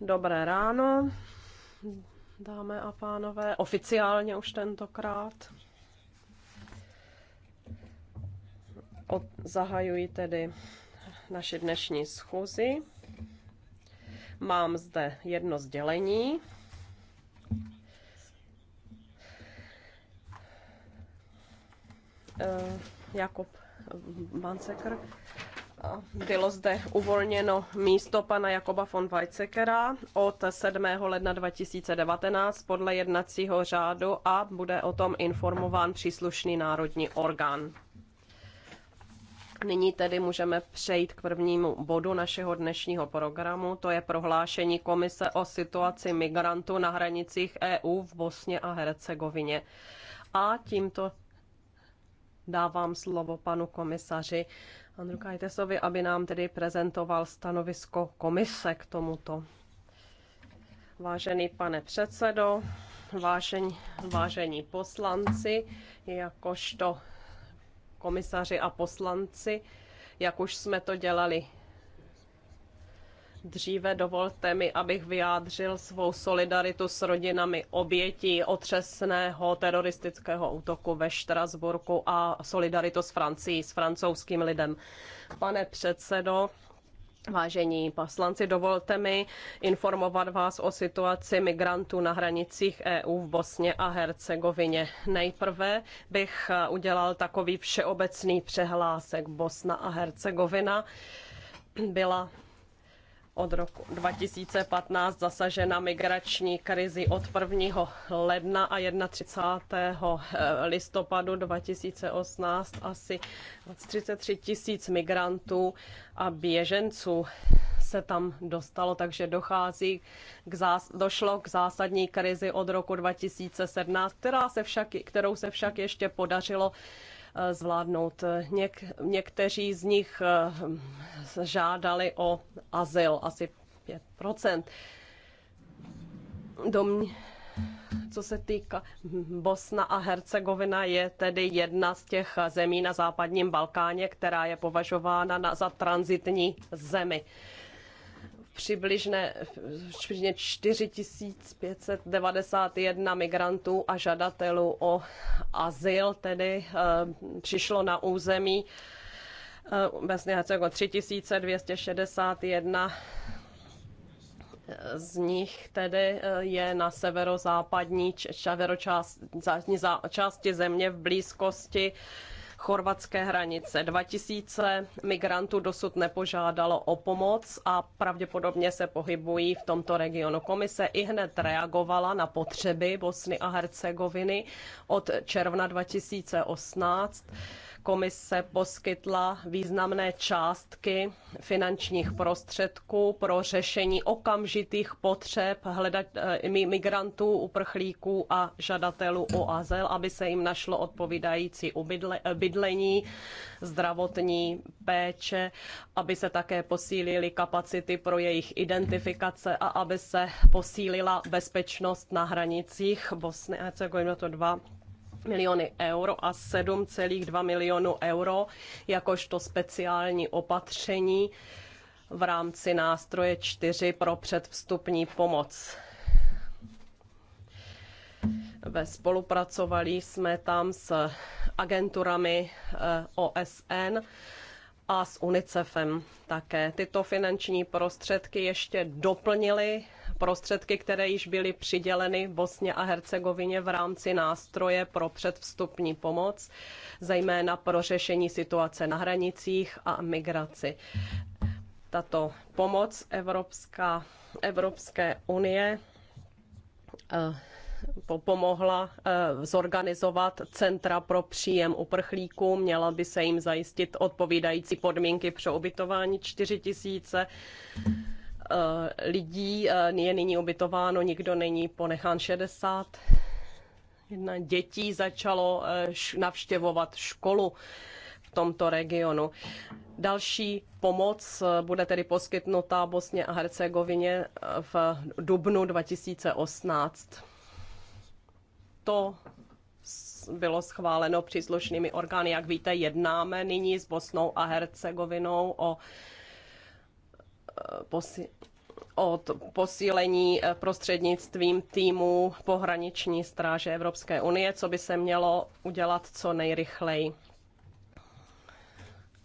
Dobré, ráno, dámy a pánové, oficiálně už tentokrát. Od, zahajuji tedy naši dnešní schůzi. Mám zde jedno sdělení. Eh, Jakub Bansekr bylo zde uvolněno místo pana Jakoba von Weizsäckera od 7. ledna 2019 podle jednacího řádu a bude o tom informován příslušný národní orgán. Nyní tedy můžeme přejít k prvnímu bodu našeho dnešního programu, to je prohlášení Komise o situaci migrantů na hranicích EU v Bosně a Hercegovině. A tímto dávám slovo panu komisaři Andru Kajtesovi, aby nám tedy prezentoval stanovisko komise k tomuto. Vážený pane předsedo, vážení, vážení poslanci, jakožto komisaři a poslanci, jak už jsme to dělali Dříve dovolte mi, abych vyjádřil svou solidaritu s rodinami obětí otřesného teroristického útoku ve Štrasburku a solidaritu s Francií, s francouzským lidem. Pane předsedo, Vážení poslanci, dovolte mi informovat vás o situaci migrantů na hranicích EU v Bosně a Hercegovině. Nejprve bych udělal takový všeobecný přehlásek Bosna a Hercegovina. Byla od roku 2015 zasažena migrační krizi od 1. ledna a 31. listopadu 2018 asi 33 tisíc migrantů a běženců se tam dostalo, takže dochází k zás, došlo k zásadní krizi od roku 2017, která se však, kterou se však ještě podařilo Eh, zvládnout. Něk- někteří z nich eh, žádali o azyl, asi 5%. Dom- co se týká Bosna a Hercegovina, je tedy jedna z těch zemí na západním Balkáně, která je považována na, za transitní zemi přibližně, přibližně 4591 migrantů a žadatelů o azyl tedy eh, přišlo na území eh, vlastně Hercego jako 3261 eh, z nich tedy je na severozápadní části země v blízkosti chorvatské hranice. 2000 migrantů dosud nepožádalo o pomoc a pravděpodobně se pohybují v tomto regionu. Komise i hned reagovala na potřeby Bosny a Hercegoviny od června 2018 Komise poskytla významné částky finančních prostředků pro řešení okamžitých potřeb hledat, eh, migrantů, uprchlíků a žadatelů o azyl, aby se jim našlo odpovídající bydlení, zdravotní péče, aby se také posílily kapacity pro jejich identifikace a aby se posílila bezpečnost na hranicích Bosny a Hercegoviny. To dva miliony euro a 7,2 milionu euro jakožto speciální opatření v rámci nástroje 4 pro předvstupní pomoc. Ve spolupracovali jsme tam s agenturami eh, OSN a s UNICEFem také. Tyto finanční prostředky ještě doplnily prostředky, které již byly přiděleny Bosně a Hercegovině v rámci nástroje pro předvstupní pomoc, zejména pro řešení situace na hranicích a migraci. Tato pomoc Evropská, Evropské unie eh, pomohla eh, zorganizovat centra pro příjem uprchlíků. Měla by se jim zajistit odpovídající podmínky pro ubytování 4 Eh, lidí eh, je nyní obytováno, nikdo není ponechán 60. Jedna dětí začalo eh, navštěvovat školu v tomto regionu. Další pomoc bude tedy poskytnuta Bosně a Hercegovině v dubnu 2018. To bylo schváleno příslušnými orgány. Jak víte, jednáme nyní s Bosnou a Hercegovinou o posi- od posílení eh, prostřednictvím týmu pohraniční stráže Evropské unie, co by se mělo udělat co nejrychleji,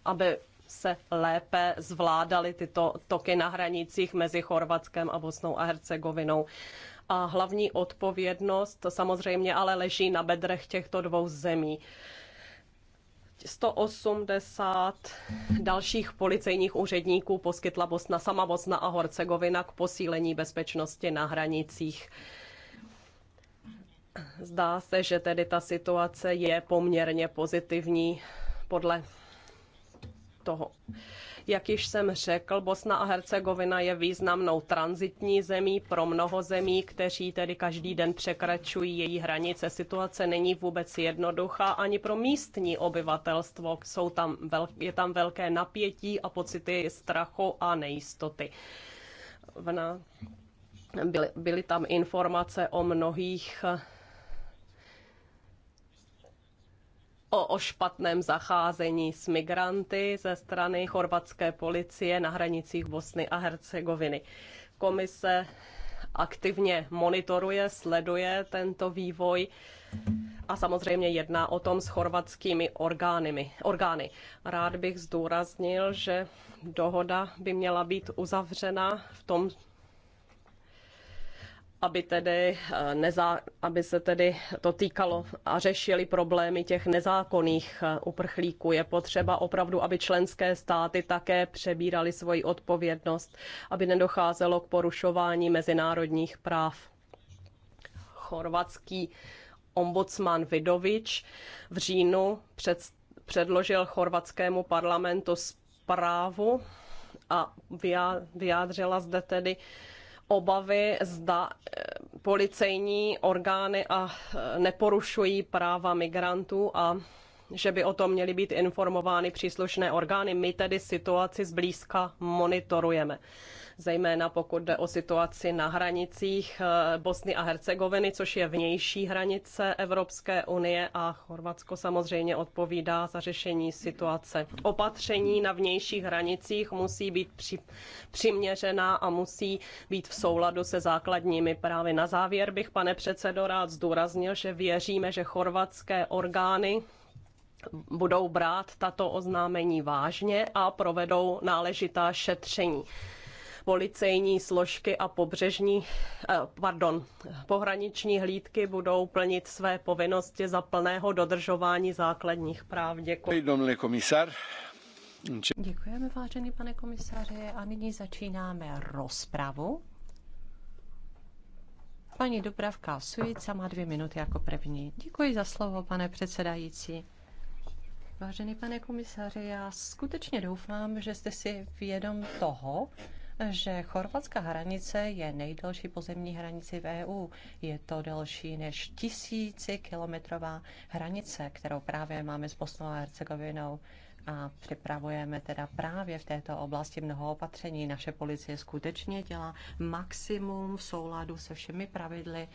aby se lépe zvládaly tyto toky na hranicích mezi Chorvatskem a Bosnou a Hercegovinou. A hlavní odpovědnost samozřejmě ale leží na bedrech těchto dvou zemí. 180 dalších policejních úředníků poskytla Bosna, sama Bosna a Horcegovina k posílení bezpečnosti na hranicích. Zdá se, že tedy ta situace je poměrně pozitivní podle toho. Jak již jsem řekl, Bosna a Hercegovina je významnou transitní zemí pro mnoho zemí, kteří tedy každý den překračují její hranice. Situace není vůbec jednoduchá ani pro místní obyvatelstvo. Jsou tam vel, je tam velké napětí a pocity strachu a nejistoty. Vna, byly, byly tam informace o mnohých o, o špatném zacházení s migranty ze strany chorvatské policie na hranicích Bosny a Hercegoviny. Komise aktivně monitoruje, sleduje tento vývoj a samozřejmě jedná o tom s chorvatskými orgány. orgány. Rád bych zdůraznil, že dohoda by měla být uzavřena v tom aby, tedy eh, nezá, aby se tedy to týkalo a řešili problémy těch nezákonných eh, uprchlíků. Je potřeba opravdu, aby členské státy také přebírali svoji odpovědnost, aby nedocházelo k porušování mezinárodních práv. Chorvatský ombudsman Vidovič v říjnu před, předložil chorvatskému parlamentu zprávu a vyjádřila zde tedy obavy, zda eh, policejní orgány a eh, neporušují práva migrantů a že by o tom měly být informovány příslušné orgány. My tedy situaci zblízka monitorujeme, zejména pokud jde o situaci na hranicích eh, Bosny a Hercegoviny, což je vnější hranice Evropské unie a Chorvatsko samozřejmě odpovídá za řešení situace. Opatření na vnějších hranicích musí být při, přiměřená a musí být v souladu se základními právy. Na závěr bych, pane předsedo, rád zdůraznil, že věříme, že chorvatské orgány budou brát tato oznámení vážně a provedou náležitá šetření policejní složky a pobřežní, eh, pardon, pohraniční hlídky budou plnit své povinnosti za plného dodržování základních práv. Děkuji. Děkujeme, vážený pane komisaři, a nyní začínáme rozpravu. Paní Dobravka Sujica má dvě minuty jako první. Děkuji za slovo, pane předsedající. Vážený pane komisaři, já skutečně doufám, že jste si vědom toho, že chorvatská hranice je nejdelší pozemní hranici v EU. Je to delší než kilometrová hranice, kterou právě máme s Bosnou a Hercegovinou a připravujeme teda právě v této oblasti mnoho opatření. Naše policie skutečně dělá maximum v souladu se všemi pravidly,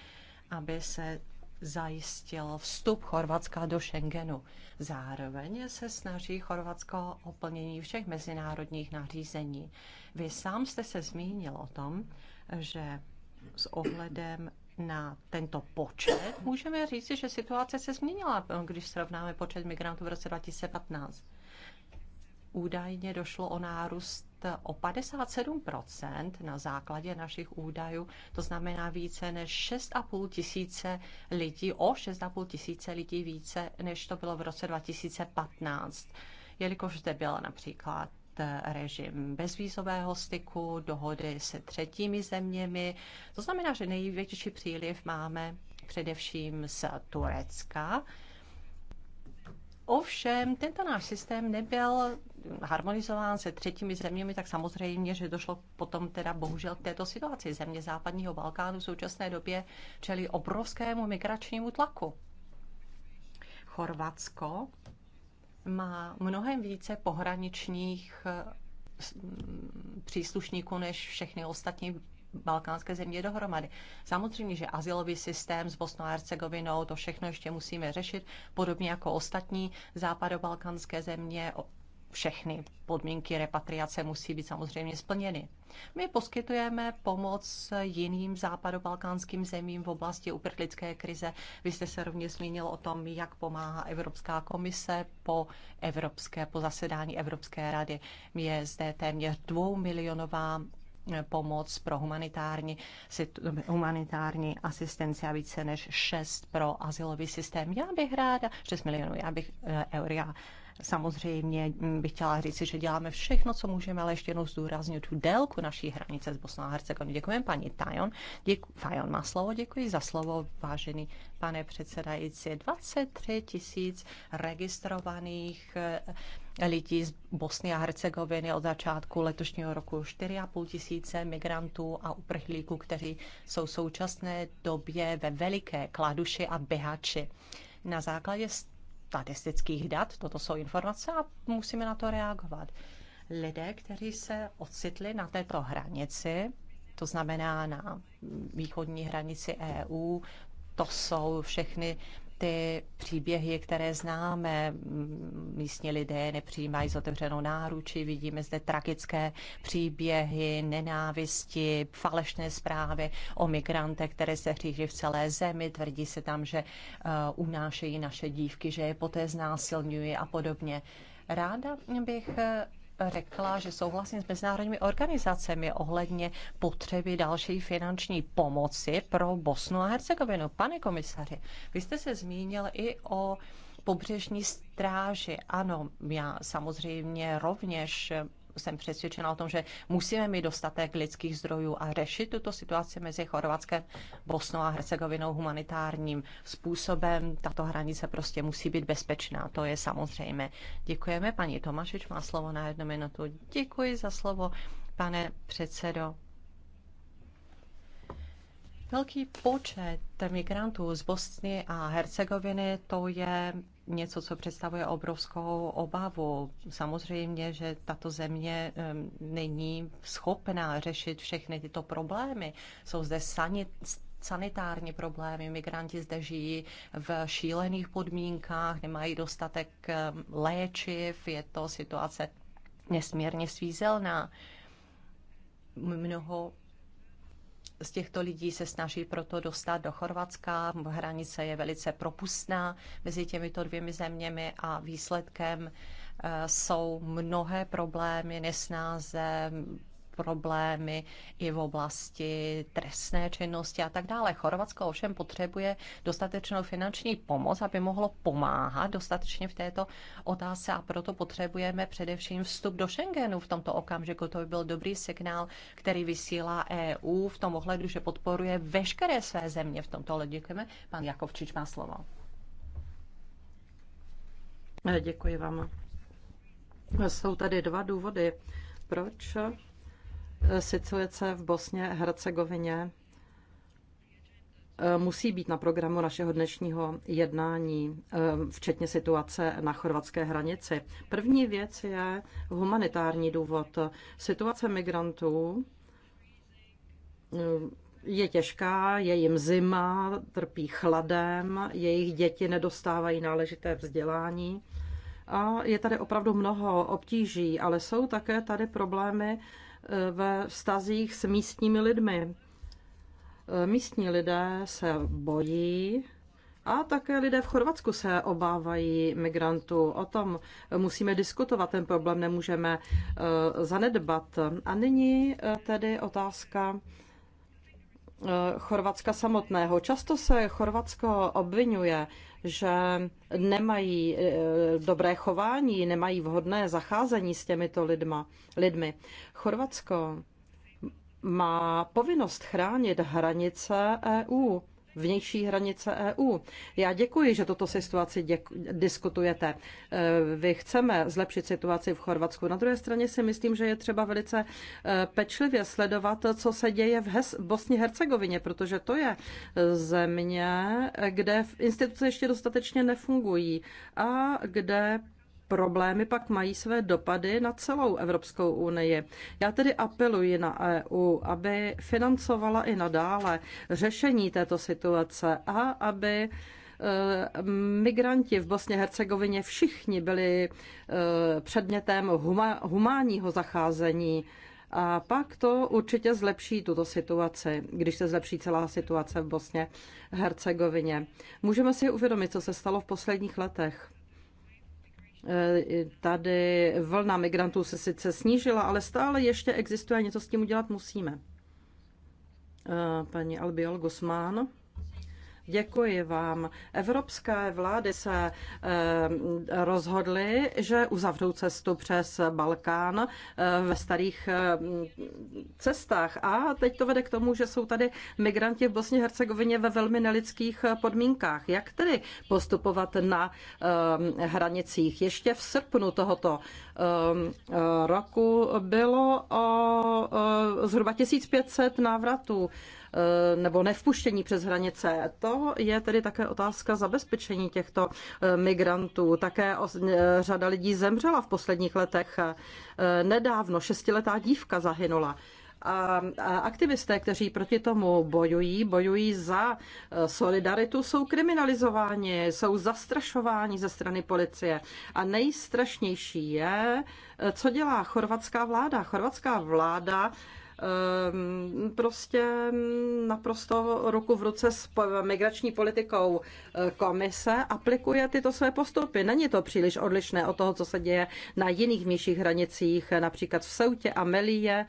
aby se zajistil vstup Chorvatska do Schengenu. Zároveň se snaží Chorvatsko o plnění všech mezinárodních nařízení. Vy sám jste se zmínil o tom, že s ohledem na tento počet můžeme říct, že situace se změnila, když srovnáme počet migrantů v roce 2015. Údajně došlo o nárůst o 57 na základě našich údajů, to znamená více než 6,5 tisíce lidí, o 6,5 tisíce lidí více, než to bylo v roce 2015. Jelikož zde byl například eh, režim bezvízového styku, dohody se třetími zeměmi. To znamená, že největší příliv máme především z Turecka. Ovšem, tento náš systém nebyl harmonizován se třetími zeměmi, tak samozřejmě, že došlo potom teda bohužel k této situaci. Země západního Balkánu v současné době čelí obrovskému migračnímu tlaku. Chorvatsko má mnohem více pohraničních eh, mm, příslušníků než všechny ostatní balkánské země dohromady. Samozřejmě, že asilový systém s Bosnou a Hercegovinou, to všechno ještě musíme řešit, podobně jako ostatní západobalkánské země, všechny podmínky repatriace musí být samozřejmě splněny. My poskytujeme pomoc jiným západobalkánským zemím v oblasti uprchlické krize. Vy jste se rovněž zmínil o tom, jak pomáhá Evropská komise po, evropské, po zasedání Evropské rady. Je zde téměř dvoumilionová eh, pomoc pro humanitární, humanitární asistenci a více než 6 pro asilový systém. Já bych ráda, 6 milionů, já bych eh, eur, já Samozřejmě mm, bych chtěla říct, že děláme všechno, co můžeme, ale ještě jednou zdůraznit tu délku naší hranice s Bosnou a Hercegovinou. Děkujeme paní Tajon. Děku, Fajon má slovo, děkuji za slovo, vážený pane předsedající. 23 tisíc registrovaných eh, lidí z Bosny a Hercegoviny od začátku letošního roku 4,5 tisíce migrantů a uprchlíků, kteří jsou v současné době ve veliké kladuši a běhači. Na základě statistických dat, toto jsou informace a musíme na to reagovat. Lidé, kteří se ocitli na této hranici, to znamená na východní hranici EU, to jsou všechny ty příběhy, které známe, místní lidé nepřijímají s otevřenou náručí, vidíme zde tragické příběhy, nenávisti, falešné zprávy o migrantech, které se hříží v celé zemi, tvrdí se tam, že uh, unášejí naše dívky, že je poté znásilňují a podobně. Ráda bych řekla, že souhlasím s mezinárodními organizacemi ohledně potřeby další finanční pomoci pro Bosnu a Hercegovinu. Pane komisaři, vy jste se zmínil i o pobřežní stráži. Ano, já samozřejmě rovněž jsem přesvědčena o tom, že musíme mít dostatek lidských zdrojů a řešit tuto situaci mezi Chorvatskem, Bosnou a Hercegovinou humanitárním způsobem. Tato hranice prostě musí být bezpečná, to je samozřejmé. Děkujeme. Paní Tomašič má slovo na jednu minutu. Děkuji za slovo, pane předsedo. Velký počet migrantů z Bosny a Hercegoviny, to je něco, co představuje obrovskou obavu. Samozřejmě, že tato země není schopná řešit všechny tyto problémy. Jsou zde sanit, sanitární problémy, migranti zde žijí v šílených podmínkách, nemají dostatek léčiv, je to situace nesmírně svízelná. Mnoho z těchto lidí se snaží proto dostat do Chorvatska. Hranice je velice propustná mezi těmito dvěmi zeměmi a výsledkem eh, jsou mnohé problémy, nesnáze, problémy i v oblasti trestné činnosti a tak dále. Chorvatsko ovšem potřebuje dostatečnou finanční pomoc, aby mohlo pomáhat dostatečně v této otázce a proto potřebujeme především vstup do Schengenu v tomto okamžiku. To by byl dobrý signál, který vysílá EU v tom ohledu, že podporuje veškeré své země v tomto ohledu. Děkujeme. Pan Jakovčič má slovo. Děkuji vám. Jsou tady dva důvody, proč Situace v Bosně Hercegovině eh, musí být na programu našeho dnešního jednání, eh, včetně situace na chorvatské hranici. První věc je humanitární důvod. Situace migrantů eh, je těžká, je jim zima, trpí chladem, jejich děti nedostávají náležité vzdělání. A je tady opravdu mnoho obtíží, ale jsou také tady problémy ve vztazích s místními lidmi. Místní lidé se bojí a také lidé v Chorvatsku se obávají migrantů. O tom musíme diskutovat, ten problém nemůžeme eh, zanedbat. A nyní eh, tedy otázka eh, Chorvatska samotného. Často se Chorvatsko obvinuje že nemají eh, dobré chování, nemají vhodné zacházení s těmito lidma, lidmi. Chorvatsko má povinnost chránit hranice EU vnější hranice EU. Já děkuji, že toto situaci děku- diskutujete. E, vy chceme zlepšit situaci v Chorvatsku. Na druhé straně si myslím, že je třeba velice e, pečlivě sledovat, co se děje v, Hes- v Bosně Hercegovině, protože to je země, kde instituce ještě dostatečně nefungují a kde problémy pak mají své dopady na celou Evropskou unii. Já tedy apeluji na EU, aby financovala i nadále řešení této situace a aby e, migranti v Bosně Hercegovině všichni byli e, předmětem huma, humánního zacházení. A pak to určitě zlepší tuto situaci, když se zlepší celá situace v Bosně Hercegovině. Můžeme si uvědomit, co se stalo v posledních letech. E, tady vlna migrantů se sice snížila, ale stále ještě existuje a něco s tím udělat musíme. E, paní Albiol Gosmán. Děkuji vám. Evropské vlády se eh, rozhodly, že uzavřou cestu přes Balkán eh, ve starých eh, cestách. A teď to vede k tomu, že jsou tady migranti v Bosně Hercegovině ve velmi nelidských podmínkách. Jak tedy postupovat na hranicích? Ještě v srpnu tohoto Ehm, eh, roku bylo o eh, zhruba 1500 návratů eh, nebo nevpuštění přes hranice. To je tedy také otázka zabezpečení těchto migrantů. Také řada lidí zemřela v posledních letech. Nedávno šestiletá dívka zahynula. A aktivisté, kteří proti tomu bojují, bojují za eh, solidaritu, jsou kriminalizováni, jsou zastrašováni ze strany policie. A nejstrašnější je, eh, co dělá chorvatská vláda. Chorvatská vláda ehm, prostě mm, naprosto ruku v ruce s migrační politikou eh, komise aplikuje tyto své postupy. Není to příliš odlišné od toho, co se děje na jiných vnějších hranicích, například v Seutě a Melíje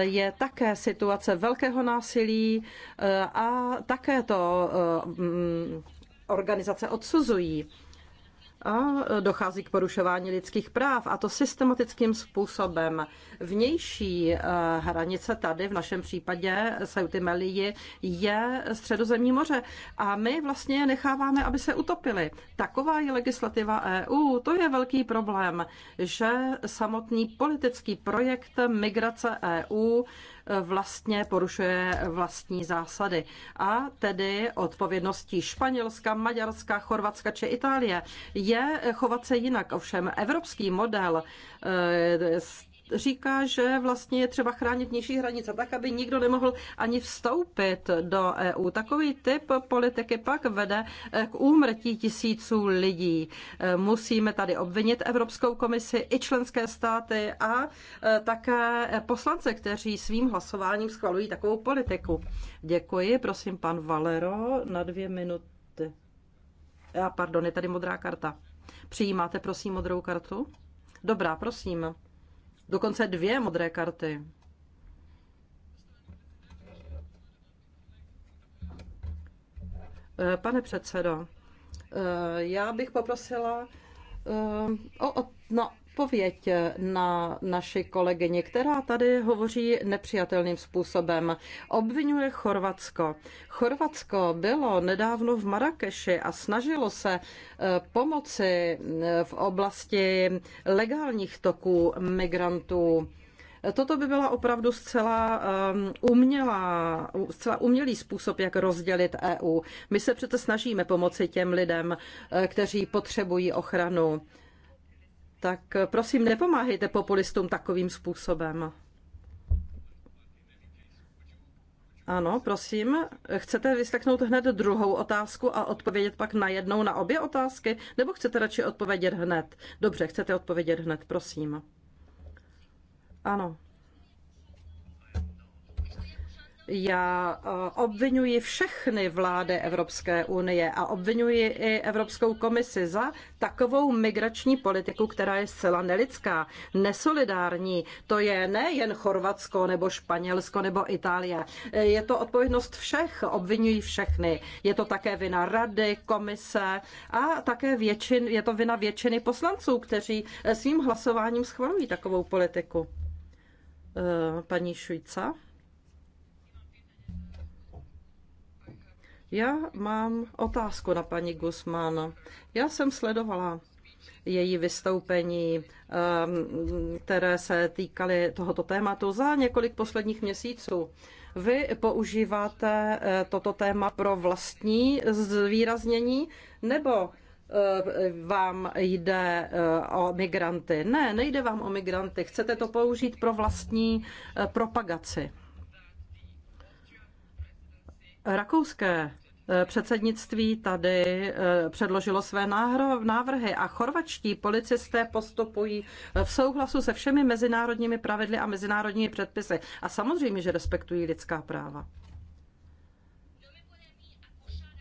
je také situace velkého násilí eh, a také to eh, mm, organizace odsuzují a dochází k porušování lidských práv a to systematickým způsobem. Vnější eh, hranice tady v našem případě Sauty Melii je středozemní moře a my vlastně je necháváme, aby se utopili. Taková je legislativa EU. To je velký problém, že samotný politický projekt migrace EU vlastně porušuje vlastní zásady. A tedy odpovědností Španělska, Maďarska, Chorvatska či Itálie je chovat se jinak. Ovšem evropský model eh, říká, že vlastně je třeba chránit nižší hranice tak, aby nikdo nemohl ani vstoupit do EU. Takový typ politiky pak vede eh, k úmrtí tisíců lidí. Eh, musíme tady obvinit Evropskou komisi i členské státy a eh, také poslance, kteří svým hlasováním schvalují takovou politiku. Děkuji, prosím pan Valero na dvě minuty. A pardon, je tady modrá karta. Přijímáte, prosím, modrou kartu? Dobrá, prosím dokonce dvě modré karty. Eh, pane předsedo, eh, já bych poprosila eh, o, o, no, odpověď na naši kolegy, která tady hovoří nepřijatelným způsobem. Obvinuje Chorvatsko. Chorvatsko bylo nedávno v Marrakeši a snažilo se eh, pomoci eh, v oblasti legálních toků migrantů. Toto by byla opravdu zcela, eh, umělá, zcela umělý způsob, jak rozdělit EU. My se přece snažíme pomoci těm lidem, kteří potřebují ochranu tak prosím nepomáhejte populistům takovým způsobem. Ano, prosím. Chcete vyslechnout hned druhou otázku a odpovědět pak najednou na obě otázky? Nebo chcete radši odpovědět hned? Dobře, chcete odpovědět hned, prosím. Ano. Já eh, obvinuji všechny vlády Evropské unie a obvinuji i Evropskou komisi za takovou migrační politiku, která je zcela nelidská, nesolidární. To je nejen Chorvatsko nebo Španělsko nebo Itálie. Eh, je to odpovědnost všech, obvinují všechny. Je to také vina rady, komise a také většin, je to vina většiny poslanců, kteří eh, svým hlasováním schvalují takovou politiku. Paní Šujca. Já mám otázku na paní Gusman. Já jsem sledovala její vystoupení, ehm, které se týkaly tohoto tématu za několik posledních měsíců. Vy používáte eh, toto téma pro vlastní zvýraznění nebo eh, vám jde eh, o migranty? Ne, nejde vám o migranty. Chcete to použít pro vlastní propagaci. Rakouské eh, předsednictví tady eh, předložilo své návrhy a chorvačtí policisté postupují eh, v souhlasu se všemi mezinárodními pravidly a mezinárodními předpisy. A samozřejmě, že respektují lidská práva.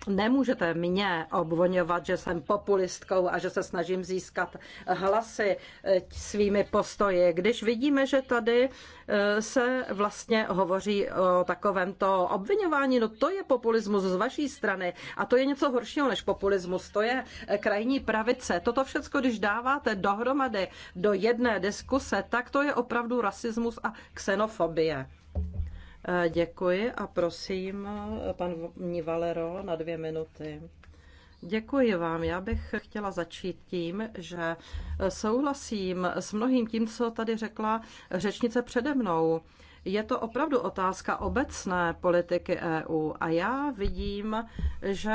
Nemůžete mě obvinovat, že jsem populistkou a že se snažím získat hlasy eh, svými postoji, když vidíme, že tady eh, se vlastně hovoří o takovémto obvinování. No to je populismus z vaší strany a to je něco horšího než populismus. To je eh, krajní pravice. Toto všechno, když dáváte dohromady do jedné diskuse, tak to je opravdu rasismus a xenofobie. Eh, děkuji a prosím, eh, pan Valero, na dvě minuty. Děkuji vám. Já bych chtěla začít tím, že eh, souhlasím s mnohým tím, co tady řekla řečnice přede mnou. Je to opravdu otázka obecné politiky EU a já vidím, že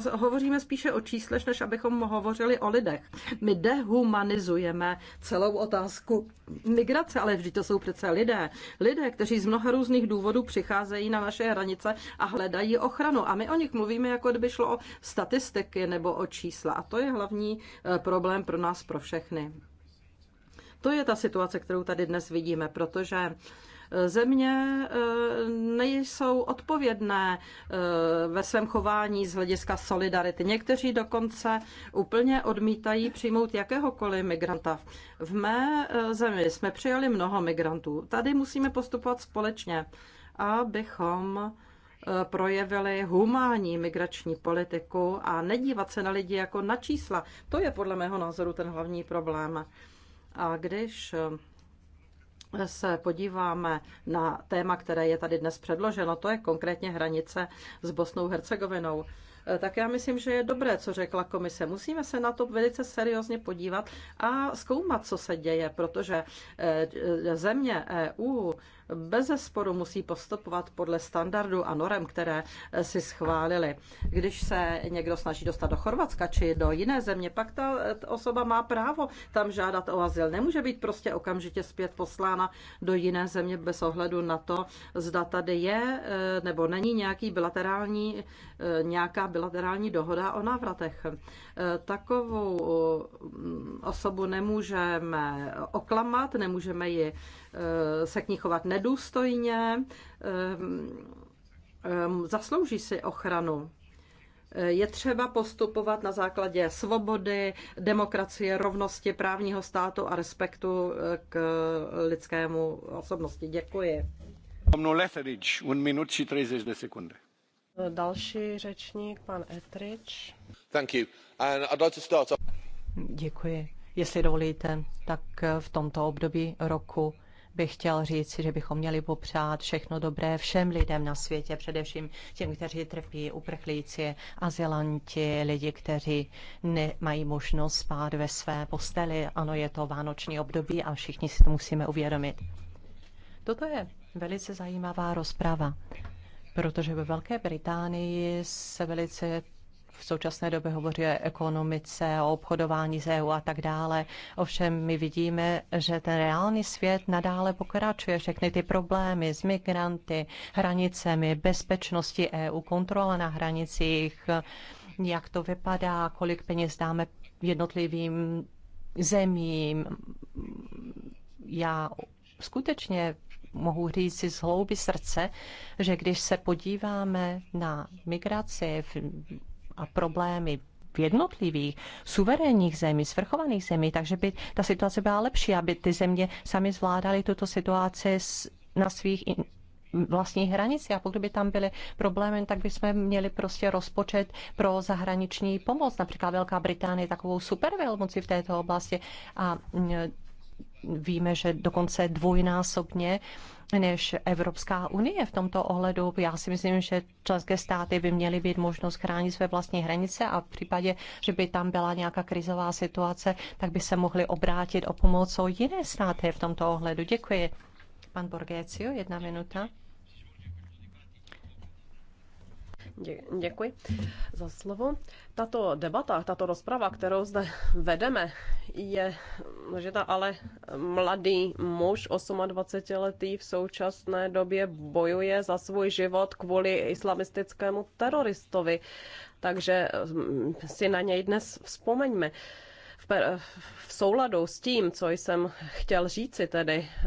eh, hovoříme spíše o číslech, než abychom hovořili o lidech. My dehumanizujeme celou otázku migrace, ale vždy to jsou přece lidé. Lidé, kteří z mnoha různých důvodů přicházejí na naše hranice a hledají ochranu. A my o nich mluvíme, jako kdyby šlo o statistiky nebo o čísla. A to je hlavní eh, problém pro nás, pro všechny. To je ta situace, kterou tady dnes vidíme, protože Země eh, nejsou odpovědné eh, ve svém chování z hlediska solidarity. Někteří dokonce úplně odmítají přijmout jakéhokoliv migranta. V mé eh, zemi jsme přijali mnoho migrantů. Tady musíme postupovat společně, abychom projevili humánní migrační politiku a nedívat se na lidi jako na čísla. To je podle mého názoru ten hlavní problém. A když se podíváme na téma, které je tady dnes předloženo, to je konkrétně hranice s Bosnou Hercegovinou. E, tak já myslím, že je dobré, co řekla komise. Musíme se na to velice seriózně podívat a zkoumat, co se děje, protože e, e, země EU bez sporu musí postupovat podle standardů a norem, které si schválili. Když se někdo snaží dostat do Chorvatska či do jiné země, pak ta osoba má právo tam žádat o azyl. Nemůže být prostě okamžitě zpět poslána do jiné země bez ohledu na to, zda tady je eh, nebo není nějaký bilaterální, eh, nějaká bilaterální dohoda o návratech. Eh, takovou osobu nemůžeme oklamat, nemůžeme ji Eh, se k ní chovat nedůstojně, eh, eh, zaslouží si ochranu. Je třeba postupovat na základě svobody, demokracie, rovnosti, právního státu a respektu k lidskému osobnosti. Děkuji. 1 30 Další řečník, pan Etrič. Thank you. And I'd like to start... Děkuji. Jestli dovolíte, tak v tomto období roku bych chtěl říct, že bychom měli popřát všechno dobré všem lidem na světě, především těm, kteří trpí, uprchlíci, azylanti, lidi, kteří nemají možnost spát ve své posteli. Ano, je to vánoční období a všichni si to musíme uvědomit. Toto je velice zajímavá rozprava, protože ve Velké Británii se velice v současné době hovoří o ekonomice, o obchodování z EU a tak dále. Ovšem my vidíme, že ten reálný svět nadále pokračuje. Všechny ty problémy s migranty, hranicemi, bezpečnosti EU, kontrola na hranicích, jak to vypadá, kolik peněz dáme jednotlivým zemím. Já skutečně mohu říct si z hlouby srdce, že když se podíváme na migraci v a problémy v jednotlivých suverénních zemí, svrchovaných zemí, takže by ta situace byla lepší, aby ty země sami zvládaly tuto situaci na svých in vlastní hranici a pokud by tam byly problémy, tak bychom měli prostě rozpočet pro zahraniční pomoc. Například Velká Británie je takovou supervelmocí v této oblasti a mm, víme, že dokonce dvojnásobně než Evropská unie v tomto ohledu. Já si myslím, že členské státy by měly být možnost chránit své vlastní hranice a v případě, že by tam byla nějaká krizová situace, tak by se mohly obrátit o pomoc o jiné státy v tomto ohledu. Děkuji. Pan Borgécio, jedna minuta. Děkuji za slovo. Tato debata, tato rozprava, kterou zde vedeme, je, no, že ta ale mladý muž, 28-letý, v současné době bojuje za svůj život kvůli islamistickému teroristovi. Takže mm, si na něj dnes vzpomeňme v souladu s tím, co jsem chtěl říci, tedy eh,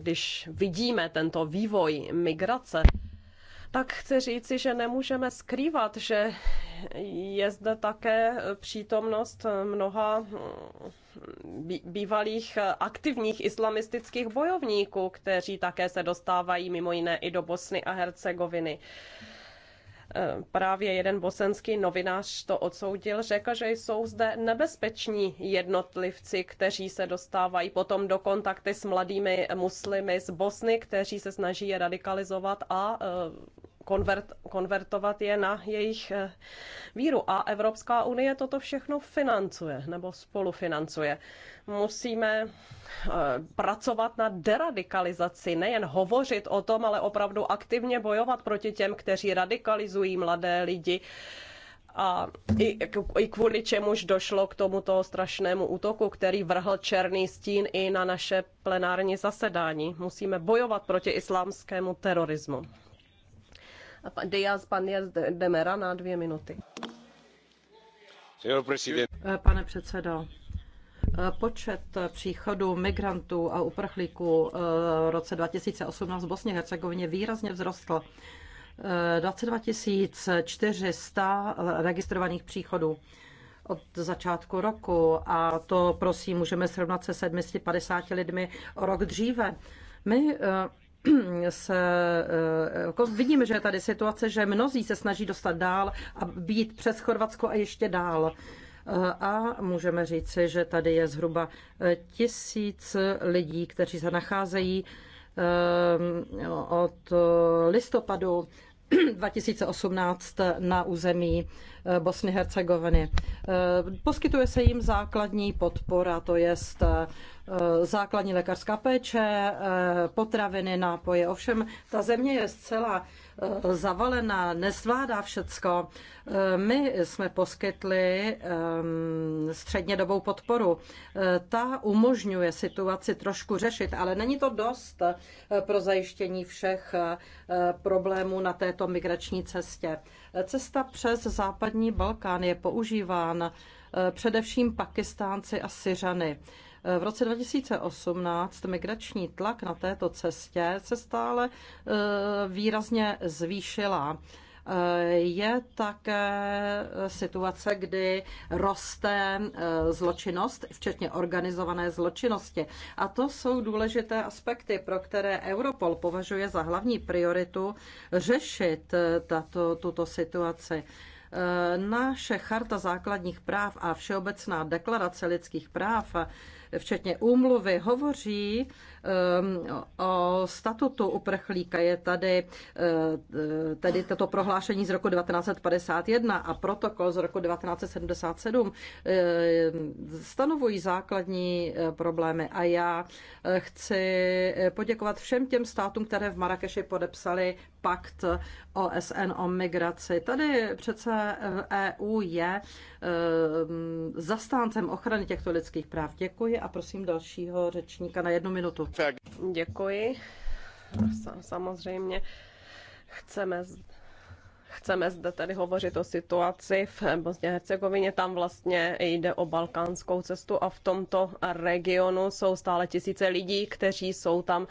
když vidíme tento vývoj migrace, tak chci říci, že nemůžeme skrývat, že je zde také přítomnost mnoha bývalých aktivních islamistických bojovníků, kteří také se dostávají mimo jiné i do Bosny a Hercegoviny. Eh, právě jeden bosenský novinář to odsoudil, řekl, že jsou zde nebezpeční jednotlivci, kteří se dostávají potom do kontakty s mladými muslimy z Bosny, kteří se snaží je radikalizovat a eh, konvert, konvertovat je na jejich eh, víru. A Evropská unie toto všechno financuje nebo spolufinancuje. Musíme eh, pracovat na deradikalizaci, nejen hovořit o tom, ale opravdu aktivně bojovat proti těm, kteří radikalizují mladé lidi a i, i kvůli čemuž došlo k tomuto strašnému útoku, který vrhl černý stín i na naše plenární zasedání. Musíme bojovat proti islámskému terorismu. Diaz Panier Demera na dvě minuty. Eh, pane předsedo, eh, Počet příchodu migrantů a uprchlíků eh, v roce 2018 v Bosně Hercegovině výrazně vzrostl. 22 400 registrovaných příchodů od začátku roku a to prosím můžeme srovnat se 750 lidmi o rok dříve. My se, eh, jako vidíme, že je tady situace, že mnozí se snaží dostat dál a být přes Chorvatsko a ještě dál. Eh, a můžeme říci, že tady je zhruba eh, tisíc lidí, kteří se nacházejí od listopadu 2018 na území Eh, Bosny Hercegoviny. Eh, poskytuje se jim základní podpora, to je eh, základní lékařská péče, potraviny, nápoje. Ovšem, ta země je zcela zavalená, nezvládá všecko. My jsme poskytli ehm, střednědobou podporu. Ta umožňuje situaci trošku řešit, ale není to dost pro zajištění všech problémů na této migrační cestě. Cesta přes západní Balkán je používána eh, především Pakistánci a Syřany. Eh, v roce 2018 migrační tlak na této cestě se stále eh, výrazně zvýšila je také situace, kdy roste eh, zločinnost, včetně organizované zločinnosti. A to jsou důležité aspekty, pro které Europol považuje za hlavní prioritu řešit eh, tato, tuto situaci. Eh, naše charta základních práv a Všeobecná deklarace lidských práv včetně úmluvy, hovoří um, o statutu uprchlíka. Je tady, uh, tady toto prohlášení z roku 1951 a protokol z roku 1977 uh, stanovují základní uh, problémy. A já chci poděkovat všem těm státům, které v Marrakeši podepsali pakt OSN o migraci. Tady přece EU je um, zastáncem ochrany těchto lidských práv. Děkuji a prosím dalšího řečníka na jednu minutu. Děkuji. Samozřejmě chceme Chceme zde tedy hovořit o situaci v Bosně Hercegovině. Tam vlastně jde o balkánskou cestu a v tomto regionu jsou stále tisíce lidí, kteří jsou tam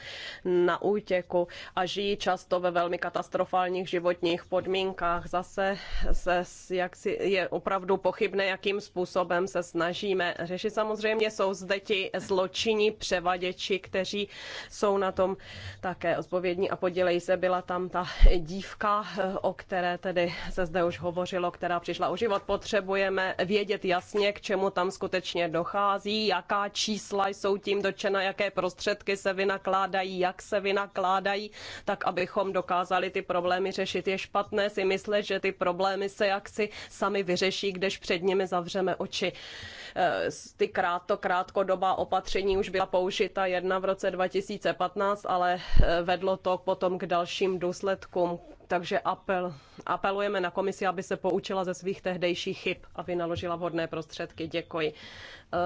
na útěku a žijí často ve velmi katastrofálních životních podmínkách. Zase se, jak si, je opravdu pochybné, jakým způsobem se snažíme řešit. Samozřejmě jsou zde ti zločiní převaděči, kteří jsou na tom také odpovědní a podělej se, byla tam ta dívka, o které které tedy se zde už hovořilo, která přišla o život. Potřebujeme vědět jasně, k čemu tam skutečně dochází, jaká čísla jsou tím dočena, jaké prostředky se vynakládají, jak se vynakládají, tak abychom dokázali ty problémy řešit. Je špatné si myslet, že ty problémy se jaksi sami vyřeší, když před nimi zavřeme oči. E, ty krátko, krátkodobá opatření už byla použita jedna v roce 2015, ale e, vedlo to potom k dalším důsledkům. Takže apel, apelujeme na komisi, aby se poučila ze svých tehdejších chyb a vynaložila vhodné prostředky. Děkuji. Eh,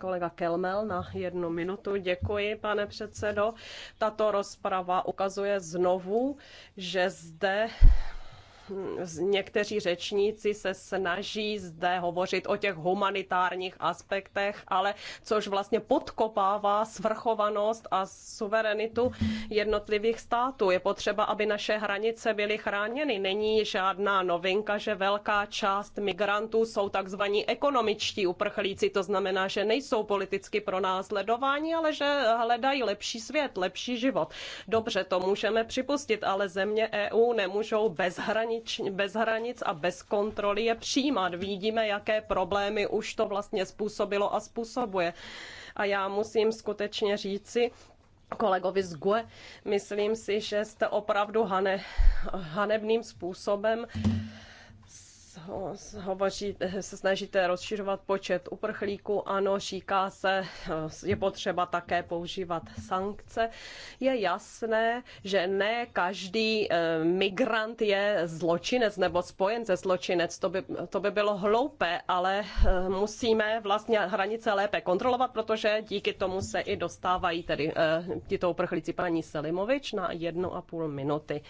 kolega Kelmel na jednu minutu. Děkuji, pane předsedo. Tato rozprava ukazuje znovu, že zde někteří řečníci se snaží zde hovořit o těch humanitárních aspektech, ale což vlastně podkopává svrchovanost a suverenitu jednotlivých států. Je potřeba, aby naše hranice byly chráněny. Není žádná novinka, že velká část migrantů jsou takzvaní ekonomičtí uprchlíci. To znamená, že nejsou politicky pro pronásledováni, ale že hledají lepší svět, lepší život. Dobře, to můžeme připustit, ale země EU nemůžou hranic hranič, bez hranic a bez kontroly je přijímat. Vidíme, jaké problémy už to vlastně způsobilo a způsobuje. A já musím skutečně říci, kolegovi z GUE, myslím si, že jste opravdu hane, hanebným způsobem hovoří, se snažíte rozšiřovat počet uprchlíků. Ano, říká se, je potřeba také používat sankce. Je jasné, že ne každý eh, migrant je zločinec nebo spojence zločinec. To by, to by bylo hloupé, ale eh, musíme vlastně hranice lépe kontrolovat, protože díky tomu se i dostávají tedy eh, tito uprchlíci paní Selimovič na jednu a půl minuty.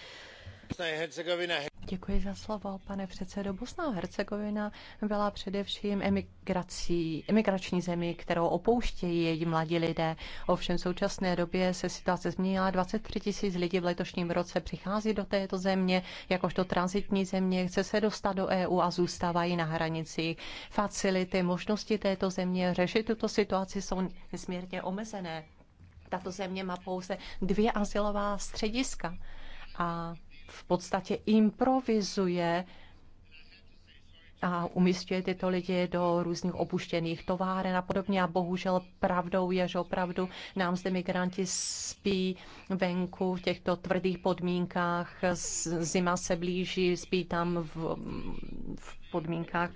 Děkuji za slovo, pane předsedo. Bosna a Hercegovina byla především emigrací, emigrační zemí, kterou opouštějí její mladí lidé. Ovšem v současné době se situace změnila. 23 tisíc lidí v letošním roce přichází do této země, jakožto transitní země, chce se dostat do EU a zůstávají na hranici. Facility, možnosti této země řešit tuto situaci jsou nesmírně omezené. Tato země má pouze dvě asilová střediska. A v podstatě improvizuje a umístuje tyto lidi do různých opuštěných továren a podobně. A bohužel pravdou je, že opravdu nám zde migranti spí venku v těchto tvrdých podmínkách. Zima se blíží, spí tam v, v podmínkách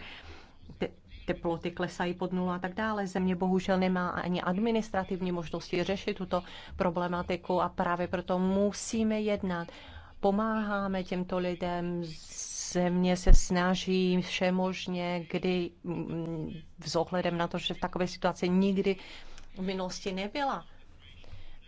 teploty klesají pod nulu a tak dále. Země bohužel nemá ani administrativní možnosti řešit tuto problematiku a právě proto musíme jednat pomáháme těmto lidem, země se snaží všemožně, kdy mm, s ohledem na to, že v takové situaci nikdy v minulosti nebyla.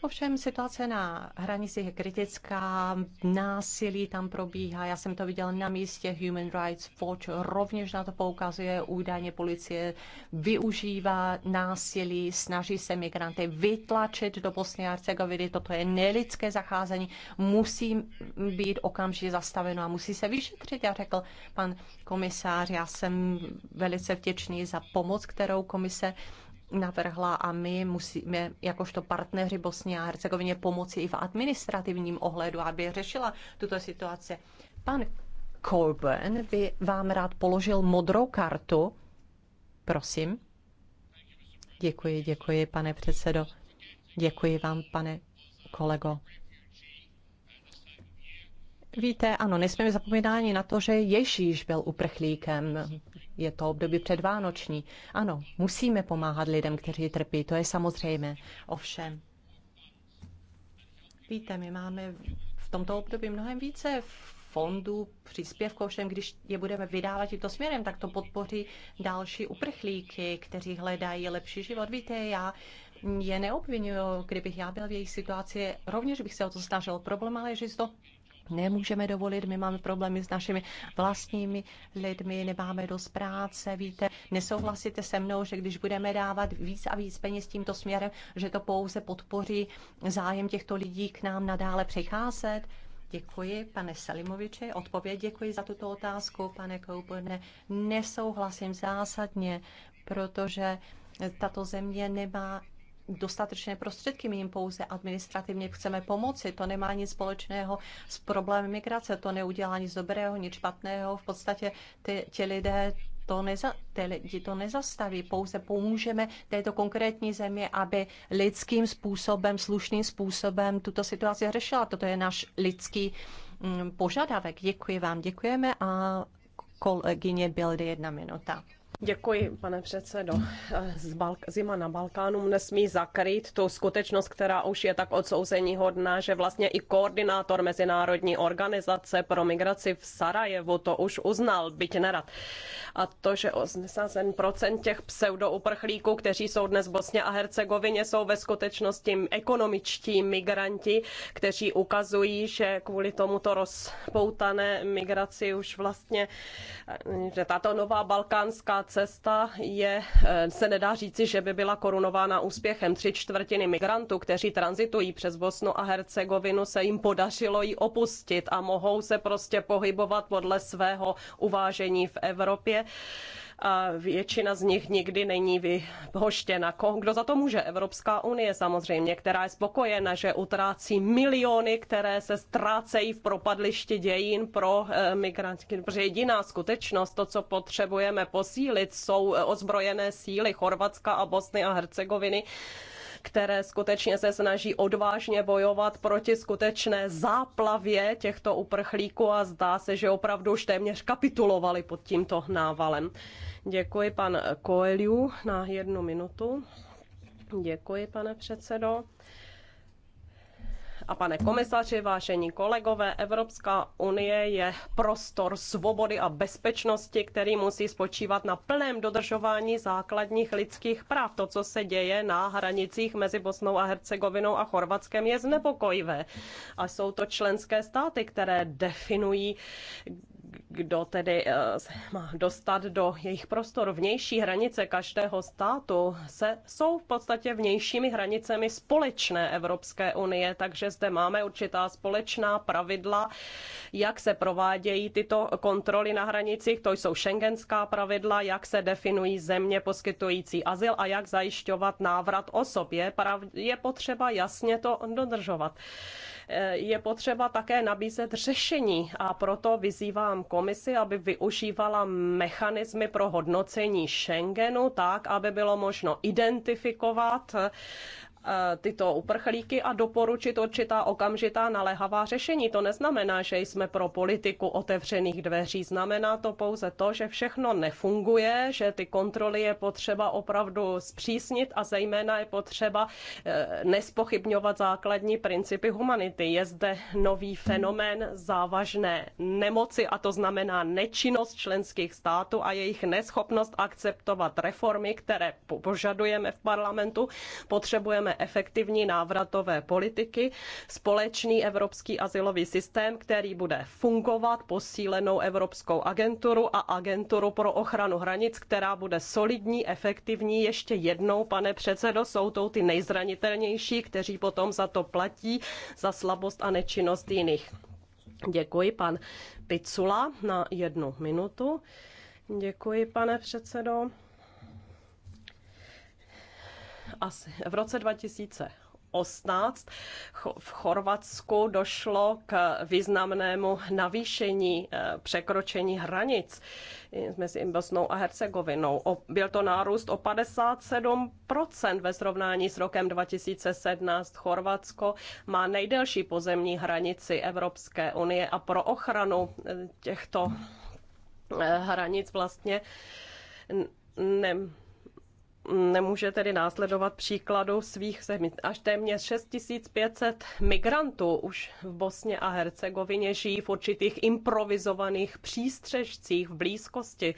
Ovšem situace na hranici je kritická, násilí tam probíhá, já jsem to viděl na místě, Human Rights Watch rovněž na to poukazuje, údajně policie využívá násilí, snaží se migranty vytlačit do Bosny a Hercegoviny, toto je nelidské zacházení, musí být okamžitě zastaveno a musí se vyšetřit. Já řekl pan komisář, já jsem velice vděčný za pomoc, kterou komise navrhla a my musíme jakožto partneři Bosně a Hercegovině pomoci i v administrativním ohledu, aby řešila tuto situaci. Pan Corbyn, by vám rád položil modrou kartu. Prosím. Děkuji, děkuji, pane předsedo. Děkuji vám, pane kolego. Víte, ano, nesmíme zapomínání na to, že Ježíš byl uprchlíkem je to období předvánoční. Ano, musíme pomáhat lidem, kteří trpí, to je samozřejmé. Ovšem, víte, my máme v tomto období mnohem více fondů, příspěvků, ovšem, když je budeme vydávat tímto směrem, tak to podpoří další uprchlíky, kteří hledají lepší život. Víte, já je neobvinuju, kdybych já byl v jejich situaci, rovněž bych se o to snažil. Problém ale je, že to nemůžeme dovolit, my máme problémy s našimi vlastními lidmi, nemáme dost práce, víte, nesouhlasíte se mnou, že když budeme dávat víc a víc peněz tímto směrem, že to pouze podpoří zájem těchto lidí k nám nadále přicházet. Děkuji, pane Salimoviči. Odpověď děkuji za tuto otázku, pane Kouborne. Nesouhlasím zásadně, protože tato země nemá dostatečné prostředky, my jim pouze administrativně chceme pomoci. To nemá nic společného s problémem migrace, to neudělá nic dobrého, nic špatného. V podstatě ty, ti lidé to neza, ty lidi to nezastaví. Pouze pomůžeme této konkrétní zemi, aby lidským způsobem, slušným způsobem tuto situaci řešila. Toto je náš lidský mm, požadavek. Děkuji vám, děkujeme a kolegyně Bildy jedna minuta. Děkuji, pane předsedo. Zima na Balkánu nesmí zakrýt tu skutečnost, která už je tak odsouzení hodná, že vlastně i koordinátor Mezinárodní organizace pro migraci v Sarajevu to už uznal, byť nerad. A to, že 87% těch pseudouprchlíků, kteří jsou dnes v Bosně a Hercegovině, jsou ve skutečnosti ekonomičtí migranti, kteří ukazují, že kvůli tomuto rozpoutané migraci už vlastně, že tato nová balkánská cesta je, eh, se nedá říci, že by byla korunována úspěchem. Tři čtvrtiny migrantů, kteří transitují přes Bosnu a Hercegovinu, se jim podařilo ji opustit a mohou se prostě pohybovat podle svého uvážení v Evropě a většina z nich nikdy není vyhoštěna. Kdo za to může? Evropská unie samozřejmě, která je spokojena, že utrácí miliony, které se ztrácejí v propadlišti dějin pro eh, migranty. Protože jediná skutečnost, to, co potřebujeme posílit, jsou eh, ozbrojené síly Chorvatska a Bosny a Hercegoviny, které skutečně se snaží odvážně bojovat proti skutečné záplavě těchto uprchlíků a zdá se, že opravdu už téměř kapitulovali pod tímto návalem. Děkuji pan Koeliu na jednu minutu. Děkuji, pane předsedo a pane komisaři, vážení kolegové, Evropská unie je prostor svobody a bezpečnosti, který musí spočívat na plném dodržování základních lidských práv. To, co se děje na hranicích mezi Bosnou a Hercegovinou a Chorvatskem, je znepokojivé. A jsou to členské státy, které definují, kdo tedy eh, má dostat do jejich prostor vnější hranice každého státu, se, jsou v podstatě vnějšími hranicemi společné Evropské unie, takže zde máme určitá společná pravidla, jak se provádějí tyto kontroly na hranicích, to jsou šengenská pravidla, jak se definují země poskytující azyl a jak zajišťovat návrat osob. Je, prav, je potřeba jasně to dodržovat. Eh, je potřeba také nabízet řešení a proto vyzývám komisi, aby využívala mechanismy pro hodnocení Schengenu tak, aby bylo možno identifikovat Eh, tyto uprchlíky a doporučit určitá okamžitá naléhavá řešení. To neznamená, že jsme pro politiku otevřených dveří. Znamená to pouze to, že všechno nefunguje, že ty kontroly je potřeba opravdu zpřísnit a zejména je potřeba eh, nespochybňovat základní principy humanity. Je zde nový fenomén závažné nemoci a to znamená nečinnost členských států a jejich neschopnost akceptovat reformy, které požadujeme v parlamentu. Potřebujeme efektivní návratové politiky, společný evropský asilový systém, který bude fungovat, posílenou Evropskou agenturu a agenturu pro ochranu hranic, která bude solidní, efektivní. Ještě jednou, pane předsedo, jsou to ty nejzranitelnější, kteří potom za to platí, za slabost a nečinnost jiných. Děkuji, pan Picula, na jednu minutu. Děkuji, pane předsedo asi v roce 2000 18 v Chorvatsku došlo k významnému navýšení eh, překročení hranic eh, mezi Bosnou a Hercegovinou. Byl to nárůst o 57% ve srovnání s rokem 2017. Chorvatsko má nejdelší pozemní hranici Evropské unie a pro ochranu eh, těchto hranic vlastně ne, nemůže tedy následovat příkladu svých zemí. Až téměř 6500 migrantů už v Bosně a Hercegovině žijí v určitých improvizovaných přístřežcích v blízkosti,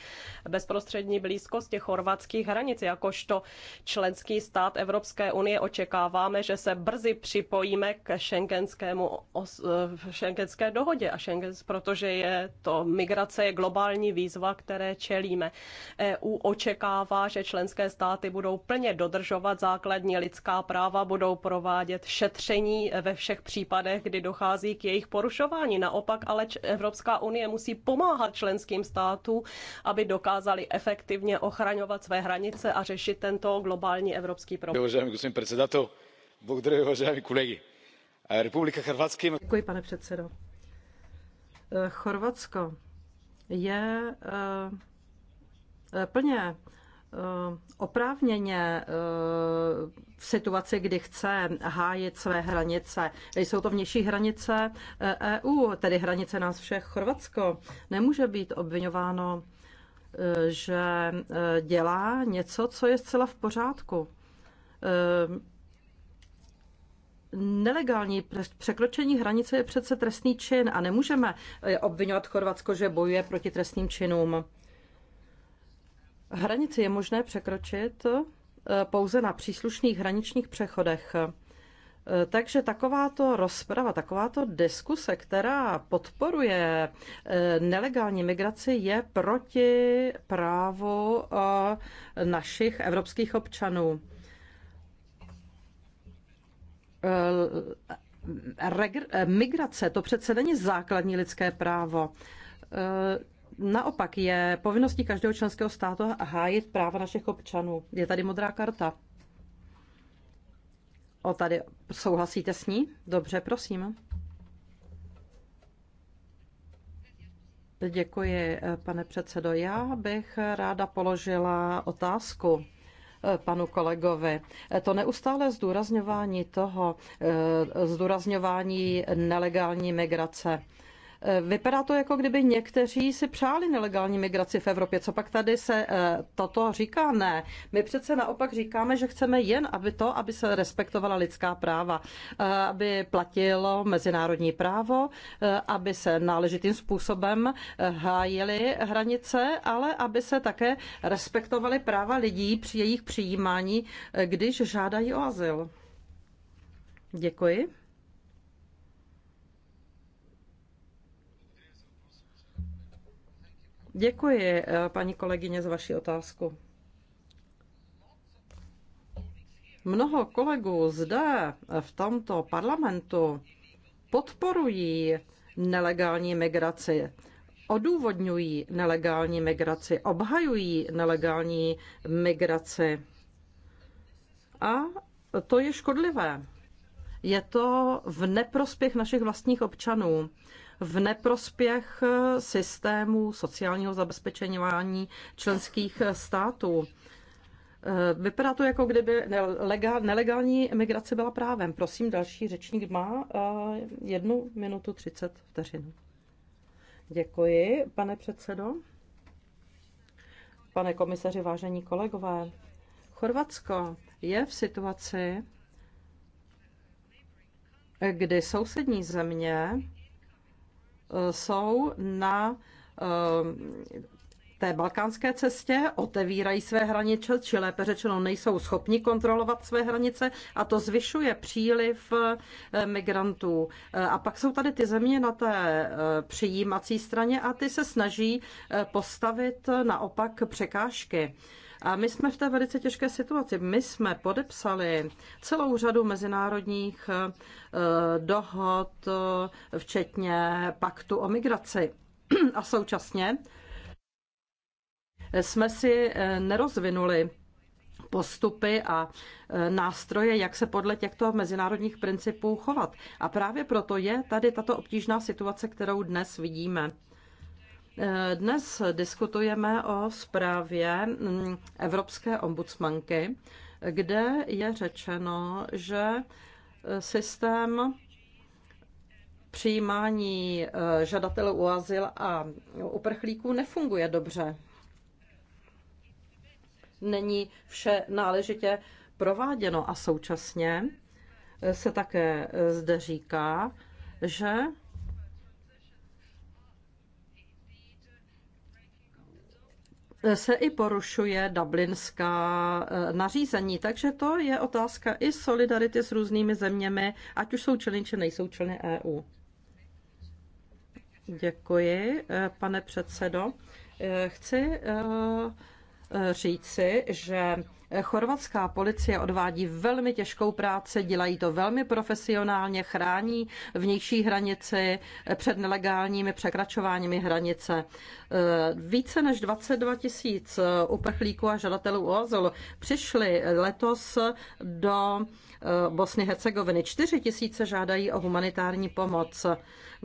bezprostřední blízkosti chorvatských hranic. Jakožto členský stát Evropské unie očekáváme, že se brzy připojíme k šengenskému, šengenské dohodě, a šengen, protože je to migrace je globální výzva, které čelíme. EU očekává, že členské státy státy budou plně dodržovat základní lidská práva, budou provádět šetření ve všech případech, kdy dochází k jejich porušování. Naopak ale Evropská unie musí pomáhat členským státům, aby dokázali efektivně ochraňovat své hranice a řešit tento globální evropský problém. Vážený господин председател, благодаря vážení kolegy. Republika Република Děkuji, pane předsedo. Eh, Chorvatsko je eh, eh, plně Eh, oprávněně eh, v situaci, kdy chce hájit své hranice. Jsou to vnější hranice EU, eh, e tedy hranice nás všech Chorvatsko. Nemůže být obvinováno, že dělá něco, co je zcela v pořádku. Nelegální překročení hranice je přece trestný čin a nemůžeme obvinovat Chorvatsko, že bojuje proti trestným činům. Hranici je možné překročit eh, pouze na příslušných hraničních přechodech. Eh, takže takováto rozprava, takováto diskuse, která podporuje eh, nelegální migraci, je proti právu našich evropských občanů migrace to přece není základní lidské právo naopak je povinností každého členského státu hájit práva našich občanů. Je tady modrá karta. O tady souhlasíte s ní? Dobře, prosím. Děkuji, pane předsedo. Já bych ráda položila otázku eh, panu kolegovi. To neustále zdůrazňování toho, eh, zdůrazňování nelegální migrace. Vypadá to, jako kdyby někteří si přáli nelegální migraci v Evropě. Co pak tady se eh, toto říká? Ne. My přece naopak říkáme, že chceme jen aby to, aby se respektovala lidská práva, eh, aby platilo mezinárodní právo, eh, aby se náležitým způsobem hájily hranice, ale aby se také respektovaly práva lidí při jejich přijímání, když žádají o azyl. Děkuji. Děkuji, eh, paní kolegyně, za vaši otázku. Mnoho kolegů zde v tomto parlamentu podporují nelegální migraci, odůvodňují nelegální migraci, obhajují nelegální migraci. A to je škodlivé. Je to v neprospěch našich vlastních občanů v neprospěch eh, systému sociálního zabezpečení členských eh, států. Eh, vypadá to, jako kdyby nelegální emigrace byla právem. Prosím, další řečník má jednu minutu 30 vteřin. Děkuji, pane předsedo. Pane komisaři, vážení kolegové, Chorvatsko je v situaci, kdy sousední země jsou na eh, té balkánské cestě, otevírají své hranice, či lépe řečeno nejsou schopni kontrolovat své hranice a to zvyšuje příliv eh, migrantů. Eh, a pak jsou tady ty země na té přijímací straně a ty se snaží postavit naopak překážky a my jsme v té velice těžké situaci. My jsme podepsali celou řadu mezinárodních eh, dohod, eh, včetně paktu o migraci. A současně jsme si eh, nerozvinuli postupy a nástroje, jak se podle těchto mezinárodních principů chovat. A právě proto je tady tato obtížná situace, kterou dnes vidíme. Dnes diskutujeme o zprávě mm, Evropské ombudsmanky, kde je řečeno, že e, systém přijímání e, žadatelů o azyl a uprchlíků nefunguje dobře. Není vše náležitě prováděno a současně se také zde říká, že se i porušuje dublinská e, nařízení. Takže to je otázka i solidarity s různými zeměmi, ať už jsou členy či nejsou členy EU. Děkuji, e, pane předsedo. E, chci říci, že Chorvatská policie odvádí velmi těžkou práci, dělají to velmi profesionálně, chrání vnější hranici před nelegálními překračováními hranice. Eh, více než 22 tisíc uprchlíků a žadatelů o azyl přišli letos do eh, Bosny Hercegoviny. 4 tisíce žádají o humanitární pomoc.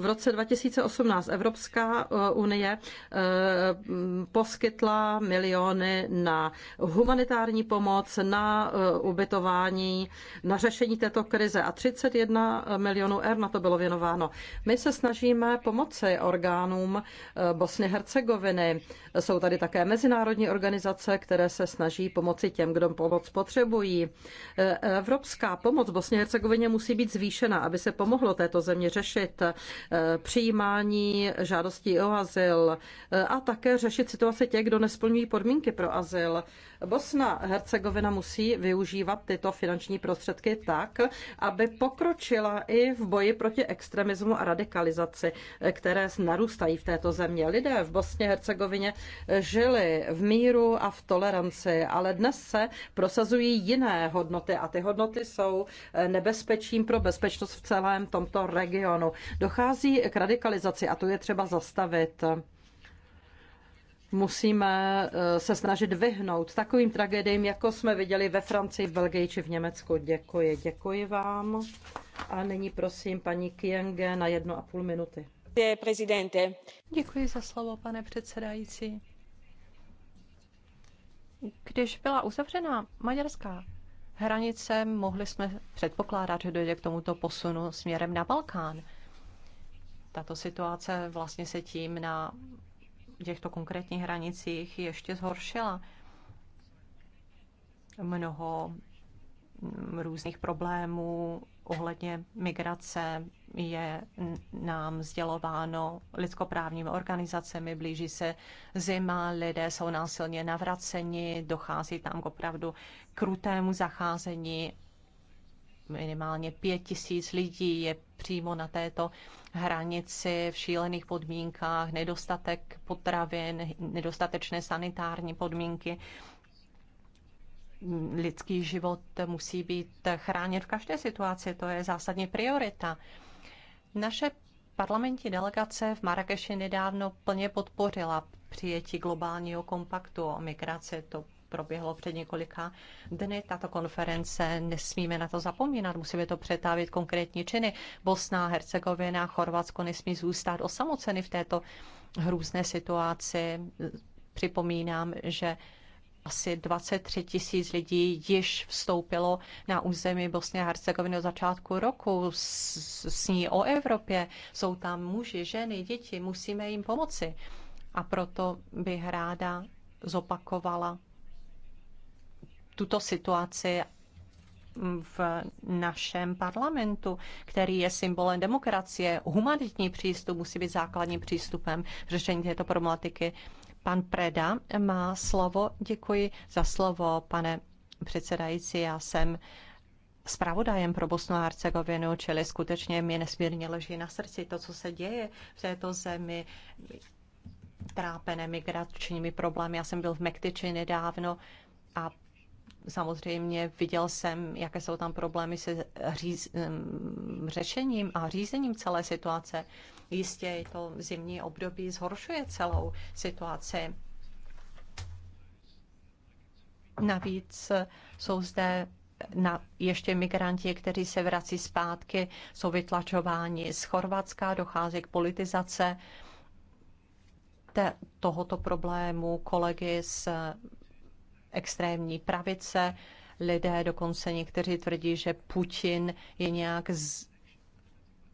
V roce 2018 Evropská eh, unie eh, poskytla miliony na humanitární pomoc, na eh, ubytování, na řešení této krize a 31 milionů eur na to bylo věnováno. My se snažíme pomoci orgánům Bosny Hercegoviny. Jsou tady také mezinárodní organizace, které se snaží pomoci těm, kdo pomoc potřebují. Evropská pomoc Bosně Hercegovině musí být zvýšena, aby se pomohlo této země řešit Eh, přijímání žádostí o azyl eh, a také řešit situaci těch, kdo nesplňují podmínky pro azyl. Bosna Hercegovina musí využívat tyto finanční prostředky tak, aby pokročila i v boji proti extremismu a radikalizaci, eh, které narůstají v této země. Lidé v Bosně Hercegovině žili v míru a v toleranci, ale dnes se prosazují jiné hodnoty a ty hodnoty jsou nebezpečím pro bezpečnost v celém tomto regionu. Dochází dochází k radikalizaci a to je třeba zastavit. Musíme eh, se snažit vyhnout takovým tragédiím, jako jsme viděli ve Francii, v Belgii či v Německu. Děkuji, děkuji vám. A nyní prosím paní Kienge na jedno a půl minuty. Děkuji za slovo, pane předsedající. Když byla uzavřena maďarská hranice, mohli jsme předpokládat, že dojde k tomuto posunu směrem na Balkán. Tato situace vlastně se tím na těchto konkrétních hranicích ještě zhoršila. Mnoho různých problémů ohledně migrace je nám sdělováno lidskoprávními organizacemi, blíží se zima, lidé jsou násilně navraceni, dochází tam opravdu krutému zacházení minimálně pět tisíc lidí je přímo na této hranici v šílených podmínkách, nedostatek potravin, nedostatečné sanitární podmínky. Lidský život musí být chráněn v každé situaci, to je zásadní priorita. Naše parlamentní delegace v Marrakeši nedávno plně podpořila přijetí globálního kompaktu o migraci. To proběhlo před několika dny. Tato konference, nesmíme na to zapomínat, musíme to přetávit konkrétní činy. Bosna, Hercegovina, Chorvatsko nesmí zůstat osamoceny v této hrůzné situaci. Připomínám, že asi 23 tisíc lidí již vstoupilo na území Bosny a Hercegoviny od začátku roku. Sní o Evropě, jsou tam muži, ženy, děti, musíme jim pomoci. A proto bych ráda zopakovala tuto situaci v našem parlamentu, který je symbolem demokracie. Humanitní přístup musí být základním přístupem řešení této problematiky. Pan Preda má slovo. Děkuji za slovo, pane předsedající. Já jsem zpravodajem pro Bosnu a Hercegovinu, čili skutečně mi nesmírně leží na srdci to, co se děje v této zemi trápené migračními problémy. Já jsem byl v Mektyči nedávno a samozřejmě viděl jsem, jaké jsou tam problémy se říz, řešením a řízením celé situace. Jistě to zimní období zhoršuje celou situaci. Navíc jsou zde na, ještě migranti, kteří se vrací zpátky, jsou vytlačováni z Chorvatska, dochází k politizace tohoto problému. Kolegy z extrémní pravice. Lidé dokonce někteří tvrdí, že Putin je nějak z,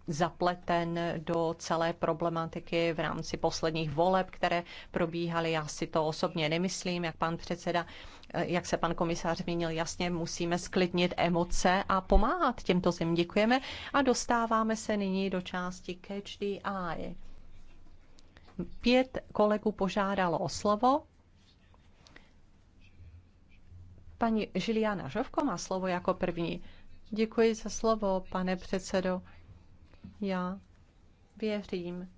zapleten do celé problematiky v rámci posledních voleb, které probíhaly. Já si to osobně nemyslím, jak pan předseda, eh, jak se pan komisář zmínil, jasně musíme sklidnit emoce a pomáhat těmto zemím. Děkujeme a dostáváme se nyní do části Catch the Eye. Pět kolegů požádalo o slovo. Pani Žiliana Žovko má slovo jako první. Děkuji za slovo, pane předsedo. Já věřím,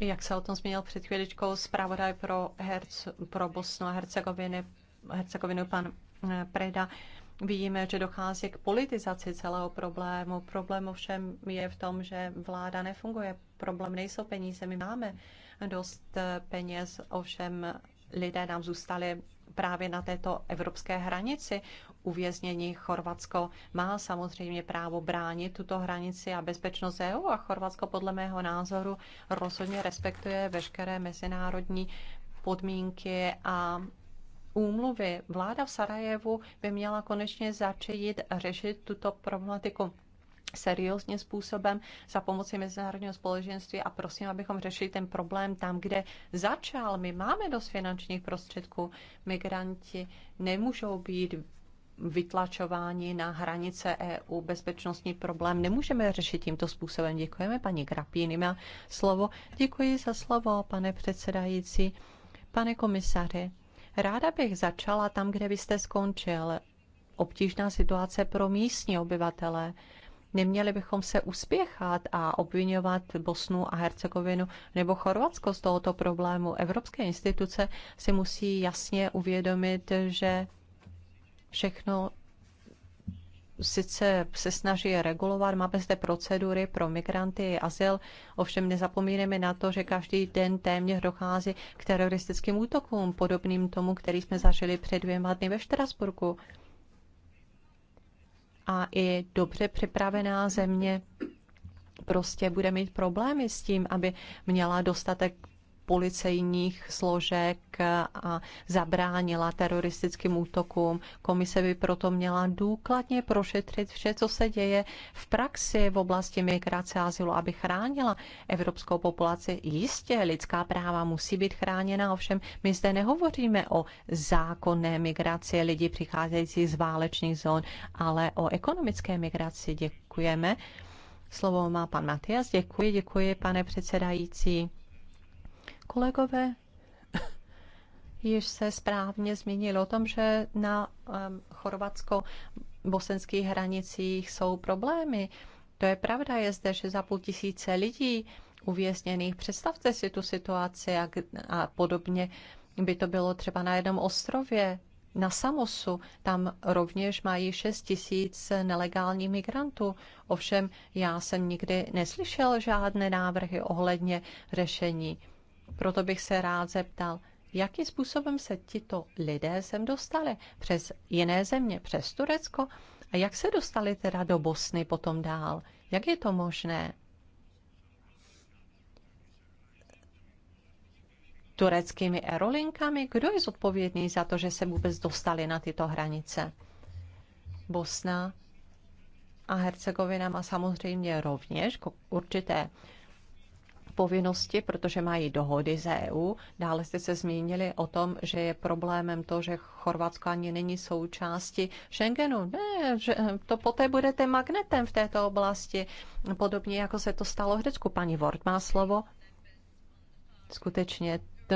jak se o tom zmínil před chvíličkou zpravodaj pro, Herc, pro Bosnu a Hercegoviny, Hercegovinu pan eh, Preda, Vidíme, že dochází k politizaci celého problému. Problém ovšem je v tom, že vláda nefunguje. Problém nejsou peníze. My máme dost eh, peněz, ovšem lidé nám zůstali právě na této evropské hranici uvěznění. Chorvatsko má samozřejmě právo bránit tuto hranici a bezpečnost EU a Chorvatsko podle mého názoru rozhodně respektuje veškeré mezinárodní podmínky a úmluvy. Vláda v Sarajevu by měla konečně začít řešit tuto problematiku seriózně způsobem za pomoci mezinárodního společenství a prosím, abychom řešili ten problém tam, kde začal. My máme dost finančních prostředků. Migranti nemůžou být vytlačování na hranice EU, bezpečnostní problém nemůžeme řešit tímto způsobem. Děkujeme paní Grapíny má slovo. Děkuji za slovo, pane předsedající. Pane komisaře, ráda bych začala tam, kde byste skončil. Obtížná situace pro místní obyvatele. Neměli bychom se uspěchat a obvinovat Bosnu a Hercegovinu nebo Chorvatsko z tohoto problému. Evropské instituce si musí jasně uvědomit, že všechno sice se snaží regulovat, máme zde procedury pro migranty, azyl, ovšem nezapomínáme na to, že každý den téměř dochází k teroristickým útokům, podobným tomu, který jsme zažili před dvěma dny ve Štrasburku a i dobře připravená země prostě bude mít problémy s tím, aby měla dostatek policejních složek a zabránila teroristickým útokům. Komise by proto měla důkladně prošetřit vše, co se děje v praxi v oblasti migrace a azylu, aby chránila evropskou populaci. Jistě, lidská práva musí být chráněna, ovšem my zde nehovoříme o zákonné migraci lidí přicházející z válečných zón, ale o ekonomické migraci. Děkujeme. Slovo má pan Matias. Děkuji, děkuji, pane předsedající. Kolegové již se správně zmínil o tom, že na chorvatsko-bosenských hranicích jsou problémy. To je pravda, je zde půl tisíce lidí uvězněných. Představte si tu situaci a, a podobně by to bylo třeba na jednom ostrově, na Samosu. Tam rovněž mají 6 tisíc nelegálních migrantů. Ovšem já jsem nikdy neslyšel žádné návrhy ohledně řešení proto bych se rád zeptal, jakým způsobem se tito lidé sem dostali? Přes jiné země, přes Turecko? A jak se dostali teda do Bosny potom dál? Jak je to možné? Tureckými aerolinkami? Kdo je zodpovědný za to, že se vůbec dostali na tyto hranice? Bosna a Hercegovina má samozřejmě rovněž určité povinnosti, protože mají dohody z EU. Dále jste se zmínili o tom, že je problémem to, že Chorvatsko ani není součástí Schengenu. Ne, že to poté budete magnetem v této oblasti, podobně jako se to stalo v Řecku. Pani Ward má slovo. Skutečně to,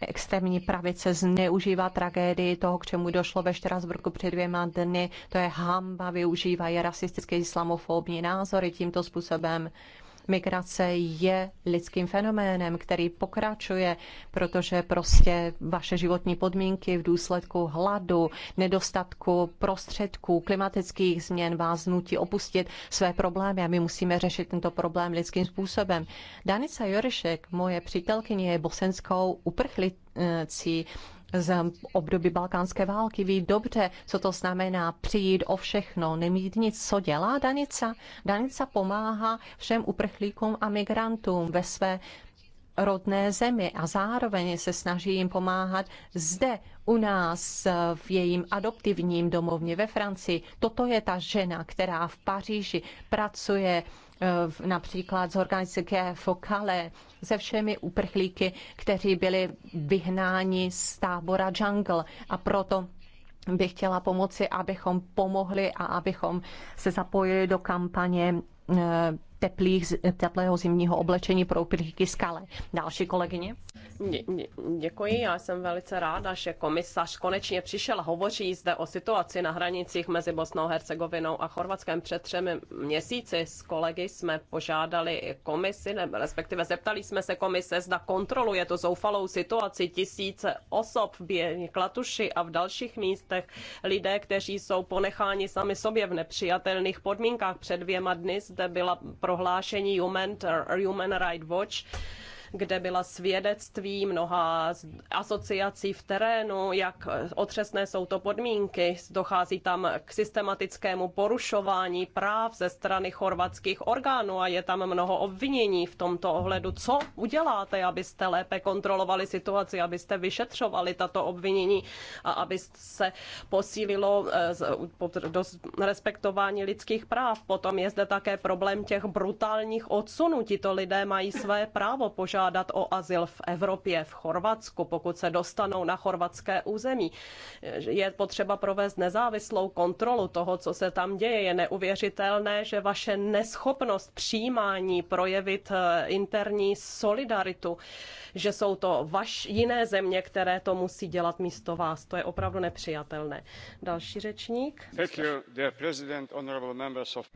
extrémní pravice zneužívá tragédii toho, k čemu došlo ve Štrasburku před dvěma dny. To je hamba, využívají rasistické islamofobní názory tímto způsobem migrace je lidským fenoménem, který pokračuje, protože prostě vaše životní podmínky v důsledku hladu, nedostatku prostředků, klimatických změn vás nutí opustit své problémy a my musíme řešit tento problém lidským způsobem. Danica Jorišek, moje přítelkyně, je bosenskou uprchlicí z období balkánské války, ví dobře, co to znamená přijít o všechno, nemít nic, co dělá Danica. Danica pomáhá všem uprchlíkům a migrantům ve své rodné zemi a zároveň se snaží jim pomáhat zde u nás v jejím adoptivním domovně ve Francii. Toto je ta žena, která v Paříži pracuje Eh, například z organizace Fokale, se všemi uprchlíky, kteří byli vyhnáni z tábora Jungle. A proto bych chtěla pomoci, abychom pomohli a abychom se zapojili do kampaně eh, teplých, teplého zimního oblečení pro uprchlíky z Kale. Další kolegyně. Dě, dě, děkuji, já jsem velice ráda, že komisař konečně přišel. Hovoří zde o situaci na hranicích mezi Bosnou, Hercegovinou a Chorvatskem. Před třemi měsíci s kolegy jsme požádali komisi, ne, respektive zeptali jsme se komise, zda kontroluje to zoufalou situaci tisíce osob v Běni, Klatuši a v dalších místech. Lidé, kteří jsou ponecháni sami sobě v nepřijatelných podmínkách. Před dvěma dny zde byla pro prohlášení Human, Human Rights Watch, kde byla svědectví mnoha asociací v terénu, jak otřesné jsou to podmínky. Dochází tam k systematickému porušování práv ze strany chorvatských orgánů a je tam mnoho obvinění v tomto ohledu. Co uděláte, abyste lépe kontrolovali situaci, abyste vyšetřovali tato obvinění a aby se posílilo eh, respektování lidských práv? Potom je zde také problém těch brutálních odsunů. Tito lidé mají své právo požádat požádat o azyl v Evropě, v Chorvatsku, pokud se dostanou na chorvatské území. Je potřeba provést nezávislou kontrolu toho, co se tam děje. Je neuvěřitelné, že vaše neschopnost přijímání projevit eh, interní solidaritu, že jsou to vaš jiné země, které to musí dělat místo vás. To je opravdu nepřijatelné. Další řečník. Thank you, dear president, honorable members of...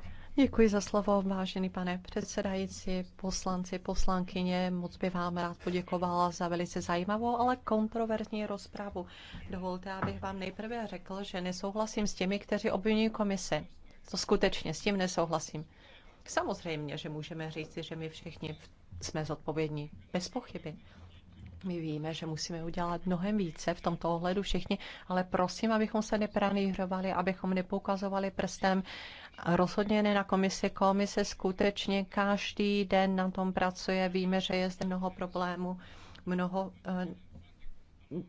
Děkuji za slovo, vážený pane předsedající, poslanci, poslankyně. Moc bych vám rád poděkovala za velice zajímavou, ale kontroverzní rozpravu. Dovolte, abych vám nejprve řekl, že nesouhlasím s těmi, kteří obvinují komise. To skutečně, s tím nesouhlasím. Samozřejmě, že můžeme říci, že my všichni jsme zodpovědní. Bez pochyby. My víme, že musíme udělat mnohem více v tomto ohledu všichni, ale prosím, abychom se nepranýřovali, abychom nepoukazovali prstem rozhodně ne na komisi. Komise skutečně každý den na tom pracuje. Víme, že je zde mnoho problémů, mnoho eh,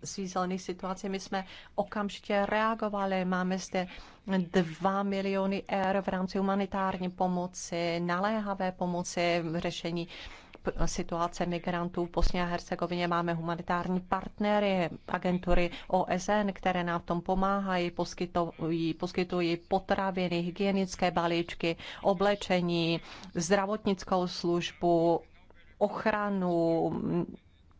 svízelných situací. My jsme okamžitě reagovali. Máme zde 2 miliony eur v rámci humanitární pomoci, naléhavé pomoci v řešení situace migrantů v Bosně a Hercegovině. Máme humanitární partnery, agentury OSN, které nám v tom pomáhají, poskytují, poskytují potraviny, hygienické balíčky, oblečení, zdravotnickou službu, ochranu,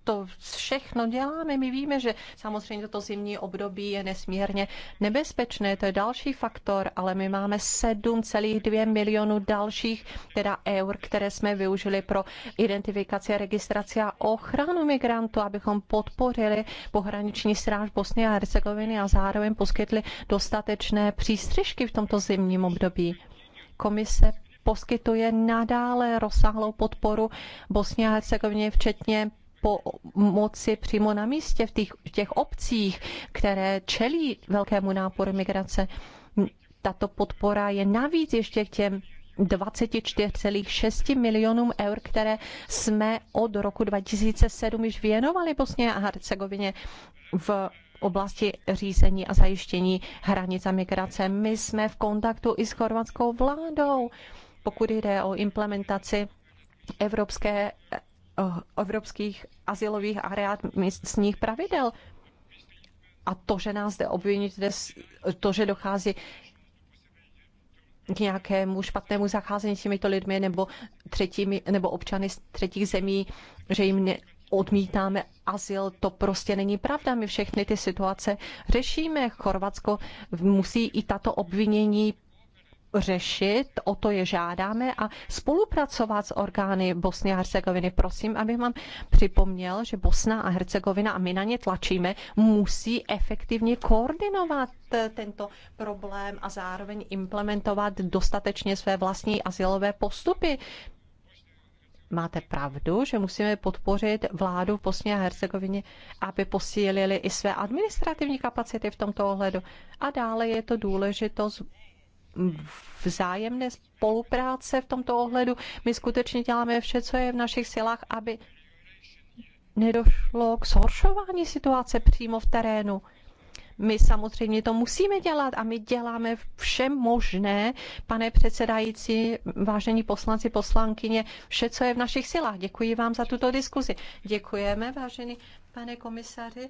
to všechno děláme. My víme, že samozřejmě toto zimní období je nesmírně nebezpečné, to je další faktor, ale my máme 7,2 milionů dalších teda eur, které jsme využili pro identifikaci, registraci a ochranu migrantů, abychom podpořili pohraniční stráž Bosny a Hercegoviny a zároveň poskytli dostatečné přístřežky v tomto zimním období. Komise poskytuje nadále rozsáhlou podporu Bosně a Hercegovině, včetně pomoci přímo na místě v těch, v těch obcích, které čelí velkému náporu migrace. Tato podpora je navíc ještě k těm 24,6 milionům eur, které jsme od roku 2007 již věnovali Bosně a Hercegovině v oblasti řízení a zajištění hranic a migrace. My jsme v kontaktu i s chorvatskou vládou, pokud jde o implementaci evropské Eh, evropských asilových a místních pravidel. A to, že nás zde obviníte, to, že dochází k nějakému špatnému zacházení s těmito lidmi nebo, třetími, nebo občany z třetích zemí, že jim ne, odmítáme azyl, to prostě není pravda. My všechny ty situace řešíme. Chorvatsko musí i tato obvinění řešit, o to je žádáme a spolupracovat s orgány Bosny a Hercegoviny. Prosím, abych vám připomněl, že Bosna a Hercegovina, a my na ně tlačíme, musí efektivně koordinovat eh, tento problém a zároveň implementovat dostatečně své vlastní asilové postupy máte pravdu, že musíme podpořit vládu v Bosně a Hercegovině, aby posílili i své administrativní kapacity v tomto ohledu. A dále je to důležitost vzájemné spolupráce v tomto ohledu. My skutečně děláme vše, co je v našich silách, aby nedošlo k zhoršování situace přímo v terénu. My samozřejmě to musíme dělat a my děláme vše možné, pane předsedající, vážení poslanci, poslankyně, vše, co je v našich silách. Děkuji vám za tuto diskuzi. Děkujeme, vážený pane komisaři.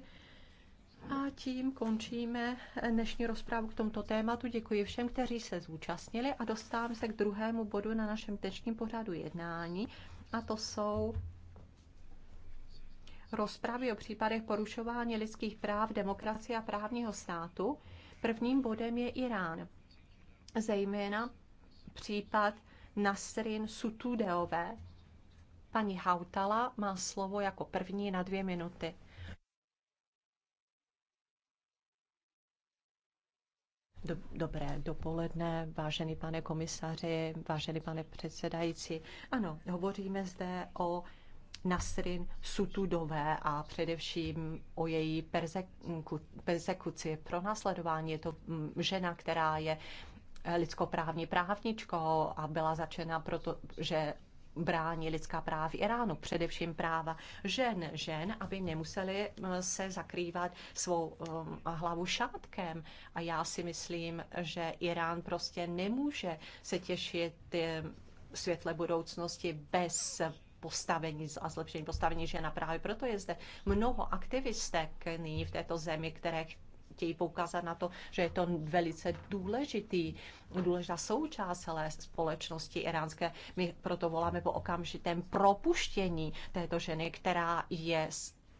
A tím končíme dnešní rozprávu k tomto tématu. Děkuji všem, kteří se zúčastnili a dostávám se k druhému bodu na našem dnešním pořadu jednání. A to jsou rozpravy o případech porušování lidských práv, demokracie a právního státu. Prvním bodem je Irán, zejména případ Nasrin Sutudeové. Paní Hautala má slovo jako první na dvě minuty. Dobré dopoledne, vážený pane komisaři, vážený pane předsedající. Ano, hovoříme zde o Nasrin Sutudové a především o její persekuci. pro následování Je to mm, žena, která je lidskoprávní právničkou a byla začena proto, že brání lidská práva v Iránu, především práva žen, žen, aby nemuseli eh, se zakrývat svou eh, hlavu šátkem. A já si myslím, že Irán prostě nemůže se těšit eh, světle budoucnosti bez postavení a zlepšení postavení žena. Právě proto je zde mnoho aktivistek nyní v této zemi, které chtějí poukázat na to, že je to velice důležitý, důležitá součást celé společnosti iránské. My proto voláme po okamžitém propuštění této ženy, která je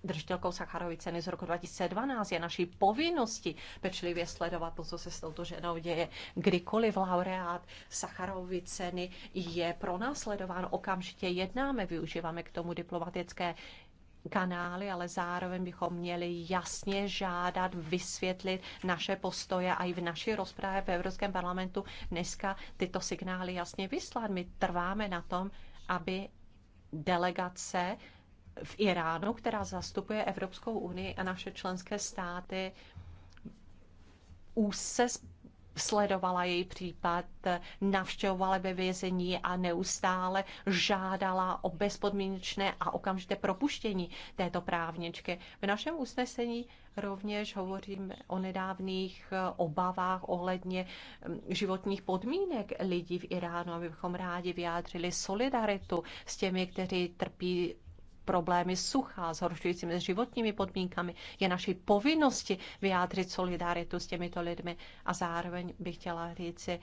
držitelkou Sacharovy ceny z roku 2012. Je naší povinnosti pečlivě sledovat to, co se s touto ženou děje. Kdykoliv laureát Sacharovy ceny je pro pronásledován, okamžitě jednáme, využíváme k tomu diplomatické kanály, ale zároveň bychom měli jasně žádat, vysvětlit naše postoje a i v naší rozprávě v Evropském parlamentu dneska tyto signály jasně vyslat. My trváme na tom, aby delegace v Iránu, která zastupuje Evropskou unii a naše členské státy, úzce sledovala její případ, navštěvovala ve vězení a neustále žádala o bezpodmínečné a okamžité propuštění této právničky. V našem usnesení rovněž hovořím o nedávných eh, obavách ohledně mm, životních podmínek lidí v Iránu, abychom rádi vyjádřili solidaritu s těmi, kteří trpí problémy sucha, s horšujícími životními podmínkami. Je naší povinnosti vyjádřit solidaritu s těmito lidmi a zároveň bych chtěla říci,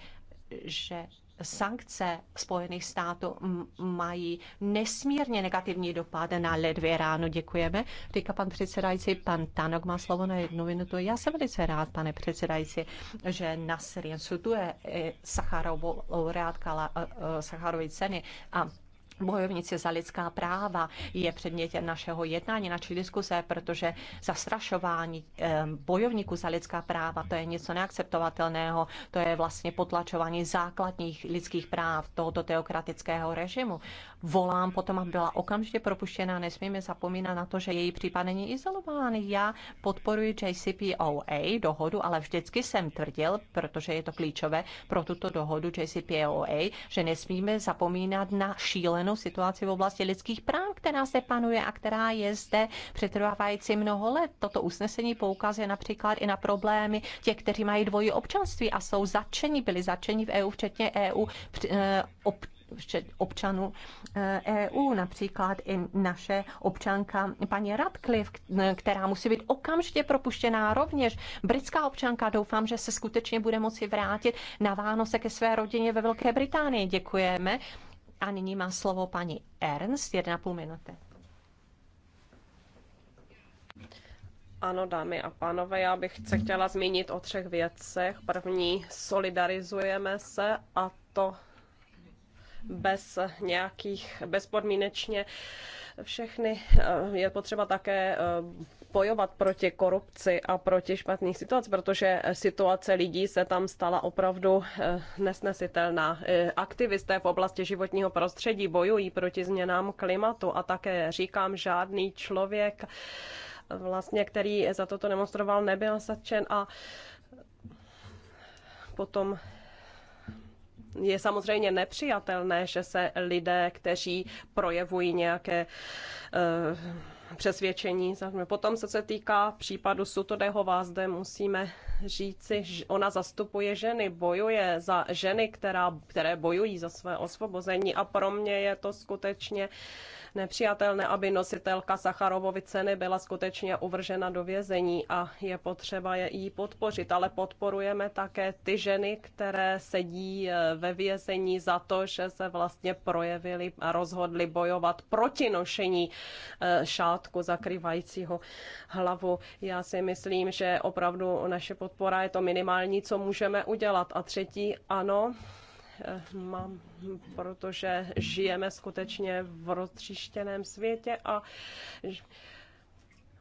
že sankce Spojených států mají nesmírně negativní dopad na ledvě ráno. Děkujeme. Říká pan předsedající, pan Tanok má slovo na jednu minutu. Já jsem velice rád, pane předsedající, že na Nasrin Sutuje eh, Sacharovou laureátka eh, eh, Sacharovy ceny a Bojovnice za lidská práva je předmětem našeho jednání, naší diskuse, protože zastrašování bojovníků za lidská práva, to je něco neakceptovatelného, to je vlastně potlačování základních lidských práv tohoto teokratického režimu. Volám potom, aby byla okamžitě propuštěna, nesmíme zapomínat na to, že její případ není izolován. Já podporuji JCPOA dohodu, ale vždycky jsem tvrdil, protože je to klíčové pro tuto dohodu JCPOA, že nesmíme zapomínat na šílenou danou situaci v oblasti lidských práv, která se panuje a která je zde přetrvávající mnoho let. Toto usnesení poukazuje například i na problémy těch, kteří mají dvojí občanství a jsou zatčeni, byli zatčeni v EU, včetně EU eh, ob, občanů EU, eh, e například i naše občanka paní Radcliffe, eh, která musí být okamžitě propuštěná rovněž. Britská občanka, doufám, že se skutečně bude moci vrátit na Vánoce ke své rodině ve Velké Británii. Děkujeme. A nyní má slovo paní Ernst, půl minuty. Ano, dámy a pánové, já bych se chtěla zmínit o třech věcech. První, solidarizujeme se a to bez nějakých bezpodmínečně všechny. Eh, je potřeba také eh, bojovat proti korupci a proti špatné situaci, protože situace lidí se tam stala opravdu eh, nesnesitelná. Eh, aktivisté v oblasti životního prostředí bojují proti změnám klimatu a také říkám, žádný člověk vlastně, který za toto demonstroval, nebyl satčen a potom je samozřejmě nepřijatelné, že se lidé, kteří projevují nějaké uh, přesvědčení. Potom, co se týká případu Sutodehova, zde musíme říci, že ona zastupuje ženy, bojuje za ženy, která, které bojují za své osvobození a pro mě je to skutečně uh, nepřijatelné, aby nositelka Sacharovovy ceny byla skutečně uvržena do vězení a je potřeba je jí podpořit, ale podporujeme také ty ženy, které sedí eh, ve vězení za to, že se vlastně projevili a rozhodli bojovat proti nošení eh, šátku zakrývajícího hlavu. Já si myslím, že opravdu naše podpora je to minimální, co můžeme udělat. A třetí, ano, mám, protože žijeme skutečně v roztříštěném světě a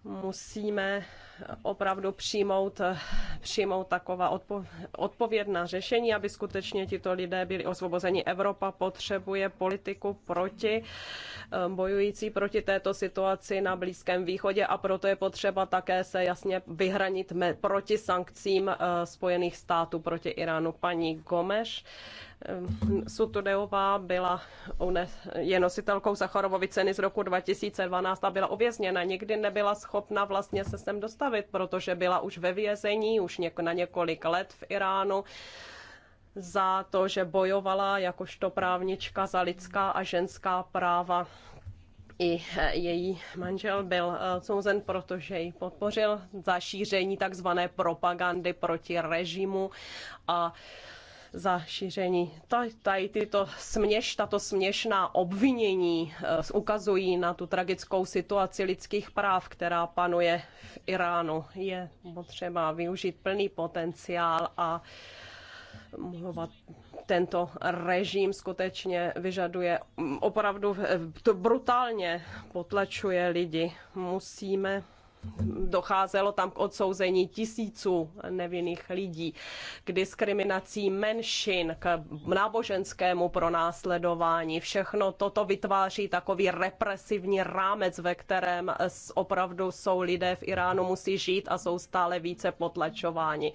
musíme opravdu přijmout, přijmout taková odpo, odpovědná řešení, aby skutečně tito lidé byli osvobozeni. Evropa potřebuje politiku proti eh, bojující proti této situaci na Blízkém východě a proto je potřeba také se jasně vyhranit proti sankcím eh, Spojených států proti Iránu. Paní Gomeš Ehm, Sutudeová byla, je nositelkou Sacharovovy ceny z roku 2012 a byla uvězněna. Nikdy nebyla schopna vlastně se sem dostavit, protože byla už ve vězení, už něk- na několik let v Iránu za to, že bojovala jakožto právnička za lidská a ženská práva i eh, její manžel byl eh, souzen, protože ji podpořil za šíření takzvané propagandy proti režimu a za šíření. Tady tyto směš, tato směšná obvinění eh, ukazují na tu tragickou situaci lidských práv, která panuje v Iránu. Je potřeba využít plný potenciál a mluvat tento režim skutečně vyžaduje, mm, opravdu to brutálně potlačuje lidi. Musíme docházelo tam k odsouzení tisíců nevinných lidí, k diskriminací menšin, k náboženskému pronásledování. Všechno toto vytváří takový represivní rámec, ve kterém opravdu jsou lidé v Iránu musí žít a jsou stále více potlačováni.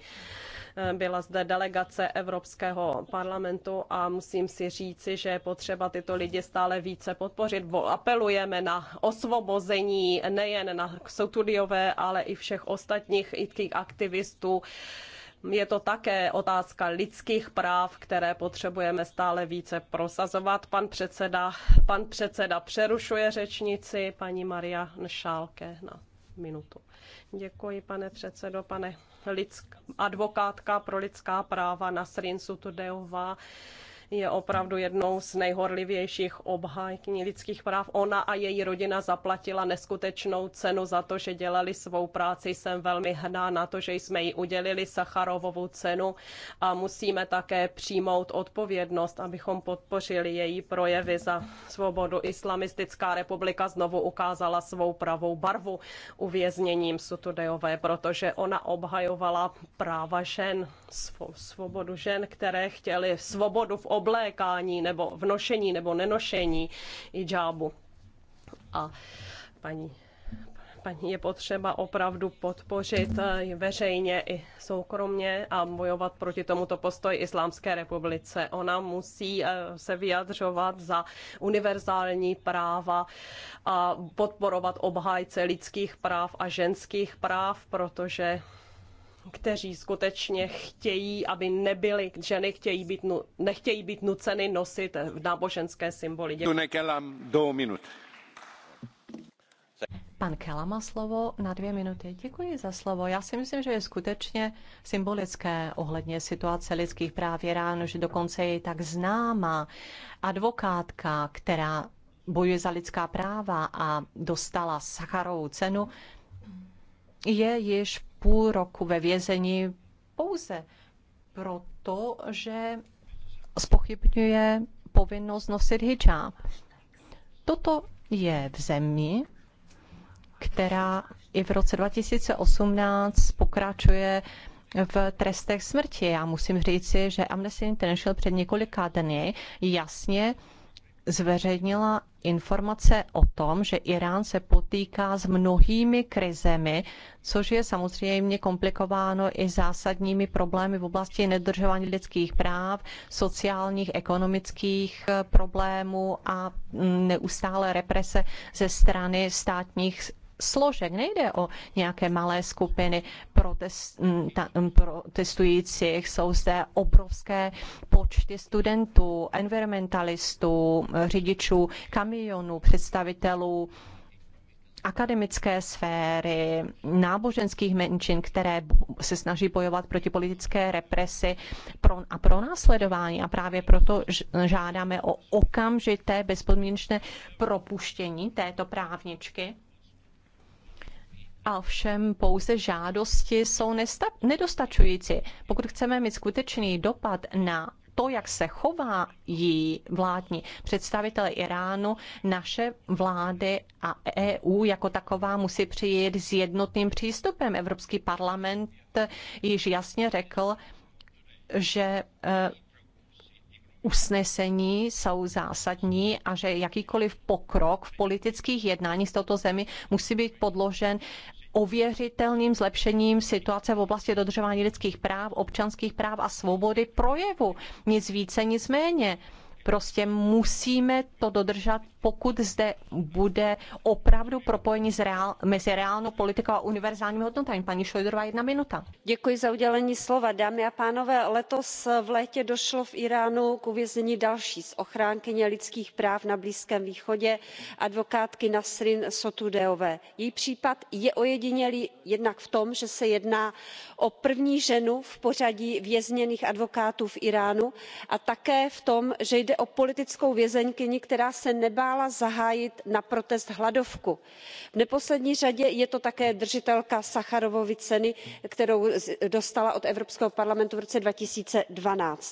Eh, byla zde delegace Evropského parlamentu a musím si říci, že je potřeba tyto lidi stále více podpořit. Apelujeme na osvobození nejen na Sotudiové, ale i všech ostatních aktivistů je to také otázka lidských práv, které potřebujeme stále více prosazovat. Pan předseda, pan předseda přerušuje řečnici, paní Maria Nšálke na minutu. Děkuji, pane předsedo, pane lidsk, advokátka pro lidská práva Nasrin Sutudeová, je opravdu jednou z nejhorlivějších obhájkyní lidských práv. Ona a její rodina zaplatila neskutečnou cenu za to, že dělali svou práci. Jsem velmi hná na to, že jsme jí udělili Sacharovovu cenu a musíme také přijmout odpovědnost, abychom podpořili její projevy za svobodu. Islamistická republika znovu ukázala svou pravou barvu uvězněním Sutudejové, protože ona obhajovala práva žen, svobodu žen, které chtěly svobodu v oblasti oblékání nebo vnošení nebo nenošení džábu. A paní paní je potřeba opravdu podpořit eh, veřejně i soukromně a bojovat proti tomuto postoji Islámské republice. Ona musí eh, se vyjadřovat za univerzální práva a podporovat obhájce lidských práv a ženských práv, protože kteří skutečně chtějí, aby nebyly ženy, chtějí být, nechtějí být nuceny nosit náboženské symboly. Děkuji. dvou minut. Pan Kela má slovo na dvě minuty. Děkuji za slovo. Já si myslím, že je skutečně symbolické ohledně situace lidských práv Iránu, že dokonce je tak známá advokátka, která bojuje za lidská práva a dostala Sacharovou cenu, je již půl roku ve vězení pouze proto, že spochybňuje povinnost nosit hijab. Toto je v zemi, která i v roce 2018 pokračuje v trestech smrti. Já musím říci, že Amnesty International před několika dny jasně zveřejnila informace o tom, že Irán se potýká s mnohými krizemi, což je samozřejmě komplikováno i zásadními problémy v oblasti nedržování lidských práv, sociálních, ekonomických eh, problémů a mm, neustále represe ze strany státních složek, nejde o nějaké malé skupiny protest, protestujících, jsou zde obrovské počty studentů, environmentalistů, řidičů kamionů, představitelů akademické sféry, náboženských menšin, které se snaží bojovat proti politické represi a pro následování. A právě proto žádáme o okamžité bezpodmínečné propuštění této právničky a všem pouze žádosti jsou nedostačující. Pokud chceme mít skutečný dopad na to, jak se chová jí vládní představitelé Iránu, naše vlády a EU jako taková musí přijít s jednotným přístupem. Evropský parlament již jasně řekl, že eh, usnesení jsou zásadní a že jakýkoliv pokrok v politických jednání s touto zemi musí být podložen ověřitelným zlepšením situace v oblasti dodržování lidských práv, občanských práv a svobody projevu. Nic více, nic méně. Prostě musíme to dodržet, pokud zde bude opravdu propojení reál, mezi reálnou politikou a univerzálními hodnotami. Paní Šojdrová, jedna minuta. Děkuji za udělení slova. Dámy a pánové, letos v létě došlo v Iránu k uvězení další z ochránkyně lidských práv na Blízkém východě, advokátky Nasrin Sotudeové. Její případ je ojedinělý jednak v tom, že se jedná o první ženu v pořadí vězněných advokátů v Iránu a také v tom, že jde jde o politickou vězeňkyni která se nebála zahájit na protest hladovku. v neposlední řadě je to také držitelka sacharovovy ceny kterou dostala od evropského parlamentu v roce. two thousand and twelve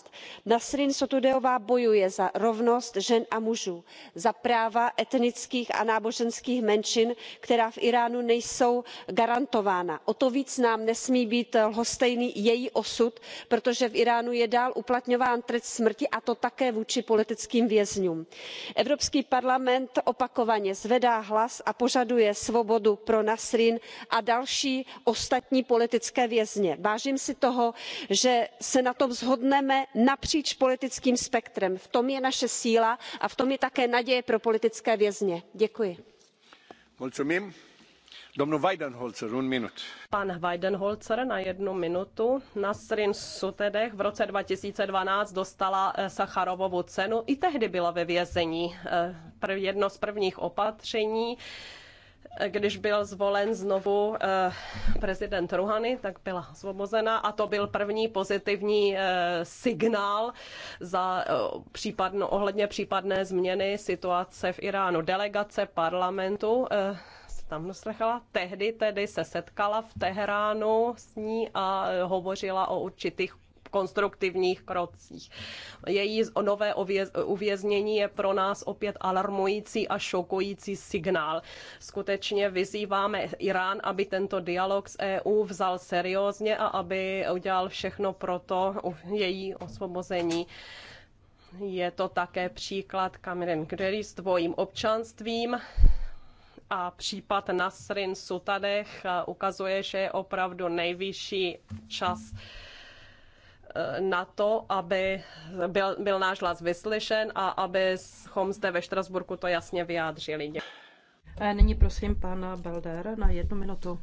nasrin sotudeová bojuje za rovnost žen a mužů za práva etnických a náboženských menšin která v íránu nejsou garantována. o to víc nám nesmí být lhostejný její osud protože v íránu je dál uplatňován trest smrti a to také vůči politickým vězňům. evropský parlament opakovaně zvedá hlas a požaduje svobodu pro nasrin a další ostatní politické vězně. vážím si toho že se na tom shodneme napříč politickým spektrem v tom je naše síla a v tom je také naděje pro politické vězně. děkuji. Pan Weidenholzer na jednu minutu. Nasrin Sutedech v roce 2012 dostala eh, Sacharovovu cenu. I tehdy byla ve vězení. Eh, jedno z prvních opatření eh, když byl zvolen znovu prezident Ruhany, tak byla svobozena a to byl první pozitivní signál za případno, ohledně případné změny situace v Iránu. Delegace parlamentu tam doslechla. Tehdy tedy se setkala v Teheránu s ní a hovořila o určitých konstruktivních krocích. Její nové uvěznění je pro nás opět alarmující a šokující signál. Skutečně vyzýváme Irán, aby tento dialog s EU vzal seriózně a aby udělal všechno pro to její osvobození. Je to také příklad Kamerin, Grery s dvojím občanstvím, a případ Nasrin Sutadech eh, ukazuje, že je opravdu nejvyšší čas eh, na to, aby byl, byl náš hlas vyslyšen a aby zde ve Štrasburku to jasně vyjádřili. Děkuji. Nyní prosím pana Belder na jednu minutu.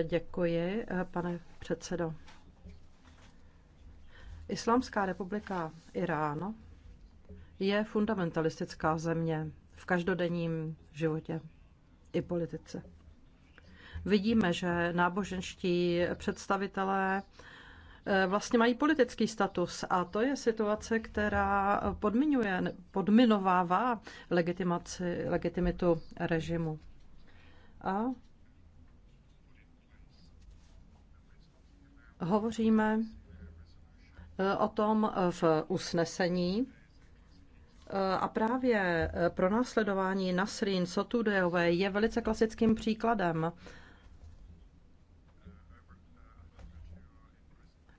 Eh, děkuji, pane předsedo. Islámská republika Irán je fundamentalistická země v každodenním životě i politice. Vidíme, že náboženští představitelé eh, vlastně mají politický status a to je situace, která podmiňuje, podminovává legitimaci, legitimitu režimu. A hovoříme eh, o tom v usnesení, Eh, a právě eh, pro následování Nasrin Sotudeové je velice klasickým příkladem.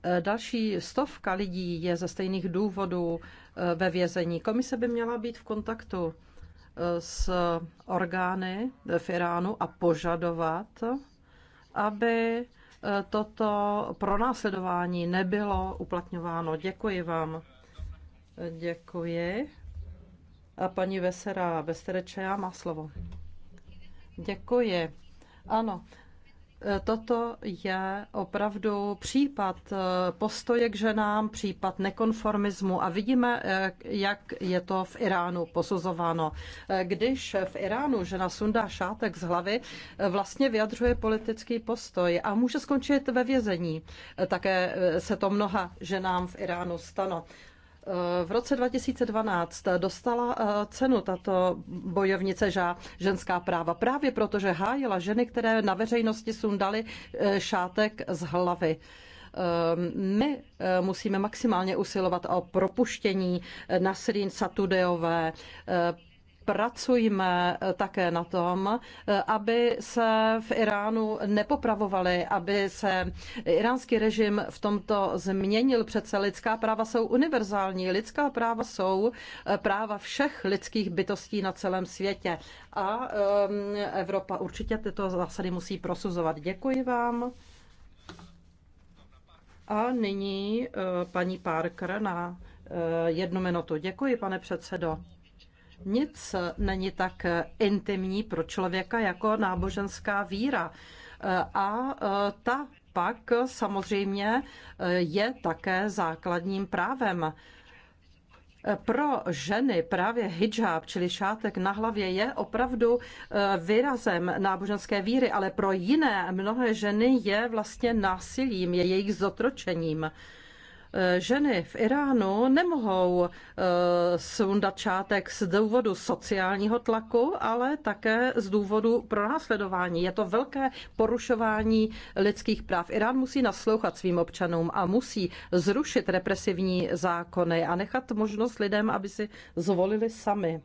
Eh, další stovka lidí je ze stejných důvodů ve vězení. Komise by měla být v kontaktu s orgány v Iránu a požadovat, aby toto pronásledování nebylo uplatňováno. Děkuji vám. Děkuji. A paní Vesera já má slovo. Děkuji. Ano, e, Toto je opravdu případ e, postoje k ženám, případ nekonformismu a vidíme, e, jak je to v Iránu posuzováno. Když v Iránu žena sundá šátek z hlavy, vlastně vyjadřuje politický postoj a může skončit ve vězení. Také se to mnoha ženám v Iránu stalo. V roce 2012 dostala eh, cenu tato bojovnice za ženská práva právě proto, že hájila ženy, které na veřejnosti sundaly eh, šátek z hlavy ehm, my eh, musíme maximálně usilovat o propuštění Nasrin Satudeové, Pracujme eh, také na tom, eh, aby se v Iránu nepopravovali, aby se iránský režim v tomto změnil. Přece lidská práva jsou univerzální. Lidská práva jsou eh, práva všech lidských bytostí na celém světě. A Evropa určitě tyto zásady musí prosuzovat. Děkuji vám. A nyní paní Parker na jednu minutu. Děkuji, pane předsedo. Nic není tak intimní pro člověka jako náboženská víra. A e, ta pak samozřejmě e, je také základním právem. Pro ženy právě hijab, čili šátek na hlavě, je opravdu e, výrazem náboženské víry, ale pro jiné mnohé ženy je vlastně násilím, je jejich zotročením. Eh, ženy v Iránu nemohou eh, sundat čátek z důvodu sociálního tlaku, ale také z důvodu pronásledování. Je to velké porušování lidských práv. Irán musí naslouchat svým občanům a musí zrušit represivní zákony a nechat možnost lidem, aby si zvolili sami.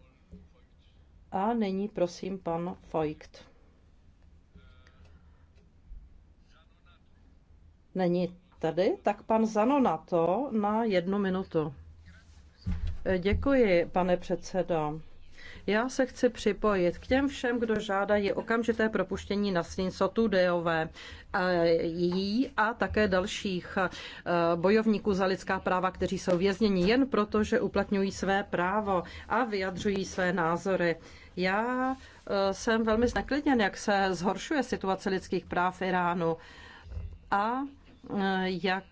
A nyní prosím pan Feucht. Není tady, tak pan Zano na to na jednu minutu. Eh, děkuji, pane předsedo. Já se chci připojit k těm všem, kdo žádají okamžité propuštění sotu Deové, jí a také dalších eh, bojovníků za lidská práva, kteří jsou vězněni jen proto, že uplatňují své právo a vyjadřují své názory. Já eh, jsem velmi zneklidněn, jak se zhoršuje situace lidských práv v Iránu. A Eh, jak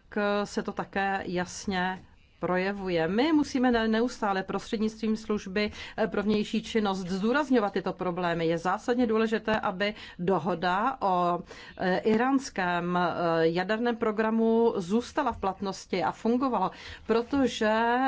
se to také jasně projevuje. My musíme neustále prostřednictvím služby eh, pro vnější činnost zdůrazňovat tyto problémy. Je zásadně důležité, aby dohoda o eh, iránském eh, jaderném programu zůstala v platnosti a fungovala, protože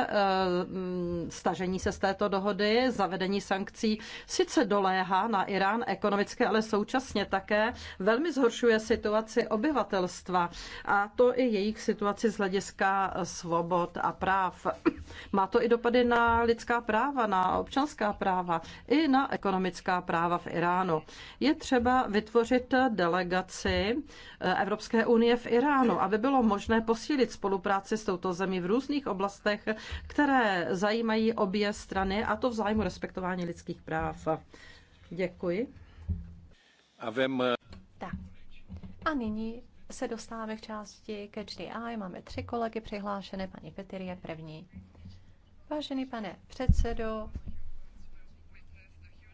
mm, stažení se z této dohody, zavedení sankcí sice doléhá na Irán ekonomicky, ale současně také velmi zhoršuje situaci obyvatelstva a to i jejich situaci z hlediska svobod a práv. Má to i dopady na lidská práva, na občanská práva i na ekonomická práva v Iránu. Je třeba vytvořit delegaci eh, Evropské unie v Iránu, aby bylo možné posílit spolupráci s touto zemí v různých oblastech, které zajímají obě strany a to v zájmu respektování lidských práv. Děkuji. A vem? Eh, tak. A nyní se dostáváme k části the Eye. Máme tři kolegy přihlášené. Paní Petir je první. Vážený pane předsedo,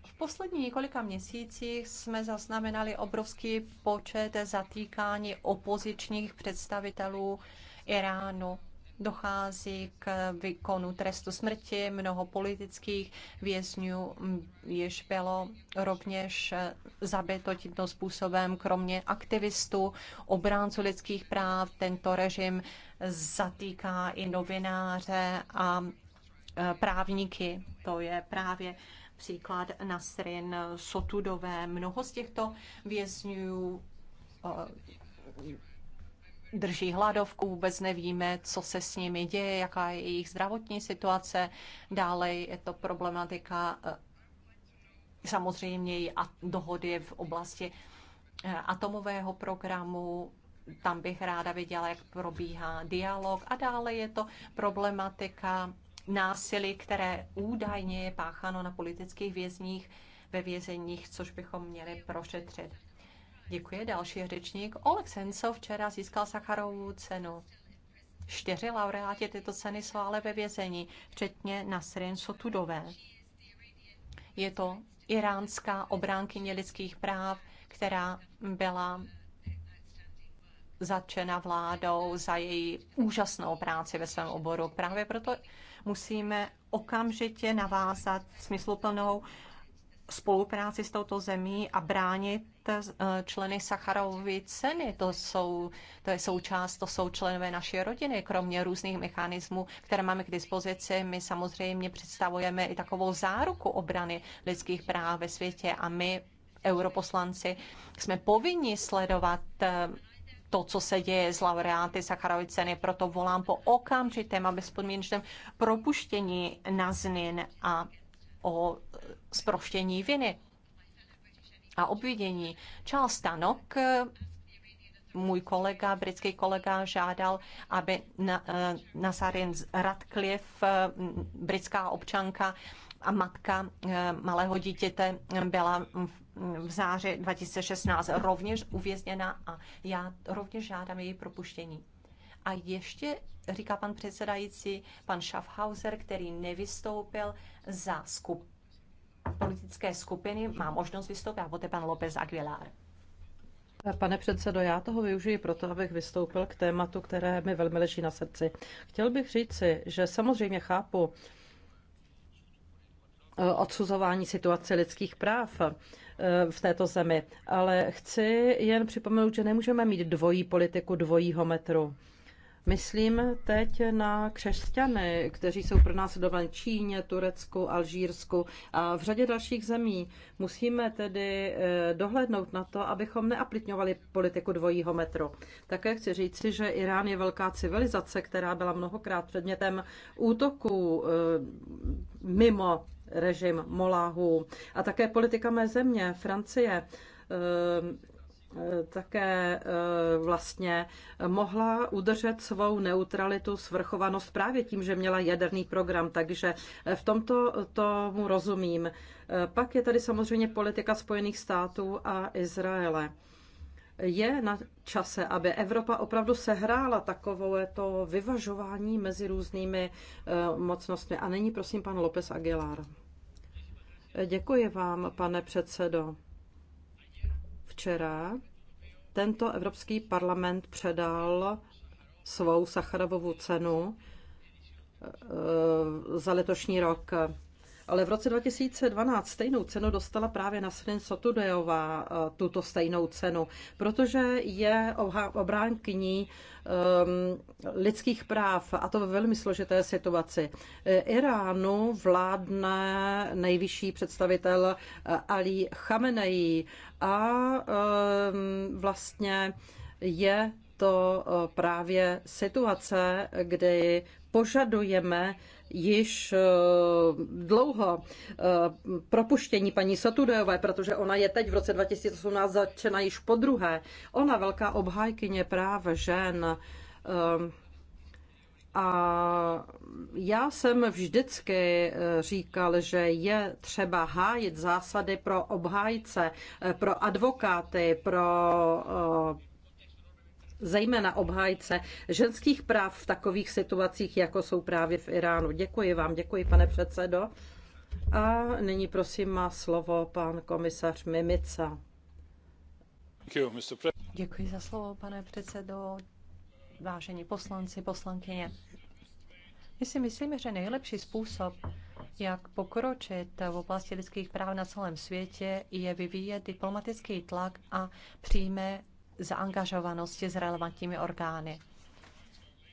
v posledních několika měsících jsme zaznamenali obrovský počet zatýkání opozičních představitelů Iránu dochází k výkonu trestu smrti, mnoho politických vězňů již bylo rovněž zabito tímto způsobem, kromě aktivistů, obránců lidských práv. Tento režim zatýká i novináře a e, právníky. To je právě příklad Nasrin Sotudové. Mnoho z těchto vězňů e, drží hladovku, vůbec nevíme, co se s nimi děje, jaká je jejich zdravotní situace. Dále je to problematika eh, samozřejmě i dohody v oblasti eh, atomového programu, tam bych ráda viděla, jak probíhá dialog. A dále je to problematika násilí, které údajně je pácháno na politických vězních ve vězeních, což bychom měli prošetřit. Děkuji. Další řečník. Oleg Sencov včera získal Sacharovou cenu. Čtyři laureáti této ceny jsou ale ve vězení, včetně Nasrin Sotudové. Je to iránská obránkyně lidských práv, která byla zatčena vládou za její úžasnou práci ve svém oboru. Právě proto musíme okamžitě navázat smysluplnou spolupráci s touto zemí a bránit eh, členy Sacharovy ceny. To jsou, to je součást, to jsou členové naší rodiny, kromě různých mechanismů, které máme k dispozici. My samozřejmě představujeme i takovou záruku obrany lidských práv ve světě a my, europoslanci, jsme povinni sledovat eh, to, co se děje s laureáty Sacharovy ceny. Proto volám po okamžitém a bezpodmínečném propuštění Naznin a o sproštění viny a obvinění. Charles Tanok, můj kolega, britský kolega, žádal, aby eh, Nasarin Radcliffe, mm, britská občanka a matka eh, malého dítěte, byla v září 2016 rovněž uvězněna a já rovněž žádám její propuštění. A ještě říká pan předsedající, pan Schaffhauser, který nevystoupil za skup, politické skupiny, má možnost vystoupit a poté pan López Aguilar. Pane předsedo, já toho využiji proto, abych vystoupil k tématu, které mi velmi leží na srdci. Chtěl bych říci, že samozřejmě chápu eh, odsuzování situace lidských práv eh, v této zemi, ale chci jen připomenout, že nemůžeme mít dvojí politiku dvojího metru Myslím teď na křesťany, kteří jsou pro nás v Číně, Turecku, Alžírsku a v řadě dalších zemí. Musíme tedy eh, dohlednout na to, abychom neaplitňovali politiku dvojího metru. Také chci říci, že Irán je velká civilizace, která byla mnohokrát předmětem útoků eh, mimo režim Moláhu a také politika mé země, Francie eh, Eh, také eh, vlastně mohla udržet svou neutralitu, svrchovanost právě tím, že měla jaderný program, takže eh, v tomto tomu rozumím. Pak je tady samozřejmě politika Spojených států a Izraele. Je na čase, aby Evropa opravdu sehrála takové to vyvažování mezi různými mocnostmi. A není prosím pan López Aguilar. Děkuji vám, pane předsedo včera tento Evropský parlament předal svou Sacharovovu cenu eh, za letošní rok ale v roce 2012 stejnou cenu dostala právě Nasrin Sotudejová eh, tuto stejnou cenu, protože je obránkyní um, lidských práv, a to ve velmi složité situaci. Eh, Iránu vládne nejvyšší představitel eh, Ali Chamenei a um, vlastně je to právě situace, kdy požadujeme již eh, dlouho eh, propuštění paní Satudejové, protože ona je teď v roce 2018 začena již po druhé. Ona velká obhájkyně práv žen eh, a já jsem vždycky říkal, že je třeba hájit zásady pro obhájce, pro advokáty, pro zejména obhájce ženských práv v takových situacích, jako jsou právě v Iránu. Děkuji vám, děkuji pane předsedo. A nyní prosím má slovo pan komisař Mimica. Děkuji za slovo, pane předsedo. Vážení poslanci, poslankyně. My si myslíme, že nejlepší způsob, jak pokročit v oblasti lidských práv na celém světě, je vyvíjet diplomatický tlak a přijme zaangažovanosti s relevantními orgány.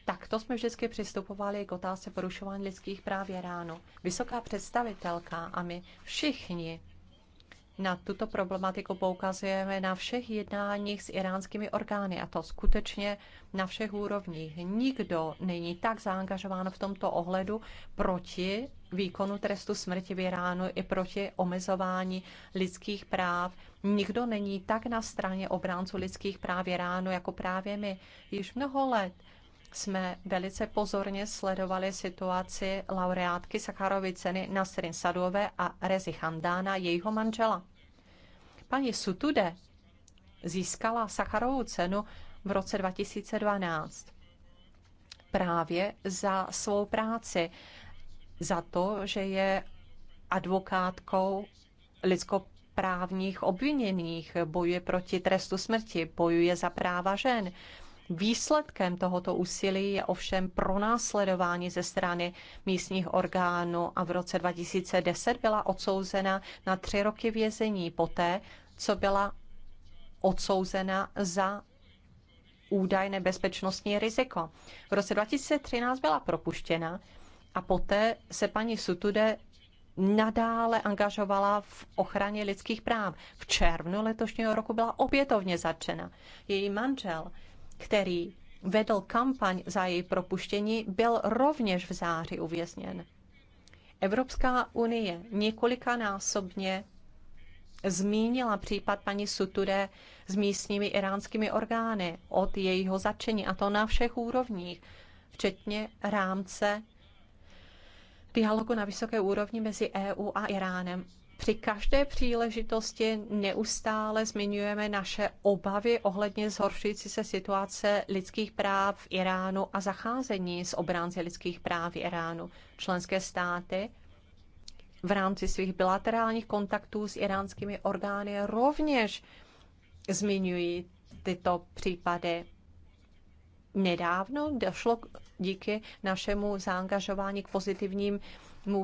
Takto jsme vždycky přistupovali k otázce porušování lidských práv ráno. Vysoká představitelka a my všichni na tuto problematiku poukazujeme na všech jednáních s iránskými orgány a to skutečně na všech úrovních. Nikdo není tak zaangažován v tomto ohledu proti výkonu trestu smrti v Iránu i proti omezování lidských práv. Nikdo není tak na straně obránců lidských práv Iránu jako právě my. Již mnoho let jsme velice pozorně sledovali situaci laureátky Sacharovy ceny Nasrin Sadové a Rezi Chandána, jejího manžela. Paní Sutude získala Sacharovou cenu v roce 2012 právě za svou práci, za to, že je advokátkou lidskoprávních obviněných, bojuje proti trestu smrti, bojuje za práva žen. Výsledkem tohoto úsilí je ovšem pronásledování ze strany místních orgánů a v roce 2010 byla odsouzena na tři roky vězení poté, co byla odsouzena za údajné bezpečnostní riziko. V roce 2013 byla propuštěna a poté se paní Sutude nadále angažovala v ochraně lidských práv. V červnu letošního roku byla opětovně zatčena. Její manžel který vedl kampaň za její propuštění, byl rovněž v září uvězněn. Evropská unie několikanásobně zmínila případ paní Suture s místními iránskými orgány od jejího začení, a to na všech úrovních, včetně rámce dialogu na vysoké úrovni mezi EU a Iránem. Při každé příležitosti neustále zmiňujeme naše obavy ohledně zhoršující se situace lidských práv v Iránu a zacházení s obránci lidských práv v Iránu. Členské státy v rámci svých bilaterálních kontaktů s iránskými orgány rovněž zmiňují tyto případy. Nedávno došlo díky našemu zaangažování k pozitivním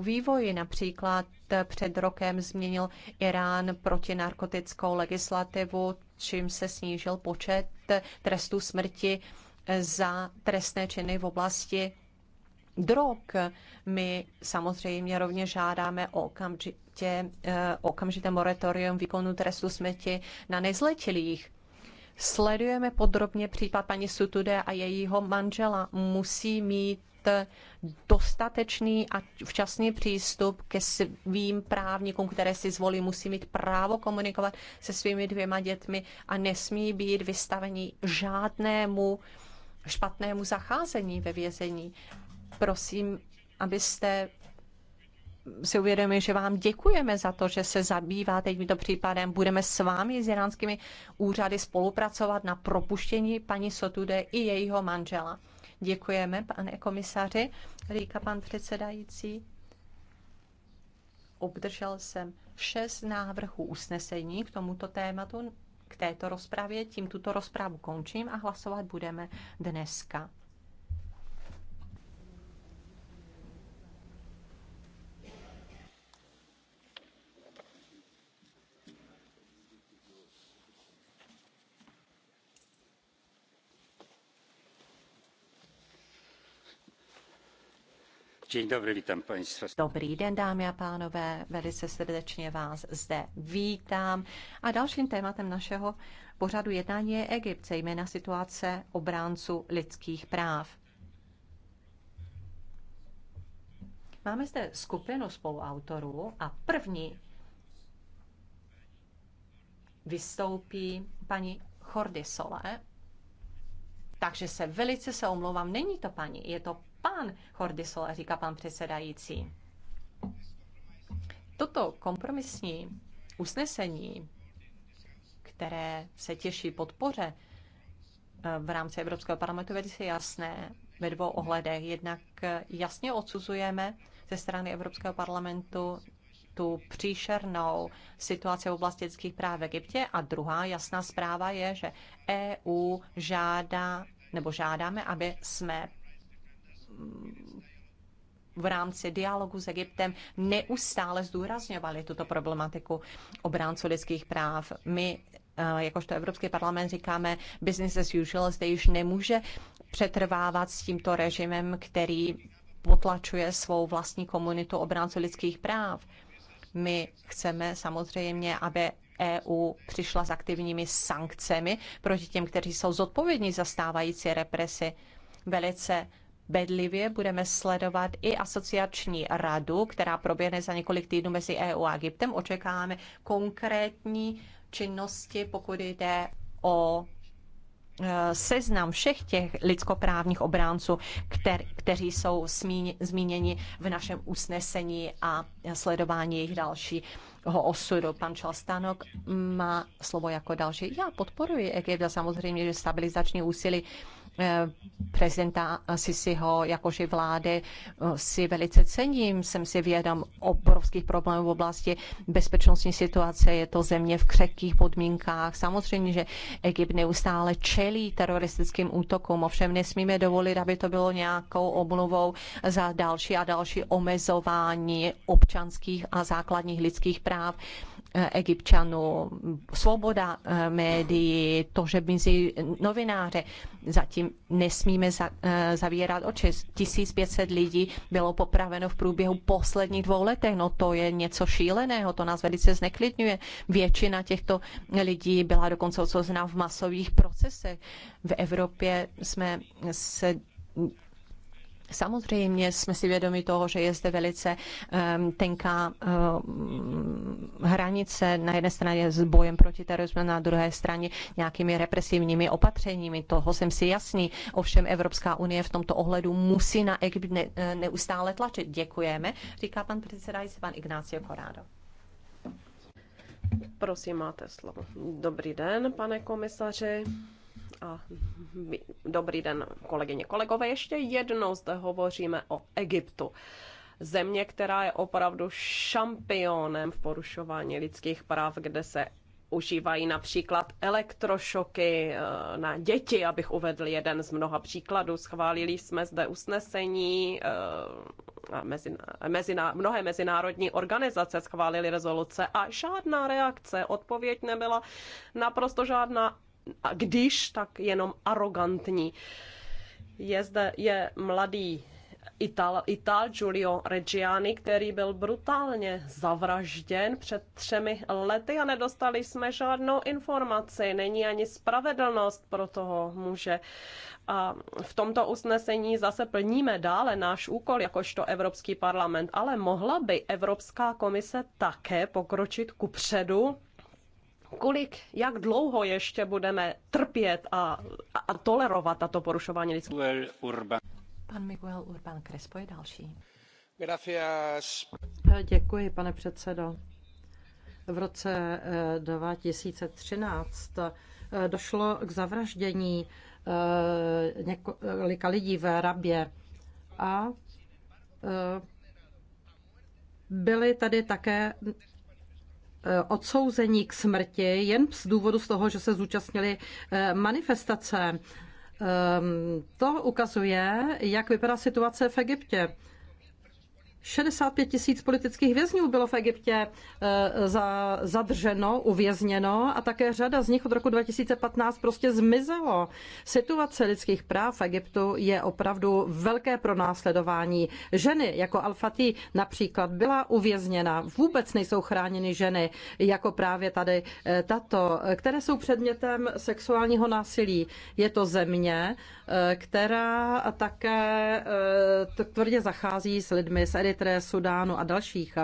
vývoji. Například před rokem změnil Irán proti legislativu, čím se snížil počet trestů smrti za trestné činy v oblasti drog. My samozřejmě rovně žádáme o okamžitě, eh, okamžité moratorium výkonu trestu smrti na nezletilých. Sledujeme podrobně případ paní Sutude a jejího manžela. Musí mít Eh, dostatečný a včasný přístup ke svým právníkům, které si zvolí, musí mít právo komunikovat se svými dvěma dětmi a nesmí být vystaveni žádnému špatnému zacházení ve vězení. Prosím, abyste si uvědomili, že vám děkujeme za to, že se zabýváte tímto případem. Budeme s vámi, s iránskými úřady, spolupracovat na propuštění paní Sotude i jejího manžela. Děkujeme, pane komisaři, říká pan předsedající. Obdržel jsem šest návrhů usnesení k tomuto tématu, k této rozpravě. Tím tuto rozpravu končím a hlasovat budeme dneska. Dobrý den, dámy a pánové, velice srdečně vás zde vítám. A dalším tématem našeho pořadu jednání je Egypt, zejména situace obránců lidských práv. Máme zde skupinu spoluautorů a první vystoupí paní Chordisole. Takže se velice se omlouvám, není to paní, je to Pán Hordisol, říká pan předsedající. Toto kompromisní usnesení, které se těší podpoře eh, v rámci Evropského parlamentu, je jasné ve dvou ohledech. Jednak eh, jasně odsuzujeme ze strany Evropského parlamentu tu příšernou situaci v oblasti lidských práv v Egyptě. A druhá jasná zpráva je, že EU žádá nebo žádáme, aby jsme v rámci dialogu s Egyptem neustále zdůrazňovali tuto problematiku obránců lidských práv. My eh, jakožto Evropský parlament říkáme, business as usual zde již nemůže přetrvávat s tímto režimem, který potlačuje svou vlastní komunitu obránců lidských práv. My chceme samozřejmě, aby EU přišla s aktivními sankcemi proti těm, kteří jsou zodpovědní za stávající represi. Velice bedlivě budeme sledovat i asociační radu, která proběhne za několik týdnů mezi EU a Egyptem. Očekáváme konkrétní činnosti, pokud jde o e, seznam všech těch lidskoprávních obránců, kter, kteří jsou zmíněni v našem usnesení a sledování jejich dalšího osudu. Pan Čelstanok má slovo jako další. Já podporuji Egypt a samozřejmě, že stabilizační úsilí uh, Eh, prezidenta Sisiho, jakož vlády, eh, si velice cením. Jsem si vědom obrovských problémů v oblasti bezpečnostní situace. Je to země v křehkých podmínkách. Samozřejmě, že Egypt neustále čelí teroristickým útokům. Ovšem nesmíme dovolit, aby to bylo nějakou omluvou za další a další omezování občanských a základních lidských práv Eh, egyptčanů, svoboda eh, médií, to, že si novináře zatím nesmíme eh, zavírat oči. 1500 lidí bylo popraveno v průběhu posledních dvou letech. No to je něco šíleného, to nás velice zneklidňuje. Většina těchto lidí byla dokonce odsouzena v masových procesech. V Evropě jsme se Samozřejmě jsme si vědomi toho, že je zde velice ehm, tenká ehm, hranice na jedné straně s bojem proti terorismu, na druhé straně nějakými represivními opatřeními. Toho jsem si jasný. Ovšem Evropská unie v tomto ohledu musí na Egypt e, neustále tlačit. Děkujeme, říká pan předsedající, pan Ignacio Corrado. Prosím, máte slovo. Dobrý den, pane komisaři dobrý den, kolegyně, kolegové. Ještě jednou zde hovoříme o Egyptu. Země, která je opravdu šampionem v porušování lidských práv, kde se užívají například elektrošoky eh, na děti, abych uvedl jeden z mnoha příkladů. Schválili jsme zde usnesení eh, a mezi, mnohé mezinárodní organizace schválily rezoluce a žádná reakce, odpověď nebyla, naprosto žádná a když, tak jenom arrogantní. Je zde je mladý Ital, Ital Giulio Reggiani, který byl brutálně zavražděn před třemi lety a nedostali jsme žádnou informaci. Není ani spravedlnost pro toho muže. A v tomto usnesení zase plníme dále náš úkol, jakožto Evropský parlament, ale mohla by Evropská komise také pokročit ku předu kolik, jak dlouho ještě budeme trpět a, a, a tolerovat tato porušování lidských Pan Miguel Urban Crespo je další. Gracias. Děkuji, pane předsedo. V roce 2013 eh, eh, došlo k zavraždění eh, několika lidí v Rabě a byly tady také E, odsouzení k smrti jen z důvodu z toho, že se zúčastnili e, manifestace. Ehm, to ukazuje, jak vypadá situace v Egyptě. 65 tisíc politických vězňů bylo v Egyptě eh, za, zadrženo, uvězněno a také řada z nich od roku 2015 prostě zmizelo. Situace lidských práv v Egyptu je opravdu velké pro následování. Ženy jako al například byla uvězněna. Vůbec nejsou chráněny ženy jako právě tady eh, tato, které jsou předmětem sexuálního násilí. Je to země, eh, která také tvrdě zachází s lidmi z Eritreje, Sudánu a dalších.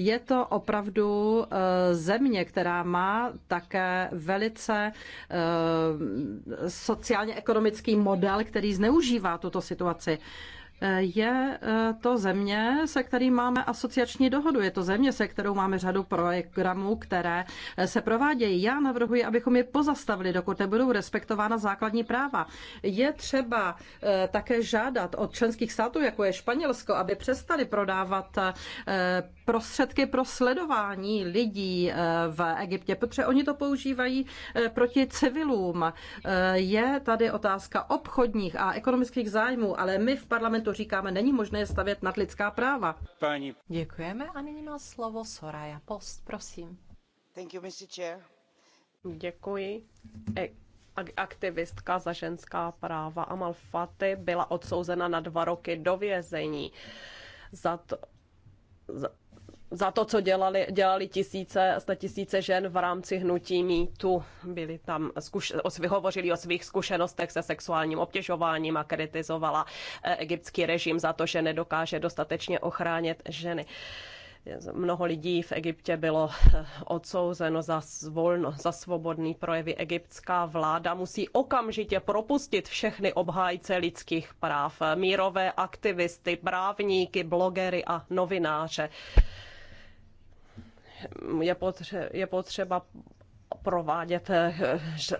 Je to opravdu eh, země, která má také velice eh, sociálně-ekonomický model, který zneužívá tuto situaci je e, to země, se kterým máme asociační dohodu. Je to země, se kterou máme řadu programů, které e, se provádějí. Já navrhuji, abychom je pozastavili, dokud nebudou respektována základní práva. Je třeba e, také žádat od členských států, jako je Španělsko, aby přestali prodávat prostředky pro sledování lidí v Egyptě, protože oni to používají proti civilům. Je tady otázka obchodních a ekonomických zájmů, ale my v parlamentu to říkáme, není možné stavět nad lidská práva. Pani. Děkujeme a nyní má slovo Soraya Post, prosím. Thank you, Mr. Chair. Děkuji. E- aktivistka za ženská práva Amal Faty byla odsouzena na dva roky do vězení za to, za, za to, co dělali, dělali tisíce, sta tisíce žen v rámci hnutí mítu. Byli tam, zkuš, hovořili o svých zkušenostech se sexuálním obtěžováním a kritizovala eh, egyptský režim za to, že nedokáže dostatečně ochránit ženy mnoho lidí v Egyptě bylo eh, odsouzeno za, volno, za svobodný projevy. Egyptská vláda musí okamžitě propustit všechny obhájce lidských práv, mírové aktivisty, právníky, blogery a novináře je, potře- je potřeba provádět eh,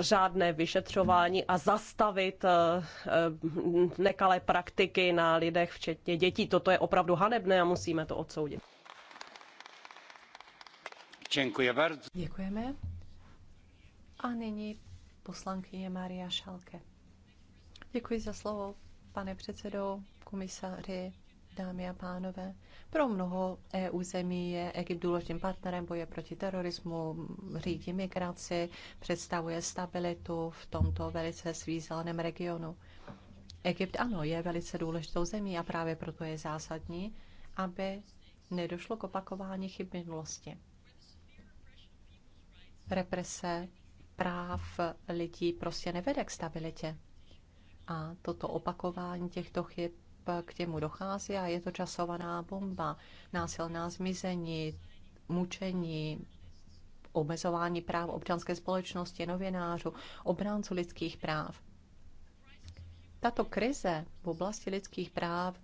řádné vyšetřování a zastavit eh, nekalé praktiky na lidech, včetně dětí. Toto je opravdu hanebné a musíme to odsoudit. Děkujeme. A nyní poslankyně Maria Šalke. Děkuji za slovo, pane předsedo, komisaři, dámy a pánové. Pro mnoho EU zemí je Egypt důležitým partnerem boje proti terorismu, řídí migraci, představuje stabilitu v tomto velice svízelném regionu. Egypt ano, je velice důležitou zemí a právě proto je zásadní, aby nedošlo k opakování chyb minulosti. Represe práv lidí prostě nevede k stabilitě. A toto opakování těchto chyb k těmu dochází a je to časovaná bomba, násilná zmizení, mučení, omezování práv občanské společnosti, novinářů, obránců lidských práv. Tato krize v oblasti lidských práv,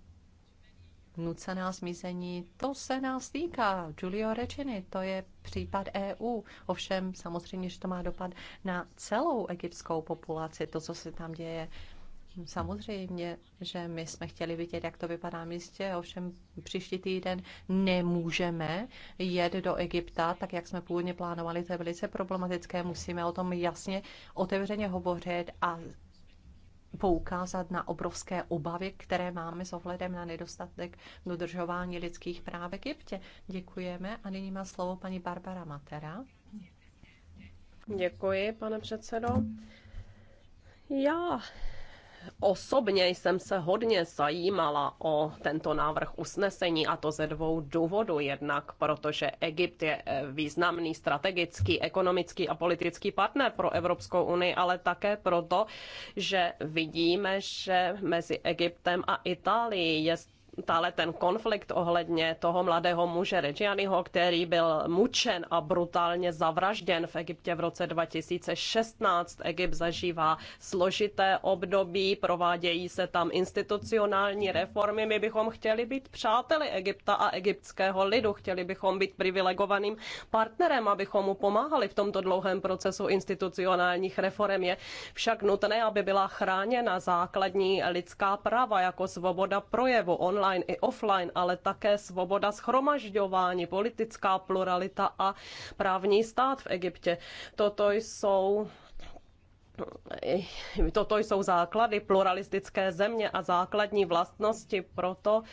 nucená zmizení, to se nás týká. Giulio Rečiny, to je případ EU. Ovšem, samozřejmě, že to má dopad na celou egyptskou populaci, to, co se tam děje Samozřejmě, že my jsme chtěli vidět, jak to vypadá v místě, ovšem příští týden nemůžeme jet do Egypta, tak jak jsme původně plánovali, to je velice problematické, musíme o tom jasně otevřeně hovořit a poukázat na obrovské obavy, které máme s ohledem na nedostatek dodržování lidských práv v Egyptě. Děkujeme a nyní má slovo paní Barbara Matera. Děkuji, pane předsedo. Já Osobně jsem se hodně zajímala o tento návrh usnesení a to ze dvou důvodů. Jednak protože Egypt je eh, významný strategický, ekonomický a politický partner pro Evropskou unii, ale také proto, že vidíme, že mezi Egyptem a Itálií je dále ten konflikt ohledně toho mladého muže Regianiho, který byl mučen a brutálně zavražděn v Egyptě v roce 2016. Egypt zažívá složité období, provádějí se tam institucionální reformy. My bychom chtěli být přáteli Egypta a egyptského lidu, chtěli bychom být privilegovaným partnerem, abychom mu pomáhali v tomto dlouhém procesu institucionálních reform. Je však nutné, aby byla chráněna základní lidská práva jako svoboda projevu online online i offline, ale také svoboda schromažďování, politická pluralita a právní stát v Egyptě. Toto jsou Toto jsou základy pluralistické země a základní vlastnosti proto,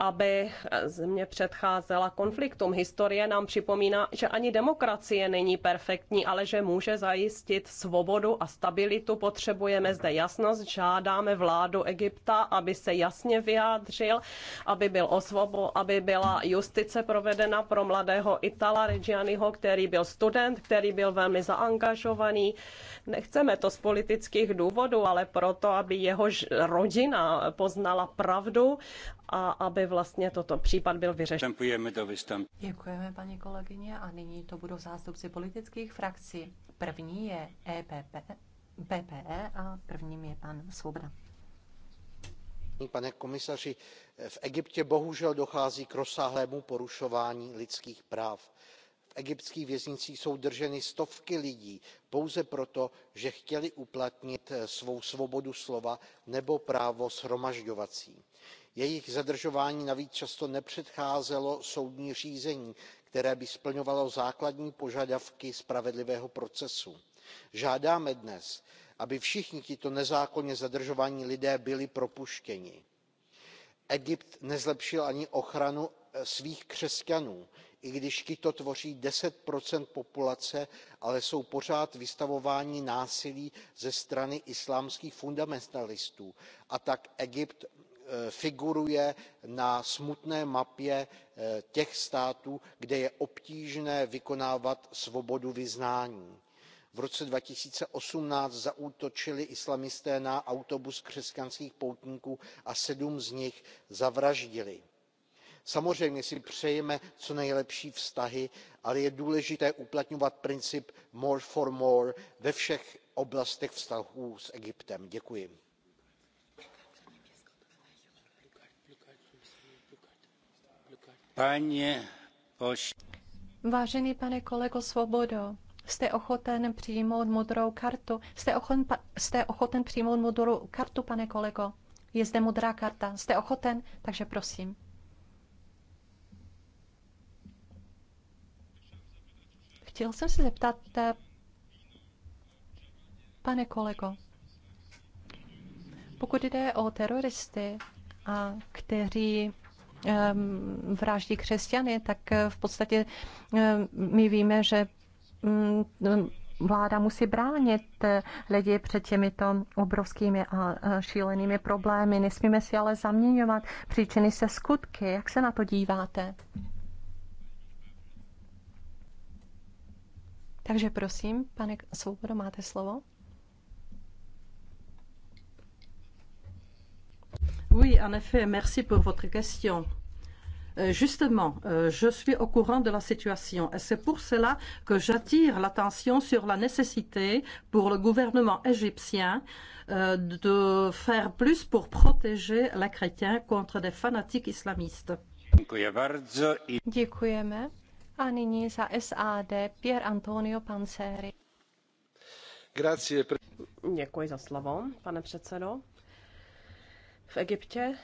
aby země předcházela konfliktům. Historie nám připomíná, že ani demokracie není perfektní, ale že může zajistit svobodu a stabilitu. Potřebujeme zde jasnost, žádáme vládu Egypta, aby se jasně vyjádřil, aby, byl osvobo, aby byla justice provedena pro mladého Itala Reggianiho, který byl student, který byl velmi zaangažovaný. Nechceme to z politických důvodů, ale proto, aby jeho rodina poznala pravdu a aby vlastně toto případ byl vyřešen. Děkujeme, paní kolegyně, a nyní to budou zástupci politických frakcí. První je EPP, PPE a prvním je pan Svoboda. Pane komisaři, v Egyptě bohužel dochází k rozsáhlému porušování lidských práv. V egyptských věznicích jsou drženy stovky lidí pouze proto, že chtěli uplatnit svou svobodu slova nebo právo shromažďovací jejich zadržování navíc často nepředcházelo soudní řízení které by splňovalo základní požadavky spravedlivého procesu. žádáme dnes aby všichni tito nezákonně zadržovaní lidé byli propuštěni. egypt nezlepšil ani ochranu eh, svých křesťanů i když tito tvoří ten populace ale jsou pořád vystavováni násilí ze strany islámských fundamentalistů a tak egypt Eh, figuruje na smutné mapě eh, těch států kde je obtížné vykonávat svobodu vyznání. v roce two thousand and eighteen zaútočili islamisté na autobus křesťanských poutníků a sedm z nich zavraždili. samozřejmě si přejeme co nejlepší vztahy ale je důležité uplatňovat princip more for more ve všech oblastech vztahů s egyptem. děkuji. Vážený pane kolego Svobodo, jste ochoten přijmout modrou kartu? Jste, ochoten, jste ochoten přijmout modrou kartu, pane kolego? Je zde modrá karta. Jste ochoten? Takže prosím. Chtěl jsem se zeptat, eh, pane kolego, pokud jde o teroristy, a kteří Ehm, vraždí křesťany, tak eh, v podstatě ehm, my víme, že mm, vláda musí bránit eh, lidi před těmito obrovskými a eh, šílenými problémy. Nesmíme si ale zaměňovat příčiny se skutky. Jak se na to díváte? Takže prosím, pane Svobodo, máte slovo. Oui, en effet, merci pour votre question. Euh, justement, euh, je suis au courant de la situation et c'est pour cela que j'attire l'attention sur la nécessité pour le gouvernement égyptien euh, de faire plus pour protéger les chrétiens contre des fanatiques islamistes. Děkujeme. A nyní za SAD Pier Antonio Panseri. Děkuji za slovo, pane předsedo. V Egyptě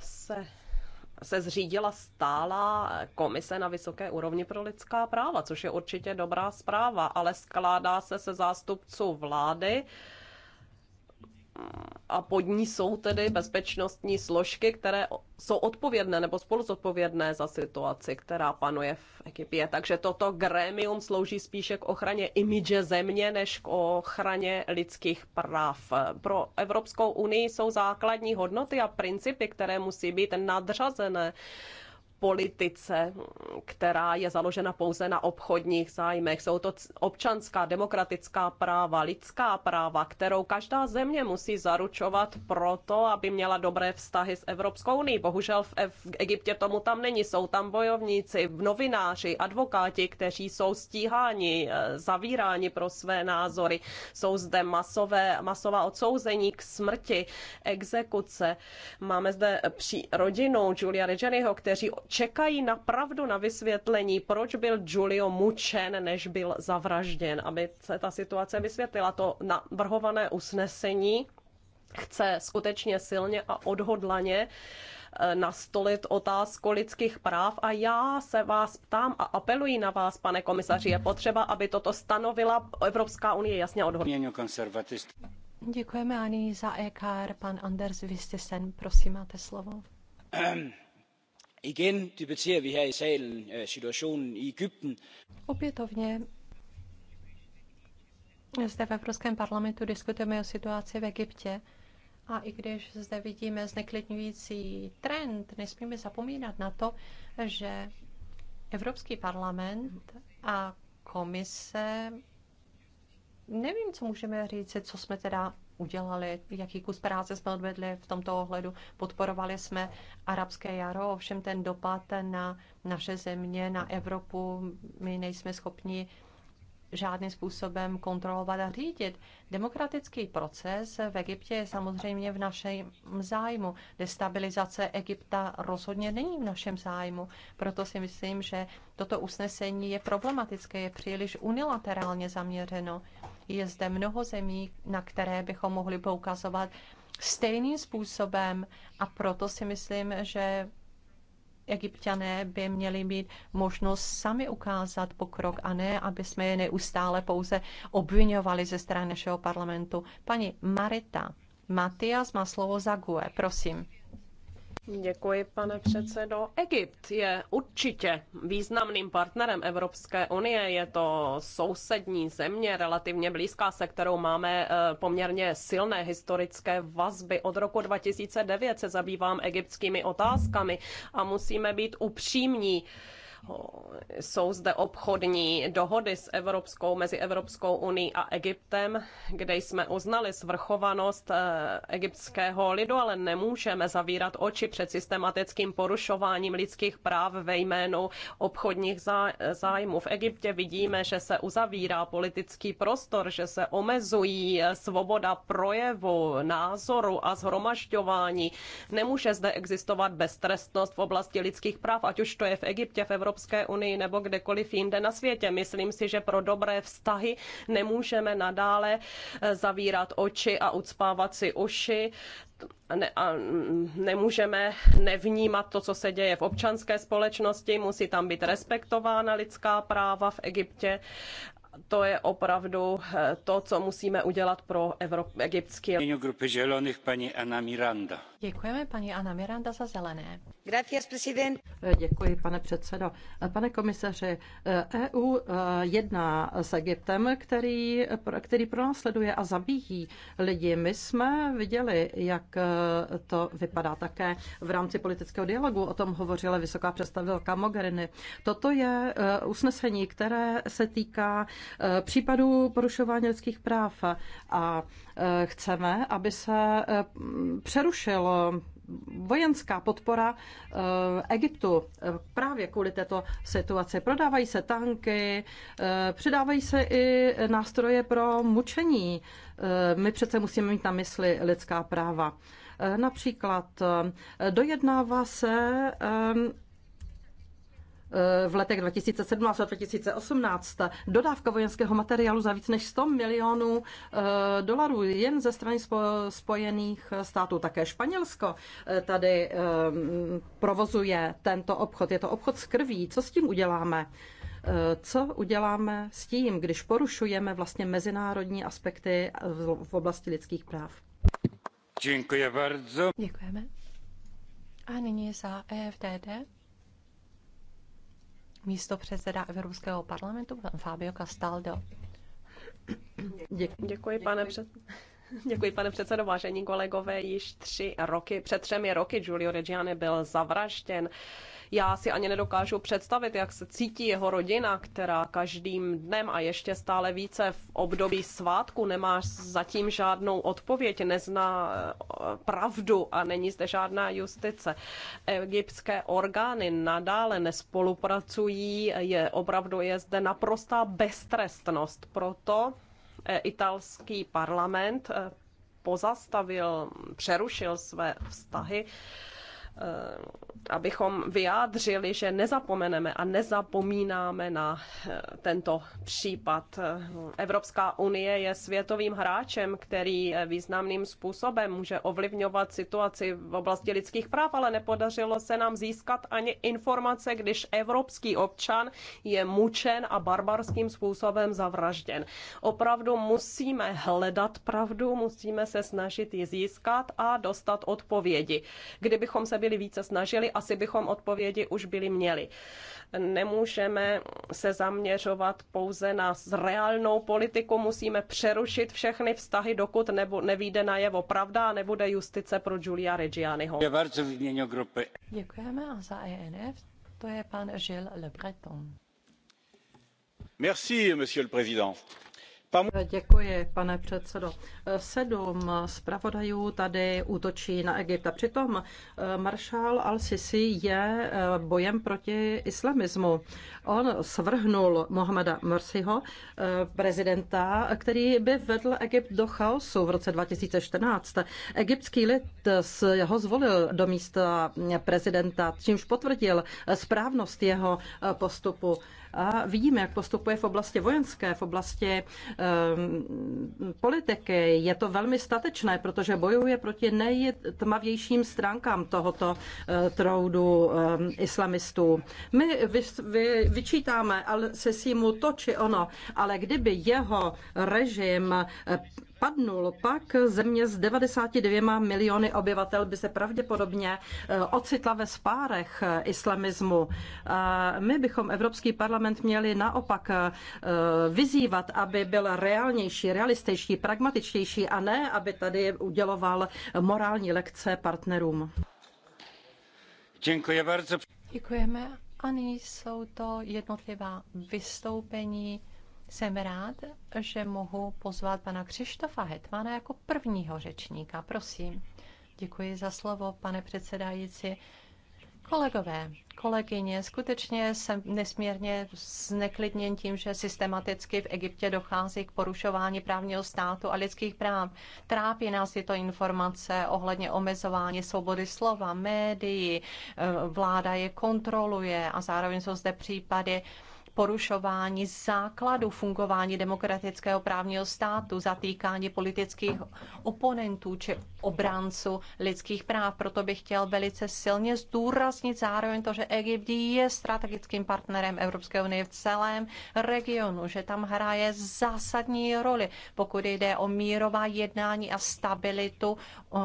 se, se zřídila stála komise na vysoké úrovni pro lidská práva, což je určitě dobrá zpráva, ale skládá se se zástupců vlády, a pod ní jsou tedy bezpečnostní složky, které jsou odpovědné nebo spolu zodpovědné za situaci, která panuje v Egyptě. Takže toto grémium slouží spíše k ochraně imidže země než k ochraně lidských práv. Pro Evropskou unii jsou základní hodnoty a principy, které musí být nadřazené politice, která je založena pouze na obchodních zájmech. Jsou to občanská, demokratická práva, lidská práva, kterou každá země musí zaručovat proto, aby měla dobré vztahy s Evropskou unii. Bohužel v, v Egyptě tomu tam není. Jsou tam bojovníci, novináři, advokáti, kteří jsou stíháni, eh, zavíráni pro své názory. Jsou zde masové, masová odsouzení k smrti, exekuce. Máme zde při rodinu Julia Regeniho, kteří čekají napravdu na vysvětlení, proč byl Giulio mučen, než byl zavražděn, aby se ta situace vysvětlila. To navrhované usnesení chce skutečně silně a odhodlaně eh, nastolit otázku lidských práv a já se vás ptám a apeluji na vás, pane komisaři, je potřeba, aby toto stanovila Evropská unie jasně odhodlaně. Děkujeme Ani za EKR. Pan Anders Vistisen, prosím, máte slovo. Øh, Opětovně zde v Evropském parlamentu diskutujeme o situaci v Egyptě. A i když zde vidíme zneklidňující trend, nesmíme zapomínat na to, že Evropský parlament a komise, nevím, co můžeme říct, co jsme teda udělali, jaký kus práce jsme odvedli v tomto ohledu. Podporovali jsme arabské jaro, ovšem ten dopad na naše země, na Evropu, my nejsme schopni žádným způsobem kontrolovat a řídit. Demokratický proces v Egyptě je samozřejmě v našem zájmu. Destabilizace Egypta rozhodně není v našem zájmu. Proto si myslím, že toto usnesení je problematické, je příliš unilaterálně zaměřeno. Je zde mnoho zemí, na které bychom mohli poukazovat stejným způsobem a proto si myslím, že egyptiané by měli mít možnost sami ukázat pokrok a ne, aby jsme je neustále pouze obvinovali ze strany našeho parlamentu. Paní Marita Matias má slovo za GUE, prosím. Děkuji, pane předsedo. Egypt je určitě významným partnerem Evropské unie. Je to sousední země, relativně blízká, se kterou máme eh, poměrně silné historické vazby. Od roku 2009 se zabývám egyptskými otázkami a musíme být upřímní jsou zde obchodní dohody s Evropskou, mezi Evropskou unii a Egyptem, kde jsme uznali svrchovanost eh, egyptského lidu, ale nemůžeme zavírat oči před systematickým porušováním lidských práv ve jménu obchodních zájmů. V Egyptě vidíme, že se uzavírá politický prostor, že se omezují eh, svoboda projevu, názoru a zhromažďování. Nemůže zde existovat beztrestnost v oblasti lidských práv, ať už to je v Egyptě, v Evropě Evropské unii nebo kdekoliv jinde na světě. Myslím si, že pro dobré vztahy nemůžeme nadále eh, zavírat oči a ucpávat si uši ne, a mm, nemůžeme nevnímat to, co se děje v občanské společnosti, musí tam být respektována lidská práva v Egyptě. To je opravdu eh, to, co musíme udělat pro Evrop- egyptský. Grupy zelených paní Anna Miranda Děkujeme paní Ana Miranda za zelené. Gracias, president. Eh, děkuji, pane předsedo. Eh, pane komisaři, EU eh, e jedná s Egyptem, který, který pronásleduje a zabíjí lidi. My jsme viděli, jak to vypadá také v rámci politického dialogu. O tom hovořila vysoká představitelka Mogherini. Toto je usnesení, které se týká případů porušování lidských práv a chceme, aby se přerušil vojenská podpora eh, Egyptu právě kvůli této situaci. Prodávají se tanky, eh, předávají se i nástroje pro mučení. Eh, my přece musíme mít na mysli lidská práva. Například dojednává se v letech 2017 a 2018 dodávka vojenského materiálu za víc než 100 milionů eh, dolarů jen ze strany Spojených států. Také Španělsko eh, tady eh, provozuje tento obchod. Je to obchod s krví. Co s tím uděláme? Co uděláme s tím, když porušujeme vlastně mezinárodní aspekty v oblasti lidských práv? Děkuji bardzo. Děkujeme. A nyní za EFDD místo předseda Evropského parlamentu, pan Fabio Castaldo. Děkuji, Děkuji pane předsedo. Děkuji, pane předsedo. Vážení kolegové, již tři roky, před třemi roky Giulio Reggiani byl zavražděn. Já si ani nedokážu představit, jak se cítí jeho rodina, která každým dnem a ještě stále více v období svátku nemá zatím žádnou odpověď, nezná eh, pravdu a není zde žádná justice. Egyptské orgány nadále nespolupracují, je opravdu je zde naprostá beztrestnost. Proto eh, italský parlament eh, pozastavil, přerušil své vztahy Eh, abychom vyjádřili, že nezapomeneme a nezapomínáme na eh, tento případ. Evropská unie je světovým hráčem, který eh, významným způsobem může ovlivňovat situaci v oblasti lidských práv, ale nepodařilo se nám získat ani informace, když evropský občan je mučen a barbarským způsobem zavražděn. Opravdu musíme hledat pravdu, musíme se snažit ji získat a dostat odpovědi. Kdybychom se byli více snažili, asi bychom odpovědi už byli měli. Nemůžeme se zaměřovat pouze na reálnou politiku, musíme přerušit všechny vztahy, dokud nebo nevíde najevo pravda a nebude justice pro Giulia Reggianiho. Děkujeme a za ENF to je pan Gilles Le Breton. Merci, monsieur le président pane předsedo. Sedm zpravodajů tady útočí na Egypt. A přitom eh, maršál al-Sisi je eh, bojem proti islamismu. On svrhnul Mohameda Morsiho, eh, prezidenta, který by vedl Egypt do chaosu v roce 2014. Egyptský lid ho zvolil do místa prezidenta, čímž potvrdil správnost jeho postupu a vidíme, jak postupuje v oblasti vojenské, v oblasti um, politiky. Je to velmi statečné, protože bojuje proti nejtmavějším stránkám tohoto uh, troudu um, islamistů. My vy, vy, vyčítáme si mu to či ono, ale kdyby jeho režim eh, padnul, pak země s 99 miliony obyvatel by se pravděpodobně eh, ocitla ve spárech eh, islamismu. Eh, my bychom Evropský parlament měli naopak vyzývat, aby byl reálnější, realističtější, pragmatičtější a ne, aby tady uděloval morální lekce partnerům. Děkuji bardzo. Děkujeme. A nyní jsou to jednotlivá vystoupení. Jsem rád, že mohu pozvat pana Křištofa Hetmana jako prvního řečníka. Prosím. Děkuji za slovo, pane předsedající. Kolegové, kolegyně, skutečně jsem nesmírně zneklidněn tím, že systematicky v Egyptě dochází k porušování právního státu a lidských práv. Trápí nás tyto informace ohledně omezování svobody slova, médií, eh, vláda je kontroluje a zároveň jsou zde případy porušování základu fungování demokratického právního státu, zatýkání politických oponentů či obránců lidských práv. Proto bych chtěl velice silně zdůraznit zároveň to, že Egypt je strategickým partnerem Evropské unie v celém regionu, že tam hraje zásadní roli, pokud jde o mírová jednání a stabilitu eh,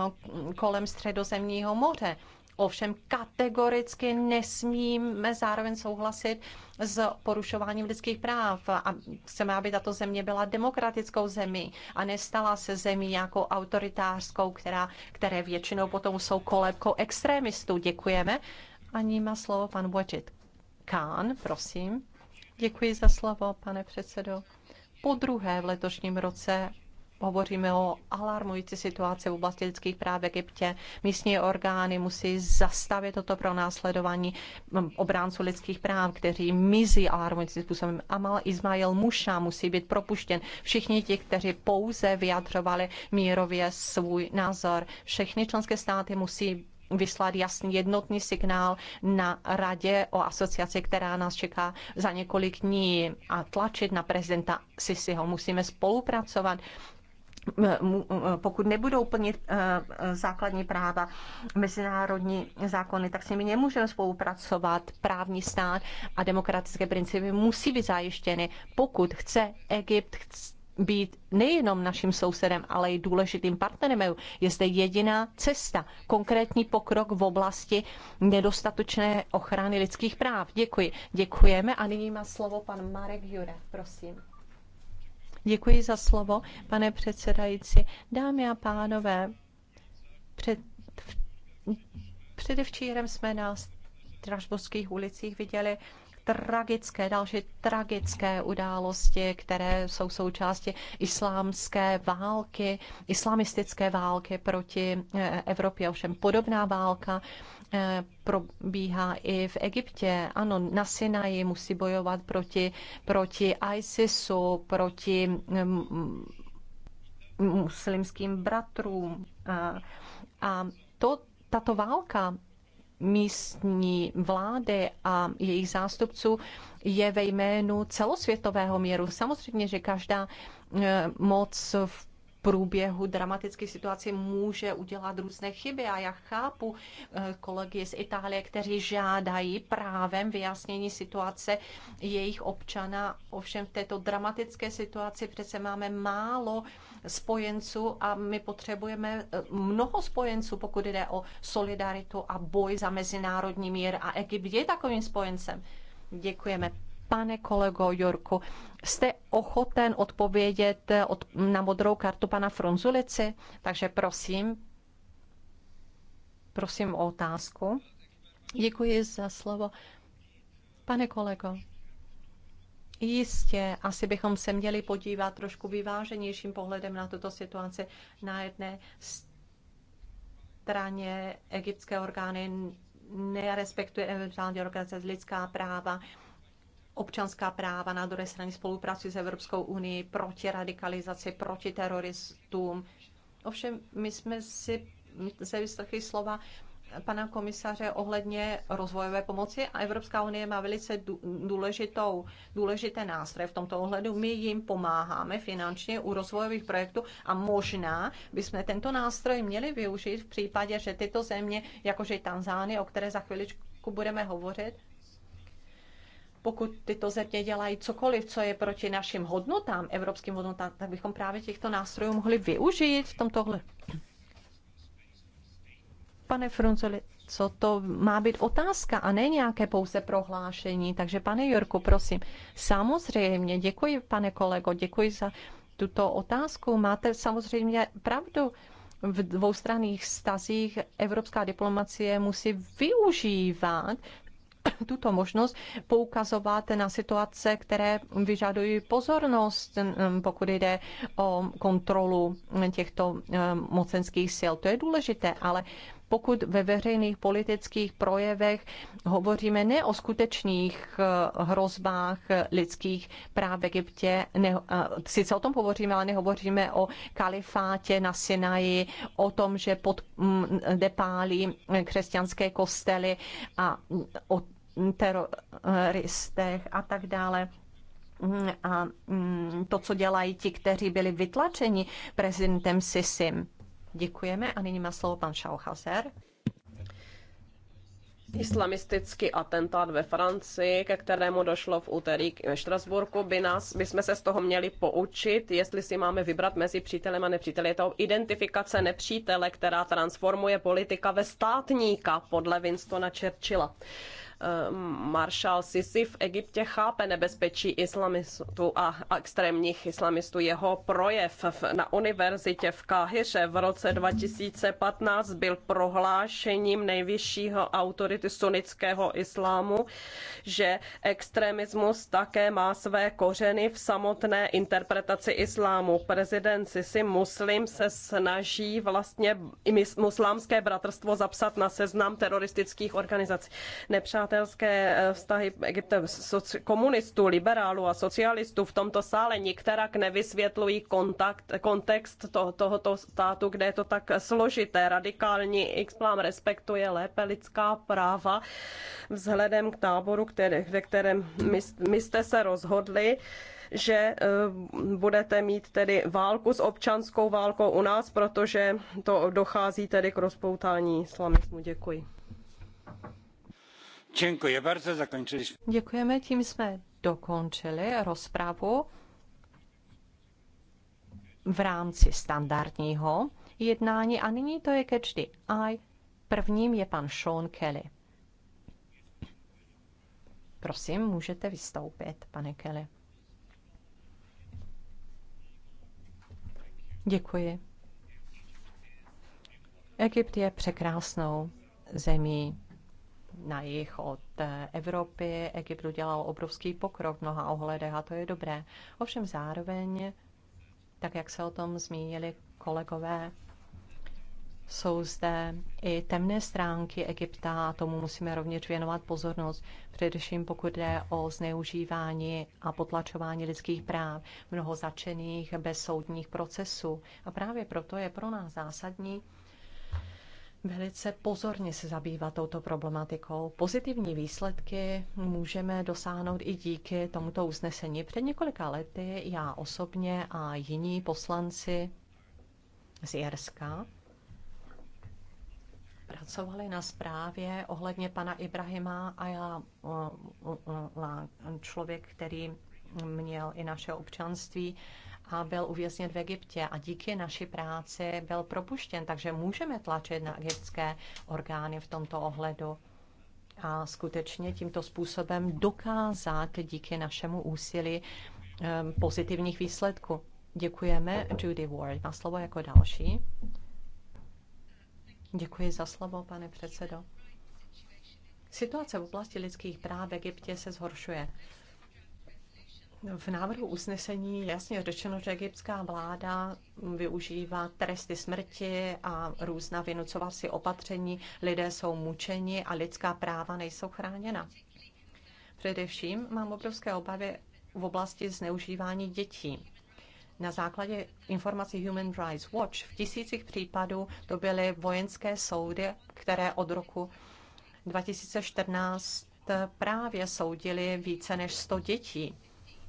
kolem středozemního moře. Ovšem kategoricky nesmíme zároveň souhlasit s porušováním lidských práv a chceme, aby tato země byla demokratickou zemí a nestala se zemí jako autoritářskou, která, které většinou potom jsou kolebkou extremistů. Děkujeme. A ní má slovo pan Bočit. Kán, prosím. Děkuji za slovo, pane předsedo. Po druhé v letošním roce hovoříme o alarmující situaci v oblasti lidských práv v Egyptě. Místní orgány musí zastavit toto pronásledování mm, obránců lidských práv, kteří mizí alarmujícím způsobem. Amal Ismail Muša musí být propuštěn. Všichni ti, kteří pouze vyjadřovali mírově svůj názor. Všechny členské státy musí vyslat jasný jednotný signál na radě o asociaci, která nás čeká za několik dní a tlačit na prezidenta Sisiho. Musíme spolupracovat pokud nebudou plnit e, e, základní práva, mezinárodní zákony, tak s nimi nemůžeme spolupracovat. Právní stát a demokratické principy musí být zajištěny, pokud chce Egypt být nejenom naším sousedem, ale i důležitým partnerem EU. Je zde jediná cesta, konkrétní pokrok v oblasti nedostatočné ochrany lidských práv. Děkuji. Děkujeme a nyní má slovo pan Marek Jurek, prosím. Děkuji za slovo, pane předsedající. Dámy a pánové, před, předevčírem jsme na Strašbovských ulicích viděli tragické, další tragické události, které jsou součástí islámské války, islamistické války proti eh, Evropě. Ovšem podobná válka Eh, probíhá i v Egyptě. Ano, na Sinaji musí bojovat proti, proti ISISu, proti mm, mm, muslimským bratrům. A, a to, tato válka místní vlády a jejich zástupců je ve jménu celosvětového míru. Samozřejmě, že každá eh, moc v průběhu dramatické situace může udělat různé chyby. A já chápu eh, kolegy z Itálie, kteří žádají právem vyjasnění situace jejich občana. Ovšem v této dramatické situaci přece máme málo spojenců a my potřebujeme eh, mnoho spojenců, pokud jde o solidaritu a boj za mezinárodní mír. A Egypt je takovým spojencem. Děkujeme. Pane kolego Jorku, jste ochoten odpovědět eh, od, na modrou kartu pana Fronzulici? Takže prosím, prosím o otázku. Děkuji za slovo. Pane kolego, Jistě, asi bychom se měli podívat trošku vyváženějším pohledem na tuto situaci. Na jedné straně egyptské orgány nerespektuje eventuální organizace lidská práva, občanská práva, na druhé straně spolupráci s Evropskou unii proti radikalizaci, proti teroristům. Ovšem, my jsme si se vyslechli slova pana komisaře ohledně rozvojové pomoci a Evropská unie má velice důležitou, důležité nástroje v tomto ohledu. My jim pomáháme finančně u rozvojových projektů a možná bychom tento nástroj měli využít v případě, že tyto země, jakože Tanzány, o které za chviličku budeme hovořit, pokud tyto země dělají cokoliv, co je proti našim hodnotám, evropským hodnotám, tak bychom právě těchto nástrojů mohli využít v tomto Pane Frunzoli, co to má být otázka a ne nějaké pouze prohlášení. Takže pane Jorku, prosím, samozřejmě, děkuji pane kolego, děkuji za tuto otázku. Máte samozřejmě pravdu v dvoustranných stazích evropská diplomacie musí využívat tuto možnost poukazovat na situace, které vyžadují pozornost, mm, pokud jde o kontrolu těchto mm, mocenských sil. To je důležité, ale pokud ve veřejných politických projevech hovoříme ne o skutečných eh, hrozbách lidských práv v Egyptě, ne, eh, sice o tom hovoříme, ale nehovoříme o kalifátě na Sinaji, o tom, že pod, mm, depálí křesťanské kostely a mm, o teroristech a tak dále mm, a to, co dělají ti, kteří byli vytlačeni prezidentem Sisim. Děkujeme a nyní má slovo pan Schauhauser. Islamistický atentát ve Francii, ke kterému došlo v úterý ve Štrasburku, by, nás, by jsme se z toho měli poučit, jestli si máme vybrat mezi přítelem a nepřítelem. Je to identifikace nepřítele, která transformuje politika ve státníka podle Winstona Churchilla. Eh, maršál Sisi v Egyptě chápe nebezpečí islamistů a extrémních islamistů. Jeho projev na univerzitě v Káhyře v roce 2015 byl prohlášením nejvyššího autority sunnického islámu, že extremismus také má své kořeny v samotné interpretaci islámu. Prezident Sisi muslim se snaží vlastně muslámské bratrstvo zapsat na seznam teroristických organizací. Nepřátelé přátelské eh, vztahy Egypta, komunistů, liberálů a socialistů v tomto sále nikterak nevysvětlují kontakt, kontext to, tohoto státu, kde je to tak složité. Radikální Islam respektuje lépe lidská práva vzhledem k táboru, který, ve kterém my, my jste se rozhodli že eh, budete mít tedy válku s občanskou válkou u nás, protože to dochází tedy k rozpoutání islamismu. Děkuji. Děkuji bardzo, jsme. Děkujeme, tím jsme dokončili rozpravu v rámci standardního jednání a nyní to je ke A prvním je pan Sean Kelly. Prosím, můžete vystoupit, pane Kelly. Děkuji. Egypt je překrásnou zemí na jich od Evropy. Egypt udělal obrovský pokrok v mnoha ohledech a to je dobré. Ovšem zároveň, tak jak se o tom zmínili kolegové, jsou zde i temné stránky Egypta a tomu musíme rovněž věnovat pozornost, především pokud jde o zneužívání a potlačování lidských práv, mnoho začených bezsoudních procesů. A právě proto je pro nás zásadní, velice pozorně se zabývat touto problematikou. Pozitivní výsledky můžeme dosáhnout i díky tomuto usnesení. Před několika lety já osobně a jiní poslanci z Jerska pracovali na zprávě ohledně pana Ibrahima a já člověk, který měl i naše občanství, a byl uvězněn v Egyptě a díky naší práci byl propuštěn, takže můžeme tlačit na egyptské orgány v tomto ohledu a skutečně tímto způsobem dokázat díky našemu úsilí ehm, pozitivních výsledků. Děkujeme Judy Ward. Na slovo jako další. Děkuji za slovo, pane předsedo. Situace v oblasti lidských práv v Egyptě se zhoršuje. V návrhu usnesení jasně řečeno, že egyptská vláda využívá tresty smrti a různá vynucovací opatření. Lidé jsou mučeni a lidská práva nejsou chráněna. Především mám obrovské obavy v oblasti zneužívání dětí. Na základě informací Human Rights Watch v tisících případů to byly vojenské soudy, které od roku 2014 právě soudili více než 100 dětí.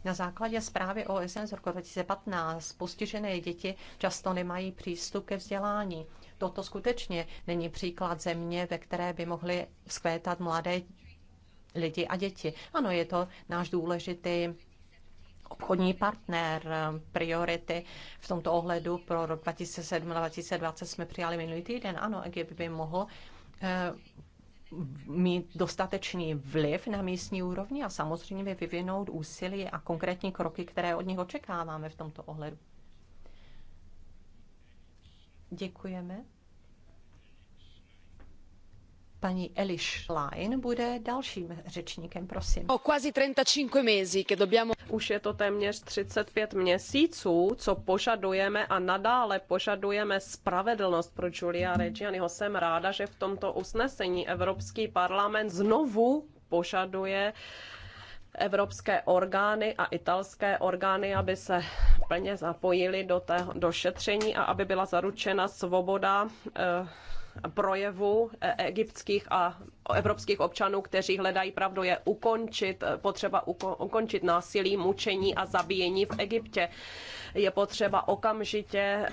Na základě zprávy OSN z roku 2015 postižené děti často nemají přístup ke vzdělání. Toto skutečně není příklad země, ve které by mohly skvétat mladé lidi a děti. Ano, je to náš důležitý obchodní partner, priority v tomto ohledu pro rok 2007-2020 jsme přijali minulý týden. Ano, Egypt by mohl eh, mít dostatečný vliv na místní úrovni a samozřejmě vyvinout úsilí a konkrétní kroky, které od nich očekáváme v tomto ohledu. Děkujeme. Paní Eliš Line bude dalším řečníkem, prosím. O quasi 35 mesi, che dobbiamo... Už je to téměř 35 měsíců, co požadujeme a nadále požadujeme spravedlnost pro Giulia Reggianiho. Jsem ráda, že v tomto usnesení Evropský parlament znovu požaduje evropské orgány a italské orgány, aby se plně zapojili do, té, do šetření a aby byla zaručena svoboda eh, projevů e- egyptských a evropských občanů, kteří hledají pravdu, je ukončit, potřeba ukončit násilí, mučení a zabíjení v Egyptě. Je potřeba okamžitě eh,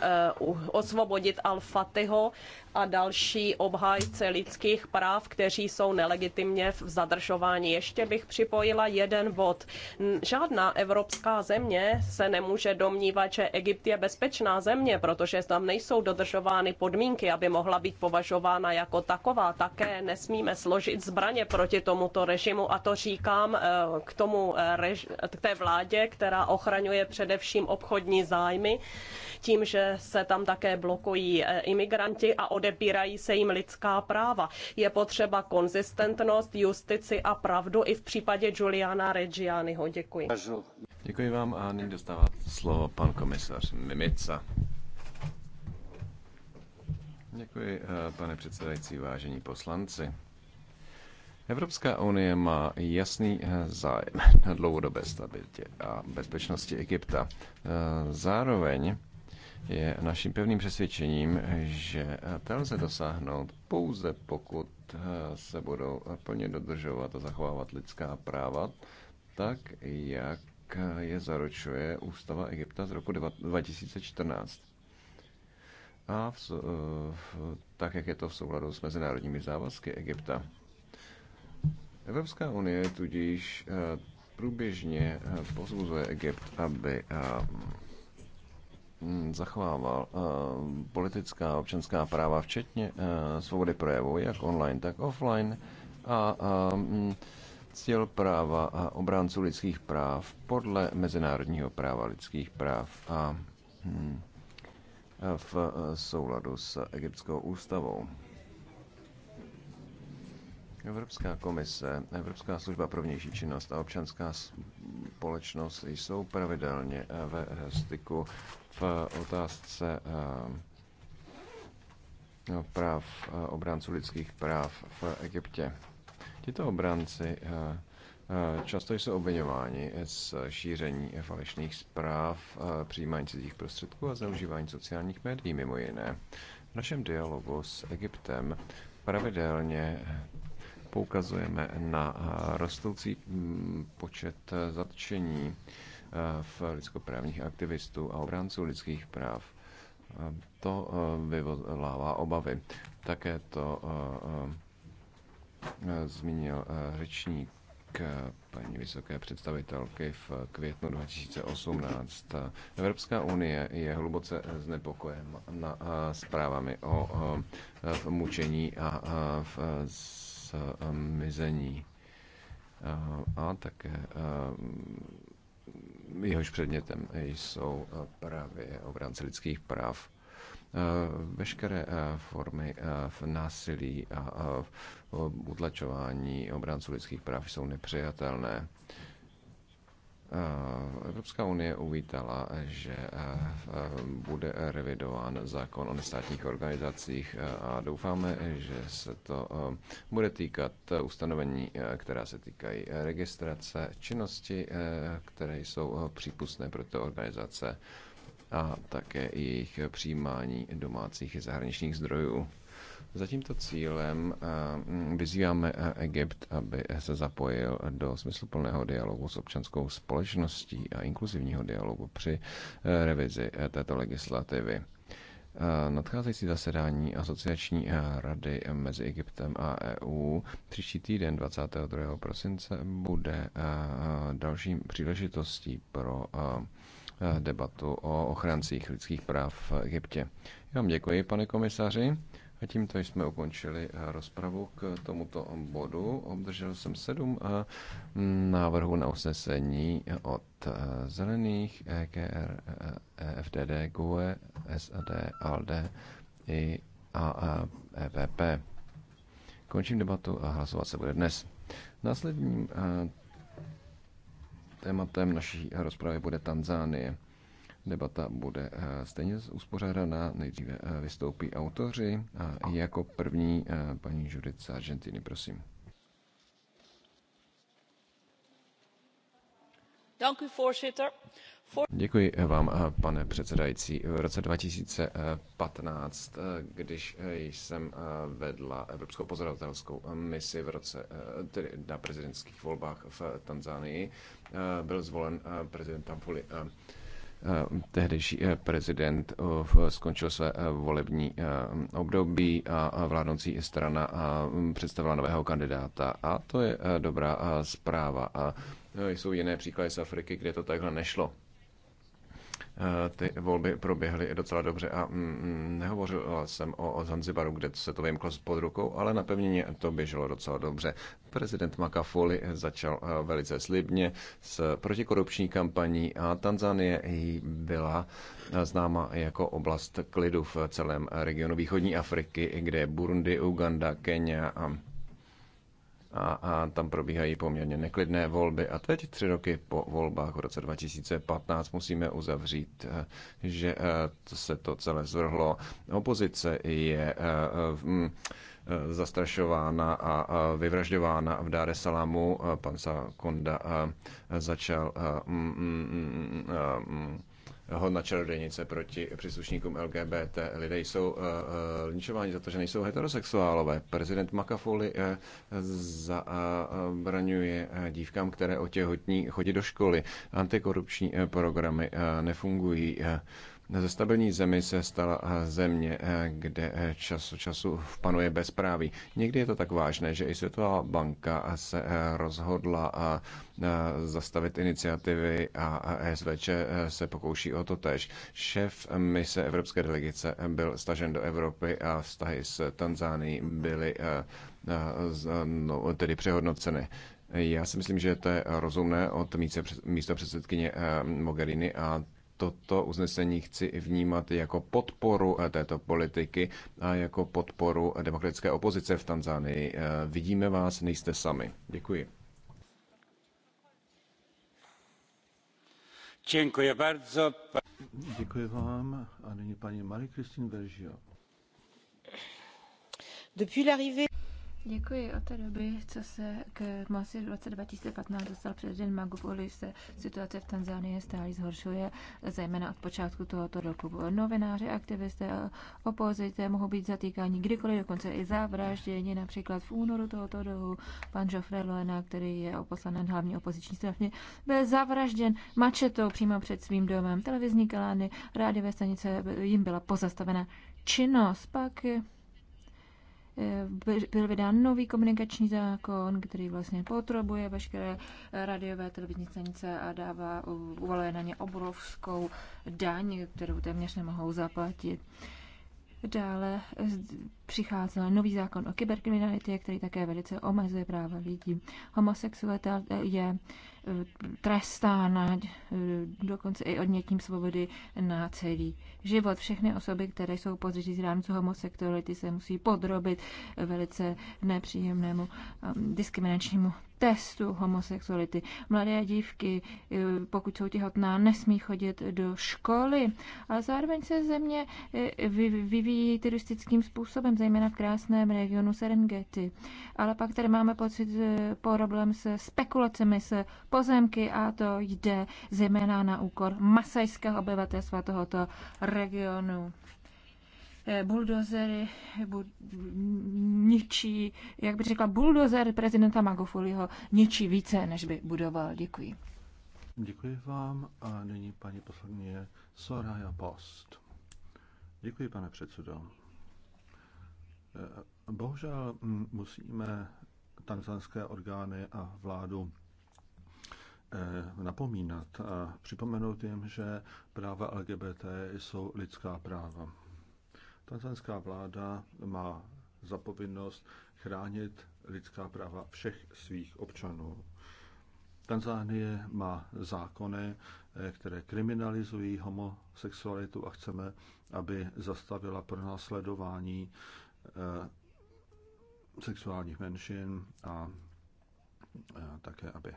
osvobodit Al-Fatiho a další obhájce lidských práv, kteří jsou nelegitimně v zadržování. Ještě bych připojila jeden bod. Žádná evropská země se nemůže domnívat, že Egypt je bezpečná země, protože tam nejsou dodržovány podmínky, aby mohla být považována jako taková. Také nesmíme složit zbraně proti tomuto režimu a to říkám eh, k, tomu, eh, k té vládě, která ochraňuje především obchodní zájmy tím, že se tam také blokují eh, imigranti a odebírají se jim lidská práva. Je potřeba konzistentnost, justici a pravdu i v případě Giuliana Reggianiho. Děkuji. Děkuji vám a nyní dostává slovo pan komisař Mimica. Děkuji, pane předsedající, vážení poslanci. Evropská unie má jasný eh, zájem na dlouhodobé stabilitě a bezpečnosti Egypta. Eh, zároveň je naším pevným přesvědčením, že eh, to lze dosáhnout pouze pokud se budou plně dodržovat a zachovávat lidská práva, tak jak je zaručuje ústava Egypta z roku 2014. A v, tak, jak je to v souladu s mezinárodními závazky Egypta. Evropská unie tudíž eh, průběžně eh, pozbuzuje Egypt, aby eh, mm, zachovával politická a občanská práva, včetně svobody projevu, jak online, tak offline, a mm, cíl práva a obránců lidských práv podle mezinárodního práva lidských práv a mm, v souladu s egyptskou ústavou. Evropská komise, Evropská služba pro vnější činnost a občanská společnost jsou pravidelně eh, ve eh, styku v eh, otázce no, práv obránců lidských práv v Egyptě. Tito obránci často jsou obvinováni z šíření falešných zpráv, přijímání cizích prostředků a zneužívání sociálních médií mimo jiné. V našem dialogu s Egyptem pravidelně poukazujeme na eh, rostoucí mm, počet eh, zatčení eh, v lidskoprávních aktivistů a obránců lidských práv. To vyvolává obavy. Také to zmínil řečník k paní vysoké představitelky v květnu 2018. Evropská unie je hluboce znepokojena zprávami o mučení a v mizení a také eh, jehož předmětem jsou eh, právě obránci lidských práv eh, veškeré formy násilí a utlačování obránců lidských práv jsou nepřijatelné. Eh, Evropská unie uvítala, že eh, bude revidován zákon o nestátních organizacích eh, a doufáme, že se to bude týkat ustanovení, která se týkají registrace činnosti, které jsou přípustné pro ty organizace a také jejich přijímání domácích i zahraničních zdrojů. Za tímto cílem eh, vyzýváme eh, Egypt, aby se zapojil do smysluplného dialogu s občanskou společností a inkluzivního dialogu při eh, revizi této legislativy. Nadcházející zasedání asociační rady mezi Egyptem a EU příští týden 22. prosince bude další příležitostí pro debatu o ochrancích lidských práv v Egyptě. Já vám děkuji, pane komisaři. A tímto jsme ukončili eh, rozpravu k tomuto bodu. Obdržel jsem sedm eh, návrhů na usnesení od eh, Zelených, EKR, e, e, FDD, GUE, SAD, ALDE i AEPP. Končím debatu a hlasovat se bude dnes. Následním tématem naší rozpravy bude Tanzánie debata bude eh, stejně uspořádaná. Nejdříve eh, vystoupí autoři a jako první eh, paní Judith z Argentiny, prosím. Děkuji vám, pane předsedající. V roce 2015, když jsem vedla Evropskou pozorovatelskou misi v roce, tedy na prezidentských volbách v Tanzánii, byl zvolen prezident Tamfuli. Eh, tehdejší eh, prezident eh, skončil své volební období a vládnoucí strana představila nového kandidáta. A to je dobrá zpráva. A jsou jiné příklady z Afriky, kde to takhle nešlo. Eh, ty volby proběhly docela dobře a mm, mm, nehovořil jsem o Zanzibaru, kde se to vymklo pod rukou, ale na pevnině to běželo docela dobře. Prezident Makafoli začal eh, velice slibně s protikorupční kampaní a Tanzanie byla eh, známa jako oblast klidu v celém regionu východní Afriky, kde je Burundi, Uganda, Kenya a a, a tam probíhají poměrně neklidné volby. A teď tři roky po volbách v roce 2015 musíme uzavřít, eh, že eh, se to celé zvrhlo. Opozice je eh, hm, zastrašována a vyvražďována v Dáre Salamu. Pan Konda začal hm, hm, hon na čarodějnice proti příslušníkům LGBT. Lidé jsou eh, eh, linčováni za to, že nejsou heterosexuálové. Prezident Makafoli eh, zabraňuje dívkám, které otěhotní, chodí do školy. Antikorupční programy nefungují. Ze stabilní zemi se stala eh, země, eh, kde eh, čas od času panuje bezpráví. Někdy je to tak vážné, že i Světová banka se rozhodla zastavit iniciativy a SVČ se pokouší o to tež. Šéf mise Evropské delegace byl stažen do Evropy a vztahy s Tanzánií byly no, tedy přehodnoceny. Já si myslím, že to je rozumné od místo předsedkyně Mogherini a toto uznesení chci vnímat jako podporu eh, této politiky a jako podporu demokratické opozice v Tanzánii. Eh, vidíme vás, nejste sami. Děkuji. Děkuji bardzo. Děkuji vám. A nyní paní Marie-Christine Bergio. Depuis l'arrivée Děkuji. Od té doby, co se k Masi v roce 2015 dostal prezident Magupoli, se situace v Tanzánii stále zhoršuje, zejména od počátku tohoto roku. Novináři, aktivisté, opozice mohou být zatýkáni kdykoliv, dokonce i zavražděni. Například v únoru tohoto roku pan Joffre Loena, který je oposlanen hlavní opoziční straně, byl zavražděn mačetou přímo před svým domem. Televizní kalány, rádiové stanice jim byla pozastavena činnost. Pak Eh, byl vydán nový komunikační zákon, který vlastně potřebuje veškeré eh, radiové televizní stanice a dává, uvaluje na ně obrovskou daň, kterou téměř nemohou zaplatit. Dále eh, přicházel nový zákon o kyberkriminalitě, který také velice omezuje práva lidí. Homosexualita je trestána eh, dokonce i odnětím svobody na celý život. Všechny osoby, které jsou podřízeny rámce homosexuality, se musí podrobit velice nepříjemnému eh, diskriminačnímu testu homosexuality. Mladé dívky, eh, pokud jsou těhotná, nesmí chodit do školy. A zároveň se země eh, vyvíjí turistickým způsobem, zejména v krásném regionu Serengeti. Ale pak tady máme pocit eh, problém se spekulacemi, se pozemky a to jde zejména na úkor masajského obyvatelstva tohoto regionu. Eh, buldozery bu, ničí, jak bych řekla, buldozer prezidenta Magofoliho ničí více, než by budoval. Děkuji. Děkuji vám a nyní paní poslankyně Soraya Post. Děkuji, pane předsedo. Eh, bohužel hm, musíme tanzanské orgány a vládu eh, napomínat a připomenout jim, že práva LGBT jsou lidská práva. Tanzanská vláda má zapovinnost chránit lidská práva všech svých občanů. Tanzánie má zákony, eh, které kriminalizují homosexualitu a chceme, aby zastavila pronásledování eh, sexuálních menšin a eh, také, aby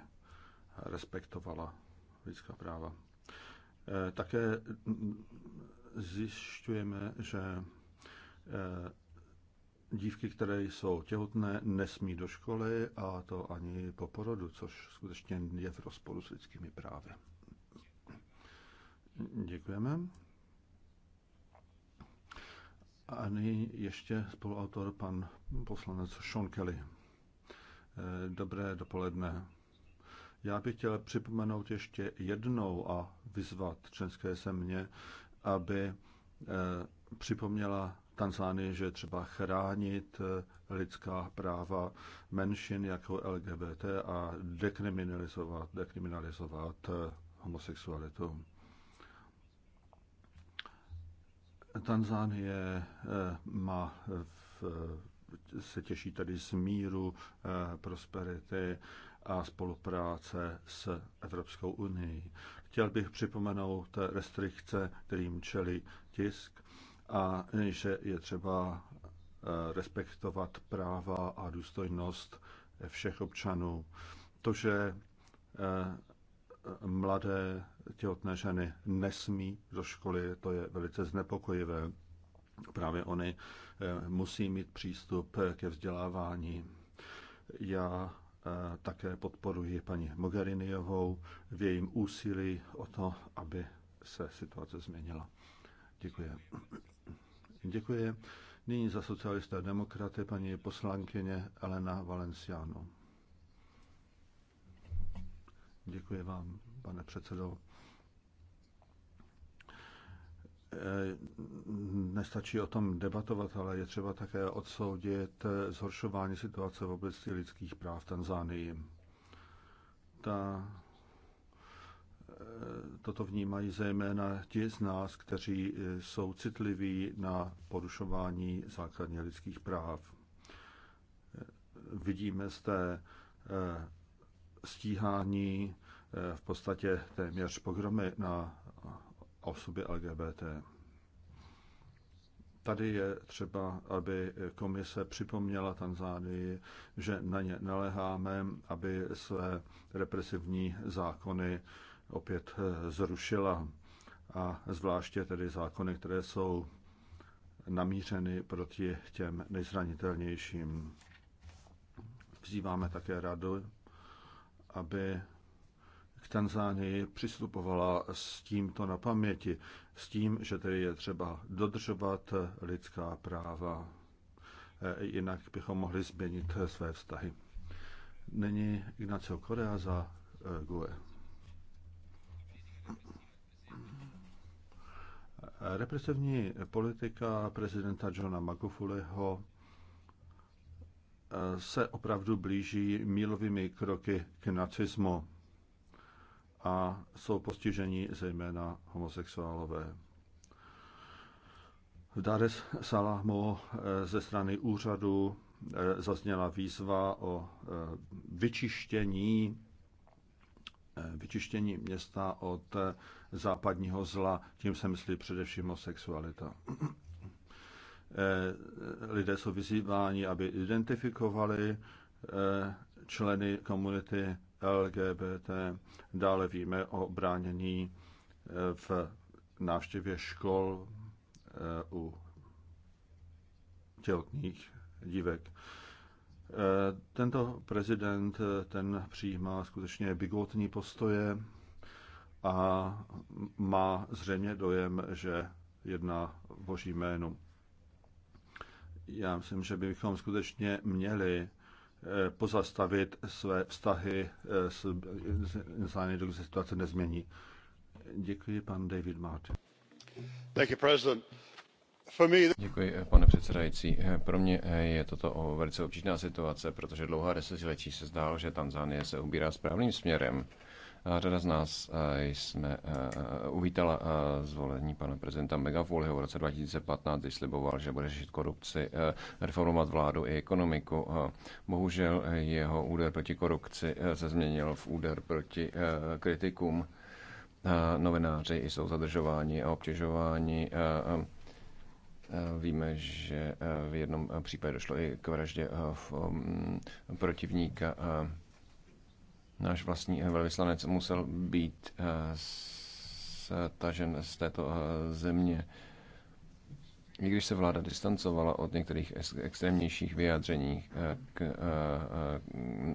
respektovala lidská práva. Také mm, zjišťujeme, že Eh, dívky, které jsou těhotné, nesmí do školy a to ani po porodu, což skutečně je v rozporu s lidskými právy. Děkujeme. A nyní ještě spoluautor pan poslanec Sean Kelly. Eh, dobré dopoledne. Já bych chtěl připomenout ještě jednou a vyzvat členské země, aby eh, připomněla Tanzánie, že je třeba chránit eh, lidská práva menšin jako LGBT a dekriminalizovat, dekriminalizovat eh, homosexualitu. Tanzánie eh, má v, se těší tady z míru, prosperity a spolupráce s Evropskou unii. Chtěl bych připomenout restrikce, kterým čelí tisk, a že je třeba eh, respektovat práva a důstojnost všech občanů. To, že eh, mladé těhotné ženy nesmí do školy, to je velice znepokojivé. Právě oni eh, musí mít přístup ke vzdělávání. Já také podporuji paní Mogheriniovou v jejím úsilí o to, aby se situace změnila. Děkuji. Děkuji. Nyní za socialista a demokraty paní poslankyně Elena Valenciano. Děkuji vám, pane předsedo. Eh, nestačí o tom debatovat, ale je třeba také odsoudit eh, zhoršování situace v oblasti lidských práv v Tanzánii. Ta toto vnímají zejména ti z nás, kteří jsou citliví na porušování základně lidských práv. Vidíme zde eh, stíhání eh, v podstatě téměř pogromy na osoby LGBT. Tady je třeba, aby komise připomněla Tanzánii, že na ně naleháme, aby své represivní zákony opět eh, zrušila a zvláště tedy zákony, které jsou namířeny proti těm nejzranitelnějším. Vzýváme také radu, aby k Tanzánii přistupovala s tímto na paměti, s tím, že tedy je třeba dodržovat lidská práva, eh, jinak bychom mohli změnit eh, své vztahy. Není Ignacio Korea za GUE. Represivní politika prezidenta Johna Magufuliho eh, se opravdu blíží mílovými kroky k nacismu a jsou postiženi zejména homosexuálové. V Dares es Salamu eh, ze strany úřadu eh, zazněla výzva o vyčištění Eh, vyčištění města od eh, západního zla, tím se myslí především o sexualita. Eh, lidé jsou vyzýváni, aby identifikovali členy komunity LGBT. Dále víme o bránění v návštěvě škol u těhotných dívek. Eh, tento prezident eh, ten přijímá skutečně bigotní postoje a má zřejmě dojem, že jedná boží jménu. Já myslím, že bychom skutečně měli eh, pozastavit své vztahy s Zájmy, dokud se situace nezmění. Děkuji, pan David Martin. Thank you, President. Děkuji, eh, pane předsedající. Eh, pro mě eh, je toto velice obtížná situace, protože dlouhá desetiletí se zdálo, že Tanzánie se ubírá správným směrem. A řada z nás jsme uvítala zvolení pana prezidenta Megafuliho v roce 2015, když sliboval, že bude řešit korupci, reformovat vládu i ekonomiku. Bohužel jeho úder proti korupci se změnil v úder proti kritikům. Novináři jsou zadržováni a obtěžováni Víme, že eh, v jednom eh, případě došlo i k vraždě eh, mm, protivníka. Náš vlastní velvyslanec musel být stažen z této země. I když se vláda distancovala od některých extrémnějších vyjádření k,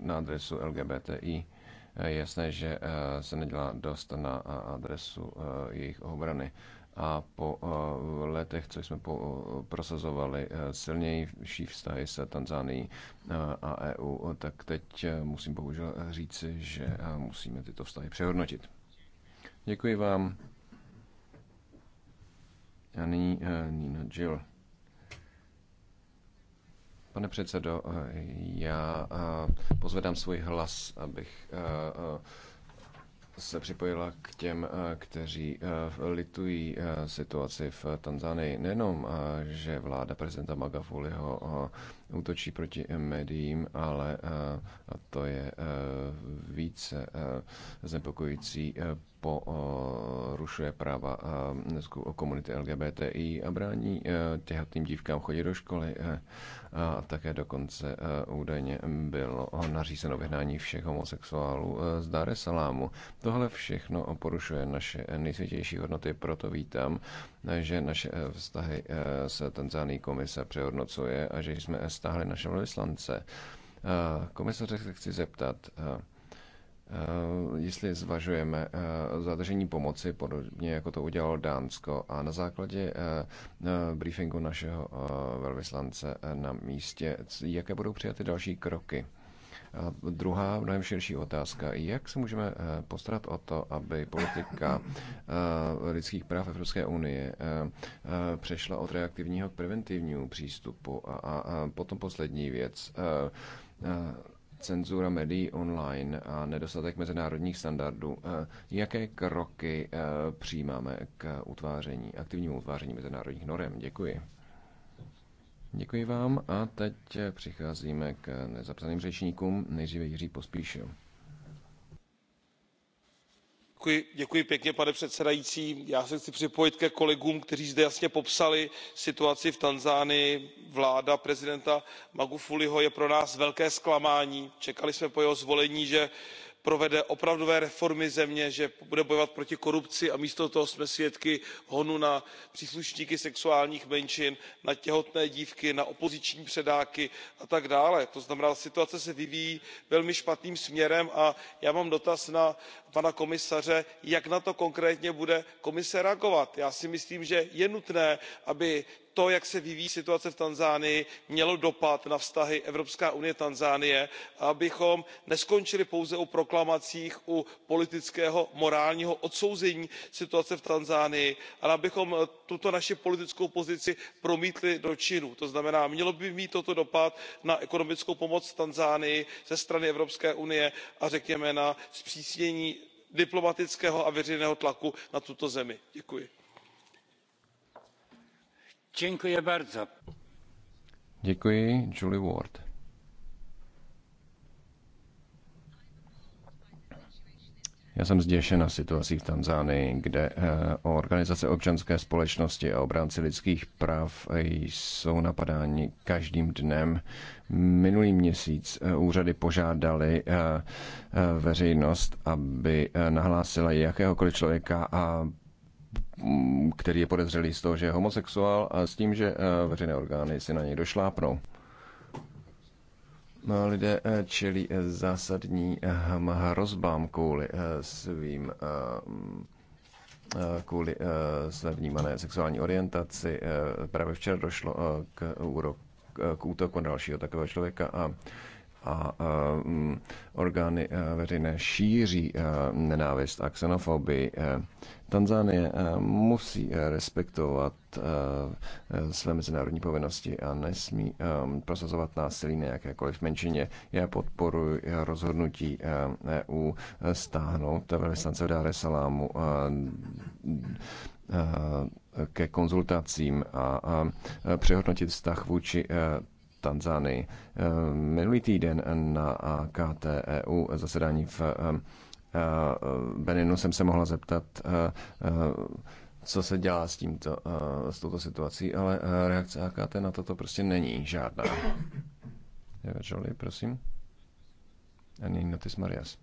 na adresu LGBTI, je jasné, že se nedělá dost na adresu jejich obrany a po eh, letech, co jsme po, eh, prosazovali eh, silnější vztahy se Tanzánií a EU, tak teď musím bohužel říci, že musíme tyto vztahy přehodnotit. Děkuji vám. A nyní Nina Jill. Pane předsedo, já pozvedám svůj hlas, abych se připojila k těm, eh, kteří eh, litují eh, situaci v Tanzánii. Nejenom, že vláda prezidenta Magafuliho útočí proti eh, médiím, ale eh, to je eh, více znepokojící porušuje práva komunity LGBTI a brání těhotným dívkám chodit do školy. A také dokonce údajně bylo nařízeno vyhnání všech homosexuálů z Dare Salámu. Salamu. Tohle všechno porušuje naše nejsvětější hodnoty, proto vítám že naše eh, vztahy eh, se Tanzání komise přehodnocuje a že jsme stáhli naše vyslance. Eh, komisaře chci zeptat, jestli zvažujeme zadržení pomoci, podobně jako to udělalo Dánsko, a na základě briefingu našeho velvyslance na místě, jaké budou přijaty další kroky? A druhá, mnohem širší otázka, jak se můžeme eh, postarat o to, aby politika eh, lidských práv Evropské unie eh, přešla od reaktivního k preventivnímu přístupu. A potom poslední věc cenzura médií online a nedostatek mezinárodních standardů. Jaké kroky přijímáme k utváření, aktivnímu utváření mezinárodních norem? Děkuji. Děkuji vám a teď přicházíme k nezapsaným řečníkům. Nejdříve Jiří Pospíšil. Děkuji, děkuji pěkně, pane předsedající já se chci připojit ke kolegům kteří zde jasně popsali situaci v Tanzánii. vláda prezidenta magufuliho je pro nás velké zklamání čekali jsme po jeho zvolení že provede opravdové reformy země že bude bojovat proti korupci a místo toho jsme svědky honu na příslušníky sexuálních menšin na těhotné dívky na opoziční předáky a tak dále. to znamená situace se vyvíjí velmi špatným směrem a já mám dotaz na pana komisaře jak na to konkrétně bude komise reagovat. já si myslím že je nutné aby to jak se vyvíjí situace v tanzanii mělo dopad na vztahy evropská unie tanzanie a abychom neskončili pouze u proklamací u politického morálního odsouzení situace v tanzanii ale abychom tuto naši politickou pozici promítli do činů. to znamená mělo by mít toto dopad na ekonomickou pomoc tanzanii ze strany evropské unie a řekněme na zpřísnění diplomatického a veřejného tlaku na tuto zemi. děkuji. děkuji Já jsem na situací v Tanzánii, kde eh, o organizace občanské společnosti a obránci lidských práv eh, jsou napadáni každým dnem. Minulý měsíc eh, úřady požádali veřejnost, aby nahlásila jakéhokoliv člověka a mm, který je podezřelý z toho, že je homosexuál a s tím, že veřejné orgány si na něj došlápnou. No, lidé eh, čelí eh, zásadní eh, hrozbám kvůli svým kvůli své vnímané sexuální orientaci. Právě včera došlo k úrok, k útoku na dalšího takového člověka a a mm, orgány e, veřejné šíří e, nenávist a xenofobii. E, Tanzánie musí respektovat své mezinárodní povinnosti a nesmí prosazovat násilí na jakékoliv menšině. Já podporuji rozhodnutí EU stáhnout velvyslance v Dar es Salamu ke konzultacím a přehodnotit vztah vůči Tanzánii. Eh, minulý týden na KTEU zasedání v eh, eh, Beninu jsem se mohla zeptat, co se dělá s, tímto, s touto situací, ale reakce AKT na toto prostě není žádná. Jolie, prosím. Ani Notis Marias.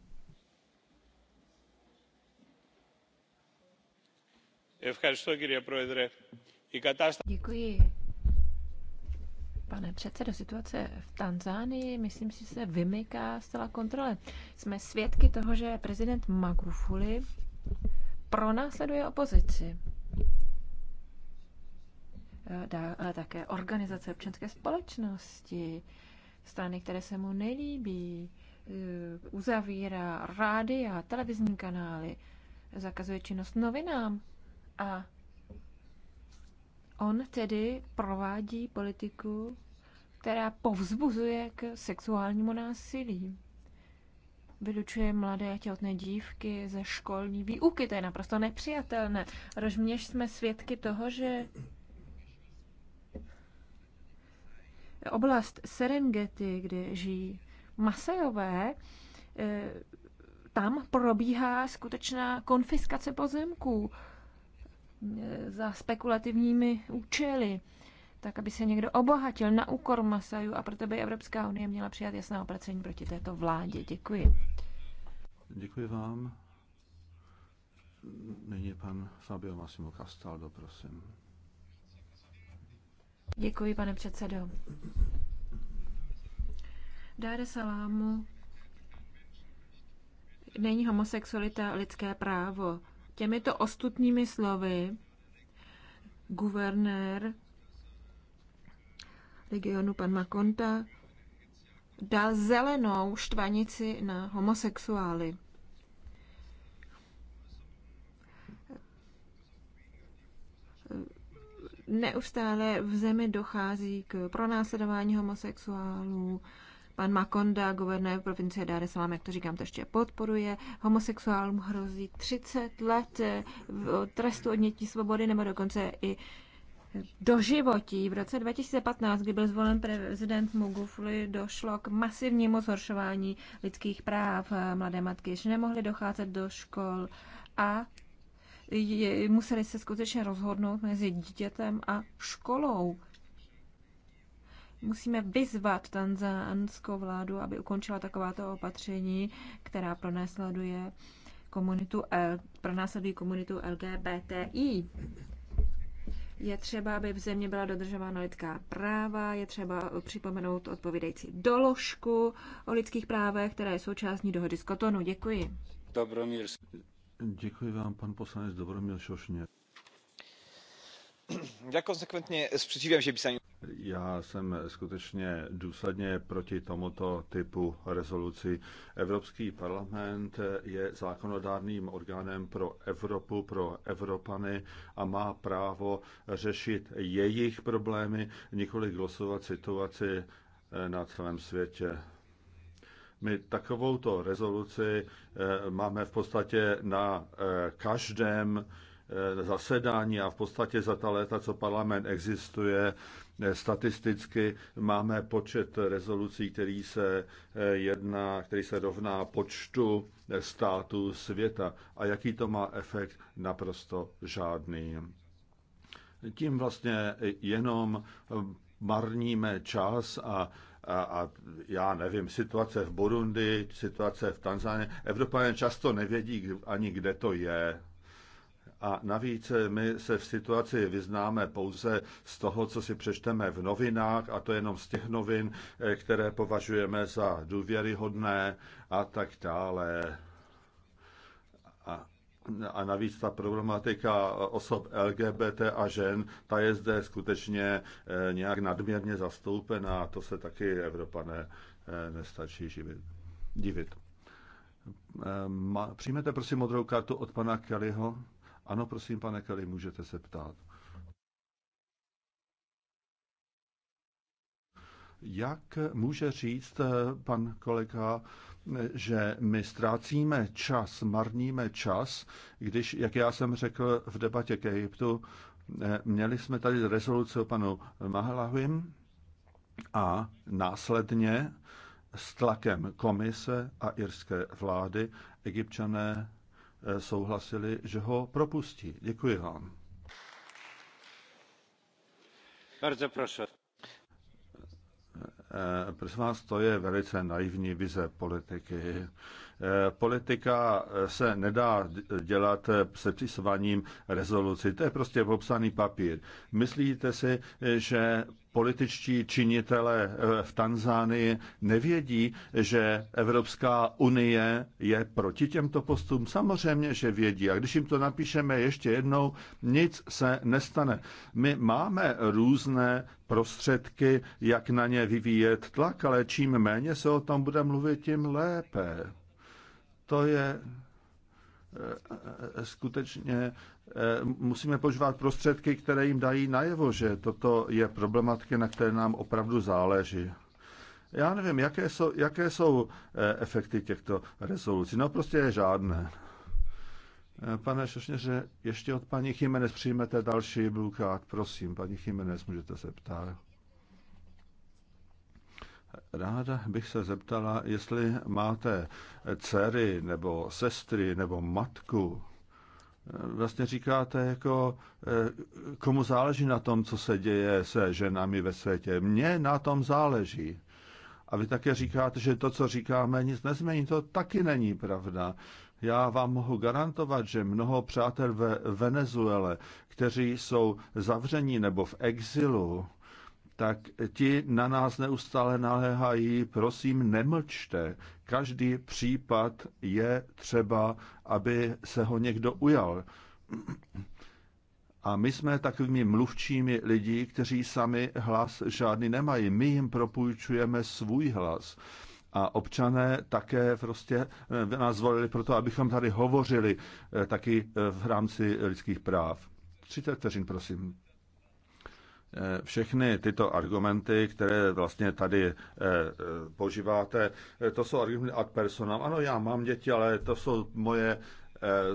Děkuji, pane předsedo. Situace v Tanzánii, myslím si, se vymyká zcela kontrole. Jsme svědky toho, že prezident Magufuli pronásleduje opozici. Dá, ale také organizace občanské společnosti, strany, které se mu nelíbí, eh, uzavírá a televizní kanály, zakazuje činnost novinám a On tedy provádí politiku která povzbuzuje k sexuálnímu násilí. Vylučuje mladé a těhotné dívky ze školní výuky. To je naprosto nepřijatelné. Rožměž jsme svědky toho, že oblast Serengeti, kde žijí Masajové, eh, tam probíhá skutečná konfiskace pozemků eh, za spekulativními účely tak aby se někdo obohatil na úkor Masajů a proto by Evropská unie měla přijat jasné opatření proti této vládě. Děkuji. Děkuji vám. Nyní pan Fabio Massimo Castaldo, prosím. Děkuji, pane předsedo. Dáre salámu není homosexualita lidské právo. Těmito ostutnými slovy guvernér regionu pan Makonta dal zelenou štvanici na homosexuály. Neustále v zemi dochází k pronásledování homosexuálů. Pan Makonda, guvernér provincie Dar es jak to říkám, to ještě podporuje. Homosexuálům hrozí 30 let trestu odnětí svobody nebo dokonce i do životí. V roce 2015, kdy byl zvolen prezident Mugufli, došlo k masivnímu zhoršování lidských práv. Mladé matky že nemohly docházet do škol a je, museli se skutečně rozhodnout mezi dítětem a školou. Musíme vyzvat tanzánskou vládu, aby ukončila takováto opatření, která pronásleduje komunitu, L, pronásledují komunitu LGBTI. Je třeba, aby v země byla dodržována lidská práva, je třeba připomenout odpovídající doložku o lidských právech, která je součástí dohody z Kotonu. Děkuji. Dobromír. Děkuji vám, pan poslanec Dobromír Šošně. Já konsekventně sprzeciwiam się pisaniu. Já jsem skutečně důsledně proti tomuto typu rezoluci. Evropský parlament je zákonodárným orgánem pro Evropu, pro Evropany a má právo řešit jejich problémy, nikoli glosovat situaci eh, na celém světě. My takovouto rezoluci eh, máme v podstatě na eh, každém Eh, zasedání a v podstatě za ta léta, co parlament existuje, eh, statisticky máme počet rezolucí, který se eh, jedná, který se rovná počtu států světa. A jaký to má efekt? Naprosto žádný. Tím vlastně jenom marníme čas a a, a já nevím, situace v Burundi, situace v Tanzánii. Evropané často nevědí ani, kde to je. A navíc my se v situaci vyznáme pouze z toho, co si přečteme v novinách, a to jenom z těch novin, eh, které považujeme za důvěryhodné a tak dále. A, a navíc ta problematika osob LGBT a žen, ta je zde skutečně eh, nějak nadměrně zastoupená a to se taky Evropané eh, nestačí živit, divit. Přijmete prosím modrou kartu od pana Kellyho? Ano, prosím, pane Kelly, můžete se ptát. Jak může říct eh, pan kolega, eh, že my ztrácíme čas, marníme čas, když, jak já jsem řekl v debatě k Egyptu, eh, měli jsme tady rezoluci o panu Mahalahuim a následně s tlakem komise a irské vlády egyptčané Eh, souhlasili, že ho propustí. Děkuji vám. Bardzo proszę. Eh, eh, prosím vás, to je velice naivní vize politiky. Eh, politika eh, se nedá dělat se eh, přisováním rezoluci. To je prostě popsaný papír. Myslíte si, že političtí činitelé v Tanzánii nevědí, že Evropská unie je proti těmto postům? Samozřejmě, že vědí. A když jim to napíšeme ještě jednou, nic se nestane. My máme různé prostředky, jak na ně vyvíjet tlak, ale čím méně se o tom bude mluvit, tím lépe to je eh, eh, skutečně eh, musíme používat prostředky, které jim dají najevo, že toto je problematika, na které nám opravdu záleží. Já nevím, jaké jsou, jaké jsou efekty těchto rezolucí. No prostě je žádné. Pane Šošněře, ještě od paní Chimenez přijmete další blukát. Prosím, paní Chimenez, můžete se ptát. Ráda bych se zeptala, jestli máte dcery nebo sestry nebo matku. Vlastně říkáte, jako, eh, komu záleží na tom, co se děje se ženami ve světě. Mně na tom záleží. A vy také říkáte, že to, co říkáme, nic nezmění. To taky není pravda. Já vám mohu garantovat, že mnoho přátel ve Venezuele, kteří jsou zavření nebo v exilu, tak ti na nás neustále naléhají, prosím, nemlčte. Každý případ je třeba, aby se ho někdo ujal. A my jsme takovými mluvčími lidi, kteří sami hlas žádný nemají. My jim propůjčujeme svůj hlas. A občané také prostě eh, nás volili proto, abychom tady hovořili eh, taky eh, v rámci lidských práv. 30 vteřin, prosím. Eh, všechny tyto argumenty, které vlastně tady eh, eh, požíváte, to jsou argumenty ad personam. Ano, já mám děti, ale to jsou moje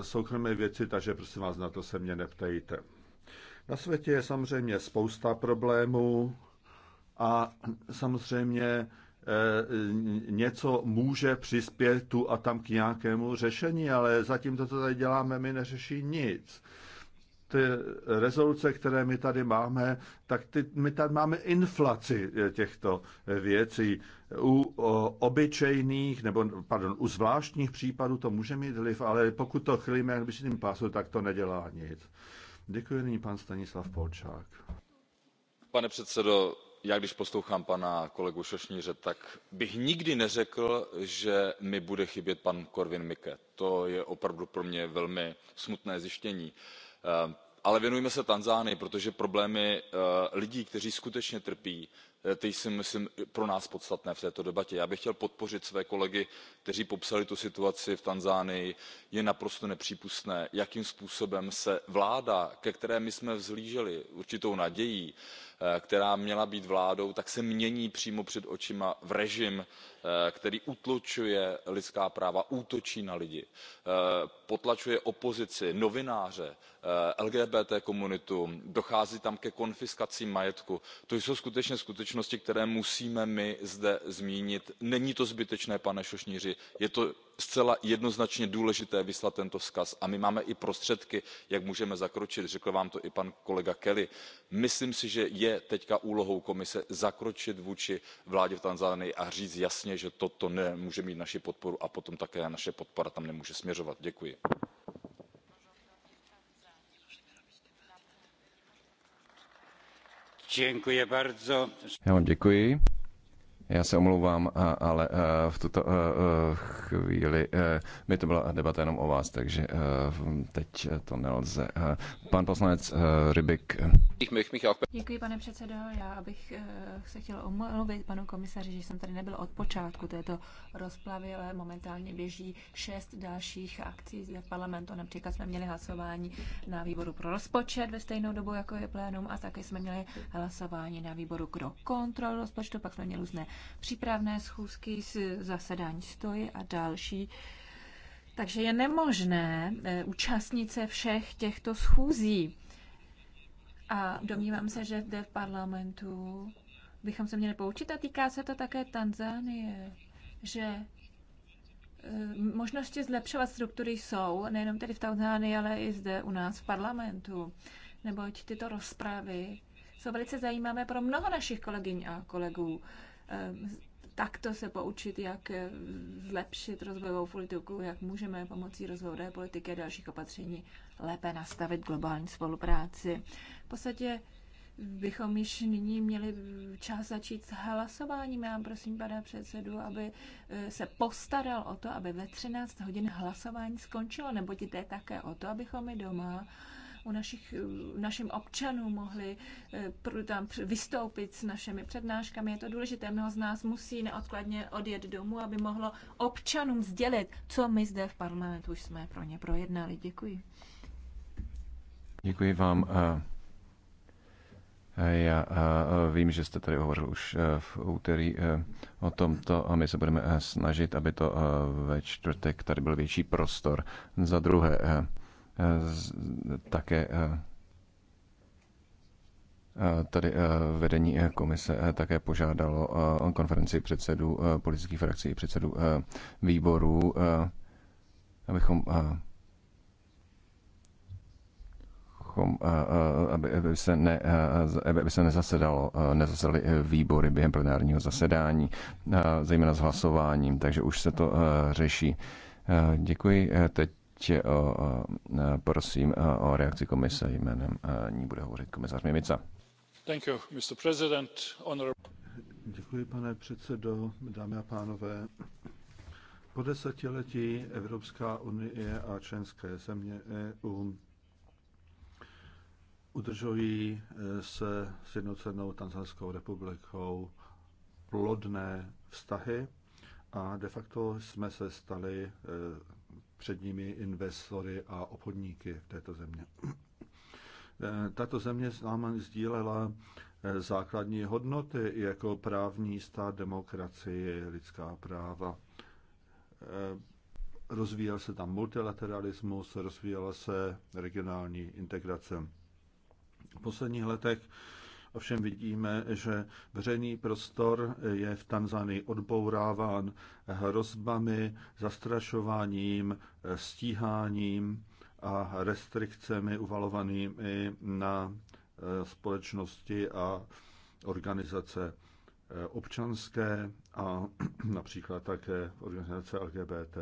soukromé věci, takže prosím vás, na to se mě neptejte. Na světě je samozřejmě spousta problémů a samozřejmě něco může přispět tu a tam k nějakému řešení, ale zatím to, co tady děláme, my neřeší nic ty rezoluce, které my tady máme, tak ty, my tady máme inflaci eh, těchto eh, věcí. U obyčejných, nebo pardon, u zvláštních případů to může mít vliv, ale pokud to chlíme, jak tím pásu, tak to nedělá nic. Děkuji nyní pan Stanislav Polčák. Pane předsedo, já když poslouchám pana kolegu Šošníře, tak bych nikdy neřekl že mi bude chybět pan Korvin-Mike. to je opravdu pro mě velmi smutné zjištění. Ehm, ale věnujme se tanzanii protože problémy eh, lidí kteří skutečně trpí eh, ty jsou myslím pro nás podstatné v této debatě. já bych chtěl podpořit své kolegy kteří popsali tu situaci v tanzanii je naprosto nepřípustné jakým způsobem se vláda ke které my jsme vzhlíželi s určitou nadějí Eh, která měla být vládou tak se mění přímo před očima v režim eh, který utlačuje lidská práva útočí na lidi eh, potlačuje opozici novináře lgbt komunitu dochází tam ke konfiskacím majetku. to jsou skutečně skutečnosti které musíme my zde zmínit. není to zbytečné pane sonierzi je to zcela jednoznačně důležité vyslat tento vzkaz a my máme i prostředky jak můžeme zakročit řekl vám to i pan kolega kelly. myslím si že je teď úlohou komise zakročit vůči vládě v tanzanii a říct jasně že toto nemůže mít naši podporu a potom také naše podpora tam nemůže směřovat. děkuji. Já děkuji. Já se omlouvám, ale e, v tuto e, e, chvíli by to byla debata jenom o vás, takže teď to nelze. Pan poslanec Rybik. Děkuji, pane předsedo. Já bych se chtěla omluvit panu komisaři, že jsem tady nebyl od počátku této rozplavy, ale momentálně běží šest dalších akcí zde v parlamentu. Například jsme měli hlasování na výboru pro rozpočet ve stejnou dobu, jako je plénum, a také jsme měli hlasování na výboru pro kontrolu rozpočtu, pak jsme měli různé přípravné schůzky, zasedání stojí a další. Takže je nemožné eh, účastnit se všech těchto schůzí. A domnívám se, že zde v parlamentu bychom se měli poučit a týká se to také Tanzánie, že eh, možnosti zlepšovat struktury jsou, nejenom tedy v Tanzánii, ale i zde u nás v parlamentu, neboť tyto rozpravy jsou velice zajímavé pro mnoho našich kolegyň a kolegů. Ehm, takto se poučit, jak eh, zlepšit rozvojovou politiku, jak můžeme pomocí rozvojové politiky a dalších opatření lépe nastavit globální spolupráci. V podstatě bychom již nyní měli čas začít s hlasováním. Já prosím pana předsedu, aby eh, se postaral o to, aby ve 13 hodin hlasování skončilo, nebo jde také o to, abychom i doma u našich, našim občanů mohli e, tam vystoupit s našimi přednáškami. Je to důležité. Mnoho z nás musí neodkladně odjet domů, aby mohlo občanům sdělit, co my zde v parlamentu jsme pro ně projednali. Děkuji. Děkuji vám. E, e, já vím, že jste tady hovořil už v úterý o tomto a my se budeme snažit, aby to ve čtvrtek tady byl větší prostor. Za druhé, také eh, eh, Tady eh, vedení komise také požádalo konferenci předsedů politických frakcí i předsedů výborů, abychom aby se, ne, aby se nezasedalo, nezasedali výbory během plenárního zasedání, zejména s hlasováním, takže už se to řeší. Děkuji. Teď tě o, eh, eh, prosím eh, o reakci komise jménem ní bude hovořit komisař Mimica. Thank you, Mr. President, Děkuji, pane předsedo, dámy a pánové. Po desetiletí Evropská unie a členské země EU udržují se jednocenou Tanzanskou republikou plodné vztahy a de facto jsme se stali předními investory a obchodníky v této země. Eh, tato země s námi sdílela eh, základní hodnoty jako právní stát, demokracie, lidská práva. Eh, rozvíjel se tam multilateralismus, rozvíjela se regionální integrace. V posledních letech Ovšem vidíme, že veřejný prostor je v Tanzanii odbouráván hrozbami, zastrašováním, stíháním a restrikcemi uvalovanými na eh, společnosti a organizace eh, občanské a například také organizace LGBT,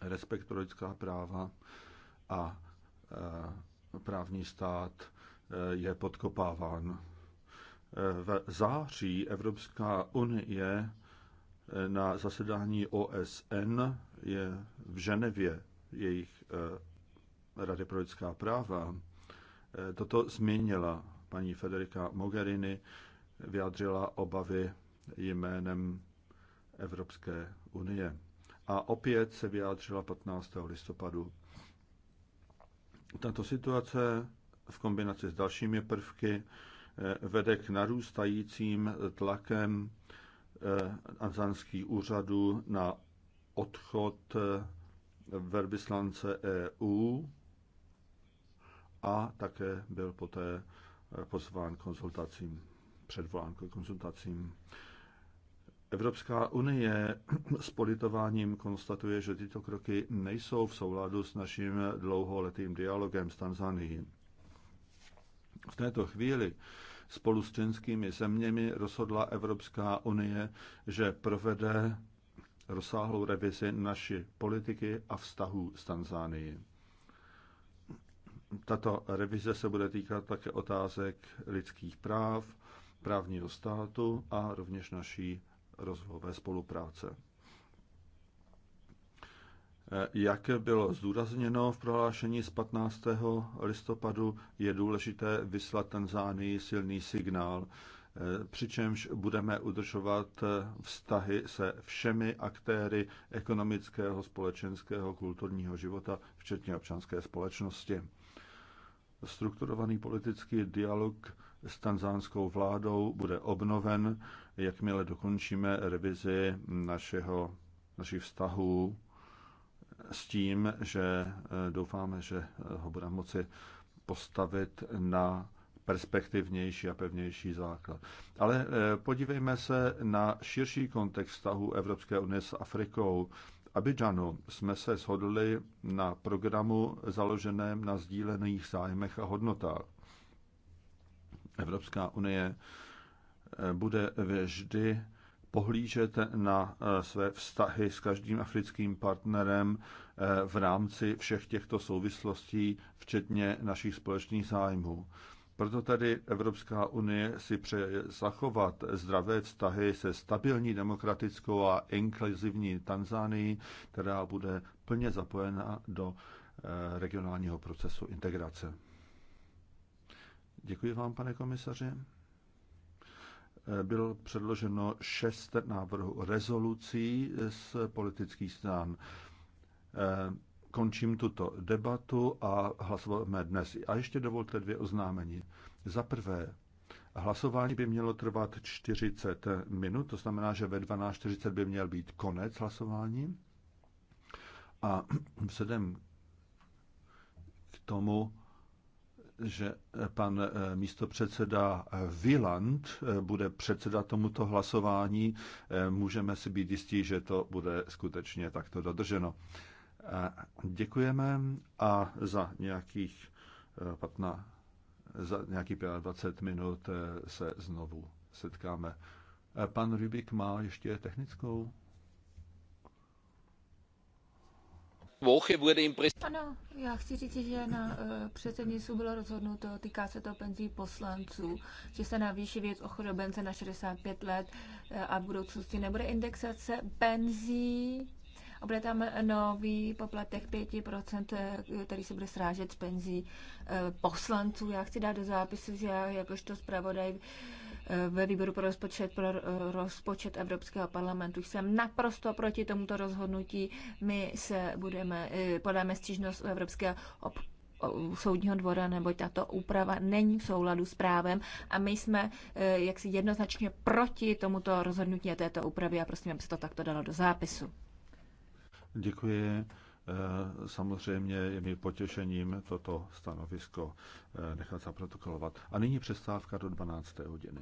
respektorická práva a eh, právní stát Eh, je podkopáván. Eh, v září Evropská unie eh, na zasedání OSN je v Ženevě jejich Rady pro lidská práva. Toto změnila paní Federika Mogherini, vyjádřila obavy jménem Evropské unie. A opět se vyjádřila 15. listopadu. Tato situace v kombinaci s dalšími prvky eh, vede k narůstajícím tlakem eh, anzanských úřadů na odchod eh, velvyslance EU a také byl poté pozván konzultacím, předvolán k konzultacím. Evropská unie s politováním konstatuje, že tyto kroky nejsou v souladu s naším dlouholetým dialogem s Tanzanií. V této chvíli spolu s členskými zeměmi rozhodla Evropská unie, že provede rozsáhlou revizi naší politiky a vztahů s Tanzánií. Tato revize se bude týkat také otázek lidských práv, právního státu a rovněž naší rozvojové spolupráce. Eh, jak bylo zdůrazněno v prohlášení z 15. listopadu, je důležité vyslat Tanzánii silný signál, eh, přičemž budeme udržovat eh, vztahy se všemi aktéry ekonomického, společenského, kulturního života, včetně občanské společnosti. Strukturovaný politický dialog s tanzánskou vládou bude obnoven, jakmile dokončíme revizi našeho, našich vztahů s tím, že eh, doufáme, že eh, ho budeme moci postavit na perspektivnější a pevnější základ. Ale eh, podívejme se na širší kontext vztahu Evropské unie s Afrikou. Abidžanu jsme se shodli na programu založeném na sdílených zájmech a hodnotách. Evropská unie bude vždy pohlížet na eh, své vztahy s každým africkým partnerem eh, v rámci všech těchto souvislostí, včetně našich společných zájmů. Proto tedy Evropská unie si přeje zachovat zdravé vztahy se stabilní demokratickou a inkluzivní Tanzánií, která bude plně zapojena do eh, regionálního procesu integrace. Děkuji vám, pane komisaři. Eh, bylo předloženo šest návrhů rezolucí z politických stran. Eh, končím tuto debatu a hlasujeme dnes. A ještě dovolte dvě oznámení. Za prvé, hlasování by mělo trvat 40 minut, to znamená, že ve 12.40 by měl být konec hlasování. A vzhledem k tomu, že pan eh, místopředseda Viland eh, eh, bude předseda tomuto hlasování. Můžeme si být jistí, že to bude skutečně takto dodrženo. Děkujeme a za nějakých 15, za nějakých 25 minut se znovu setkáme. Pan Rybik má ještě technickou? Ano, já chci říct, že na uh, předsednictvu bylo rozhodnuto, týká se to penzí poslanců, že se navýší věc o chudobence na 65 let uh, a v budoucnosti nebude indexace penzí a bude tam nový poplatek 5%, eh, který se bude srážet z penzí poslanců. Já chci dát do zápisu, že já jakožto zpravodaj uh, Eh, ve výboru pro rozpočet, pro eh, rozpočet Evropského parlamentu. Jsem naprosto proti tomuto rozhodnutí. My se budeme, eh, podáme stížnost u Evropského ob soudního dvora, neboť tato úprava není v souladu s právem a my jsme jaksi jednoznačně proti tomuto rozhodnutí a této úpravě a prosím, aby se to takto dalo do zápisu. Děkuji. Eh, samozřejmě je mi potěšením toto stanovisko eh, nechat zaprotokolovat. A nyní přestávka do 12. hodiny.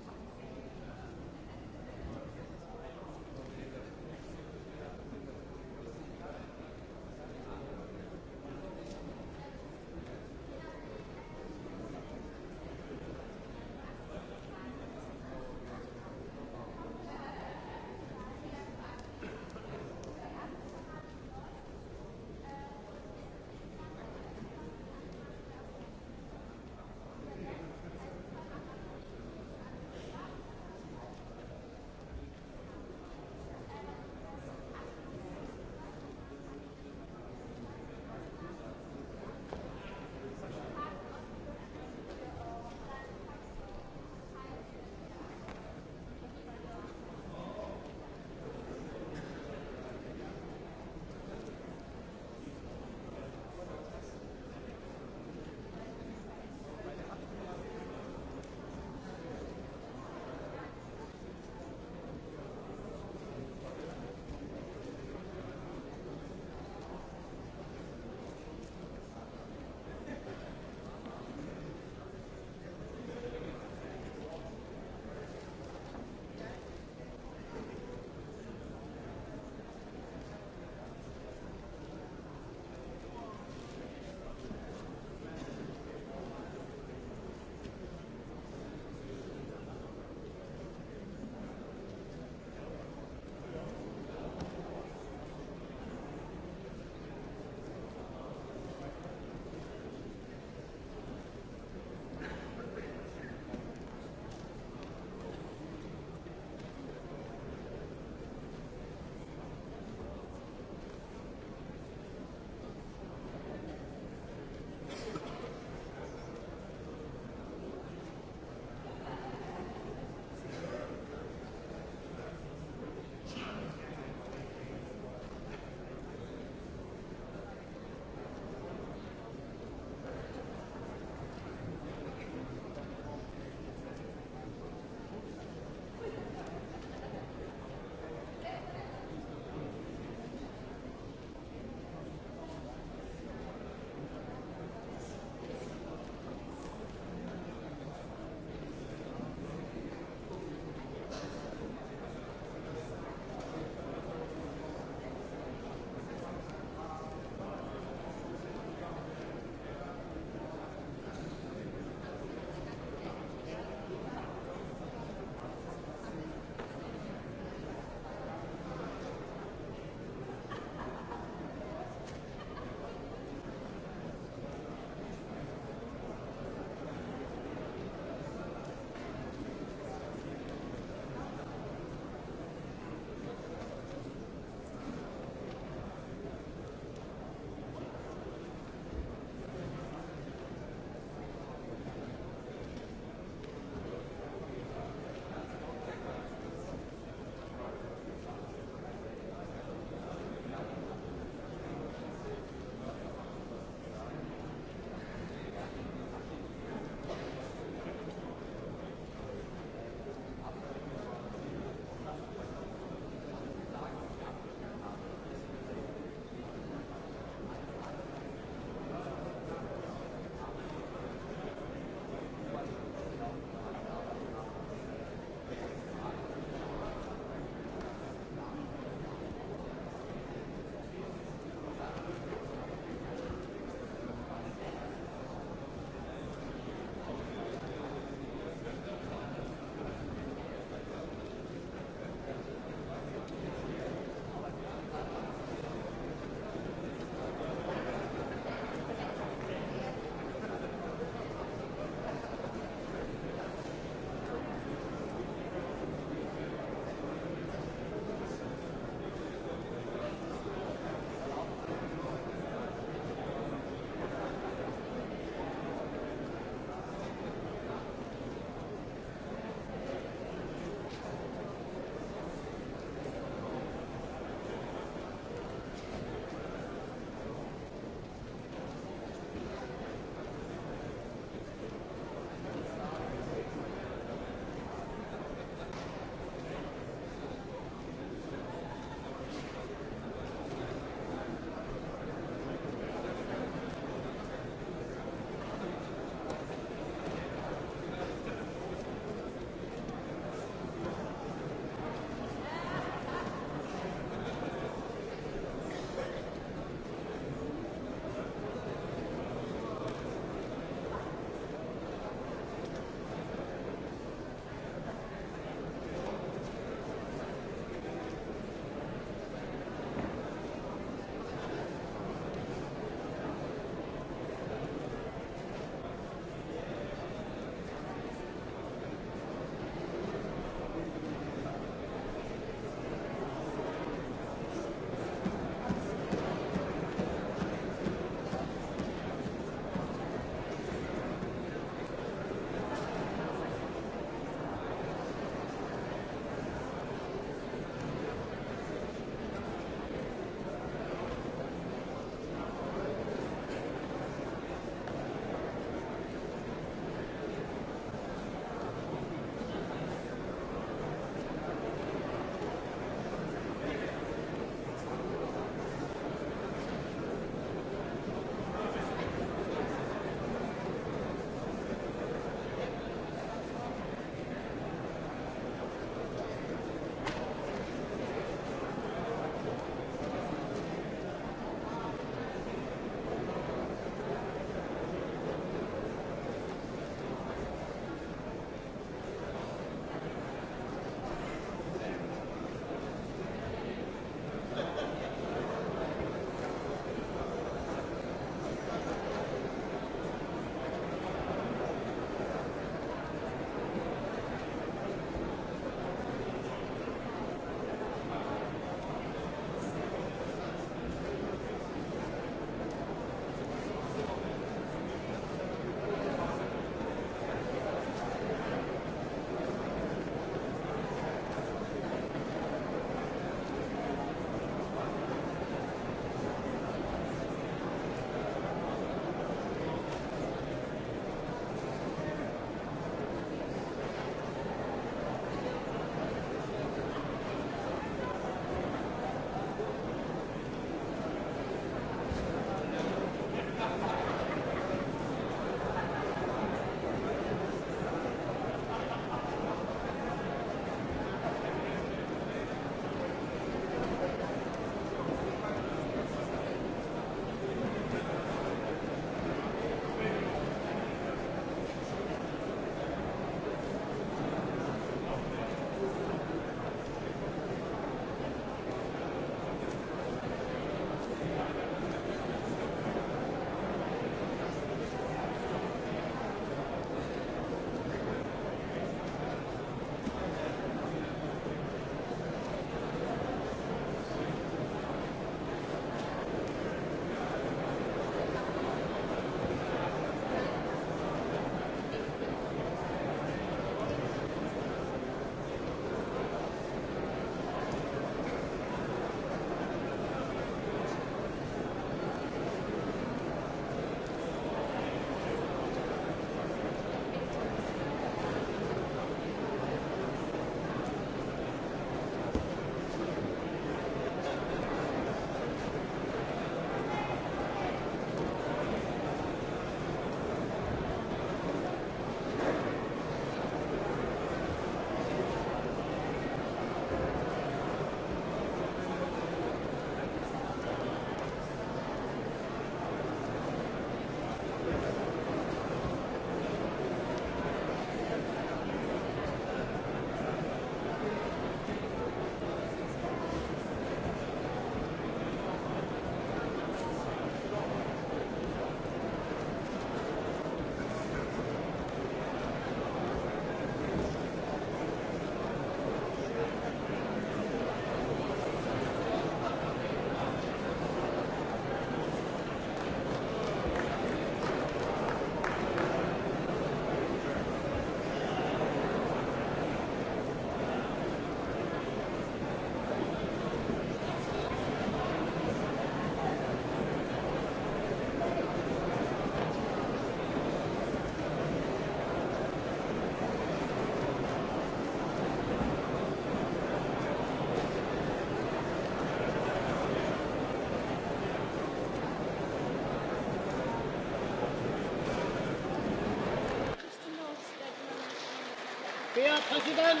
Präsident!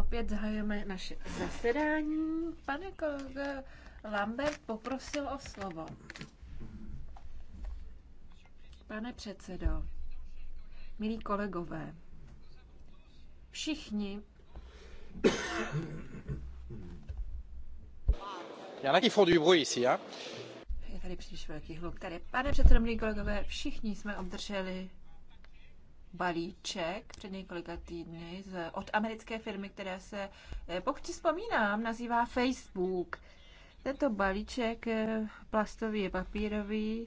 Opět zahajujeme naše zasedání. Pane kolego Lambert poprosil o slovo. Pane předsedo, milí kolegové, všichni. Já na font ici, Je tady příliš velký hluk. Tady, pane předsedo, milí kolegové, všichni jsme obdrželi balíček před několika týdny z, od americké firmy, která se, eh, pokud si vzpomínám, nazývá Facebook. Tento balíček eh, plastový je papírový,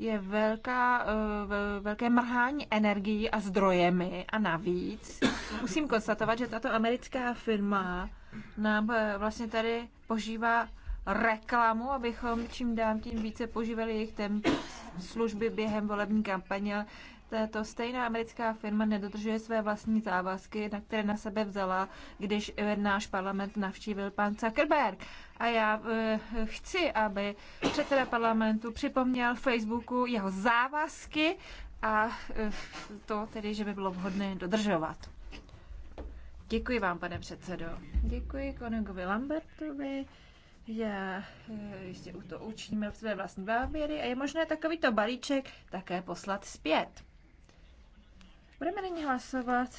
je velká, eh, velké mrhání energií a zdrojemi a navíc musím konstatovat, že tato americká firma nám eh, vlastně tady požívá reklamu, abychom čím dám tím více požívali jejich služby během volební kampaně této stejná americká firma nedodržuje své vlastní závazky, na které na sebe vzala, když eh, náš parlament navštívil pan Zuckerberg. A já eh, chci, aby předseda parlamentu připomněl Facebooku jeho závazky a eh, to tedy, že by bylo vhodné dodržovat. Děkuji vám, pane předsedo. Děkuji kolegovi Lambertovi. Já ještě to učíme v své vlastní závěry a je možné takovýto balíček také poslat zpět. Budeme nyní hlasovat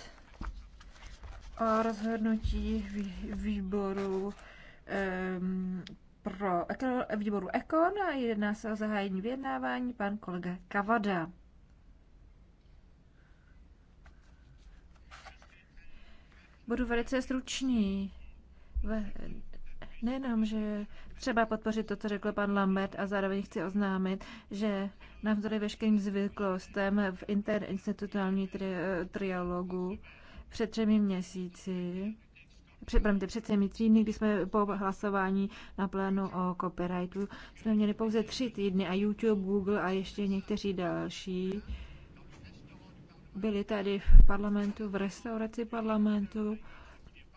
o rozhodnutí výboru um, pro výboru Ekon a jedná se o zahájení vyjednávání pan kolega Kavada. Budu velice stručný. Nejenom, že třeba podpořit to, co řekl pan Lambert a zároveň chci oznámit, že navzdory veškerým zvyklostem v interinstitucionální tri- trialogu před třemi měsíci před, před třemi týdny, kdy jsme po hlasování na plénu o copyrightu, jsme měli pouze tři týdny a YouTube, Google a ještě někteří další byli tady v parlamentu, v restauraci parlamentu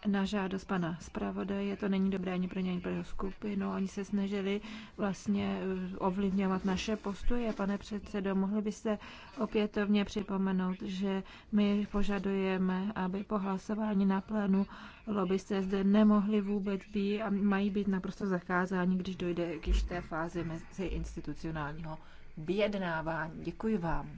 na žádost pana zpravodaje, to není dobré ani pro něj, ani pro jeho skupinu. Oni se snažili vlastně eh, ovlivňovat naše postoje. Pane předsedo, mohli byste opětovně připomenout, že my požadujeme, aby po hlasování na plénu lobbysté zde nemohli vůbec být a mají být naprosto zakázáni, když dojde k té fázi mezi institucionálního vyjednávání. Děkuji vám.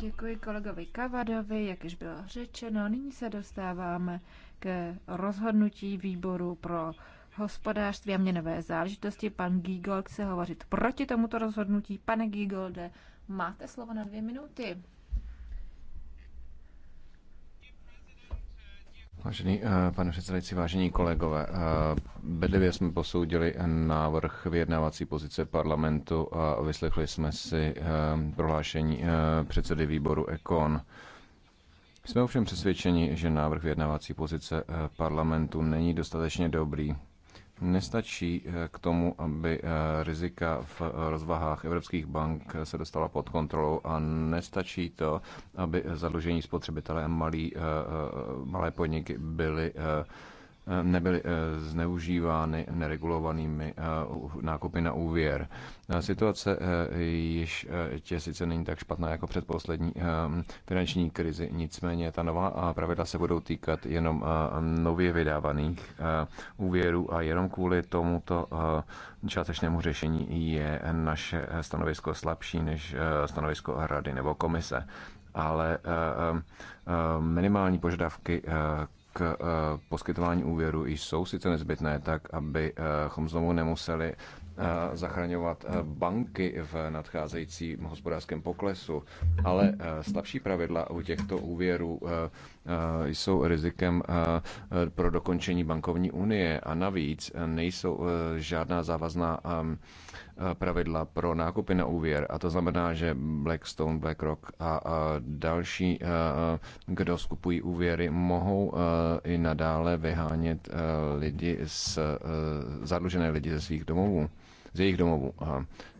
Děkuji kolegovi Kavadovi, jak již bylo řečeno. Nyní se dostáváme k rozhodnutí výboru pro hospodářství a měnové záležitosti. Pan Giegold chce hovořit proti tomuto rozhodnutí. Pane Giegolde, máte slovo na dvě minuty. Vážený eh, pane předsedající, vážení kolegové, eh, bedlivě jsme posoudili návrh vyjednávací pozice parlamentu a vyslechli jsme si eh, prohlášení předsedy výboru EKON. Jsme ovšem přesvědčeni, že návrh vyjednávací pozice parlamentu není dostatečně dobrý nestačí eh, k tomu, aby eh, rizika v eh, rozvahách evropských bank se dostala pod kontrolu a nestačí to, aby zadlužení spotřebitelé malý, malé podniky byly nebyly eh, zneužívány neregulovanými eh, nákupy na úvěr. Eh, situace již tě sice není tak špatná jako před poslední finanční krizi, nicméně ta nová pravidla se budou týkat jenom nově vydávaných úvěrů a jenom kvůli tomuto částečnému řešení je naše stanovisko slabší než stanovisko rady nebo komise ale minimální požadavky k eh, poskytování úvěru jsou sice nezbytné, tak abychom eh, znovu nemuseli eh, zachraňovat banky v nadcházejícím hospodářském poklesu, ale slabší pravidla u těchto úvěrů jsou rizikem pro dokončení bankovní unie a navíc nejsou žádná závazná Eh, pravidla pro nákupy na úvěr. A to znamená, že Blackstone, BlackRock a další, eh, eh, kdo skupují úvěry, mohou i nadále vyhánět lidi z, zadlužené lidi ze svých domovů z jejich domovů.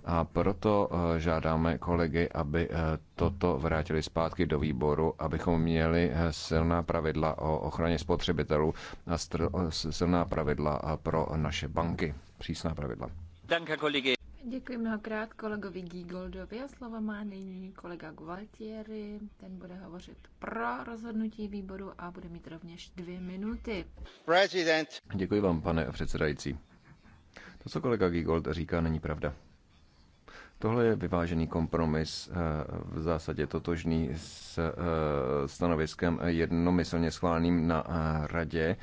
A proto žádáme kolegy, aby toto vrátili zpátky do výboru, abychom měli silná pravidla o ochraně spotřebitelů a silná pravidla pro naše banky. Přísná pravidla. Danke, kolegy. Děkuji mnohokrát kolegovi Gigoldovi a slovo má nyní kolega Gualtieri. Ten bude hovořit pro rozhodnutí výboru a bude mít rovněž dvě minuty. President. Děkuji vám, pane předsedající. To, co kolega Gigold říká, není pravda. Tohle je vyvážený kompromis, eh, v zásadě totožný s eh, stanoviskem jednomyslně schváleným na eh, radě,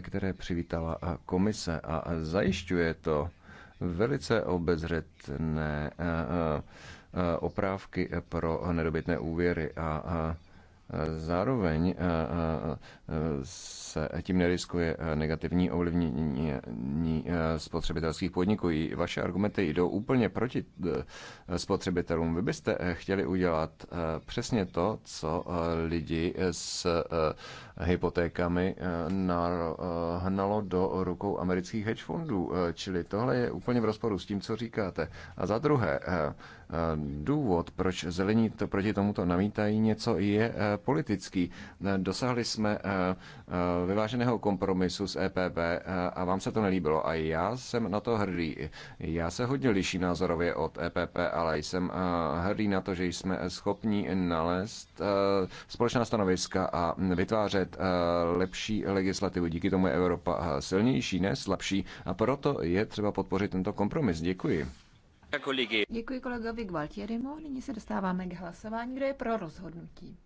které přivítala komise a zajišťuje to, velice obezřetné eh, eh, eh, oprávky pro nedobytné úvěry a Zároveň eh, eh, se tím neriskuje eh, negativní ovlivnění spotřebitelských podniků. I vaše argumenty jdou úplně proti spotřebitelům. Vy byste chtěli udělat přesně to, co lidi s hypotékami nahnalo do rukou amerických hedge fondů. Čili tohle je úplně v rozporu s tím, co říkáte. A za druhé, Důvod, proč zelení to proti tomuto namítají něco, je eh, politický. Eh, dosáhli jsme eh, vyváženého kompromisu s EPP a vám se to nelíbilo. A já jsem na to hrdý. Já se hodně liší názorově od EPP, ale jsem hrdý na to, že jsme schopni nalézt společná stanoviska a vytvářet lepší legislativu. Díky tomu je Evropa silnější, ne slabší. A proto je třeba podpořit tento kompromis. Děkuji. Děkuji kolegovi Gualtierimu. Nyní se dostáváme k hlasování. Kdo je pro rozhodnutí?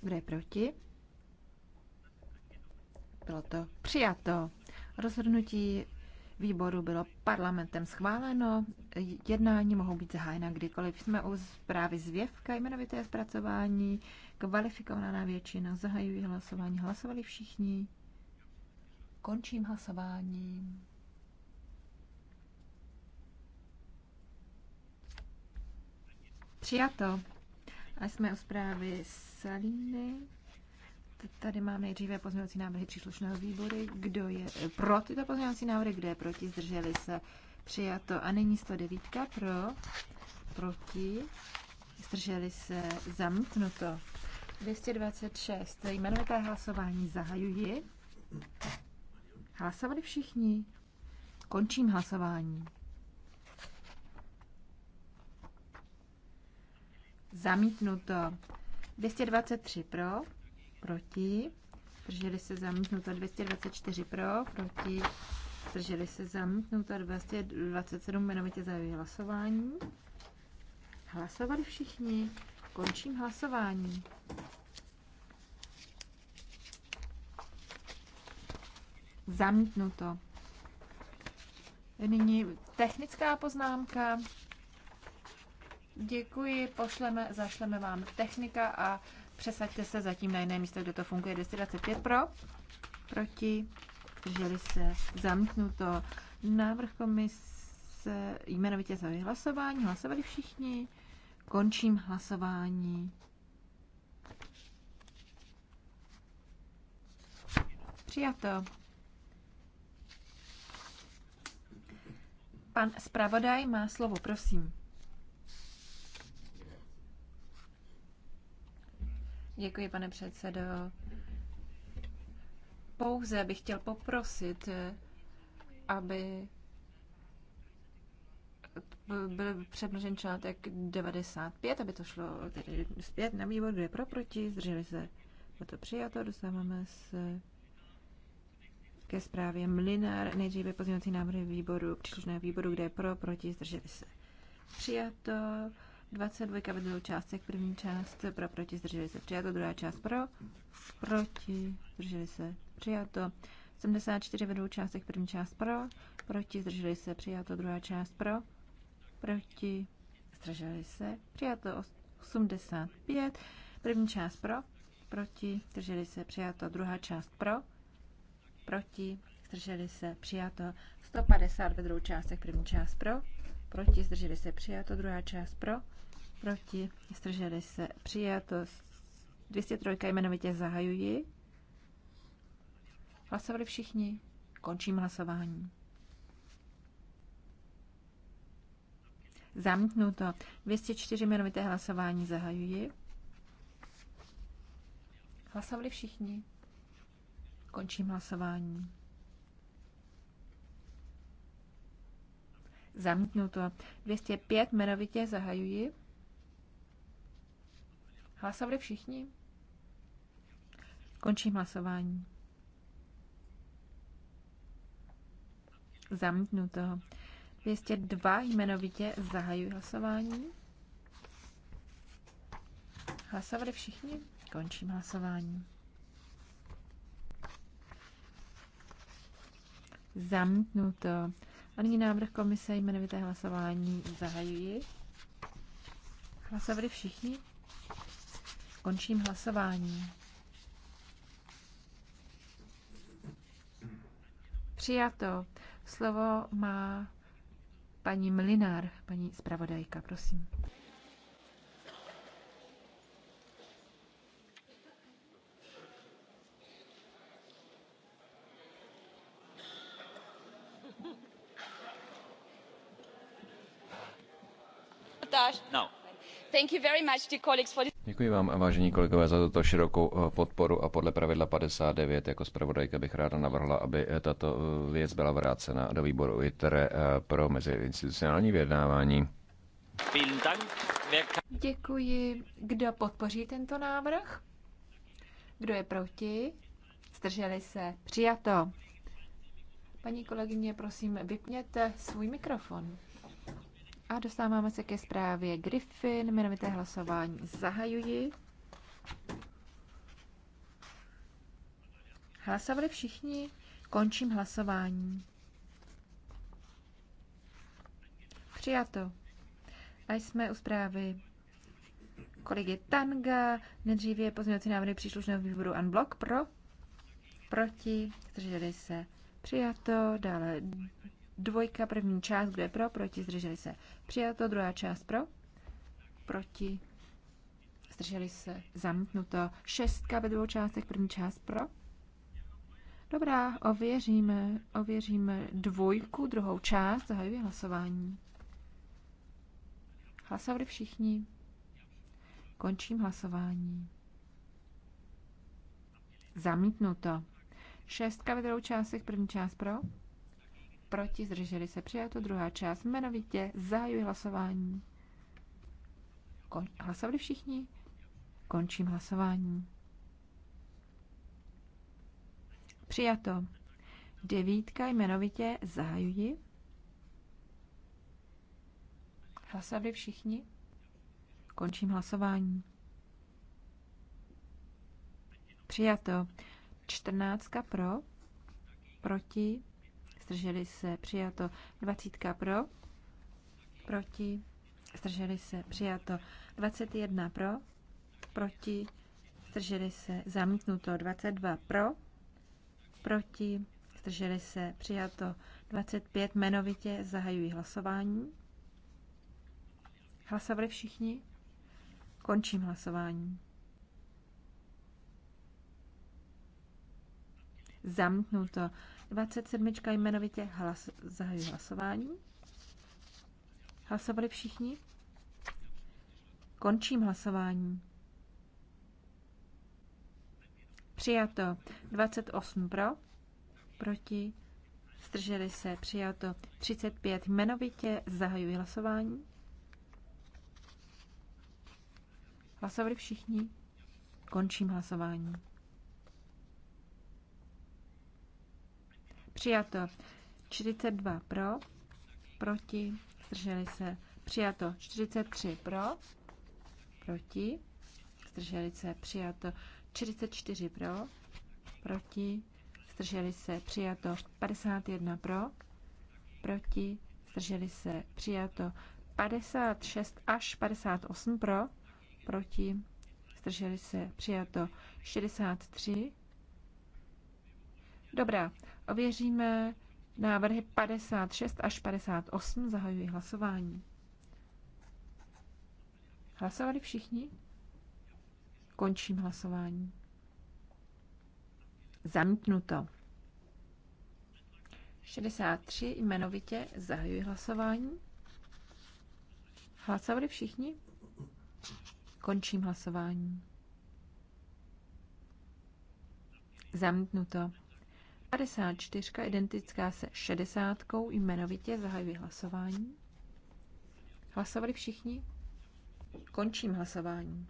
Kdo je proti? Bylo to přijato. Rozhodnutí výboru bylo parlamentem schváleno. Jednání mohou být zahájena kdykoliv. Jsme u zprávy zvěvka, jmenovité zpracování, kvalifikovaná většina, zahajují hlasování. Hlasovali všichni. Končím hlasování. Přijato. A jsme u zprávy Salíny. Tady máme nejdříve pozměňovací návrhy příslušného výboru. Kdo je eh, pro tyto pozměňovací návrhy, kdo je proti, zdrželi se. Přijato. A nyní 109 pro, proti, zdrželi se, zamítnuto. 226. Jmenovité hlasování zahajuji. Hlasovali všichni. Končím hlasování. Zamítnuto. 223 pro, proti. Zdrželi se zamítnuto 224 pro, proti. Zdrželi se zamítnuto 227 jmenovitě za hlasování. Hlasovali všichni. Končím hlasování. Zamítnuto. Nyní technická poznámka. Děkuji, pošleme, zašleme vám technika a přesaďte se zatím na jiné místo, kde to funguje. 5 pro, proti, drželi se, zamknuto. Návrh komise jmenovitě za hlasování, hlasovali všichni. Končím hlasování. Přijato. Pan zpravodaj má slovo, prosím. Děkuji, pane předsedo. Pouze bych chtěl poprosit, aby byl předložen článek 95, aby to šlo tedy zpět na výbor, kde pro, proti, zdrželi se. je to přijato, dostáváme se ke zprávě Mlinar, nejdříve pozměňovací návrhy výboru, příslušného výboru, kde je pro, proti, zdrželi se. Přijato. 22 ve dvou částech. První část pro, proti, zdrželi se, přijato. Druhá část pro, proti, zdrželi se, přijato. 74 ve dvou částech. První část pro, proti, zdrželi se, přijato. Druhá část pro, proti, zdrželi se, přijato. 85. První část pro, proti, zdrželi se, přijato. Druhá část pro, proti, zdrželi se, přijato. 150 ve dvou částech. První část pro, proti, zdrželi se, přijato. Druhá část pro, proti, zdrželi se, přijato. 203 jmenovitě zahajuji. Hlasovali všichni. Končím hlasování. Zamítnuto. 204 jmenovité hlasování zahajuji. Hlasovali všichni. Končím hlasování. Zamítnuto. 205 jmenovitě zahajuji. Hlasovali všichni? Končím hlasování. Zamítnuto. 202 jmenovitě zahajuji hlasování. Hlasovali všichni? Končím hlasování. to. A nyní návrh komise jmenovité hlasování zahajuji. Hlasovali všichni? Končím hlasování. Přijato. Slovo má paní Mlinár, paní zpravodajka, prosím. No. Thank you very much, dear colleagues, for this. Děkuji vám, vážení kolegové, za tuto širokou eh, podporu a podle pravidla 59 jako zpravodajka bych ráda navrhla, aby eh, tato eh, věc byla vrácena do výboru ITR pro meziinstitucionální vyjednávání. Děkuji. Kdo podpoří tento návrh? Kdo je proti? Zdrželi se. Přijato. Paní kolegyně, prosím, vypněte svůj mikrofon. A dostáváme se ke zprávě Griffin. Jmenovité hlasování zahajuji. Hlasovali všichni? Končím hlasování. Přijato. A jsme u zprávy je Tanga. Nejdříve pozměňovací návrhy příslušného výboru Unblock pro, proti, zdrželi se. Přijato. Dále Dvojka, první část, kdo je pro, proti, zdrželi se. Přijato, druhá část pro, proti, zdrželi se. Zamítnuto. Šestka ve dvou částech, první část pro. Dobrá, ověříme, ověříme dvojku, druhou část, zahajuji hlasování. Hlasovali všichni. Končím hlasování. Zamítnuto. Šestka ve druhou částech, první část pro proti, zdrželi se přijato. Druhá část jmenovitě, zahajuji hlasování. Kon- hlasovali všichni? Končím hlasování. Přijato. Devítka jmenovitě zahajuji. Hlasovali všichni? Končím hlasování. Přijato. Čtrnáctka pro, proti, zdrželi se, přijato 20 pro, proti, zdrželi se, přijato 21 pro, proti, zdrželi se, zamítnuto 22 pro, proti, zdrželi se, přijato 25, jmenovitě zahajují hlasování. Hlasovali všichni? Končím hlasování. Zamítnuto 27. jmenovitě hlas, zahajuji hlasování. Hlasovali všichni? Končím hlasování. Přijato 28 pro, proti, zdrželi se, přijato 35 jmenovitě, zahajuji hlasování. Hlasovali všichni? Končím hlasování. Přijato. 42 pro, proti, zdrželi se. Přijato. 43 pro, proti, zdrželi se. Přijato. 44 pro, proti, zdrželi se. Přijato. 51 pro, proti, zdrželi se. Přijato. 56 až 58 pro, proti, zdrželi se. Přijato. 63 Dobrá, ověříme návrhy 56 až 58. Zahajuji hlasování. Hlasovali všichni? Končím hlasování. Zamítnuto. 63 jmenovitě zahajuji hlasování. Hlasovali všichni? Končím hlasování. Zamítnuto. 54 identická se 60 jmenovitě zahajuji hlasování. Hlasovali všichni? Končím hlasování.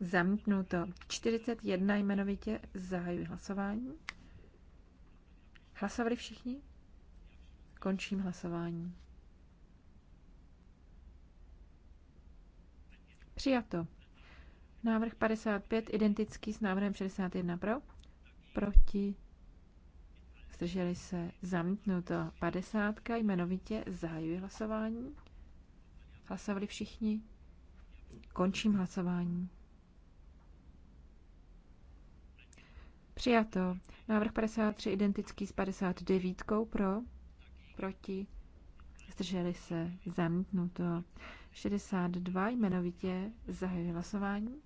Zamítnuto 41 jmenovitě zahajuji hlasování. Hlasovali všichni? Končím hlasování. Přijato. Návrh 55, identický s návrhem 61 pro, proti, zdrželi se, zamítnuto 50, jmenovitě zahajuji hlasování. Hlasovali všichni? Končím hlasování. Přijato. Návrh 53 identický s 59 pro, proti, zdrželi se, zamítnuto. 62 jmenovitě zahajuji hlasování.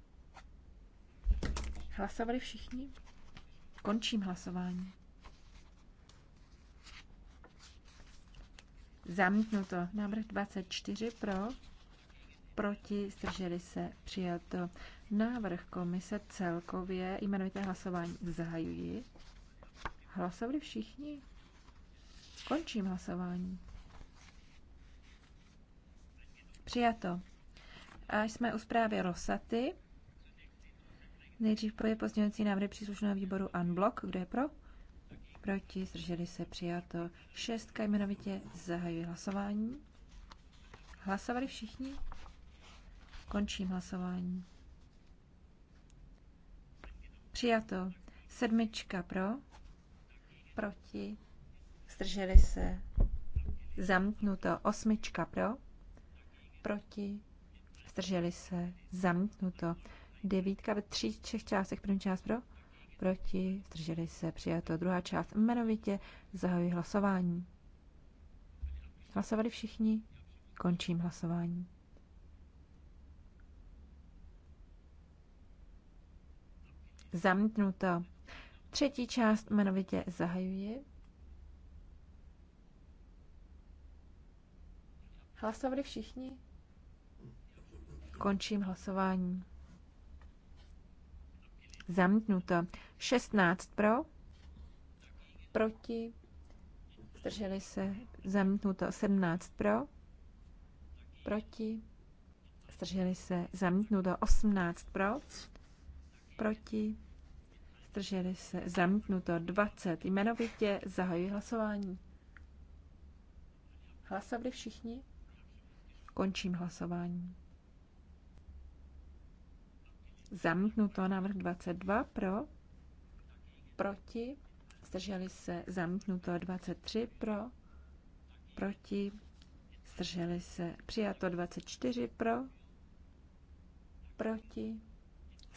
Hlasovali všichni? Končím hlasování. Zamítnuto. Návrh 24 pro, proti, strželi se, přijato. Návrh komise celkově, jmenovité hlasování zahajuji. Hlasovali všichni? Končím hlasování. Přijato. A jsme u zprávy Rosaty. Nejdřív je pozměňující návrhy příslušného výboru Unblock. Kdo je pro? Proti, zdrželi se, přijato. Šestka jmenovitě zahajuje hlasování. Hlasovali všichni? Končím hlasování. Přijato. Sedmička pro. Proti. Zdrželi se. Zamítnuto. Osmička pro. Proti. Zdrželi se. Zamítnuto devítka ve tří třech částech. První část pro, proti, zdrželi se, přijato. Druhá část jmenovitě, zahajuji hlasování. Hlasovali všichni? Končím hlasování. Zamítnuto. Třetí část jmenovitě zahajuji. Hlasovali všichni? Končím hlasování zamítnuto. 16 pro, proti, zdrželi se, zamítnuto. 17 pro, proti, zdrželi se, zamítnuto. 18 pro, proti, zdrželi se, zamítnuto. 20 jmenovitě, zahajuji hlasování. Hlasovali všichni? Končím hlasování. Zamítnuto. Návrh 22 pro. Proti. Zdrželi se. Zamítnuto. 23 pro. Proti. Zdrželi se. Přijato 24 pro. Proti.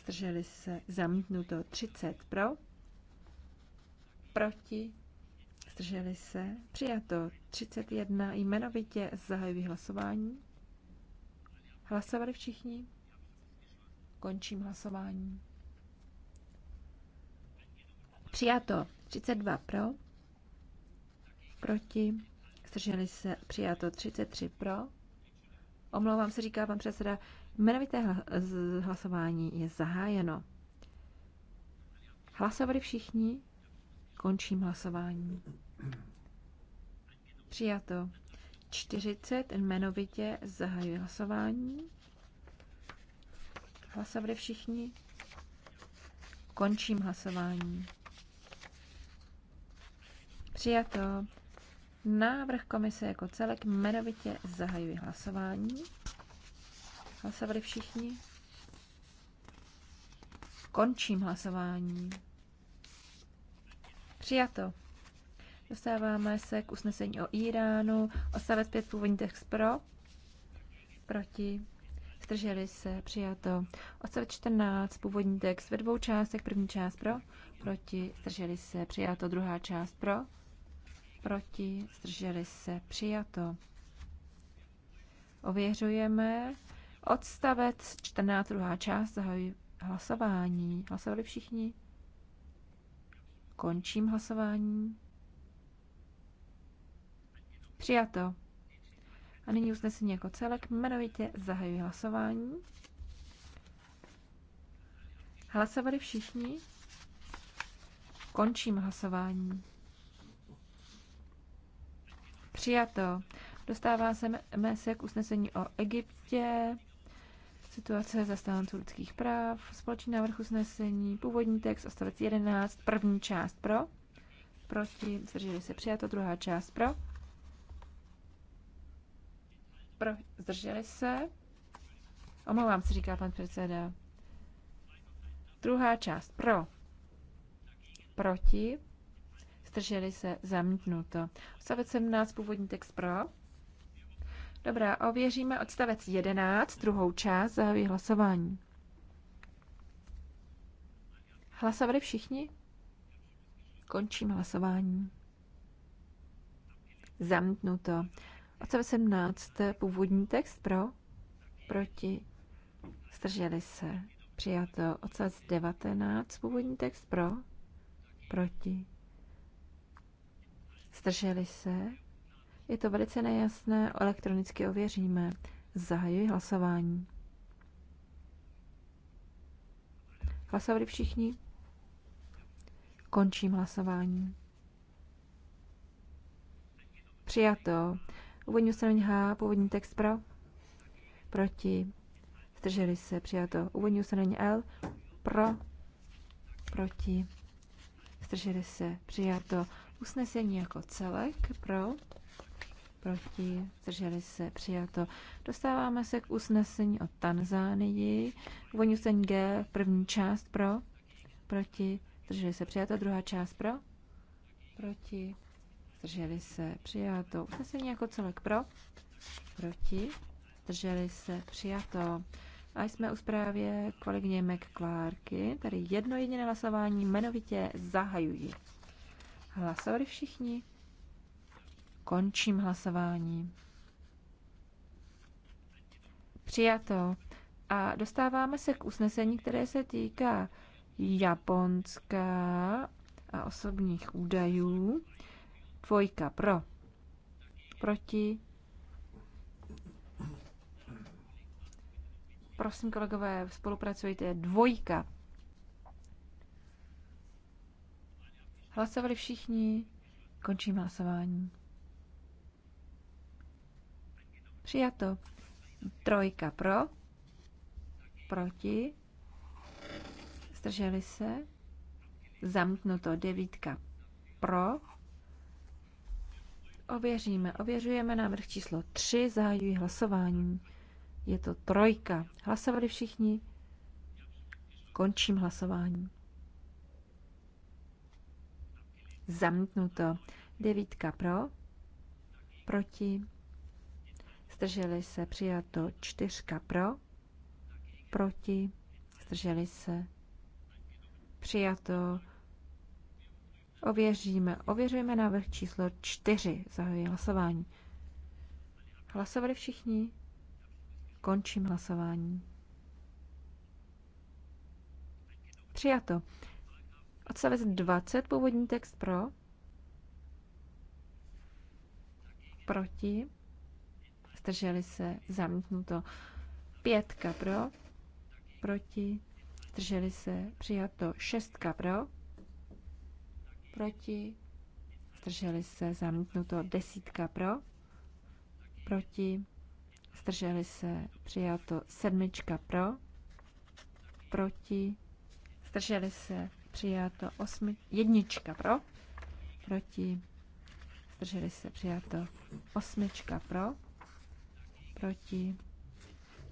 Zdrželi se. Zamítnuto 30 pro. Proti. Zdrželi se. Přijato 31. Jmenovitě zahajují hlasování. Hlasovali všichni? Končím hlasování. Přijato 32 pro, proti, zdrželi se, přijato 33 pro. Omlouvám se, říká pan předseda, jmenovité hlasování je zahájeno. Hlasovali všichni, končím hlasování. Přijato 40, jmenovitě zahajuje hlasování. Hlasovali všichni? Končím hlasování. Přijato. Návrh komise jako celek jmenovitě zahajuji hlasování. Hlasovali všichni? Končím hlasování. Přijato. Dostáváme se k usnesení o Iránu. Ostavec 5 původní text pro. Proti zdrželi se, přijato. Odstavec 14, původní text ve dvou částech, první část pro, proti, zdrželi se, přijato, druhá část pro, proti, zdrželi se, přijato. Ověřujeme. Odstavec 14, druhá část, zahajuji hlasování. Hlasovali všichni? Končím hlasování. Přijato nyní usnesení jako celek. Jmenovitě zahajuji hlasování. Hlasovali všichni? Končím hlasování. Přijato. Dostáváme se k usnesení o Egyptě, situace zastánců lidských práv, společný návrh usnesení, původní text, odstavec 11, první část pro, proti, zdrželi se přijato, druhá část pro pro, zdrželi se. Omlouvám se, říká pan předseda. Druhá část pro, proti, zdrželi se, zamítnuto. Odstavec 17, původní text pro. Dobrá, ověříme odstavec 11, druhou část, zahajuji hlasování. Hlasovali všichni? Končím hlasování. Zamítnuto. 17. Původní text pro, proti, zdrželi se. Přijato. Odsaz 19. Původní text pro, proti, zdrželi se. Je to velice nejasné, elektronicky ověříme. Zahajuji hlasování. Hlasovali všichni? Končím hlasování. Přijato. Úvodní ustanovení H, původní text pro, proti, zdrželi se, přijato. Úvodní ustanovení L, pro, proti, zdrželi se, přijato. Usnesení jako celek, pro, proti, zdrželi se, přijato. Dostáváme se k usnesení o Tanzánii. Úvodní usnesení G, první část pro, proti, zdrželi se, přijato. Druhá část pro, proti, zdrželi se, přijato. Usnesení jako celek pro, proti, zdrželi se, přijato. A jsme u zprávě kolegyně McClarky, tady jedno jediné hlasování jmenovitě zahajují. Hlasovali všichni? Končím hlasování. Přijato. A dostáváme se k usnesení, které se týká japonská a osobních údajů. Dvojka pro. Proti. Prosím, kolegové, spolupracujte. Dvojka. Hlasovali všichni. Končím hlasování. Přijato. Trojka pro. Proti. Zdrželi se. Zamknuto. Devítka pro Ověříme. Ověřujeme návrh číslo 3. Zahajuji hlasování. Je to trojka. Hlasovali všichni? Končím hlasování. Zamítnuto. Devítka pro. Proti. Zdrželi se. Přijato. Čtyřka pro. Proti. Zdrželi se. Přijato. Ověříme. Ověřujeme návrh číslo 4. Zahajuji hlasování. Hlasovali všichni? Končím hlasování. Přijato. Odstavec 20, původní text pro. Proti. Zdrželi se. Zamítnuto. Pětka pro. Proti. Zdrželi se. Přijato. Šestka pro proti, zdrželi se, zamítnuto desítka pro, proti, zdrželi se, přijato sedmička pro, proti, zdrželi se, přijato osmi, jednička pro, proti, zdrželi se, přijato osmička pro, proti,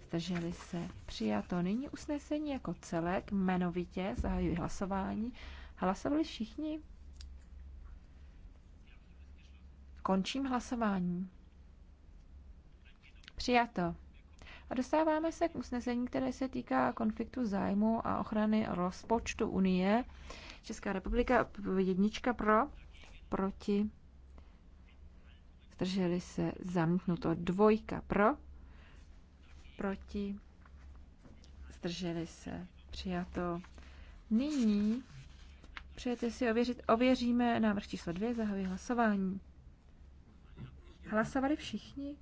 zdrželi se, přijato. Nyní usnesení jako celek, jmenovitě zahajuji hlasování. Hlasovali všichni? Končím hlasování. Přijato. A dostáváme se k usnesení, které se týká konfliktu zájmu a ochrany rozpočtu Unie. Česká republika jednička pro, proti, zdrželi se zamknuto dvojka pro, proti, zdrželi se přijato. Nyní přejete si ověřit, ověříme návrh číslo dvě, zahajuji hlasování. Hlasovali všichni?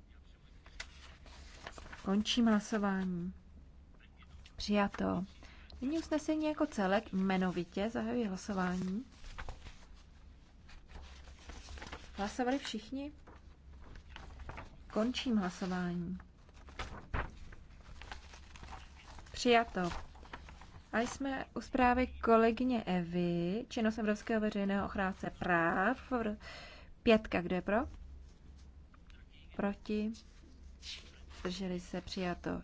Končím hlasování. Přijato. Nyní usnesení jako celek jmenovitě zahajuji hlasování. Hlasovali všichni? Končím hlasování. Přijato. A jsme u zprávy kolegyně Evy, činnost Evropského veřejného ochránce práv. Pětka, kdo je pro? proti, zdrželi se přijato.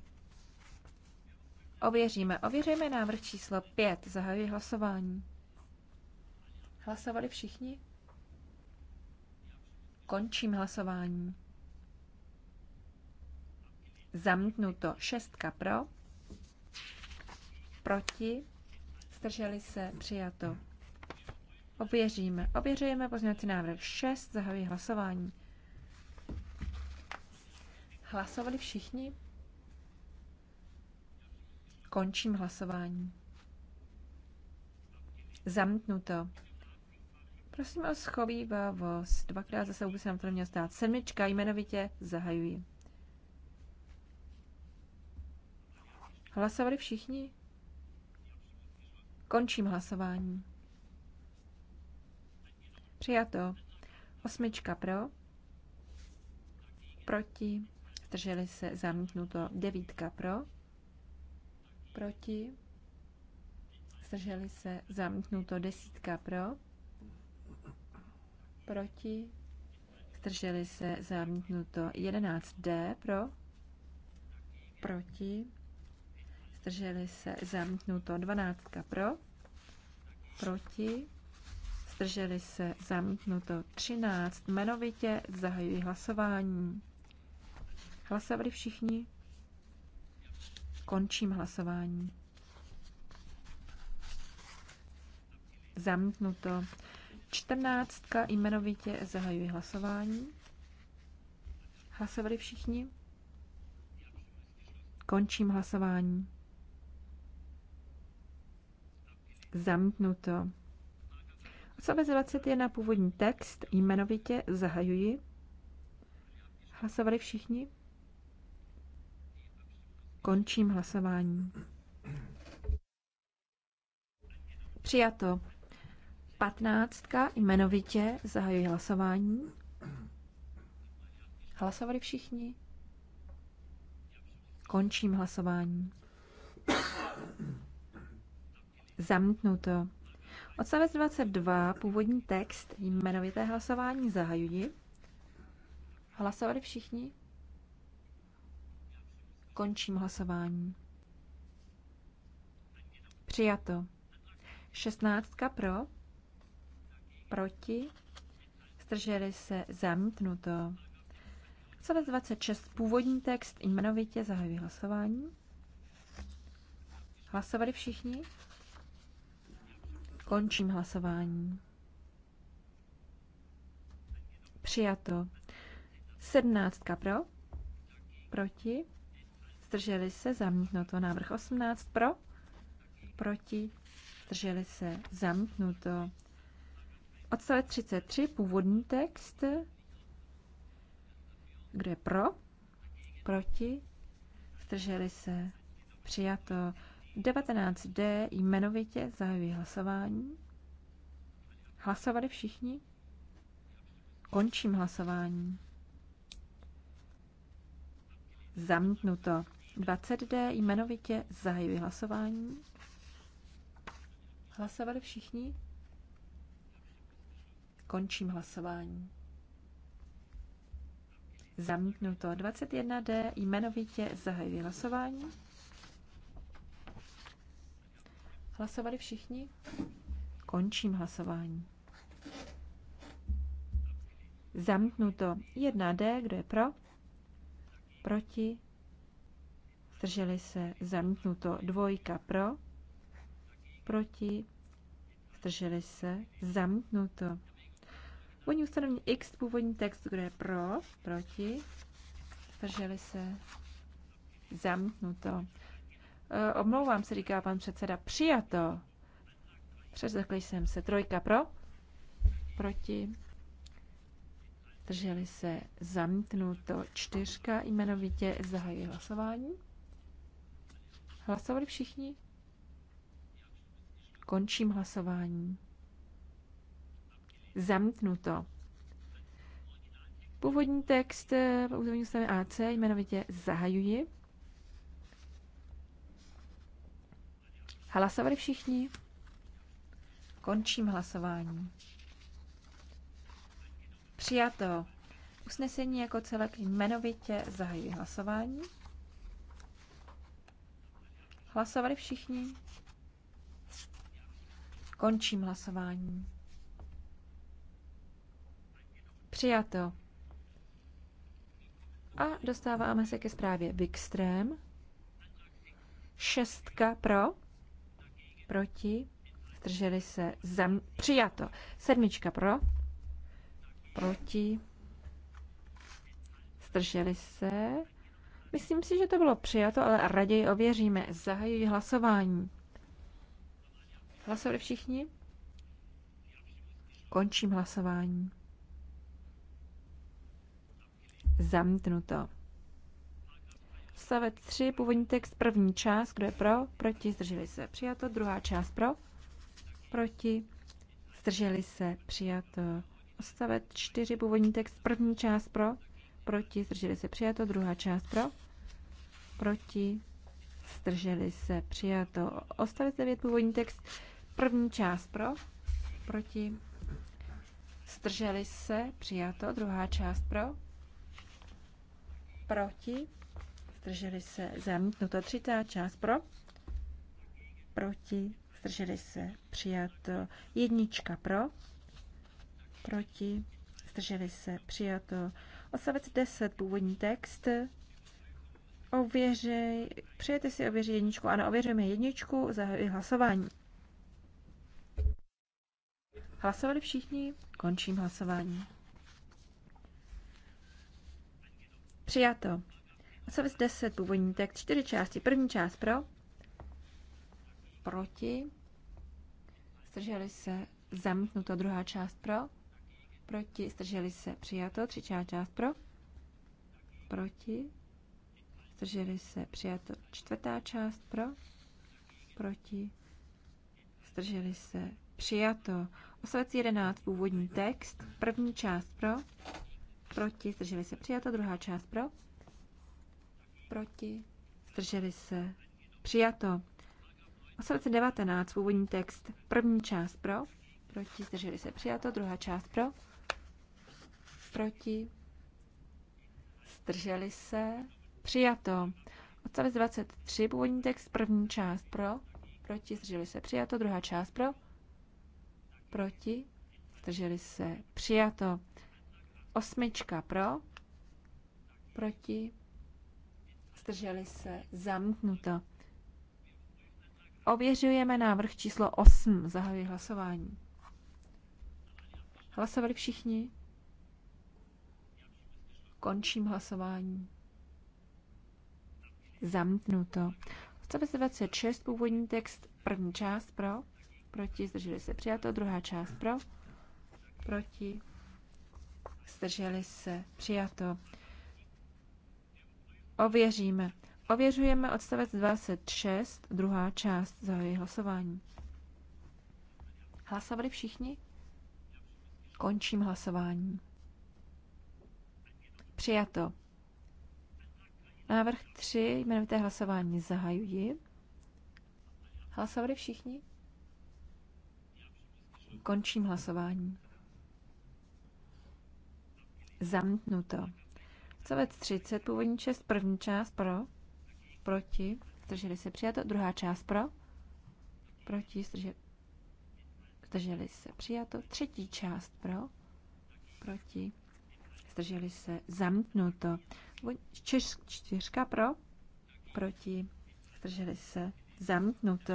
Ověříme. Ověříme návrh číslo 5. Zahajuji hlasování. Hlasovali všichni? Končím hlasování. Zamítnuto šestka pro, proti, zdrželi se, přijato. Ověříme. Ověřujeme pozměňovací návrh 6, zahajuji hlasování. Hlasovali všichni? Končím hlasování. Zamknuto. Prosím o schovývavost. Dvakrát zase by se nám to nemělo stát. Sedmička jmenovitě zahajuji. Hlasovali všichni? Končím hlasování. Přijato. Osmička pro. Proti zdrželi se, zamítnuto. Devítka pro, proti, zdrželi se, zamítnuto. Desítka pro, proti, zdrželi se, zamítnuto. 11D pro, proti, zdrželi se, zamítnuto. 12 pro, proti, zdrželi se, zamítnuto. 13 jmenovitě, zahajují hlasování. Hlasovali všichni? Končím hlasování. Zamítnuto. Čtrnáctka jmenovitě zahajuji hlasování. Hlasovali všichni? Končím hlasování. Zamítnuto. Odstavec 21 původní text jmenovitě zahajuji. Hlasovali všichni? Končím hlasování. Přijato. Patnáctka jmenovitě zahajuji hlasování. Hlasovali všichni? Končím hlasování. Zamítnuto. Odstavec 22, původní text, jmenovité hlasování zahajuji. Hlasovali všichni? Končím hlasování. Přijato. 16 pro, proti, zdrželi se zamítnuto. Celé 26, původní text, jmenovitě zahajuji hlasování. Hlasovali všichni? Končím hlasování. Přijato. 17 pro, proti, zdrželi se, zamítnuto. Návrh 18 pro, proti, zdrželi se, zamítnuto. Odstavec 33, původní text, kde je pro, proti, zdrželi se, přijato. 19D jmenovitě zahajuji hlasování. Hlasovali všichni? Končím hlasování. Zamítnuto. 20D jmenovitě zahajuji hlasování. Hlasovali všichni? Končím hlasování. Zamítnuto 21D jmenovitě zahajuji hlasování. Hlasovali všichni? Končím hlasování. Zamítnuto 1D, kdo je pro? Proti? zdrželi se, zamítnuto. Dvojka pro, proti, zdrželi se, zamítnuto. Oni ustanovní X, původní text, kde je pro, proti, zdrželi se, zamítnuto. E, omlouvám se, říká pan předseda, přijato. Přezdekli jsem se. Trojka pro, proti, zdrželi se, zamítnuto. Čtyřka jmenovitě zahají hlasování. Hlasovali všichni? Končím hlasování. Zamítnuto. Původní text eh, územní ústavy AC jmenovitě zahajuji. Hlasovali všichni? Končím hlasování. Přijato. Usnesení jako celek jmenovitě zahajuji hlasování. Hlasovali všichni? Končím hlasování. Přijato. A dostáváme se ke zprávě Wikström. Šestka pro, proti, zdrželi se, zam, přijato. Sedmička pro, proti, zdrželi se, Myslím si, že to bylo přijato, ale raději ověříme. Zahajuji hlasování. Hlasovali všichni? Končím hlasování. Zamítnuto. Stavec 3, původní text, první část, kdo je pro, proti, zdrželi se, přijato, druhá část pro, proti, zdrželi se, přijato. Stavec 4, původní text, první část pro, proti, zdrželi se, přijato, druhá část pro proti, zdrželi se, přijato. Odstavec 9, původní text, první část pro, proti, zdrželi se, přijato. Druhá část pro, proti, zdrželi se, zamítnuto. Třetí část pro, proti, zdrželi se, přijato. Jednička pro, proti, zdrželi se, přijato. Osavec 10, původní text, Ověřej, přijete si ověřit jedničku. Ano, ověřujeme jedničku, zahajuji hlasování. Hlasovali všichni? Končím hlasování. Přijato. Odstavec 10, původní tak čtyři části. První část pro, proti, Strželi se, zamítnuto. Druhá část pro, proti, Strželi se, přijato. Třetí část pro, proti, zdrželi se přijato. Čtvrtá část pro, proti, zdrželi se přijato. Osovec 11, původní text, první část pro, proti, zdrželi se přijato, druhá část pro, proti, zdrželi se přijato. Osovec 19, původní text, první část pro, proti, zdrželi se přijato, druhá část pro, proti, zdrželi se Přijato. Odstavec 23, původní text, první část pro, proti, zdrželi se, přijato, druhá část pro, proti, zdrželi se, přijato. Osmička pro, proti, zdrželi se, zamítnuto. Ověřujeme návrh číslo 8, zahajuji hlasování. Hlasovali všichni? Končím hlasování zamítnuto. Odstavec 26, původní text, první část pro, proti, zdrželi se přijato, druhá část pro, proti, zdrželi se přijato. Ověříme. Ověřujeme odstavec 26, druhá část, její hlasování. Hlasovali všichni? Končím hlasování. Přijato. Návrh 3, jmenovité hlasování zahajuji. Hlasovali všichni? Končím hlasování. Zamknuto. Covec 30, původní část, první část pro, proti, zdrželi se přijato, druhá část pro, proti, zdrželi, zdrželi se přijato, třetí část pro, proti, zdrželi se, zamknuto Češ, čtyřka pro, proti, zdrželi se, zamknuto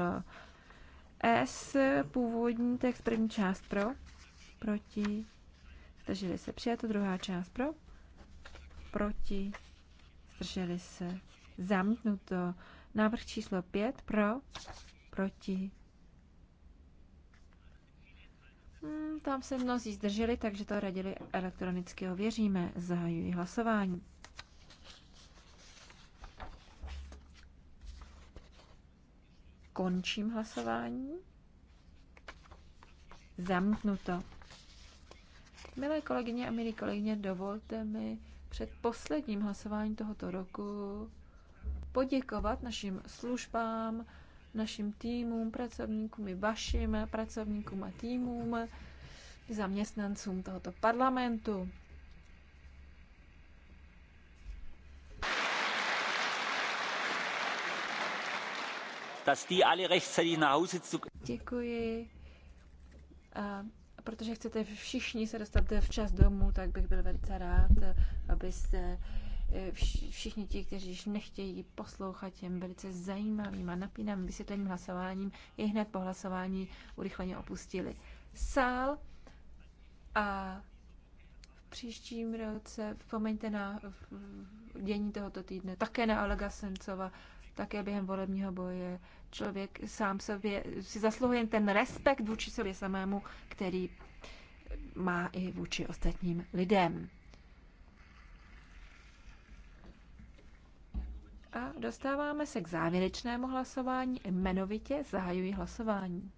S, původní text, první část pro, proti, zdrželi se, přijato, druhá část pro, proti, zdrželi se, zamknuto Návrh číslo 5 pro, proti, Hmm, tam se mnozí zdrželi, takže to radili elektronicky ověříme. Zahajuji hlasování. Končím hlasování. Zamknuto. Milé kolegyně a milí kolegyně, dovolte mi před posledním hlasováním tohoto roku poděkovat našim službám, našim týmům, pracovníkům i vašim pracovníkům a týmům, zaměstnancům tohoto parlamentu. Děkuji. A protože chcete všichni se dostat včas domů, tak bych byl velice rád, abyste Eh, všichni ti, kteří již nechtějí poslouchat těm velice zajímavým a napínavým vysvětlením hlasováním, je hned po hlasování urychleně opustili sál a v příštím roce vzpomeňte na dění tohoto týdne, také na Olega Sencova, také během volebního boje. Člověk sám sobě si zasluhuje ten respekt vůči sobě samému, který má i vůči ostatním lidem. A dostáváme se k závěrečnému hlasování. Jmenovitě zahajuji hlasování.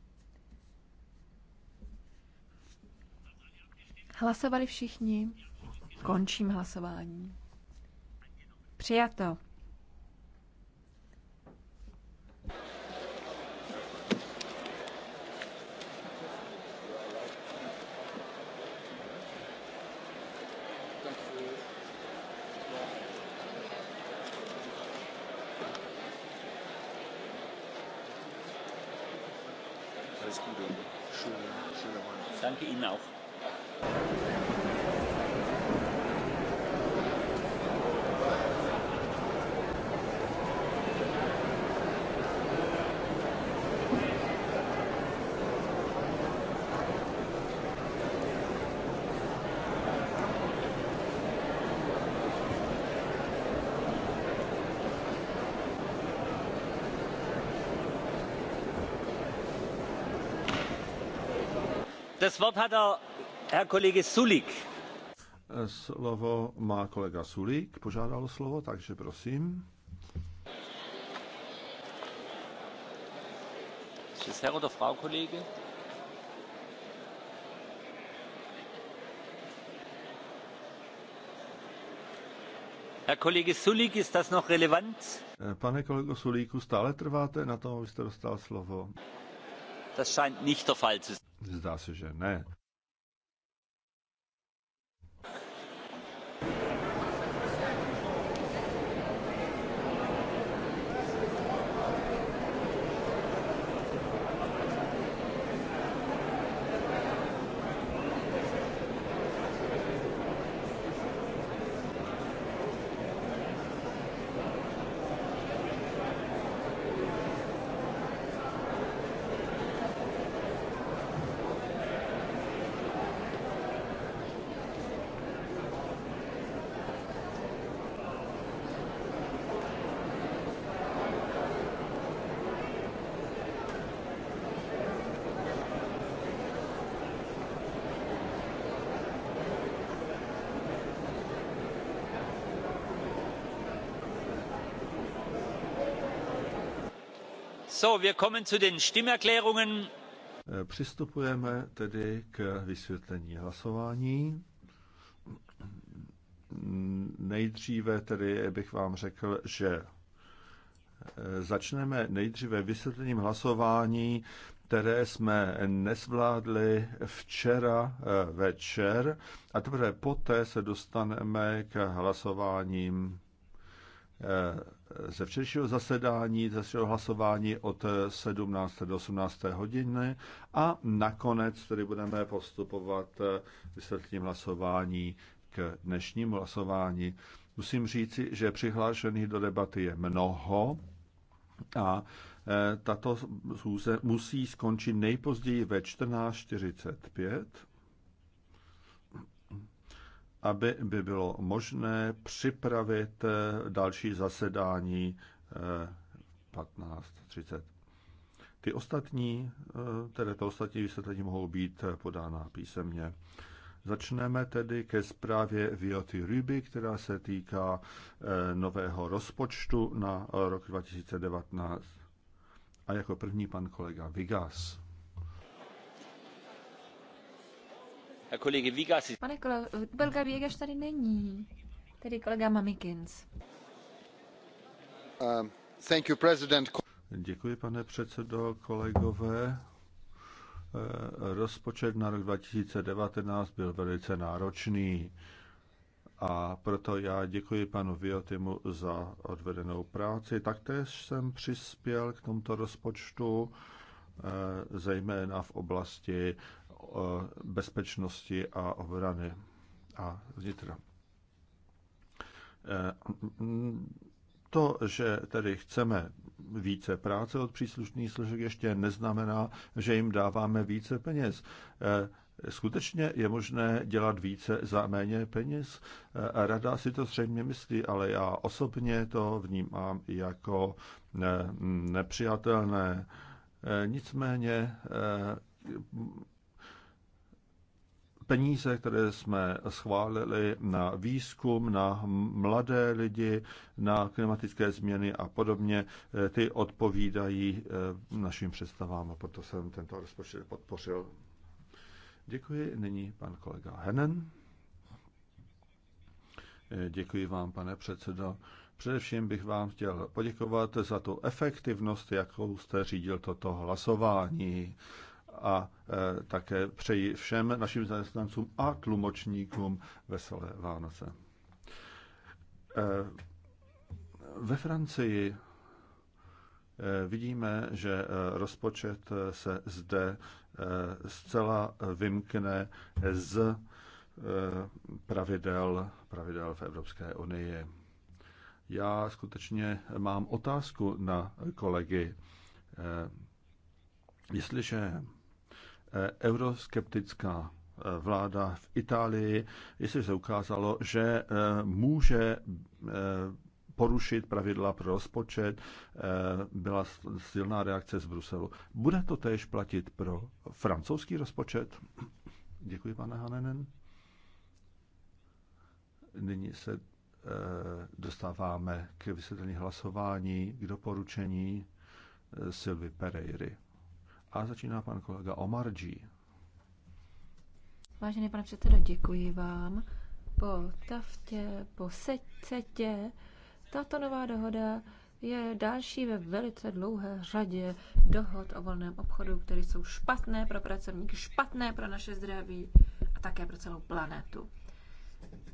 Hlasovali všichni. Končím hlasování. Přijato. now. Er, slovo má kolega Sulík, požádal slovo, takže prosím. Pane kolego Sulíku, stále trváte na tom, abyste dostal slovo? Das scheint nicht der Fall zu sein. Zdá se, že ne. Eh, přistupujeme tedy k vysvětlení hlasování. Nejdříve tedy bych vám řekl, že eh, začneme nejdříve vysvětlením hlasování, které jsme nezvládli včera eh, večer a teprve poté se dostaneme k hlasováním ze včerejšího zasedání, ze včerejšího hlasování od 17. do 18. hodiny a nakonec tedy budeme postupovat vysvětlením hlasování k dnešnímu hlasování. Musím říci, že přihlášených do debaty je mnoho a e, tato schůze musí skončit nejpozději ve 14.45 aby by bylo možné připravit eh, další zasedání 15.30. Eh, Ty ostatní, eh, tedy to ostatní vysvětlení mohou být podána písemně. Začneme tedy ke zprávě Vioty Ryby, která se týká nového rozpočtu na rok 2019. A jako první pan kolega Vigas. Pane kolego, Belga Viegas tady není. Tedy kolega Mamikins. Um, thank you, president. Děkuji, pane předsedo, kolegové. Eh, rozpočet na rok 2019 byl velice náročný a proto já děkuji panu Viotimu za odvedenou práci. Taktéž jsem přispěl k tomuto rozpočtu eh, zejména v oblasti Eh, bezpečnosti a obrany a vnitra. Eh, to, že tedy chceme více práce od příslušných složek, ještě neznamená, že jim dáváme více peněz. Eh, skutečně je možné dělat více za méně peněz? Rada si to zřejmě myslí, ale já osobně to vnímám jako nepřijatelné. Nicméně peníze, které jsme schválili na výzkum, na mladé lidi, na klimatické změny a podobně, eh, ty odpovídají eh, našim představám a proto jsem tento rozpočet podpořil. Děkuji. Nyní pan kolega Henen. Eh, děkuji vám, pane předsedo. Především bych vám chtěl poděkovat za tu efektivnost, jakou jste řídil toto hlasování a e, také přeji všem našim zaměstnancům a tlumočníkům veselé Vánoce. E, ve Francii e, vidíme, že rozpočet se zde zcela vymkne z pravidel, pravidel v Evropské unii. Já skutečně mám otázku na kolegy. Jestliže Eh, euroskeptická eh, vláda v Itálii, jestli se ukázalo, že eh, může porušit pravidla pro rozpočet, byla silná reakce z Bruselu. Bude to též platit pro francouzský rozpočet? Děkuji, pane Hanenen. Nyní se dostáváme k vysvětlení hlasování k doporučení Silvy Pereiry. A začíná pan kolega Omarji. Vážený pane předsedo, děkuji vám. Po taftě, po secetě, tato nová dohoda je další ve velice dlouhé řadě dohod o volném obchodu, které jsou špatné pro pracovníky, špatné pro naše zdraví a také pro celou planetu.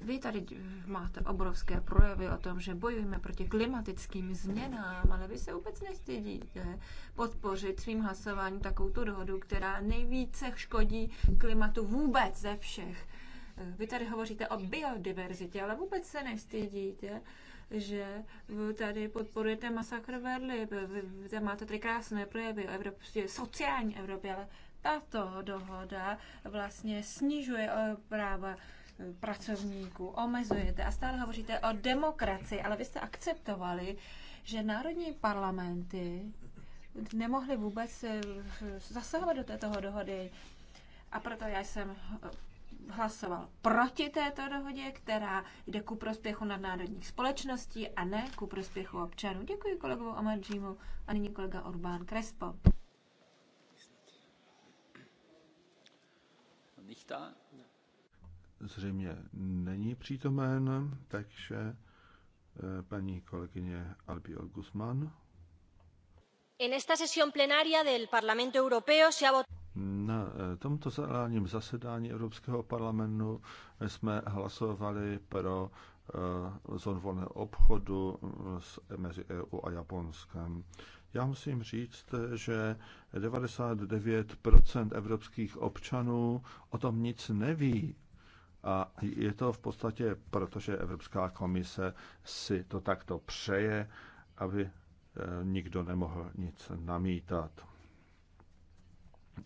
Vy tady máte obrovské projevy o tom, že bojujeme proti klimatickým změnám, ale vy se vůbec nestydíte podpořit svým hlasováním takovou tu dohodu, která nejvíce škodí klimatu vůbec ze všech. Vy tady hovoříte o biodiverzitě, ale vůbec se nestydíte, že tady podporujete masakr Verli. Vy tady máte tady krásné projevy o Evropě, sociální Evropě, ale tato dohoda vlastně snižuje práva pracovníků, omezujete a stále hovoříte o demokracii, ale vy jste akceptovali, že národní parlamenty nemohly vůbec eh, zasahovat do této dohody. A proto já jsem eh, hlasoval proti této dohodě, která jde ku prospěchu nadnárodních společností a ne ku prospěchu občanů. Děkuji kolegovu Amadžímu a nyní kolega Orbán Krespo. Nicht da zřejmě není přítomen, takže eh, paní kolegyně Albiol Guzman. En esta sesión plenaria del Parlamento Europeo se ha votado na eh, tomto zadáním zasedání Evropského parlamentu jsme hlasovali pro eh, zón volného obchodu s, mezi EU a Japonskem. Já musím říct, že 99% evropských občanů o tom nic neví, a je to v podstatě proto, že Evropská komise si to takto přeje, aby eh, nikdo nemohl nic namítat.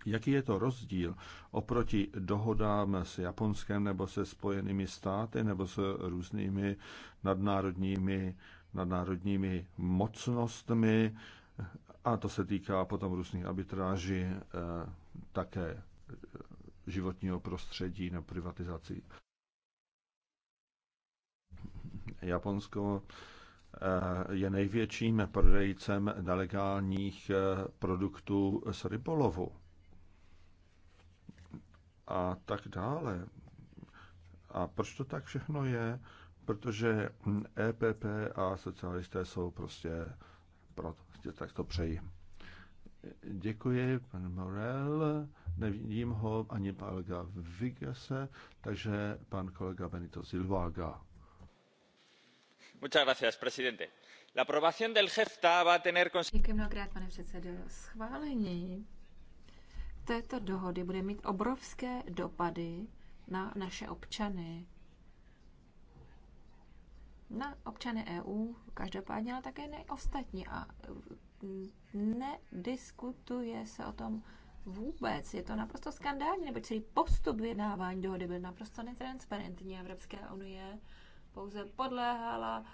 Jaký je to rozdíl oproti dohodám s Japonskem nebo se Spojenými státy nebo s různými nadnárodními, nadnárodními mocnostmi? A to se týká potom různých arbitráží, eh, také eh, životního prostředí, na privatizaci. Japonsko eh, je největším prodejcem nelegálních eh, produktů z rybolovu a tak dále. A proč to tak všechno je? Protože EPP a socialisté jsou prostě proto, prostě tak to přeji. Děkuji, pan Morel. Nevidím ho ani kolega Vigase, takže pan kolega Benito Silvaga. Muchas gracias, presidente. La aprobación del GEFTA va a tener... Díky mnohokrát, pane předsedo. Schválení této dohody bude mít obrovské dopady na naše občany. Na občany EU, každopádně, ale také na ostatní. A mm, nediskutuje se o tom vůbec. Je to naprosto skandální, nebo celý postup vyjednávání dohody byl naprosto netransparentní. Evropská unie pouze podléhala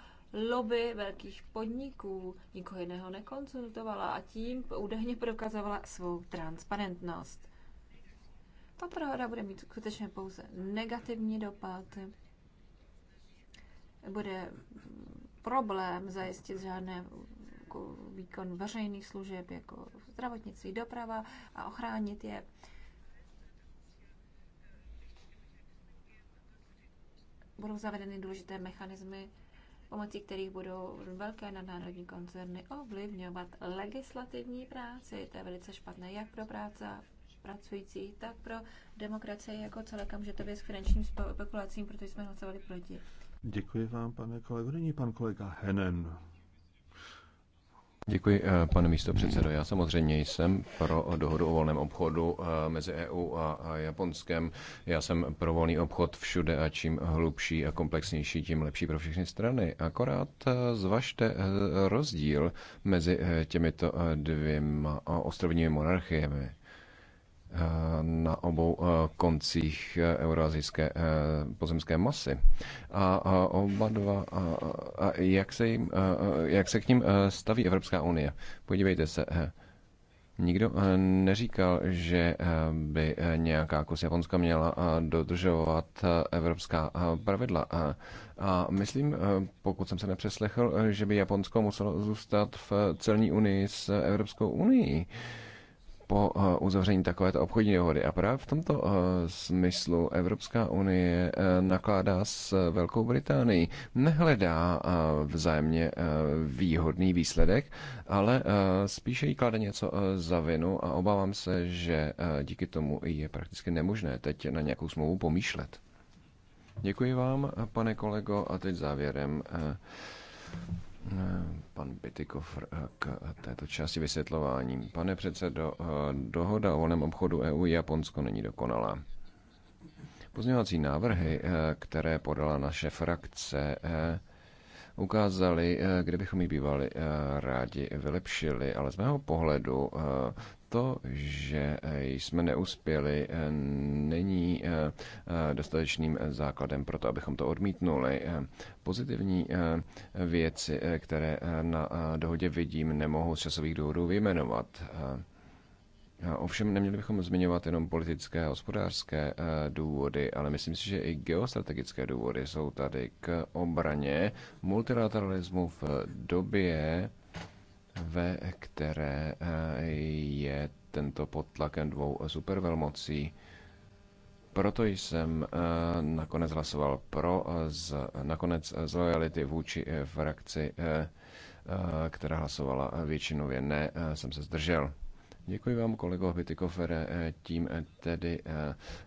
lobby velkých podniků, nikoho jiného nekonsultovala a tím údajně prokazovala svou transparentnost. Tato dohoda bude mít skutečně pouze negativní dopad. Bude problém zajistit žádné jako výkon veřejných služeb, jako zdravotnictví, doprava a ochránit je. Budou zavedeny důležité mechanismy, pomocí kterých budou velké nadnárodní koncerny ovlivňovat legislativní práci. To je velice špatné jak pro práce pracujících, tak pro demokracii jako celek. může to být s finančním spekulacím, protože jsme hlasovali proti. Děkuji vám, pane kolego. Nyní pan kolega Henen. Děkuji, eh, pane místo předsedo. Já samozřejmě jsem pro dohodu o volném obchodu eh, mezi EU a Japonskem. Já jsem pro volný obchod všude a čím hlubší a komplexnější, tím lepší pro všechny strany. Akorát eh, zvažte rozdíl mezi těmito dvěma ostrovními monarchiemi. Eh, na obou eh, koncích eh, eurazijské pozemské masy. A oba dva, a jak, se jim, jak se k ním staví Evropská unie? Podívejte se. Nikdo neříkal, že by nějaká kus Japonska měla dodržovat evropská pravidla. A myslím, pokud jsem se nepřeslechl, že by Japonsko muselo zůstat v celní unii s Evropskou unii po eh, uzavření takovéto obchodní dohody. A právě v tomto eh, smyslu Evropská unie eh, nakládá s Velkou Británií. Nehledá vzájemně výhodný výsledek, ale spíše jí klade něco za vinu a obávám se, že díky tomu je prakticky nemožné teď na nějakou smlouvu pomýšlet. Děkuji vám, pane kolego, a teď závěrem Eh, pan Bitykov eh, k této části vysvětlování. Pane předsedo, eh, dohoda o volném obchodu EU i Japonsko není dokonalá. Pozměňovací návrhy, které podala naše frakce, ukázali, kde bychom ji bývali rádi vylepšili, ale z mého pohledu to, že eh, jsme neuspěli, eh, není eh, dostatečným základem pro to, abychom to odmítnuli. Pozitivní věci, které na dohodě vidím, nemohu z časových důvodů vyjmenovat. Ovšem neměli bychom zmiňovat jenom politické a hospodářské důvody, ale myslím si, že i geostrategické důvody jsou tady k obraně multilateralismu v době ve které eh, je tento pod tlakem dvou supervelmocí. Proto jsem eh, nakonec hlasoval pro, eh, z, nakonec z lojality vůči frakci, která hlasovala většinově ne, jsem se zdržel. Děkuji vám, kolego Vitikofere, tím tedy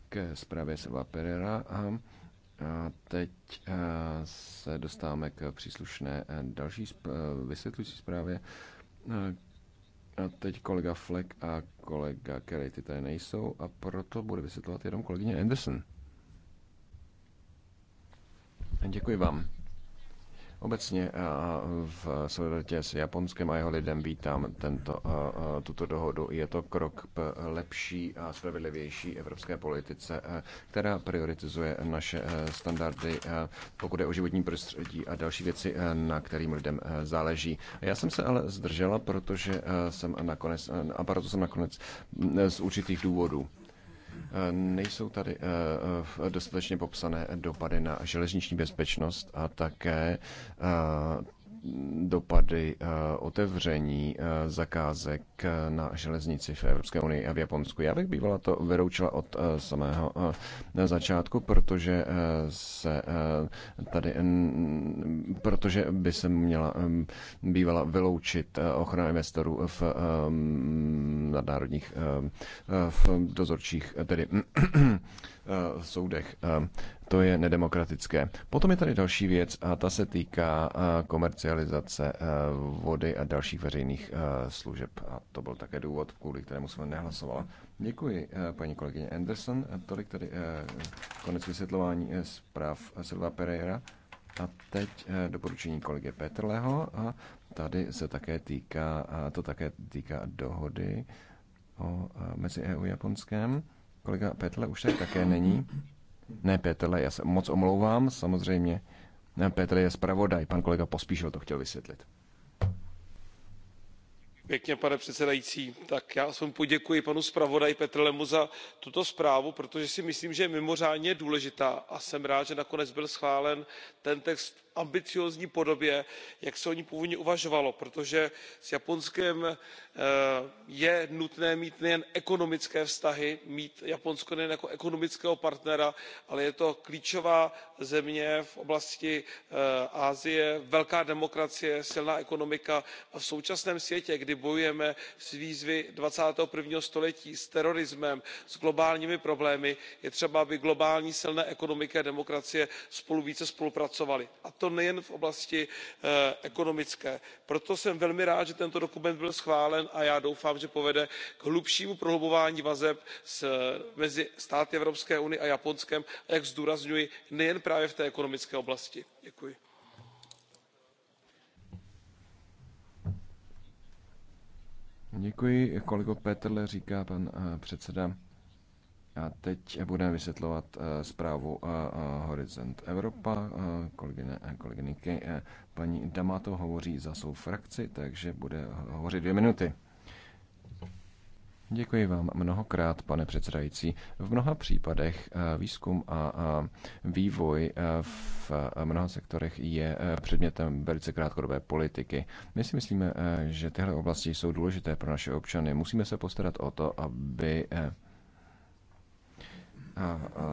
k zprávě Seba Pereira. A teď se dostáváme k příslušné další vysvětlující zprávě. A teď kolega Fleck a kolega Kerry ty tady nejsou a proto bude vysvětlovat jenom kolegyně Anderson. Děkuji vám. Obecně eh, v solidaritě s Japonskem a jeho lidem vítám tento, eh, eh, tuto dohodu. Je to krok k lepší a spravedlivější evropské politice, která prioritizuje naše standardy, pokud je o životní prostředí a další věci, na kterým lidem záleží. Já jsem se ale zdržela, protože jsem nakonec, a proto jsem nakonec mm, z určitých důvodů Nejsou tady eh, eh, dostatečně popsané dopady na železniční bezpečnost a také eh, dopady eh, otevření eh, zakázek eh, na železnici v Evropské unii a v Japonsku. Já bych bývala to vyroučila od samého začátku, protože se tady, protože by se měla bývala vyloučit ochrana investorů v nadnárodních v dozorčích, tedy soudech to je nedemokratické. Potom je tady další věc a ta se týká eh, komercializace eh, vody a dalších veřejných eh, služeb. A to byl také důvod, kvůli kterému jsme nehlasovala. Děkuji, paní kolegyně Anderson. Tolik tady konec vysvětlování zpráv Silva Pereira. A teď doporučení kolegy Petrleho a tady se také týká, to také týká dohody o, mezi EU a Japonskem. Kolega Petle už tady také není. Ne, Petrle, já se moc omlouvám, samozřejmě. Ne, Petr je zpravodaj, pan kolega Pospíšil to chtěl vysvětlit pane předsedající já aspoň poděkuji panu zpravodaji petrlemu za tuto zprávu protože si myslím že je mimořádně důležitá a jsem rád že nakonec byl schválen ten text v ambiciózní podobě jak se o ní původně uvažovalo protože s japonskem eh, je nutné mít nejen ekonomické vztahy mít japonsko nejen jako ekonomického partnera ale je to klíčová země v oblasti eh, asie velká demokracie silná ekonomika a v současném světě kdy bojujeme s výzvy dvacátého prvního století s terorismem s globálními problémy je třeba aby globální silné ekonomiky a demokracie spolu více spolupracovaly a to nejen v oblasti eh, ekonomické. proto jsem velmi rád že tento dokument byl schválen a já doufám že povede k hlubšímu prohlubování vazeb mezi státy evropské unie a japonskem a jak zdůrazňuji nejen právě v té ekonomické oblasti. děkuji. Děkuji, kolego Petrle, říká pan eh, předseda. A teď budeme vysvětlovat eh, zprávu eh, Horizont Evropa. Kolegyně, kolegyně paní Damato hovoří za svou frakci, takže bude hovořit dvě minuty. Děkuji vám mnohokrát, pane předsedající. V mnoha případech eh, výzkum a vývoj eh, v eh, mnoha sektorech je předmětem velice krátkodobé politiky. My si myslíme, že tyhle oblasti jsou důležité pro naše občany. Musíme se postarat o to, aby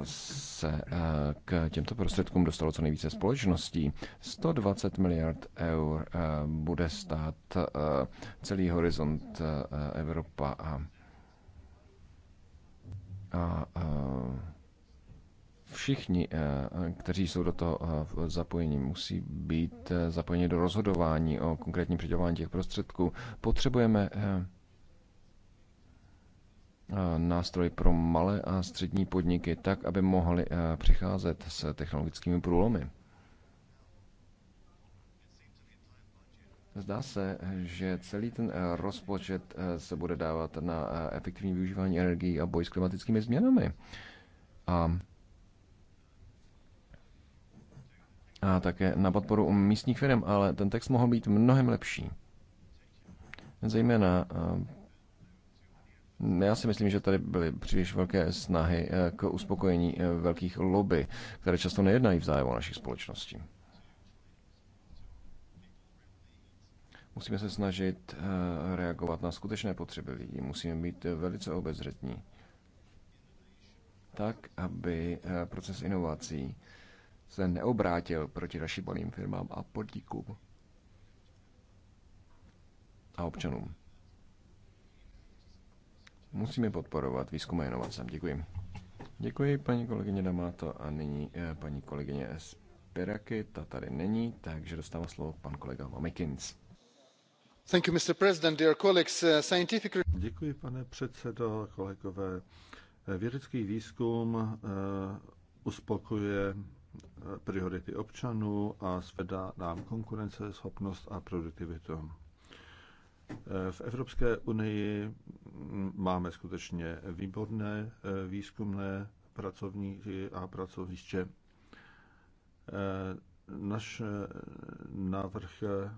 se k těmto prostředkům dostalo co nejvíce společností. 120 miliard eur bude stát celý horizont Evropa a a, všichni, e, kteří jsou do toho e, zapojeni, musí být e, zapojeni do rozhodování o konkrétním přidělování těch prostředků. Potřebujeme nástroj pro malé a střední podniky tak, aby mohly přicházet s technologickými průlomy. Zdá se, že celý ten eh, rozpočet eh, se bude dávat na eh, efektivní využívání energií a boj s klimatickými změnami. A a také na podporu místních firm, ale ten text mohl být mnohem lepší. Zejména já si myslím, že tady byly příliš velké snahy k uspokojení velkých lobby, které často nejednají v zájmu našich společností. Musíme se snažit eh, reagovat na skutečné potřeby lidí. Musíme být velice obezřetní. Tak, aby eh, proces inovací se neobrátil proti našim malým firmám a podnikům a občanům. Musíme podporovat výzkum a inovace. Děkuji. Děkuji, paní kolegyně Damato. A nyní eh, paní kolegyně Spiraky, ta tady není, takže dostává slovo pan kolega Mamikins. Uh, pane předsedající, Vědecký výzkum uh, uspokojuje uh, priority občanů a zvedá nám konkurenceschopnost a produktivitu. V Evropské unii mm, máme skutečně výborné výzkumné pracovníky a pracoviště. Naš návrh eh,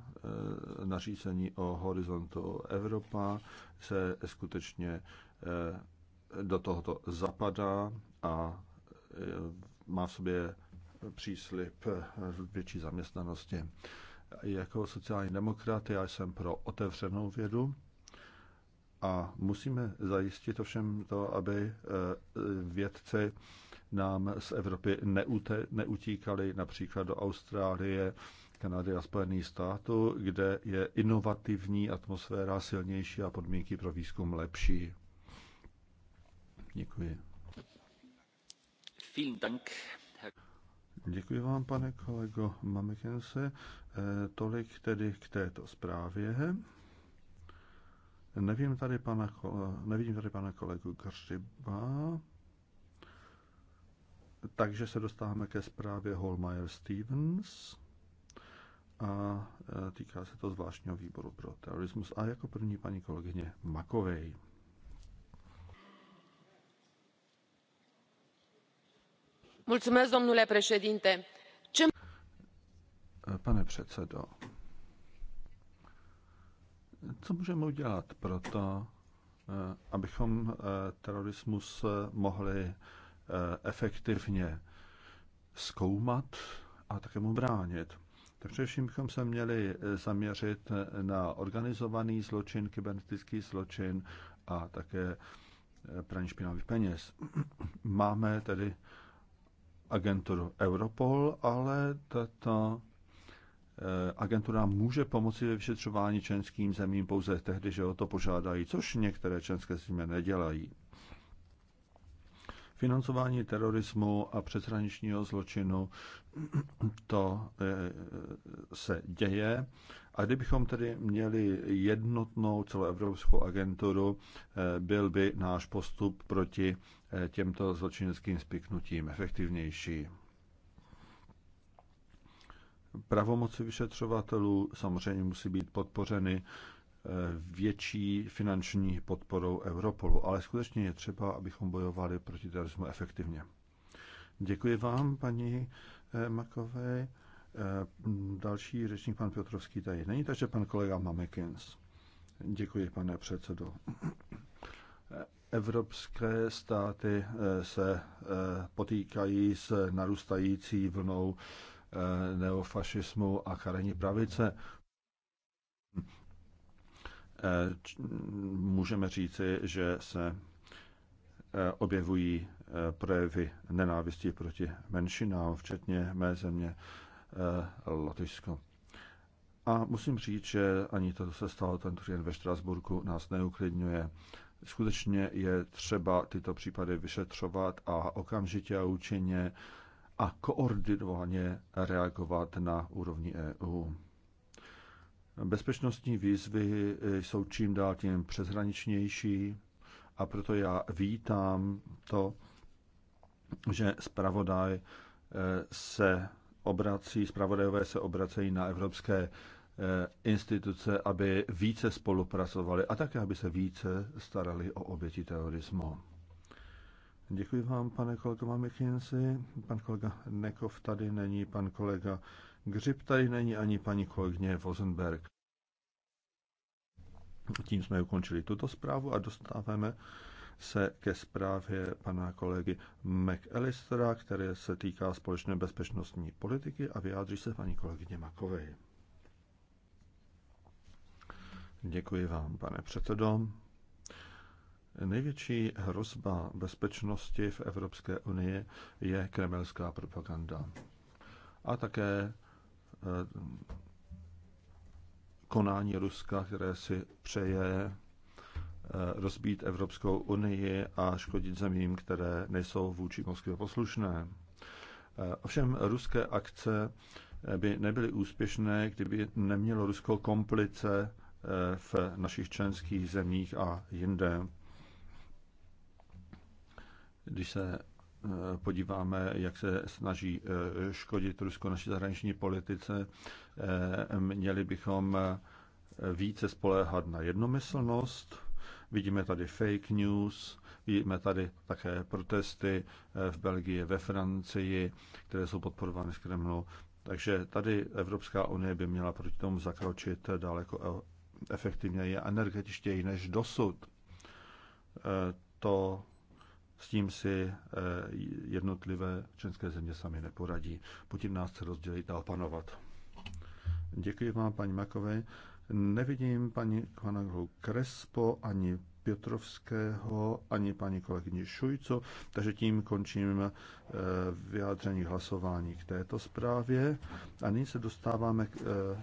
nařízení o horizontu Evropa se skutečně eh, do tohoto zapadá a eh, má v sobě příslip větší zaměstnanosti. Jako sociální demokrat já jsem pro otevřenou vědu a musíme zajistit ovšem to, aby vědci nám z Evropy neute, neutíkali například do Austrálie, Kanady a Spojených států, kde je inovativní atmosféra silnější a podmínky pro výzkum lepší. Děkuji. Vielen Dank. Děkuji vám, pane kolego Mamikense. Eh, tolik tedy k této zprávě. Nevím tady pana, nevidím tady pana kolegu Gřiba. Takže se dostáváme ke zprávě Holmeyer Stevens a e, týká se to zvláštního výboru pro terorismus a jako první paní kolegyně Makovej. Mulțumesc, domnule președinte. Ce... Pane předsedo, co můžeme udělat pro to, e, abychom e, terorismus mohli Eh, efektivně zkoumat a také mu bránit. Tak především bychom se měli eh, zaměřit eh, na organizovaný zločin, kybernetický zločin a také praní špinavých peněz. Máme tedy agenturu Europol, ale tato agentura může pomoci ve vyšetřování členským zemím pouze tehdy, že o to požádají, což některé členské země nedělají. Financování terorismu a přeshraničního zločinu to eh, se děje. A kdybychom tedy měli jednotnou celoevropskou agenturu, eh, byl by náš postup proti eh, těmto zločineckým spiknutím efektivnější. Pravomoci vyšetřovatelů samozřejmě musí být podpořeny Eh, větší finanční podporou Europolu, ale skutečně je třeba, abychom bojovali proti terorismu efektivně. Děkuji vám, paní eh, Makové. Eh, další řečník, pan Piotrovský, tady není, takže pan kolega Mamekins. Děkuji, pane předsedo. Evropské státy se potýkají s narůstající vlnou neofašismu a karení pravice. Eh, můžeme říci, že se eh, objevují eh, projevy nenávisti proti menšinám, včetně mé země Lotyšsko. A musím říct, že ani to, co se stalo tento týden ve Štrasburku, nás neuklidňuje. Skutečně je třeba tyto případy vyšetřovat a okamžitě a účinně a koordinovaně reagovat na úrovni EU. Bezpečnostní výzvy eh, jsou čím dál tím přeshraničnější a proto já vítám to, že zpravodaj eh, se obrací, zpravodajové se obracejí na evropské eh, instituce, aby více spolupracovali a také, aby se více starali o oběti terorismu. Děkuji vám, pane kolego Mamikinsi. Pan kolega Nekov tady není, pan kolega Gřib tady není ani paní kolegyně Vosenberg. Tím jsme ukončili tuto zprávu a dostáváme se ke zprávě pana kolegy McAllistera, které se týká společné bezpečnostní politiky a vyjádří se paní kolegyně Makovej. Děkuji vám, pane předsedo. Největší hrozba bezpečnosti v Evropské unii je kremelská propaganda a také Eh, konání Ruska, které si přeje eh, rozbít Evropskou unii a škodit zemím, které nejsou vůči Moskvě poslušné. Eh, ovšem ruské akce by nebyly úspěšné, kdyby nemělo Rusko komplice v našich členských zemích a jinde. Když se Eh, podíváme, jak se snaží eh, škodit Rusko naší zahraniční politice, eh, měli bychom více spoléhat na jednomyslnost. Vidíme tady fake news, vidíme tady také protesty v Belgii, ve Francii, které jsou podporovány z Kremlu. Takže tady Evropská unie by měla proti tomu zakročit daleko efektivněji a energetičtěji než dosud. To s tím si eh, jednotlivé členské země sami neporadí. Putin nás chce rozdělit a opanovat. Děkuji vám, paní Makové. Nevidím paní Kvanaglu Krespo ani Pětrovského, ani paní kolegyni Šujco, takže tím končím eh, vyjádření hlasování k této zprávě. A nyní se dostáváme k eh,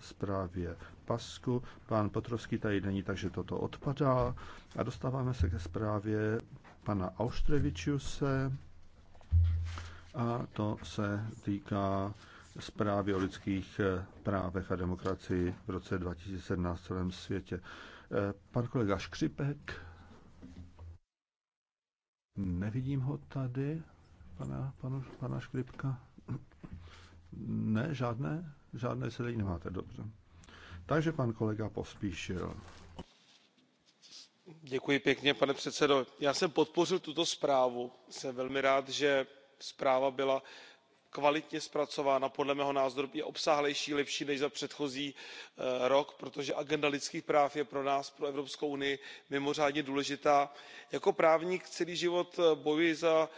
zprávě Pasku. Pán Petrovský tady není, takže toto odpadá. A dostáváme se ke zprávě pana Austrevičiuse a to se týká zprávy o lidských právech a demokracii v roce 2017 v celém světě. Pan kolega Škřipek, nevidím ho tady, pana, panu, pana Škripka. Ne, žádné, žádné sedení nemáte, dobře. Takže pan kolega pospíšil pane předsedající já jsem podpořil tuto zprávu jsem velmi rád že zpráva byla schválena kvalitně zpracována podle mého názoru je obsáhlejší lepší než za předchozí eh, rok protože agenda lidských práv je pro nás pro evropskou unii mimořádně důležitá. jako právník celý život eh, bojuji za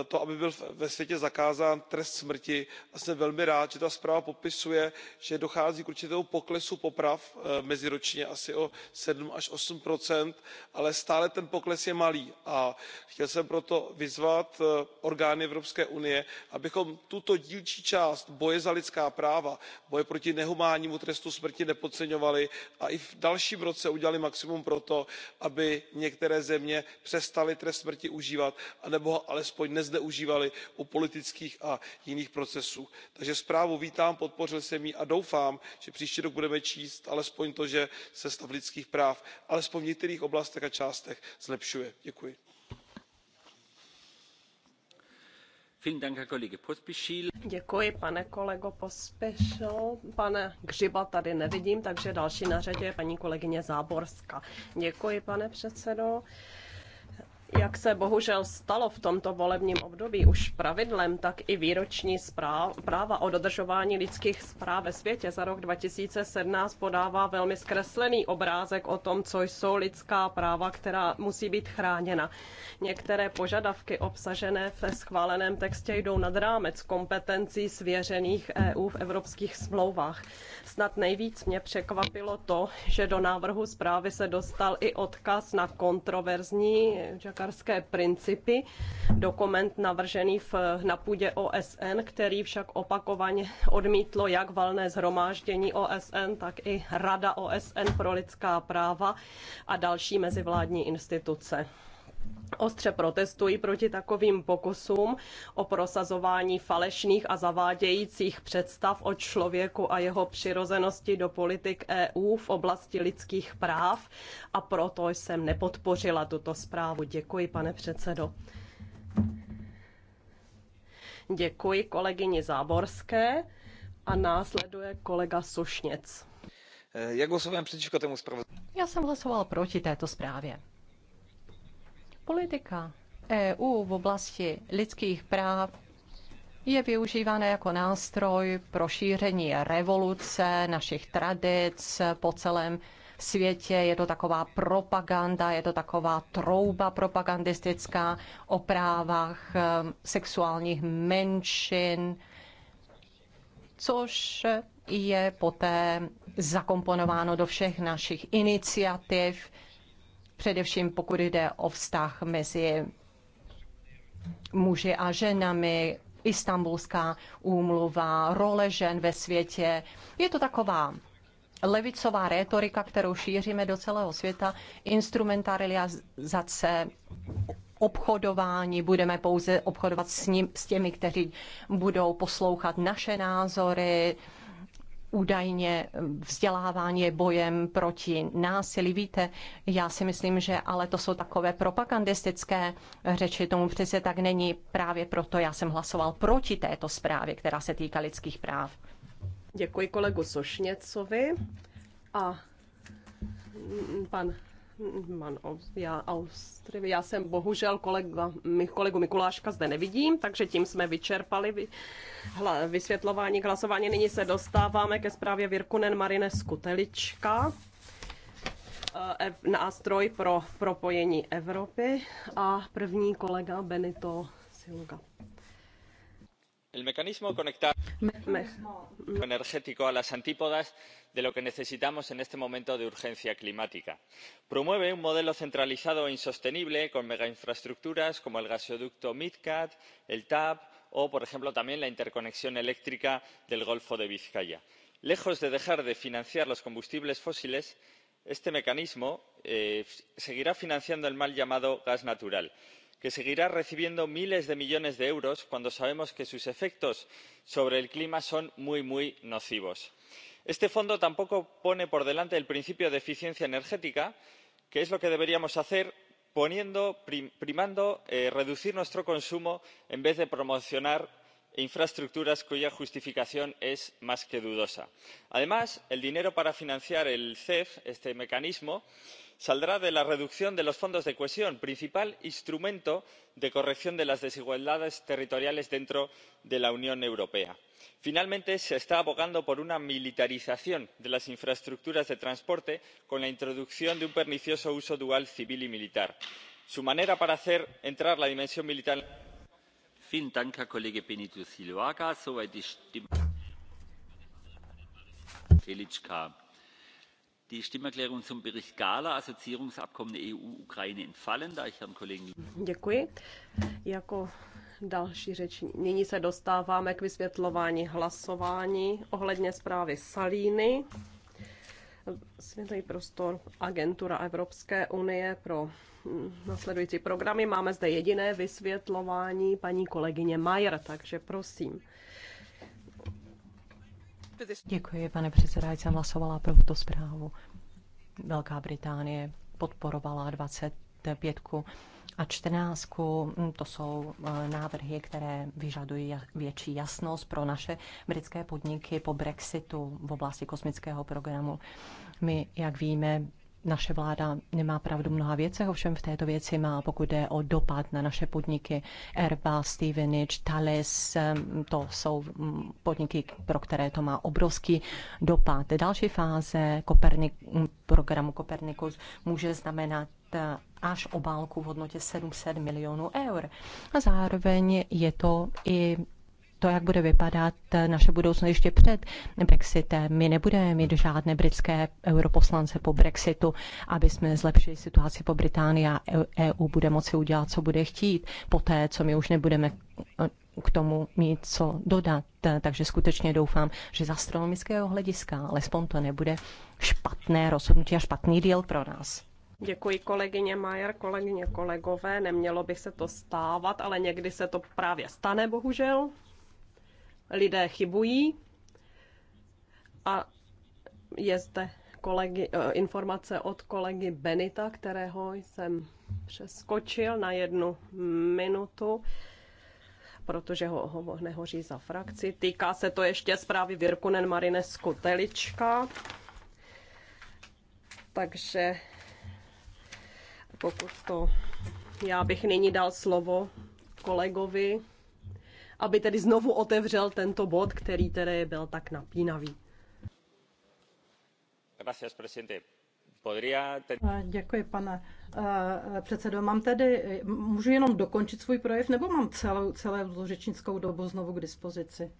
eh, to aby byl ve světě zakázán trest smrti a jsem velmi rád že ta zpráva popisuje že dochází k určitému poklesu poprav meziročně asi o seven až eight ale stále ten pokles je malý a chtěl jsem proto vyzvat orgány evropské unie abychom tuto dílčí část boje za lidská práva boje proti nehumánnímu trestu smrti nepodceňovali a i v dalším roce udělali maximum pro to aby některé země přestaly trest smrti užívat anebo ho alespoň nezneužívaly u politických a jiných procesů. takže zprávu vítám podpořil jsem ji a doufám že příští rok budeme číst alespoň to že se stav lidských práv alespoň v některých oblastech a částech zlepšuje. děkuji. Děkuji, pane kolego pospíšil Pane grzyba tady nevidím, takže další na řadě je paní kolegyně Záborská. Děkuji, pane předsedo jak se bohužel stalo v tomto volebním období už pravidlem, tak i výroční zpráv, práva o dodržování lidských zpráv ve světě za rok 2017 podává velmi zkreslený obrázek o tom, co jsou lidská práva, která musí být chráněna. Některé požadavky obsažené ve schváleném textě jdou nad rámec kompetencí svěřených EU v evropských smlouvách. Snad nejvíc mě překvapilo to, že do návrhu zprávy se dostal i odkaz na kontroverzní lékařské principy, dokument navržený v, na půdě OSN, který však opakovaně odmítlo jak valné zhromáždění OSN, tak i Rada OSN pro lidská práva a další mezivládní instituce ostře protestují proti takovým pokusům o prosazování falešných a zavádějících představ o člověku a jeho přirozenosti do politik EU v oblasti lidských práv a proto jsem nepodpořila tuto zprávu. Děkuji, pane předsedo. Děkuji kolegyni Záborské a následuje kolega Sušněc. Eh, jak hlasovám přečíka tomu zpravodaji? Já jsem hlasoval proti této zprávě. Politika EU v oblasti lidských práv je využívána jako nástroj pro šíření revoluce, našich tradic po celém světě. Je to taková propaganda, je to taková trouba propagandistická o právách ehm, sexuálních menšin, což je poté zakomponováno do všech našich iniciativ, především pokud jde o vztah mezi muži a ženami, Istanbulská úmluva, role žen ve světě. Je to taková levicová rétorika, kterou šíříme do celého světa, instrumentalizace obchodování, budeme pouze obchodovat s, ním, s těmi, kteří budou poslouchat naše názory, údajně vzdělávání je bojem proti násilí. Víte, já si myslím, že ale to jsou takové propagandistické řeči, tomu přece tak není. Právě proto já jsem hlasoval proti této zprávě, která se týká lidských práv. Děkuji kolegu Sošněcovi a pan Man, já, Austri, já jsem bohužel kolega, kolegu Mikuláška zde nevidím, takže tím jsme vyčerpali vy, hla, vysvětlování k hlasování. Nyní se dostáváme ke zprávě Virkunen Marinesku Telička eh, e- nástroj pro propojení Evropy a první kolega Benito Silga. El mecanismo conectar energético a las antípodas de lo que necesitamos en este momento de urgencia climática. Promueve un modelo centralizado e insostenible con megainfraestructuras como el gasoducto Midcat, el TAP o, por ejemplo, también la interconexión eléctrica del Golfo de Vizcaya. Lejos de dejar de financiar los combustibles fósiles, este mecanismo eh, seguirá financiando el mal llamado gas natural que seguirá recibiendo miles de millones de euros cuando sabemos que sus efectos sobre el clima son muy muy nocivos. este fondo tampoco pone por delante el principio de eficiencia energética que es lo que deberíamos hacer primando eh, reducir nuestro consumo en vez de promocionar infraestructuras cuya justificación es más que dudosa. además el dinero para financiar el mec e este mecanismo saldrá de la reducción de los fondos de cohesión principal instrumento de corrección de las desigualdades territoriales dentro de la unión europea. finalmente se está abogando por una militarización de las infraestructuras de transporte con la introducción de un pernicioso uso dual civil y militar. su manera de hacer entrar la dimensión militar Děkuji. Jako další řeč. Nyní se dostáváme k vysvětlování hlasování ohledně zprávy Salíny světlý prostor agentura Evropské unie pro nasledující programy. Máme zde jediné vysvětlování paní kolegyně Majer, takže prosím. Děkuji, pane předsedající, jsem hlasovala pro tuto zprávu. Velká Británie podporovala 20 pětku a čtrnáctku. Mm, to jsou e, návrhy, které vyžadují větší jasnost pro naše britské podniky po Brexitu v oblasti kosmického programu. My, jak víme, naše vláda nemá pravdu mnoha věcech, ovšem v této věci má, pokud jde o dopad na naše podniky Airbus, Stevenage, Thales, to jsou mm, podniky, pro které to má obrovský dopad. Další fáze Kopernik, programu Copernicus může znamenat Eh, až obálku v hodnotě 700 milionů eur. A zároveň je to i to, jak bude vypadat naše budoucnost ještě před Brexitem. My nebudeme mít žádné britské europoslance po Brexitu, aby jsme zlepšili situaci po Británii a EU e bude moci udělat, co bude chtít, poté, co my už nebudeme eh, k tomu mít co dodat. Takže skutečně doufám, že z astronomického hlediska alespoň to nebude špatné rozhodnutí a špatný díl pro nás. Děkuji kolegyně Majer, kolegyně kolegové. Nemělo by se to stávat, ale někdy se to právě stane, bohužel. Lidé chybují a je zde kolegy, eh, informace od kolegy Benita, kterého jsem přeskočil na jednu minutu protože ho, ho nehoří za frakci. Týká se to ještě zprávy Virkunen Marinesku Telička. Takže pokud to, já bych nyní dal slovo kolegovi, aby tedy znovu otevřel tento bod, který tedy byl tak napínavý. Gracias, presidente. Eh, děkuji, pane eh, předsedo. Mám tedy, můžu jenom dokončit svůj projev, nebo mám celou, celou řečnickou dobu znovu k dispozici?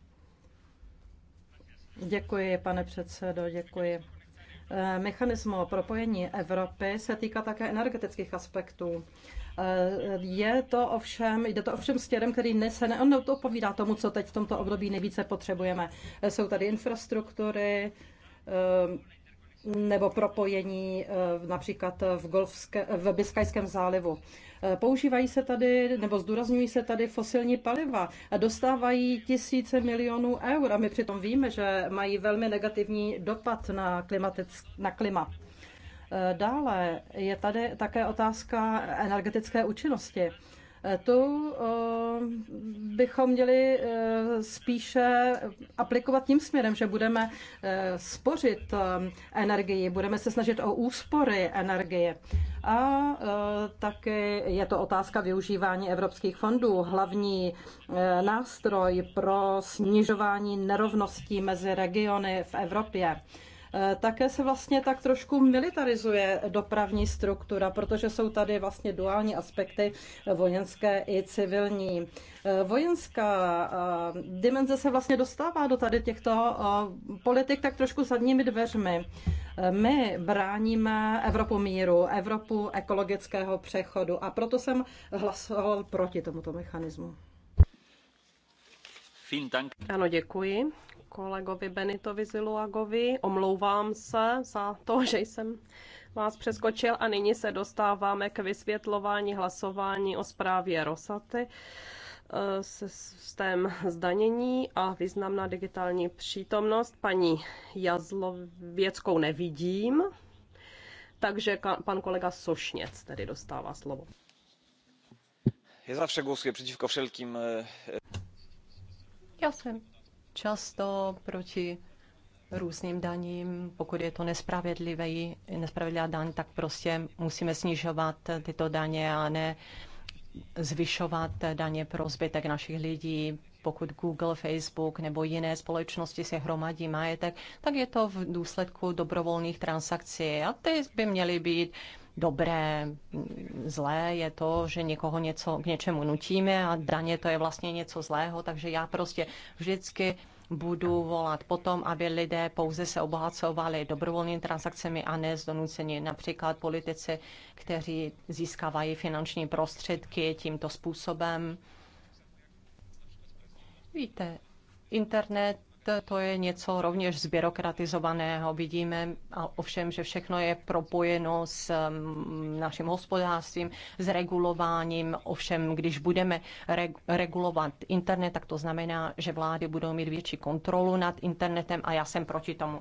Děkuji, pane předsedo, děkuji. Eh, mechanismu propojení Evropy se týká také energetických aspektů. Eh, je to ovšem, jde to ovšem směrem, který ne, to odpovídá tomu, co teď v tomto období nejvíce potřebujeme. Eh, jsou tady infrastruktury, nebo propojení eh, například v, Golfské, v Biskajském zálivu. Eh, používají se tady, nebo zdůrazňují se tady fosilní paliva a dostávají tisíce milionů eur a my přitom víme, že mají velmi negativní dopad na, klimatick, na klima. Eh, dále je tady také otázka energetické účinnosti. Eh, to eh, bychom měli eh, spíše aplikovat tím směrem, že budeme spořit energii, budeme se snažit o úspory energie. A taky je to otázka využívání evropských fondů, hlavní nástroj pro snižování nerovností mezi regiony v Evropě. Eh, také se vlastně tak trošku militarizuje dopravní struktura, protože jsou tady vlastně duální aspekty eh, vojenské i civilní. Eh, vojenská dimenze se vlastně dostává do tady těchto politik tak trošku zadními dveřmi. My bráníme Evropu míru, Evropu ekologického přechodu a proto jsem hlasoval proti tomuto mechanismu. Ano, děkuji kolegovi Benitovi Ziluagovi. Omlouvám se za to, že jsem vás přeskočil a nyní se dostáváme k vysvětlování hlasování o zprávě Rosaty eh, systém zdanění a významná digitální přítomnost. Paní Jazlověckou nevidím, takže pan kolega Sošněc tedy dostává slovo. Je zawsze głosuję przeciwko wszelkim. Já jsem často proti různým daním, pokud je to nespravedlivý, nespravedlivá daň, tak prostě musíme snižovat tyto daně a ne zvyšovat daně pro zbytek našich lidí. Pokud Google, Facebook nebo jiné společnosti si hromadí majetek, tak je to v důsledku dobrovolných transakcí a ty by měly být dobré, zlé, je to, že někoho něco k něčemu nutíme a daně to je vlastně něco zlého, takže já prostě vždycky budu volat potom, aby lidé pouze se obohacovali dobrovolnými transakcemi a ne z donucení. Například politici, kteří získávají finanční prostředky tímto způsobem. Víte, internet to je něco rovněž zbyrokratizovaného. Vidíme a ovšem, že všechno je propojeno s mm, naším hospodářstvím, s regulováním. Ovšem, když budeme regulovat internet, tak to znamená, že vlády budou mít větší kontrolu nad internetem a já jsem proti tomu.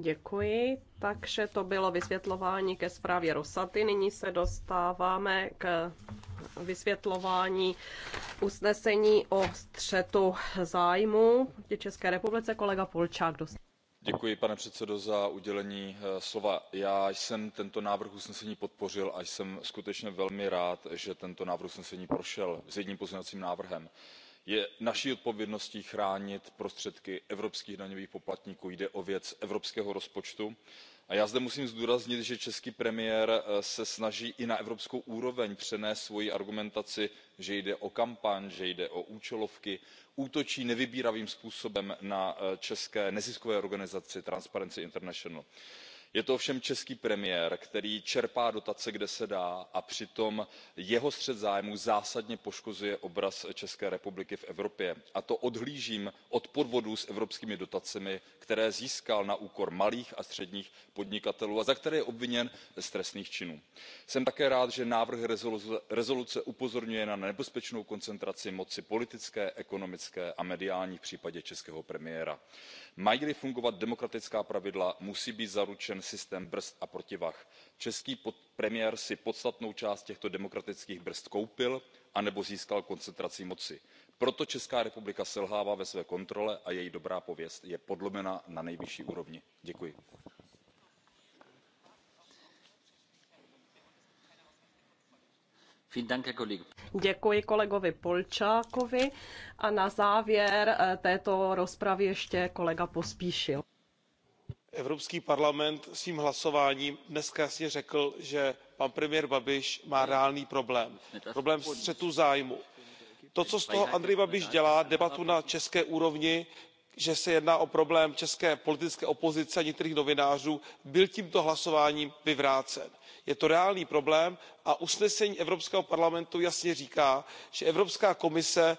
Děkuji. Takže to bylo vysvětlování ke zprávě Rosaty. Nyní se dostáváme k vysvětlování usnesení o střetu zájmu České republice. Kolega Polčák dostává. Děkuji, pane za eh, slova. já jsem tento návrh usnesení podpořil a jsem skutečně velmi rád že tento návrh usnesení prošel s jedním pozměňovacím návrhem je naší odpovědností chránit prostředky evropských daňových poplatníků jde o věc evropského rozpočtu a já zde musím zdůraznit že český premiér eh, se snaží i na evropskou úroveň přenést svoji argumentaci že jde o kampaň že jde o účelovky útočí nevybíravým způsobem na eh, české neziskové organizaci transparency international je to ovšem český premiér který čerpá dotace kde se dá a přitom jeho střet zájmů zásadně poškozuje obraz české republiky v evropě a to odhlížím od podvodů s evropskými dotacemi které získal na úkor malých a středních podnikatelů a za které je obviněn z trestných činů. jsem také rád že návrh rezoluce upozorňuje na nebezpečnou koncentraci moci politické ekonomické a mediální v případě českého premiéra mají li fungovat demokratická pravidla musí být zaručen systém brzd a protivah. český premiér si podstatnou část těchto demokratických brzd koupil anebo získal koncentrací moci. proto česká republika selhává ve své kontrole a její dobrá pověst je podlomena na nejvyšší úrovni. děkuji. Děkuji kolegovi Polčákovi a na závěr eh, této rozpravy ještě kolega Pospíšil. Evropský parlament svým hlasováním dnes jasně řekl, že pan premiér Babiš má reálný problém. Problém střetu zájmu. To, co z toho Andrej Babiš dělá, debatu na české úrovni že se jedná o problém české politické opozice a některých novinářů byl tímto hlasováním vyvrácen. je to reálný problém a usnesení evropského parlamentu jasně říká že evropská komise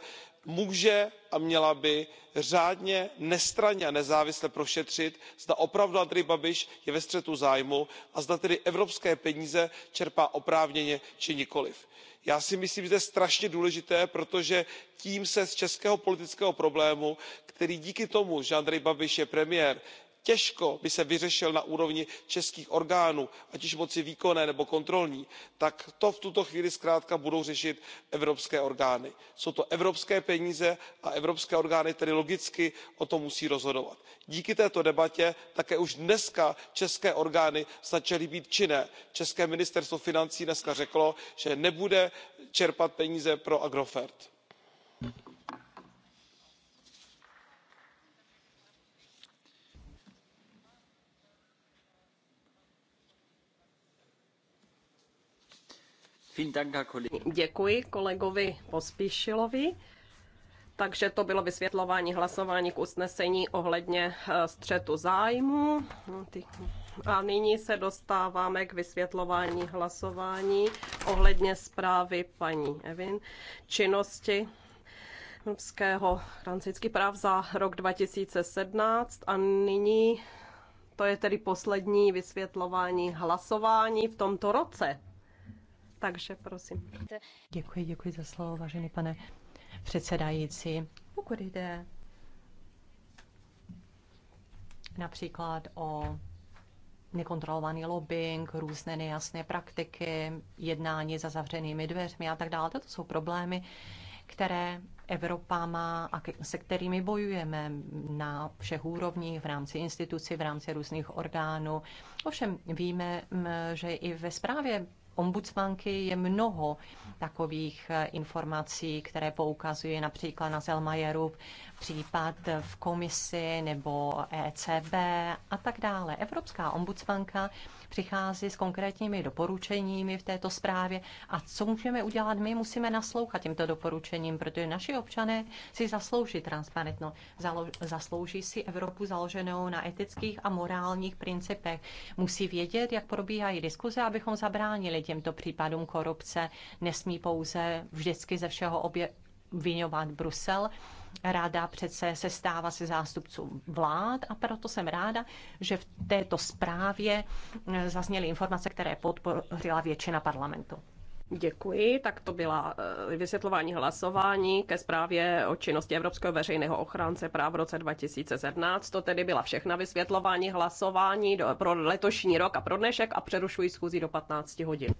může a měla by řádně nestranně a nezávisle prošetřit zda opravdu andrej babiš je ve střetu zájmů a zda tedy evropské peníze čerpá oprávněně či nikoliv. já si myslím že to je strašně důležité protože tím se z českého politického problému který díky tomu že andrej babiš je premiér těžko by se vyřešil na úrovni českých orgánů ať již moci výkonné nebo kontrolní tak to v tuto chvíli zkrátka budou řešit evropské orgány. jsou to evropské peníze a evropské orgány tedy logicky o tom musí rozhodovat. díky této debatě také už dnes české orgány začaly být činné. české ministerstvo financí dnes řeklo že nebude čerpat peníze pro agrofert. Děkuji kolegovi Pospíšilovi. Takže to bylo vysvětlování hlasování k usnesení ohledně eh, střetu zájmu. A nyní se dostáváme k vysvětlování hlasování ohledně zprávy paní Evin činnosti Evropského francický práv za rok 2017 a nyní to je tedy poslední vysvětlování hlasování v tomto roce. Takže prosím. Děkuji, děkuji za slovo, vážený pane předsedající. Pokud jde například o nekontrolovaný lobbying, různé nejasné praktiky, jednání za zavřenými dveřmi a tak dále. To jsou problémy, které Evropa má a se kterými bojujeme na všech úrovních, v rámci institucí, v rámci různých orgánů. Ovšem víme, že i ve zprávě ombudsmanky je mnoho takových eh, informací, které poukazují například na Zelmajerův případ v komisi nebo ECB a tak dále. Evropská ombudsmanka přichází s konkrétními doporučeními v této zprávě a co můžeme udělat my, musíme naslouchat těmto doporučením, protože naši občané si zaslouží transparentno, zaslouží si Evropu založenou na etických a morálních principech. Musí vědět, jak probíhají diskuze, abychom zabránili těmto případům korupce. Nesmí pouze vždycky ze všeho obě, vyňovat Brusel, Rada přece se stává se zástupců vlád a proto jsem ráda, že v této zprávě eh, zazněly informace, které podpořila většina parlamentu. Děkuji, tak to byla eh, vysvětlování hlasování ke zprávě o činnosti Evropského veřejného ochránce práv v roce 2017. To tedy byla všechna vysvětlování hlasování do, pro letošní rok a pro dnešek a přerušuji schůzi do 15 hodin.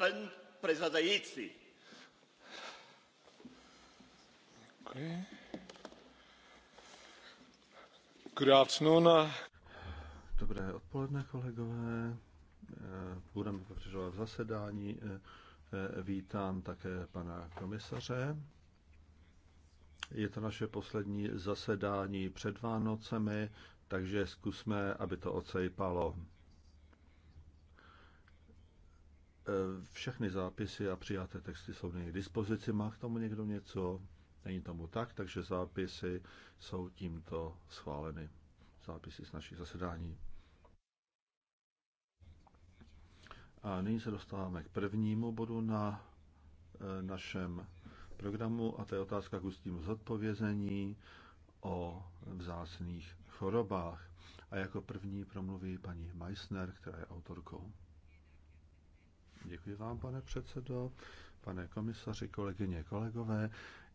pan předsedající dobré odpoledne kolegové eh, budeme pokračovat v zasedání eh, eh, vítám také pana komisaře je to naše poslední zasedání před Vánocemi, takže zkusme, aby to ocejpalo. Eh, všechny zápisy a přijaté texty jsou nyní k dispozici. Má k tomu někdo něco? Není tomu tak, takže zápisy jsou tímto schváleny. Zápisy z našich zasedání. A nyní se dostáváme k prvnímu bodu na eh, našem programu a to je otázka k ústnímu zodpovězení o vzácných chorobách. A jako první promluví paní Meissner, která je autorkou. Děkuji vám, pane předsedo, pane komisaři, kolegyně, kolegové.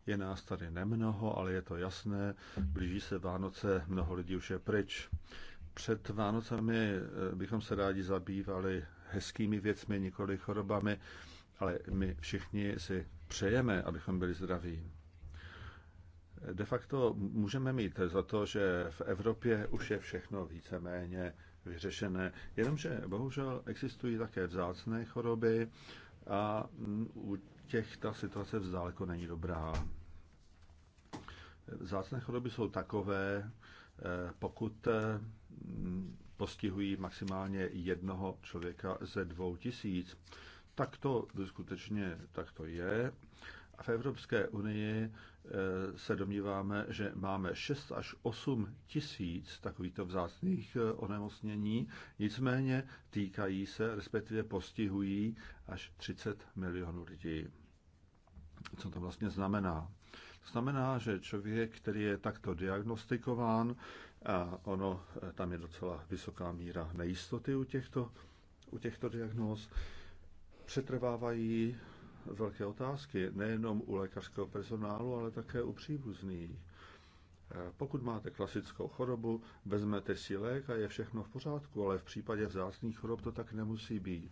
Je nás tady nemnoho, ale je to jasné. Blíží se Vánoce, mnoho lidí už je pryč. Před Vánocemi eh, bychom se rádi zabývali hezkými věcmi, nikoli chorobami, ale my všichni si přejeme, abychom byli zdraví. De facto můžeme mít za to, že v Evropě už je všechno víceméně vyřešené. Jenomže bohužel existují také vzácné choroby a u těch ta situace vzdáleko není dobrá. Vzácné choroby jsou takové, eh, pokud eh, postihují maximálně jednoho člověka ze dvou tisíc. Tak to skutečně tak to je. A v Evropské unii Eh, se domníváme, že máme 6 až 8 tisíc takovýchto vzácných eh, onemocnění, nicméně týkají se, respektive postihují až 30 milionů lidí. Co to vlastně znamená? To znamená, že člověk, který je takto diagnostikován, a ono, eh, tam je docela vysoká míra nejistoty u těchto, u těchto diagnóz, přetrvávají velké otázky, nejenom u lékařského personálu, ale také u příbuzných. Eh, pokud máte klasickou chorobu, vezmete si lék a je všechno v pořádku, ale v případě vzácných chorob to tak nemusí být.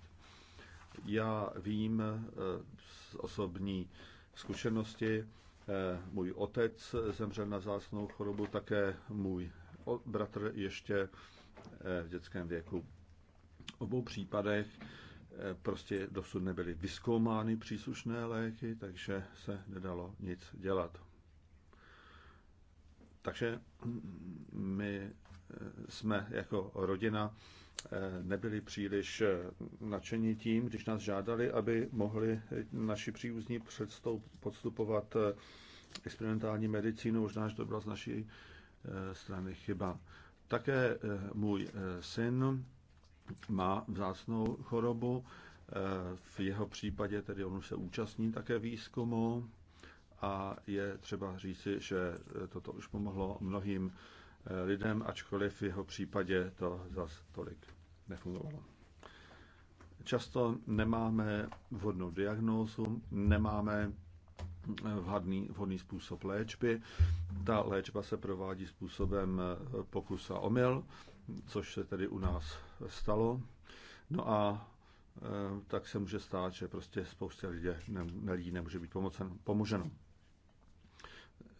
Já vím eh, z osobní zkušenosti, eh, můj otec zemřel na vzácnou chorobu, také můj bratr ještě v dětském věku. V obou případech prostě dosud nebyly vyskoumány příslušné léky, takže se nedalo nic dělat. Takže my eh, jsme jako rodina eh, nebyli příliš eh, nadšení tím, když nás žádali, aby mohli naši příbuzní podstupovat experimentální medicínu, možná, že to byla z naší strany chyba. Také můj syn má vzácnou chorobu. E, v jeho případě tedy on už se účastní také výzkumu a je třeba říci, že toto už pomohlo mnohým e, lidem, ačkoliv v jeho případě to zas tolik nefungovalo. Často nemáme vhodnou diagnózu, nemáme e, vhodný, vhodný způsob léčby. Ta léčba se provádí způsobem pokus a omyl což se tedy u nás stalo. No a eh, tak se může stát, že prostě spoustě lidí, ne, lidí nemůže být pomocen, pomoženo.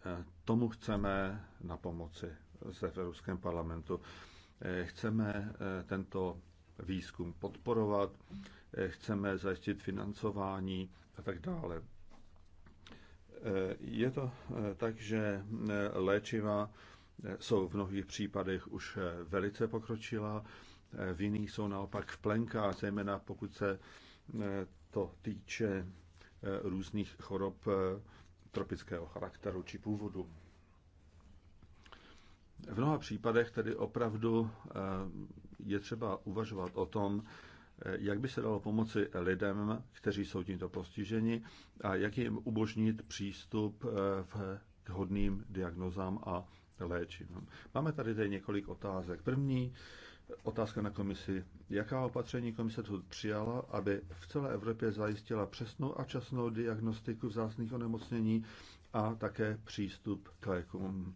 Eh, tomu chceme na pomoci zde v Evropském parlamentu. Eh, chceme tento výzkum podporovat, chceme zajistit financování a tak dále. Je to tak, že léčiva jsou v mnohých případech už eh, velice pokročila, eh, v jiných jsou naopak v plenkách, zejména pokud se eh, to týče různých chorob tropického charakteru či původu. V mnoha případech tedy opravdu je třeba uvažovat o tom, jak by se dalo pomoci lidem, kteří jsou tímto postiženi a jak jim umožnit přístup k hodným diagnozám a léčivům. Máme tady tady několik otázek. První otázka na komisi. Jaká opatření komise tu přijala, aby v celé Evropě zajistila přesnou a časnou diagnostiku vzácných onemocnění a také přístup k lékům?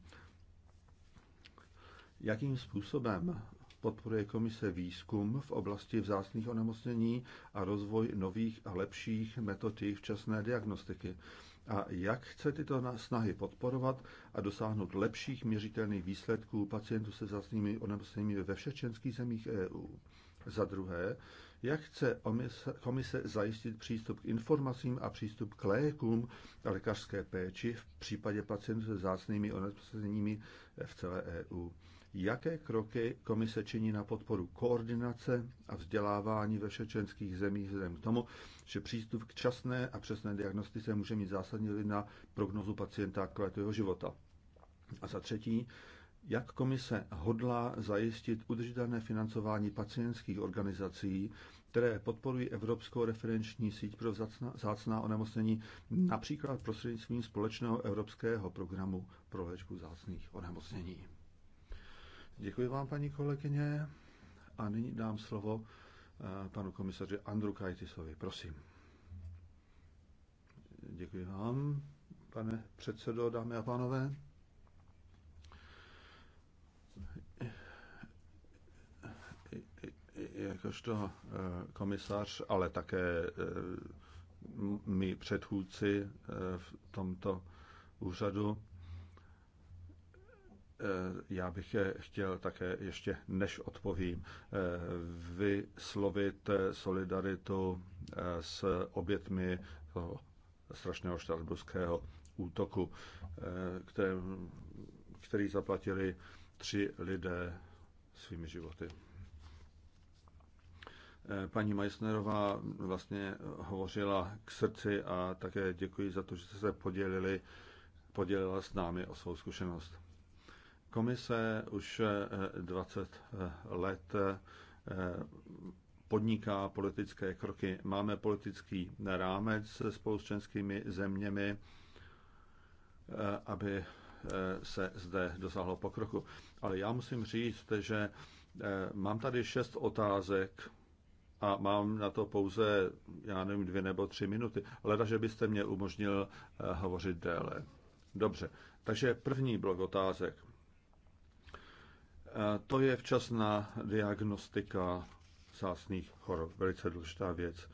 Jakým způsobem podporuje komise výzkum v oblasti vzácných onemocnění a rozvoj nových a lepších metod jejich včasné diagnostiky? a jak chce tyto snahy podporovat a dosáhnout lepších měřitelných výsledků pacientů se vzácnými onemocněními ve všech členských zemích EU. Za druhé, jak chce komise zajistit přístup k informacím a přístup k lékům a lékařské péči v případě pacientů se zácnými onemocněními v celé EU. Jaké kroky komise činí na podporu koordinace a vzdělávání ve všečenských zemích vzhledem k tomu, že přístup k časné a přesné diagnostice může mít zásadní vliv na prognozu pacienta a kvalitu jeho života? A za třetí, jak komise hodlá zajistit udržitelné financování pacientských organizací, které podporují Evropskou referenční síť pro zácná onemocnění, například prostřednictvím společného evropského programu pro léčbu zácných onemocnění. Děkuji vám, paní kolegyně. A nyní dám slovo eh, panu komisaři Andru Kajtisovi. Prosím. Děkuji vám, pane předsedo, dámy a pánové. Jakožto eh, komisař, ale také eh, mý předchůdci v tomto úřadu Eh, já bych je chtěl také ještě, než odpovím, eh, vyslovit eh, solidaritu s obětmi toho strašného štrasburského útoku, které, který zaplatili tři lidé svými životy. Paní Meissnerová vlastně hovořila k srdci a také děkuji za to, že jste se podělili, podělila s námi o svou zkušenost. Komise už 20 eh, eh, let eh, podniká politické kroky. Máme politický rámec se s zeměmi, aby se zde dosáhlo pokroku. Ale já musím říct, že mám tady šest otázek a mám na to pouze, já nevím, dvě nebo tři minuty. Leda, že byste mě umožnil hovořit déle. Dobře, takže první blok otázek. E, to je včasná diagnostika sásných chorob, velice důležitá věc.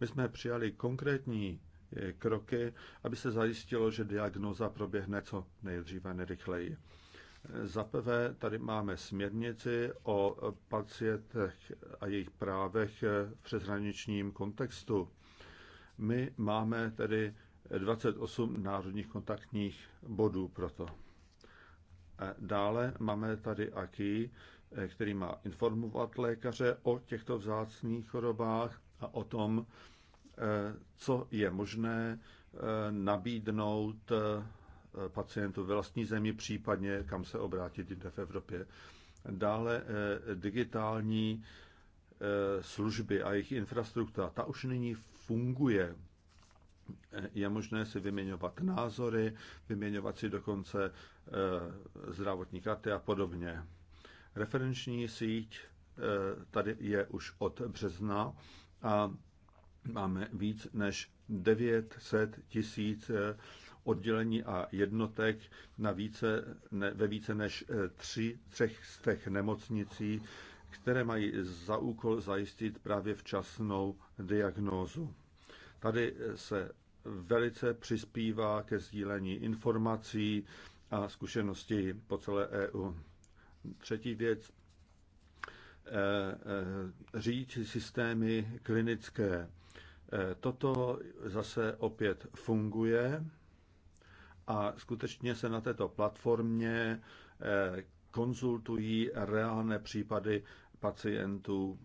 My jsme přijali konkrétní e, kroky, aby se zajistilo, že diagnoza proběhne co nejdříve, nejrychleji. E, za prvé tady máme směrnici o pacientech a jejich právech v přeshraničním kontextu. My máme tedy 28 národních kontaktních bodů pro to. Dále máme tady AKI, který má informovat lékaře o těchto vzácných chorobách a o tom, eh, co je možné eh, nabídnout eh, pacientu ve vlastní zemi, případně kam se obrátit jde v Evropě. Dále digitální služby a jejich infrastruktura, ta už nyní funguje je možné si vyměňovat názory, vyměňovat si dokonce eh, zdravotní karty a podobně. Referenční síť eh, tady je už od března a máme víc než 900 tisíc eh, oddělení a jednotek na více, ne, ve více než tři, třech z těch nemocnicí, které mají za úkol zajistit právě včasnou diagnózu. Tady eh, se velice přispívá ke sdílení informací a zkušeností po celé EU. Třetí věc, eh, eh, řídit systémy klinické. Toto zase opět funguje a skutečně se na této platformě konzultují reálné případy pacientů.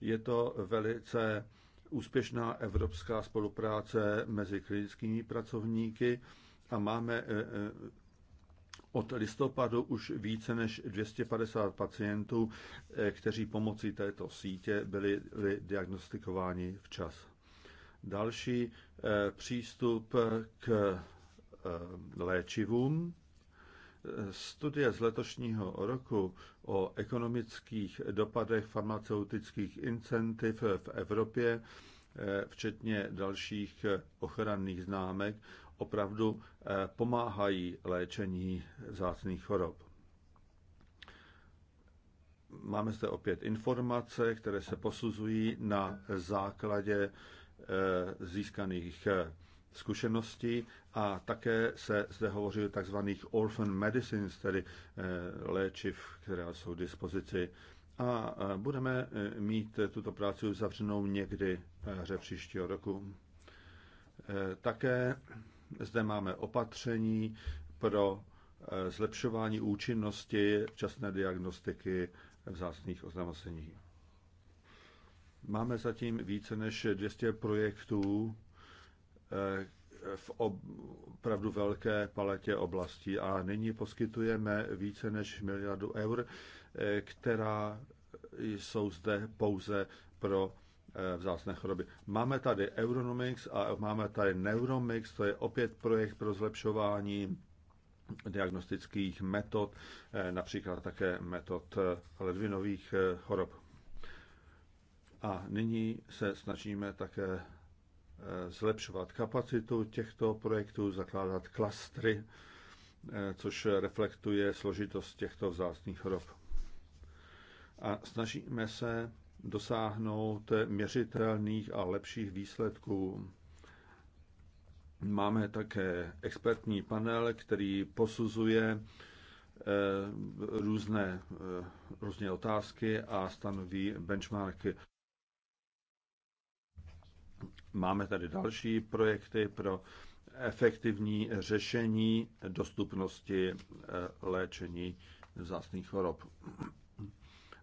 Je to velice úspěšná evropská spolupráce mezi klinickými pracovníky a máme e, e, od listopadu už více než 250 pacientů, e, kteří pomocí této sítě byli, byli diagnostikováni včas. Další přístup k léčivům. Studie z letošního roku o ekonomických dopadech farmaceutických incentiv v Evropě, eh, včetně dalších eh, ochranných známek, opravdu eh, pomáhají léčení zácných chorob. Máme zde opět informace, které se posuzují na základě získaných zkušenosti a také se zde hovoří o tzv. orphan medicines, tedy eh, léčiv, která jsou k dispozici. A eh, budeme eh, mít tuto práci uzavřenou někdy hře příštího roku. Také zde máme opatření pro zlepšování účinnosti včasné diagnostiky vzácných oznamocení. Máme zatím více než 200 projektů Eh, v opravdu velké paletě oblastí a nyní poskytujeme více než miliardu eur, eh, která jsou zde pouze pro eh, vzácné choroby. Máme tady Euronomix a máme tady Neuromix, to je opět projekt pro zlepšování diagnostických metod, například také metod ledvinových chorob. A nyní se snažíme také Eh, zlepšovat kapacitu těchto projektů, zakládat klastry, eh, což reflektuje složitost těchto vzácných chorob. A snažíme se dosáhnout měřitelných a lepších výsledků. Máme také expertní panel, který posuzuje eh, různé, různé otázky a stanoví benchmarky. Máme tady další projekty pro efektivní řešení dostupnosti eh, léčení vzácných chorob.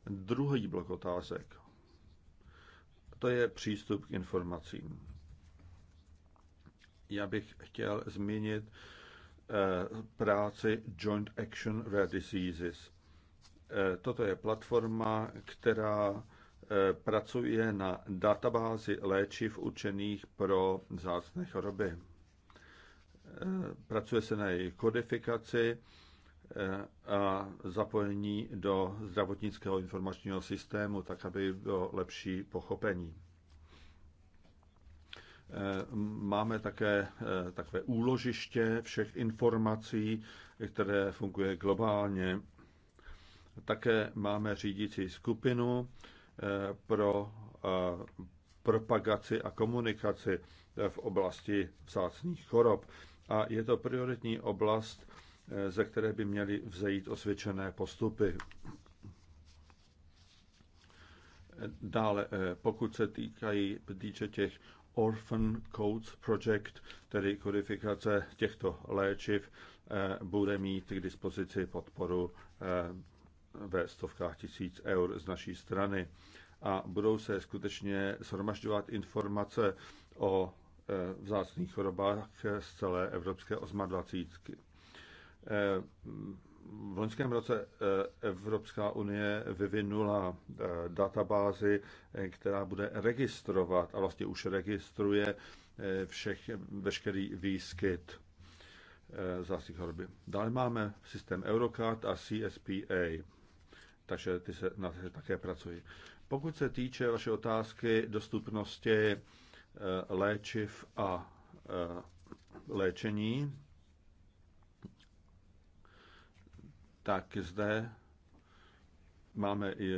Druhý blok otázek. To je přístup k informacím. Já bych chtěl zmínit eh, práci Joint Action Rare Diseases. Eh, toto je platforma, která Eh, pracuje na databázi léčiv určených pro zácné choroby. Eh, pracuje se na její kodifikaci eh, a zapojení do zdravotnického informačního systému, tak aby bylo lepší pochopení. Máme také takové úložiště všech informací, které funguje globálně. Také máme řídící skupinu, pro eh, propagaci a komunikaci eh, v oblasti vzácných chorob. A je to prioritní oblast, eh, ze které by měly vzejít osvědčené postupy. Dále, pokud se týkají týče těch Orphan Codes Project, tedy kodifikace těchto léčiv, bude mít k dispozici podporu ve stovkách tisíc eur z naší strany a budou se skutečně shromažďovat informace o e, vzácných chorobách z celé Evropské osmadvacítky. E, v loňském roce e, Evropská unie vyvinula databázi, která bude registrovat a vlastně už registruje všech, veškerý výskyt zásih choroby. Dále máme systém Eurocard a CSPA takže ty se, na ty také pracují. Pokud se týče vaše otázky dostupnosti eh, léčiv a eh, léčení, tak zde máme i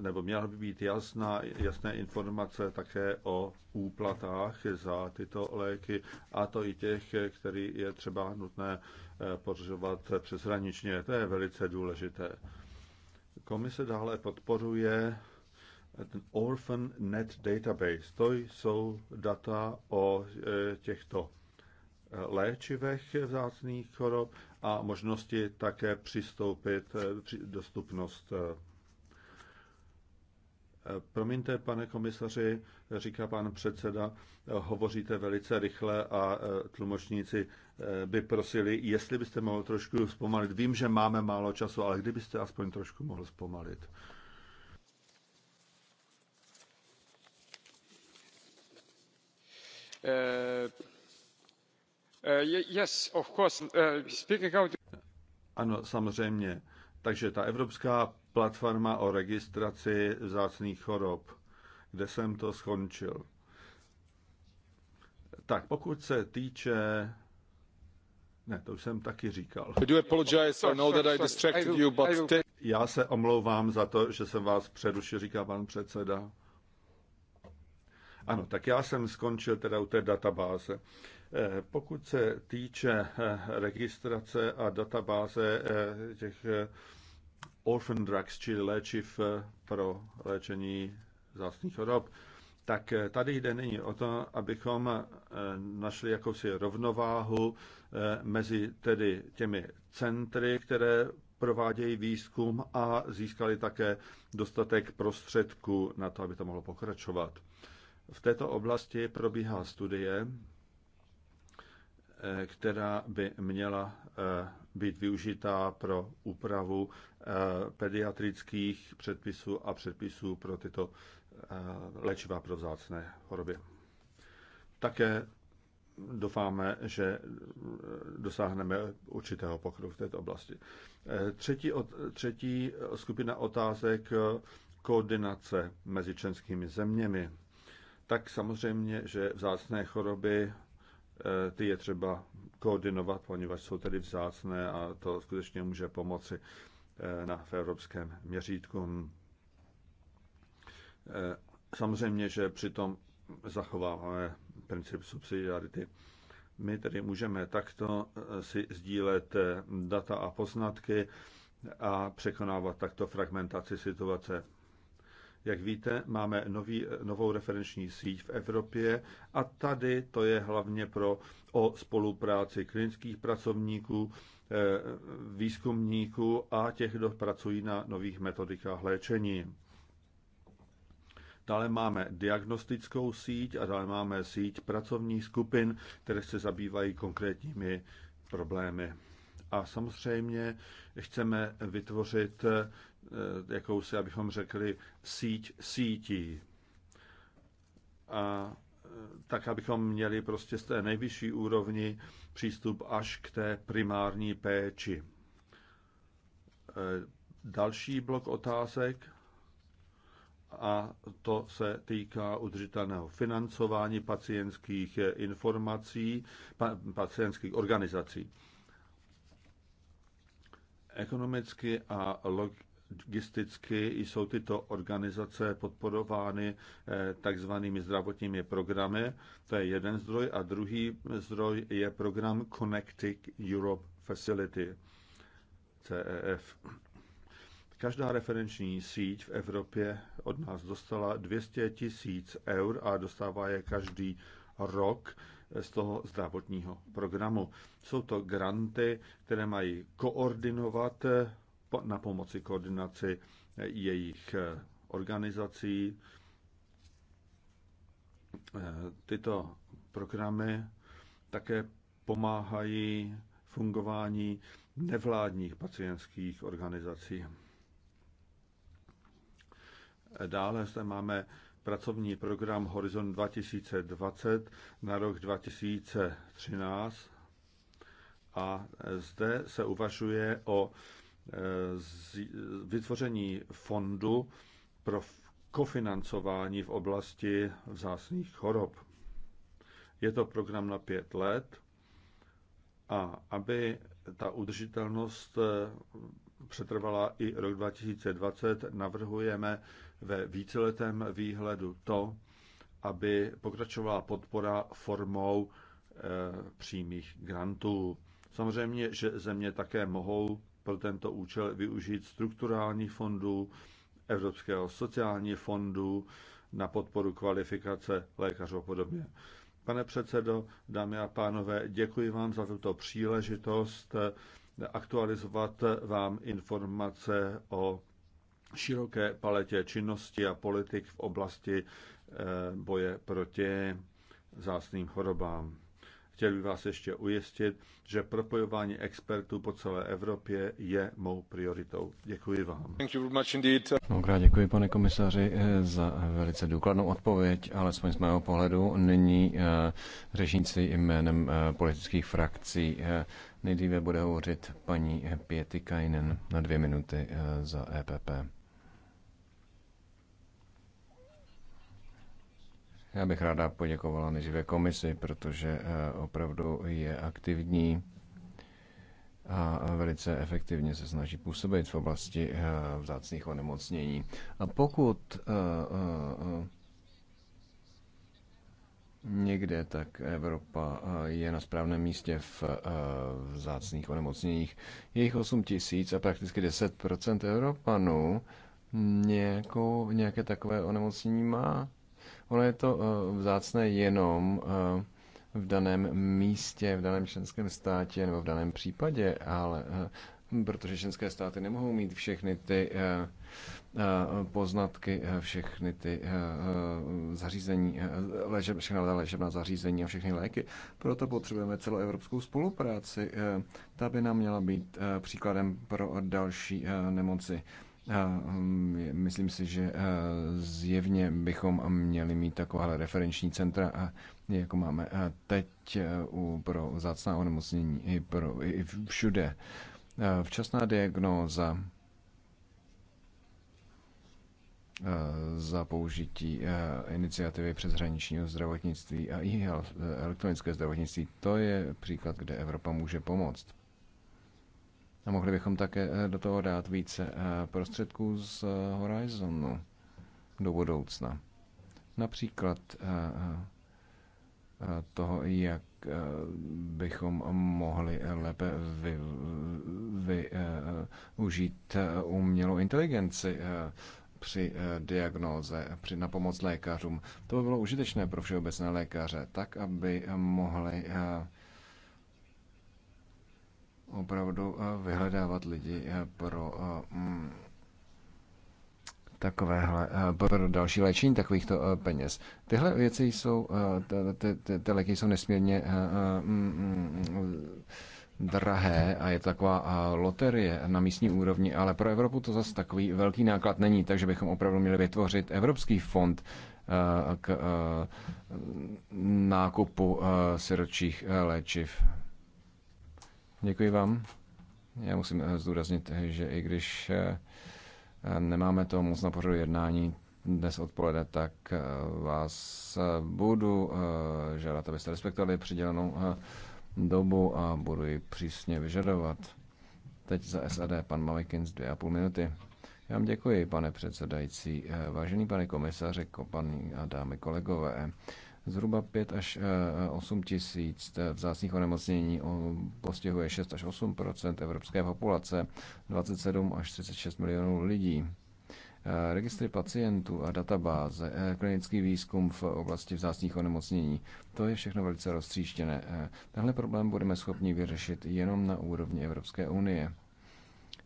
nebo měla by být jasná, jasné informace také o úplatách za tyto léky, a to i těch, který je třeba nutné eh, pořizovat přeshraničně. To je velice důležité. Komise dále podporuje ten Orphan Net Database. To jsou data o eh, těchto eh, léčivech vzácných chorob a možnosti také přistoupit dostupnost Promiňte, pane komisaři, říká pan předseda, hovoříte velice rychle a e, tlumočníci e, by prosili, jestli byste mohl trošku zpomalit. Vím, že máme málo času, ale kdybyste aspoň trošku mohl zpomalit. E, yes, of course. speaking out... Ano, samozřejmě. Takže ta evropská platforma o registraci vzácných chorob, kde jsem to skončil. Tak pokud se týče ne, to už jsem taky říkal. Já se omlouvám za to, že jsem vás přerušil, říká pan předseda. Ano, tak já jsem skončil teda u té databáze. Eh, pokud se týče eh, registrace a databáze eh, těch orphan drugs, čili léčiv eh, pro léčení zástných chorob, tak eh, tady jde nyní o to, abychom eh, našli jakousi rovnováhu mezi tedy těmi centry, které provádějí výzkum a získali také dostatek prostředků na to, aby to mohlo pokračovat. V této oblasti probíhá studie, Eh, která by měla eh, být využitá pro úpravu eh, pediatrických předpisů a předpisů pro tyto léčiva pro vzácné choroby. Také doufáme, že dosáhneme určitého pokroku v této oblasti. Třetí, třetí skupina otázek koordinace mezi členskými zeměmi. Tak samozřejmě, že vzácné choroby Eh, ty je třeba koordinovat, poněvadž jsou tedy vzácné a to skutečně může pomoci eh, na, v evropském měřítku. Eh, samozřejmě, že přitom zachováváme princip subsidiarity. My tedy můžeme takto si sdílet data a poznatky a překonávat takto fragmentaci situace. Jak víte, máme nový, novou referenční síť v Evropě a tady to je hlavně pro o spolupráci klinických pracovníků, eh, výzkumníků a těch, kdo pracují na nových metodikách léčení. Dále máme diagnostickou síť a dále máme síť pracovních skupin, které se zabývají konkrétními problémy. A samozřejmě chceme vytvořit Eh, jakousi, abychom řekli, síť sítí. A eh, tak, abychom měli prostě z té nejvyšší úrovni přístup až k té primární péči. Eh, další blok otázek a to se týká udržitelného financování pacientských informací, pacientských organizací. Ekonomicky a log- logisticky jsou tyto organizace podporovány eh, takzvanými zdravotními programy. To je jeden zdroj. A druhý zdroj je program Connecting Europe Facility, CEF. Každá referenční síť v Evropě od nás dostala 200 tisíc eur a dostává je každý rok z toho zdravotního programu. Jsou to granty, které mají koordinovat na pomoci koordinaci eh, jejich eh, organizací. Eh, tyto programy také pomáhají fungování nevládních pacientských organizací. Dále zde máme pracovní program Horizon 2020 na rok 2013 a zde se uvažuje o Eh, vytvoření fondu pro kofinancování v oblasti vzácných chorob. Je to program na pět let a aby ta udržitelnost eh, přetrvala i rok 2020, navrhujeme ve víceletém výhledu to, aby pokračovala podpora formou eh, přímých grantů. Samozřejmě, že země také mohou pro tento účel využít strukturální fondů, Evropského sociálního fondu na podporu kvalifikace lékařů a podobně. Pane předsedo, dámy a pánové, děkuji vám za tuto příležitost aktualizovat vám informace o široké paletě činnosti a politik v oblasti eh, boje proti zásným chorobám. Chtěl bych vás ještě ujistit, že propojování expertů po celé Evropě je mou prioritou. Děkuji vám. Mnohokrát děkuji, pane komisaři, za velice důkladnou odpověď, alespoň z mého pohledu. Nyní eh, řečníci jménem eh, politických frakcí. Eh, nejdříve bude hovořit paní Piety na dvě minuty za EPP. Já bych ráda poděkovala neživé komisi, protože eh, opravdu je aktivní a velice efektivně se snaží působit v oblasti eh, vzácných onemocnění. A pokud eh, někde, tak Evropa je na správném místě v vzácných onemocněních. Jejich 8 tisíc a prakticky 10% Evropanů nějakou, nějaké takové onemocnění má. Ono je to eh, vzácné jenom eh, v daném místě, v daném členském státě nebo v daném případě, ale eh, protože členské státy nemohou mít všechny ty poznatky, všechny ty zařízení, všechna léčebná zařízení a všechny léky. Proto potřebujeme celoevropskou spolupráci. Ta by nám měla být příkladem pro další nemoci. Eh, hm, myslím si, že eh, zjevně bychom měli mít takováhle referenční centra, jako máme eh, teď pro zácná onemocnění i, pro, i všude. Včasná diagnóza za použití iniciativy přeshraničního zdravotnictví a i elektronické zdravotnictví, to je příklad, kde Evropa může pomoct. A mohli bychom také eh, do toho dát více eh, prostředků z eh, Horizonu do budoucna. Například toho, jak bychom mohli lépe využít umělou inteligenci při diagnóze, při na pomoc lékařům. To by bylo užitečné pro všeobecné lékaře, tak aby mohli opravdu eh, vyhledávat lidi eh, pro eh, mm, takovéhle, pro další léčení takovýchto peněz. Tyhle věci jsou, ty, ty, ty léky jsou nesmírně mm, mm, drahé a je to taková loterie na místní úrovni, ale pro Evropu to zase takový velký náklad není, takže bychom opravdu měli vytvořit Evropský fond k nákupu siročích léčiv. Děkuji vám. Já musím eh, zdůraznit, eh, že i když eh, nemáme to moc na pořadu jednání dnes odpoledne, tak vás budu žádat, abyste respektovali přidělenou dobu a budu ji přísně vyžadovat. Teď za SAD pan Malikins dvě a půl minuty. Já vám děkuji, pane předsedající. Vážený pane komisaři, paní a dámy kolegové, Zhruba 5 až 8 eh, tisíc eh, vzácných onemocnění postihuje 6 až 8 evropské populace, 27 až 36 milionů lidí. Eh, registry pacientů a databáze, klinický výzkum v oblasti vzácných onemocnění, to je všechno velice roztříštěné. Tenhle problém budeme schopni vyřešit jenom na úrovni Evropské unie.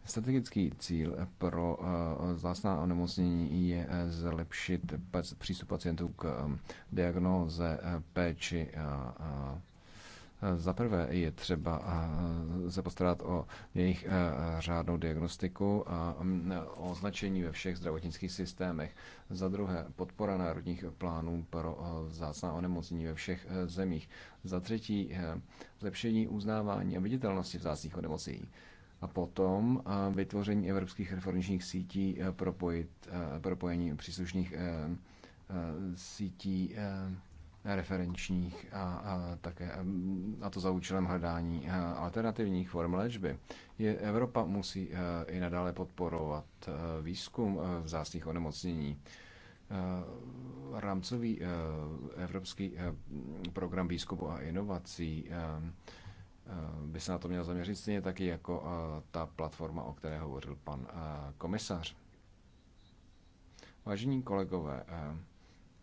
Strategický cíl pro eh, zásná onemocnění je eh, zlepšit přístup pacientů k eh, diagnoze péči za prvé je třeba se postarat o jejich řádnou diagnostiku a mm, označení ve všech zdravotnických systémech. Za druhé podpora národních plánů pro zásná onemocnění ve všech zemích. Za třetí zlepšení uznávání a viditelnosti vzácných onemocnění a potom eh, vytvoření evropských referenčních sítí, eh, propojit, eh, propojení příslušných sítí referenčních a, a také a to za účelem hledání alternativních form léčby. Je, Evropa musí i nadále podporovat výzkum vzácných onemocnění. Rámcový evropský program výzkumu a inovací Eh, by se na to měl zaměřit stejně taky jako eh, ta platforma, o které hovořil pan eh, komisař. Vážení kolegové,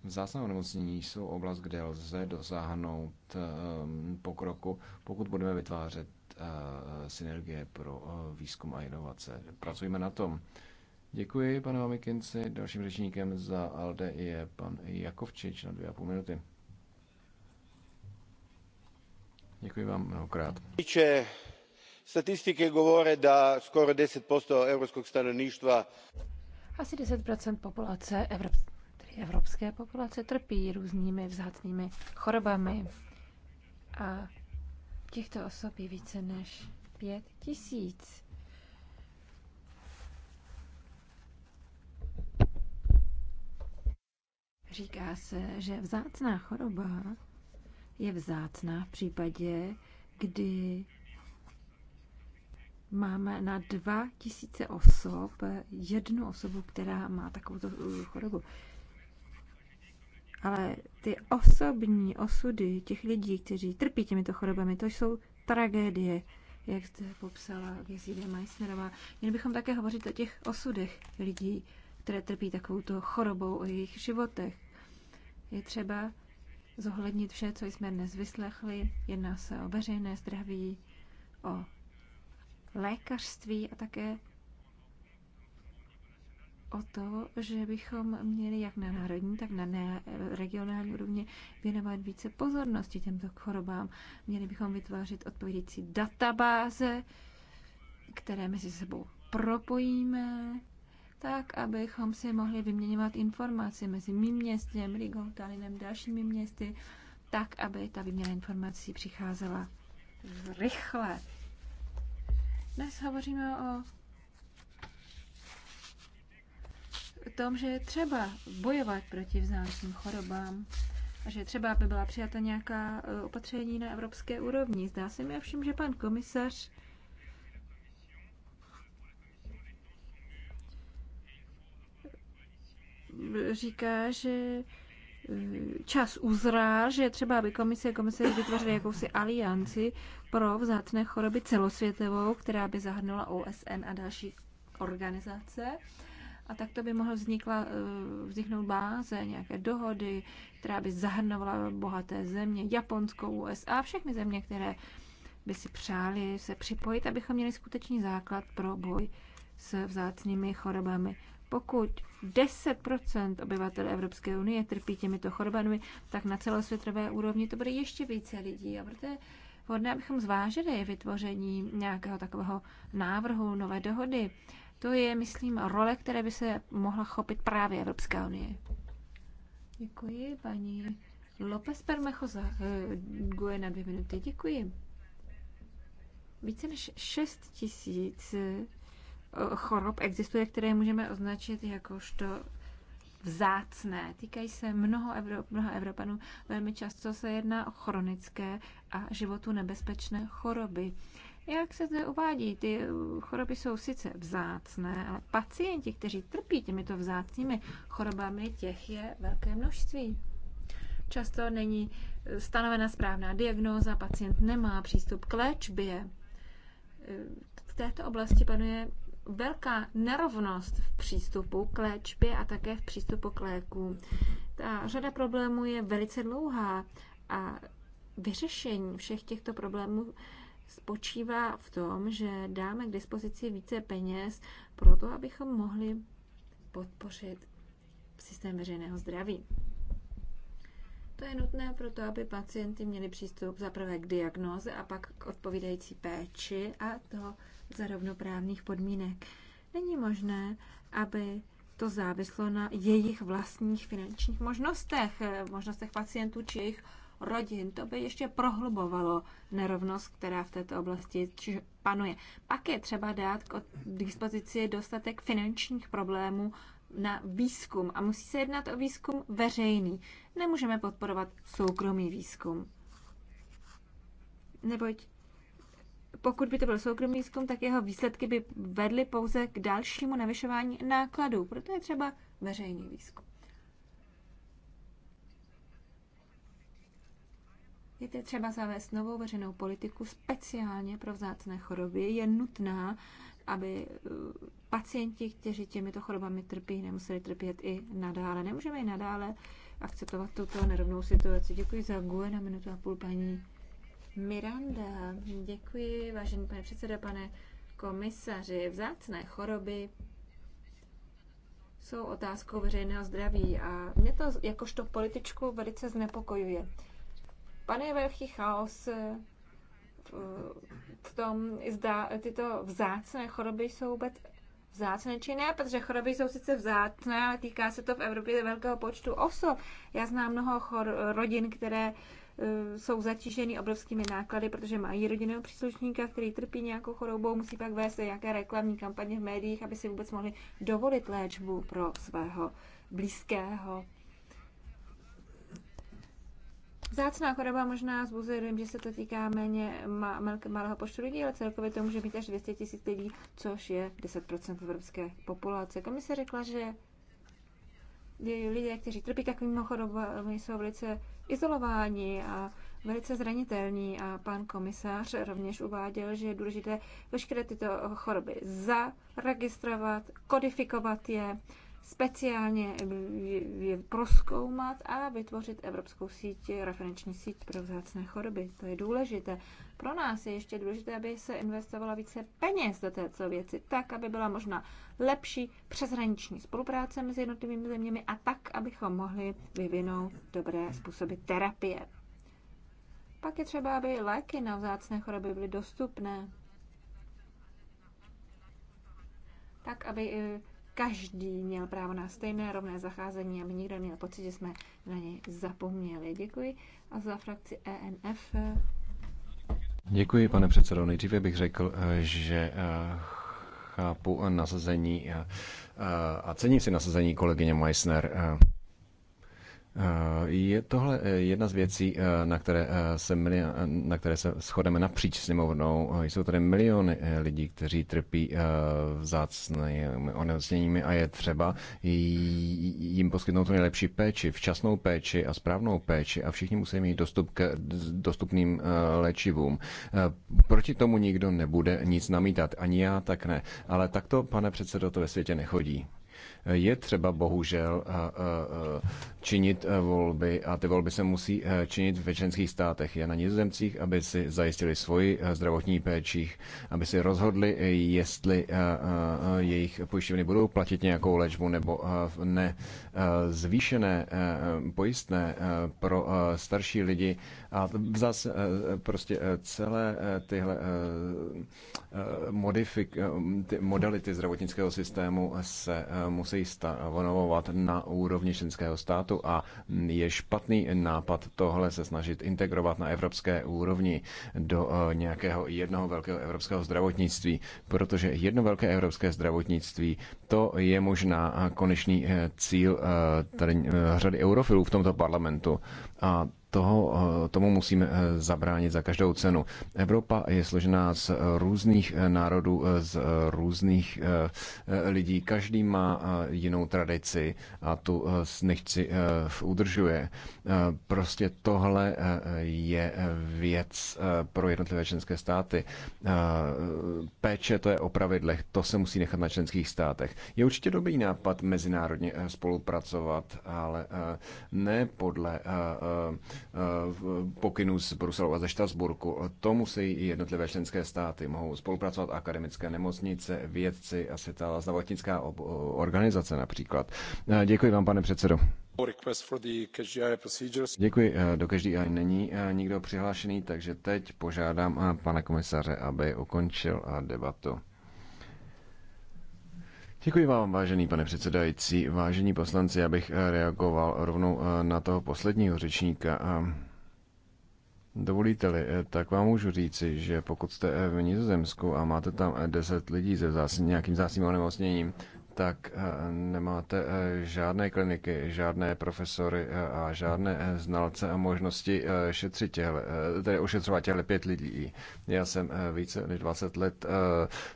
Vzácná onemocnění jsou oblast, kde lze dosáhnout pokroku, pokud budeme vytvářet synergie pro výzkum a inovace. Pracujeme na tom. Děkuji, pane Mamikinci. Dalším řečníkem za ALDE je pan Jakovčič na dvě a půl minuty. Děkuji vám mnohokrát. statistike govore da skoro 10% evropskog stanovništva asi deset procent populace tedy evropské populace trpí různými vzácnými chorobami. A těchto osob je více než pět tisíc. Říká se, že vzácná choroba je vzácná v případě, kdy máme na 2000 osob jednu osobu, která má takovou chorobu. Ale ty osobní osudy těch lidí, kteří trpí těmito chorobami, to jsou tragédie, jak jste popsala Gesíde Meissnerová. Měli bychom také hovořit o těch osudech lidí, které trpí takovouto chorobou, o jejich životech. Je třeba zohlednit vše, co jsme dnes vyslechli. Jedná se o veřejné zdraví, o lékařství a také o to, že bychom měli jak na národní, tak na regionální úrovni věnovat více pozornosti těmto chorobám. Měli bychom vytvářet odpovědící databáze, které mezi sebou propojíme tak abychom si mohli vyměňovat informace mezi mým městem, Rigou, Talinem, dalšími městy, tak, aby ta výměna informací přicházela rychle. Dnes hovoříme o tom, že je třeba bojovat proti vzácným chorobám a že třeba by byla přijata nějaká e, opatření na evropské úrovni. Zdá se mi ovšem, že pan komisař říká, že eh, čas uzrál, že třeba aby komise a komise vytvořily jakousi alianci pro vzácné choroby celosvětovou, která by zahrnula OSN a další organizace. A tak to by mohla vznikla, eh, vzniknout báze, nějaké dohody, která by zahrnovala bohaté země, Japonskou, USA, všechny země, které by si přáli se připojit, abychom měli skutečný základ pro boj s vzácnými chorobami. Pokud 10% obyvatel Evropské unie trpí těmito chorobami, tak na celosvětové úrovni to bude ještě více lidí. A proto je vhodné, abychom zvážili vytvoření nějakého takového návrhu, nové dohody. To je, myslím, role, které by se mohla chopit právě Evropská unie. Děkuji, paní López Permecho za eh, na dvě minuty. Děkuji. Více než 6 tisíc 000 eh, chorob existuje, které můžeme označit jakožto vzácné. Týkají se mnoho, Evrop, mnoho Evropanů. Velmi často se jedná o chronické a životu nebezpečné choroby. Jak se zde uvádí, ty choroby jsou sice vzácné, ale pacienti, kteří trpí těmito vzácnými chorobami, těch je velké množství. Často není stanovena správná diagnóza, pacient nemá přístup k léčbě. V této oblasti panuje velká nerovnost v přístupu k léčbě a také v přístupu k lékům. Ta řada problémů je velice dlouhá a vyřešení všech těchto problémů spočívá v tom, že dáme k dispozici více peněz pro to, abychom mohli podpořit systém veřejného zdraví. To je nutné proto, aby pacienti měli přístup zaprvé k diagnóze a pak k odpovídající péči a to za rovnoprávných podmínek. Není možné, aby to závislo na jejich vlastních finančních možnostech, eh, možnostech pacientů či jejich rodin. To by ještě prohlubovalo nerovnost, která v této oblasti panuje. Pak je třeba dát k dispozici dostatek finančních problémů na výzkum a musí se jednat o výzkum veřejný. Nemůžeme podporovat soukromý výzkum. Neboť pokud by to byl soukromý výzkum, tak jeho výsledky by vedly pouze k dalšímu navyšování nákladů. Proto je třeba veřejný výzkum. Je to třeba zavést novou veřejnou politiku speciálně pro vzácné choroby. Je nutná, aby eh, pacienti, kteří těmito chorobami trpí, nemuseli trpět i nadále. Nemůžeme i nadále akceptovat tuto nerovnou situaci. Děkuji za GUE na minutu a půl paní Miranda. Děkuji, vážený pane předsedo, pane komisaři. Vzácné choroby jsou otázkou veřejného zdraví a mě to jakožto političku velice znepokojuje. Pane velký chaos eh, v tom, zda tyto vzácné choroby jsou vůbec vzácné či ne, protože choroby jsou sice vzácné, ale týká se to v Evropě velkého počtu osob. Já znám mnoho rodin, které Eh, jsou zatíženy obrovskými náklady, protože mají rodinného příslušníka, který trpí nějakou chorobou, musí pak vést nějaké reklamní kampaně v médiích, aby si vůbec mohli dovolit léčbu pro svého blízkého. Zácná choroba možná vzbuzuje že se to týká méně malého počtu lidí, ale celkově to může být až 200 tisíc lidí, což je 10 evropské populace. Komise řekla, že lidé, kteří trpí takovými chorobami, jsou velice izolováni a velice zranitelní a pan komisář rovněž uváděl, že je důležité veškeré tyto choroby zaregistrovat, kodifikovat je speciálně proskoumat a vytvořit evropskou síť, referenční síť pro vzácné choroby. To je důležité. Pro nás je ještě důležité, aby se investovala více peněz do této věci, tak, aby byla možná lepší přeshraniční spolupráce mezi jednotlivými zeměmi a tak, abychom mohli vyvinout dobré způsoby terapie. Pak je třeba, aby léky na vzácné choroby byly dostupné, tak, aby eh, každý měl právo na stejné rovné zacházení, aby nikdo měl pocit, že jsme na něj zapomněli. Děkuji. A za frakci ENF. Eh, Děkuji, pane předsedo. Nejdříve bych řekl, eh, že eh, chápu nasazení a cením si nasazení kolegyně Meissner. Eh, je tohle eh, jedna z věcí, eh, na které se, milion, na které se shodeme napříč němovnou. Jsou tady miliony lidí, kteří trpí vzácnými onemocněními a je třeba jim poskytnout to nejlepší péči, včasnou péči a správnou péči a všichni musí mít dostup k dostupným léčivům. Proti tomu nikdo nebude nic namítat, ani já tak ne. Ale takto, pane předsedo, to ve světě nechodí je třeba bohužel eh, eh, činit eh, volby a ty volby se musí činit ve členských státech. Je na nizozemcích, aby si zajistili svoji zdravotní péči, aby si rozhodli, jestli jejich pojišťovny budou platit nějakou léčbu nebo ne. Zvýšené pojistné pro starší lidi a zase prostě celé tyhle modifik, ty modality zdravotnického systému se musí moci stanovovat na úrovni členského státu a je špatný nápad tohle se snažit integrovat na evropské úrovni do eh, nějakého jednoho velkého evropského zdravotnictví, protože jedno velké evropské zdravotnictví, to je možná eh, konečný eh, cíl tady řady eurofilů v tomto parlamentu. A toho, eh, tomu musíme eh, zabránit za každou cenu. Evropa je složená z eh, různých národů, z různých lidí. Každý má jinou tradici a tu nechci udržuje. Prostě tohle je věc pro jednotlivé členské státy. Péče to je o pravidlech, to se musí nechat na členských státech. Je určitě dobrý nápad mezinárodně spolupracovat, ale ne podle pokynů z Bruselu a ze Štrasburku. To musí i jednotlivé členské státy. Mohou spolupracovat akademické nemocnice, vědci, asi ta zdravotnická organizace například. Eh, děkuji vám, pane předsedo. Děkuji. Eh, do každý a není eh, nikdo přihlášený, takže teď požádám pana komisaře, aby ukončil debatu. Děkuji vám, vážený pane předsedající. Vážení poslanci, já bych eh, reagoval rovnou eh, na toho posledního řečníka. Dovolíte-li, eh, tak vám můžu říci, že pokud jste v Nizozemsku a máte tam 10 lidí se zás, nějakým zásným onemocněním, tak eh, nemáte eh, žádné kliniky, žádné profesory eh, a žádné znalce a možnosti šetřit těhle, tedy ošetřovat těhle pět lidí. Já jsem více než 20 let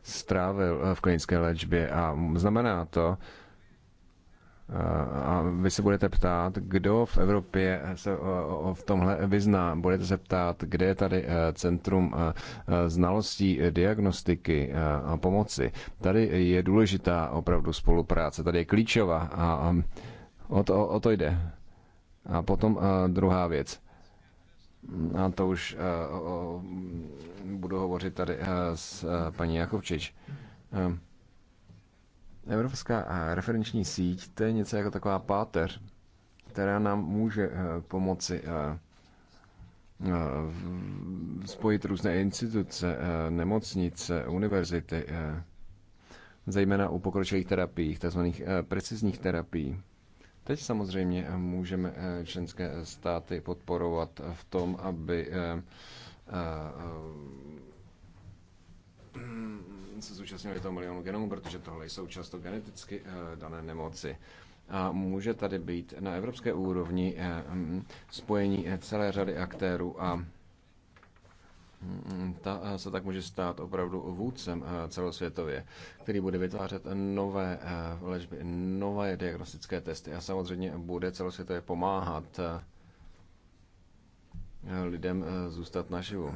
strávil v klinické léčbě a znamená to, Eh, a vy se budete ptát, kdo v Evropě se eh, v tomhle vyzná. Budete se ptát, kde je tady eh, centrum znalostí, diagnostiky a pomoci. Tady je důležitá opravdu spolupráce, tady je klíčová a o to, o to jde. A potom druhá věc. A to už budu hovořit tady s paní Jakovčič. Evropská eh, referenční síť to je něco jako taková páteř, která nám může eh, pomoci eh, spojit různé instituce, nemocnice, univerzity, zejména u pokročilých terapií, tzv. precizních terapií. Teď samozřejmě můžeme členské státy podporovat v tom, aby se zúčastnili toho milionu genomů, protože tohle jsou často geneticky eh, dané nemoci. A může tady být na evropské úrovni eh, hm, spojení eh, celé řady aktérů a hm, ta se tak může stát opravdu vůdcem celosvětově, který bude vytvářet nové léčby, nové diagnostické testy a samozřejmě bude celosvětově pomáhat lidem zůstat naživu.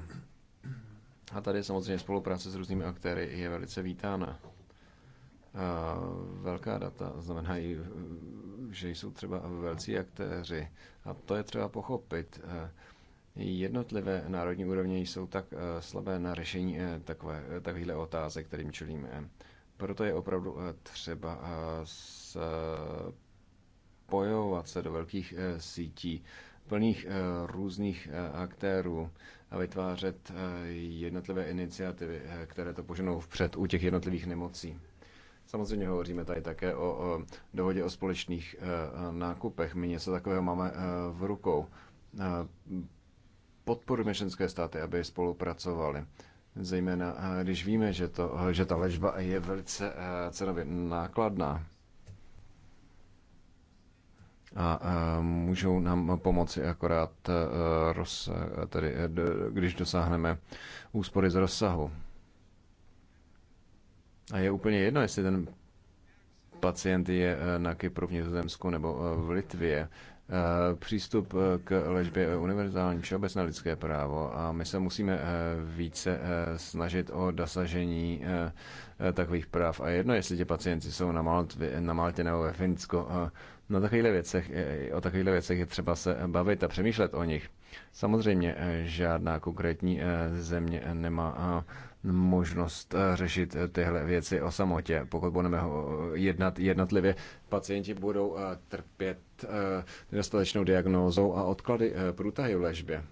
A tady samozřejmě spolupráce s různými aktéry je velice vítána. A velká data znamenají, že jsou třeba velcí aktéři. A to je třeba pochopit. Jednotlivé národní úrovně jsou tak eh, slabé na řešení eh, takové, eh, takovýchhle otázek, kterým čelíme. Proto je opravdu třeba spojovat se do velkých sítí plných různých aktérů a vytvářet eh, jednotlivé iniciativy, eh, které to poženou vpřed u těch jednotlivých nemocí. Samozřejmě hovoříme tady také o, o dohodě o společných eh, nákupech. My něco takového máme v rukou. Podporujeme členské státy, aby spolupracovali. Zejména když víme, že, to, že ta ležba je velice cenově nákladná a, e, můžou nám pomoci akorát e, roz, e, tedy, když dosáhneme úspory z rozsahu. A je úplně jedno, jestli ten pacient je na Kypru, v Nizozemsku nebo v Litvě. Přístup k léčbě je univerzální všeobecné lidské právo a my se musíme více snažit o dosažení takových práv. A jedno, jestli ti pacienti jsou na, Maltvi, na Maltě nebo ve Finsku, na no, takovýchto věcech, eh, o takovýchto věcech je třeba se bavit a přemýšlet o nich. Samozřejmě eh, žádná konkrétní eh, země nemá možnost řešit tyhle věci o samotě. Pokud budeme jednat jednotlivě, pacienti budou trpět nedostatečnou diagnózou a odklady průtahy v léčbě.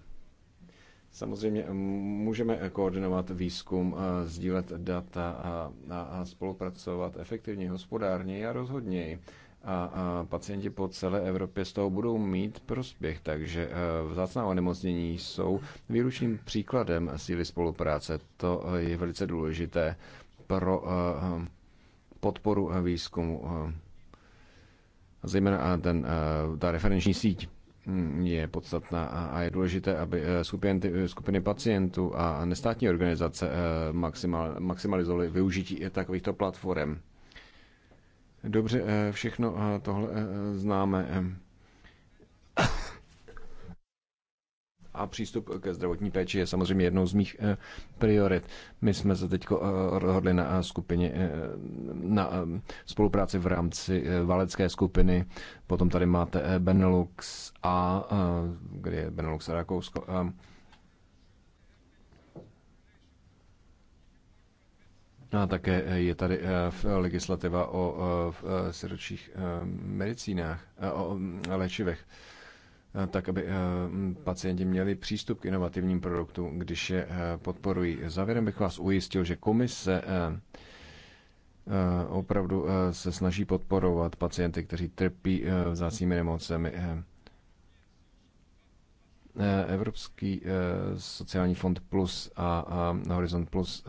Samozřejmě můžeme koordinovat výzkum, sdílet data a, a spolupracovat efektivně, hospodárně a rozhodněji a, a pacienti po celé Evropě z toho budou mít prospěch. Takže e, vzácná onemocnění jsou výručným příkladem síly spolupráce. To je velice důležité pro e, podporu výzkumu. E, zejména ten, ta referenční síť hm, je podstatná a je důležité, aby skupiny, skupiny pacientů a nestátní organizace maximalizovaly využití takovýchto platform Dobře, eh, všechno eh, tohle eh, známe. A přístup ke zdravotní péči je samozřejmě jednou z mých priorit. My jsme se teď rozhodli na skupině, na spolupráci v rámci Valecké skupiny. Potom tady máte Benelux a, kde je Benelux a Rakousko. A No a také eh, je tady eh, eh, legislativa o sirotčích medicínách, o mm, léčivech, tak aby mm, pacienti měli přístup k inovativním produktům, když je podporují. Závěrem bych vás ujistil, že komise opravdu se snaží podporovat pacienty, kteří trpí vzácnými nemocemi. Eh, Evropský eh, sociální fond Plus a Horizont Plus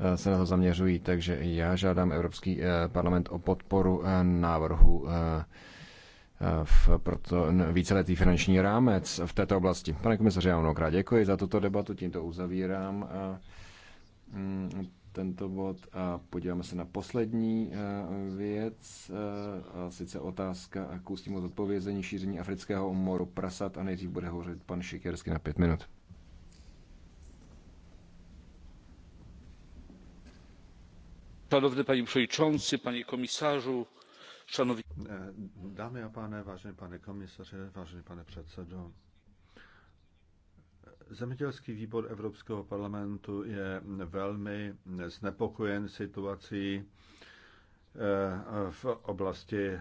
eh, se na to zaměřují, takže já žádám Evropský parlament o podporu návrhu v proto víceletý finanční rámec v této oblasti. Pane komisaři, já mnohokrát děkuji za tuto debatu, tímto uzavírám mm, tento bod a podíváme se na poslední eh, věc, eh, a sice otázka k ústnímu zodpovězení šíření afrického moru prasat a nejdřív bude hovořit pan Šikersky na pět minut. Szanowny panie przewodniczący, panie komisarzu, szanowni... Eh, dámy a pánové, vážený pane komisaře, vážený pane předsedo, Zemědělský výbor Evropského parlamentu je velmi znepokojen situací eh, v oblasti eh,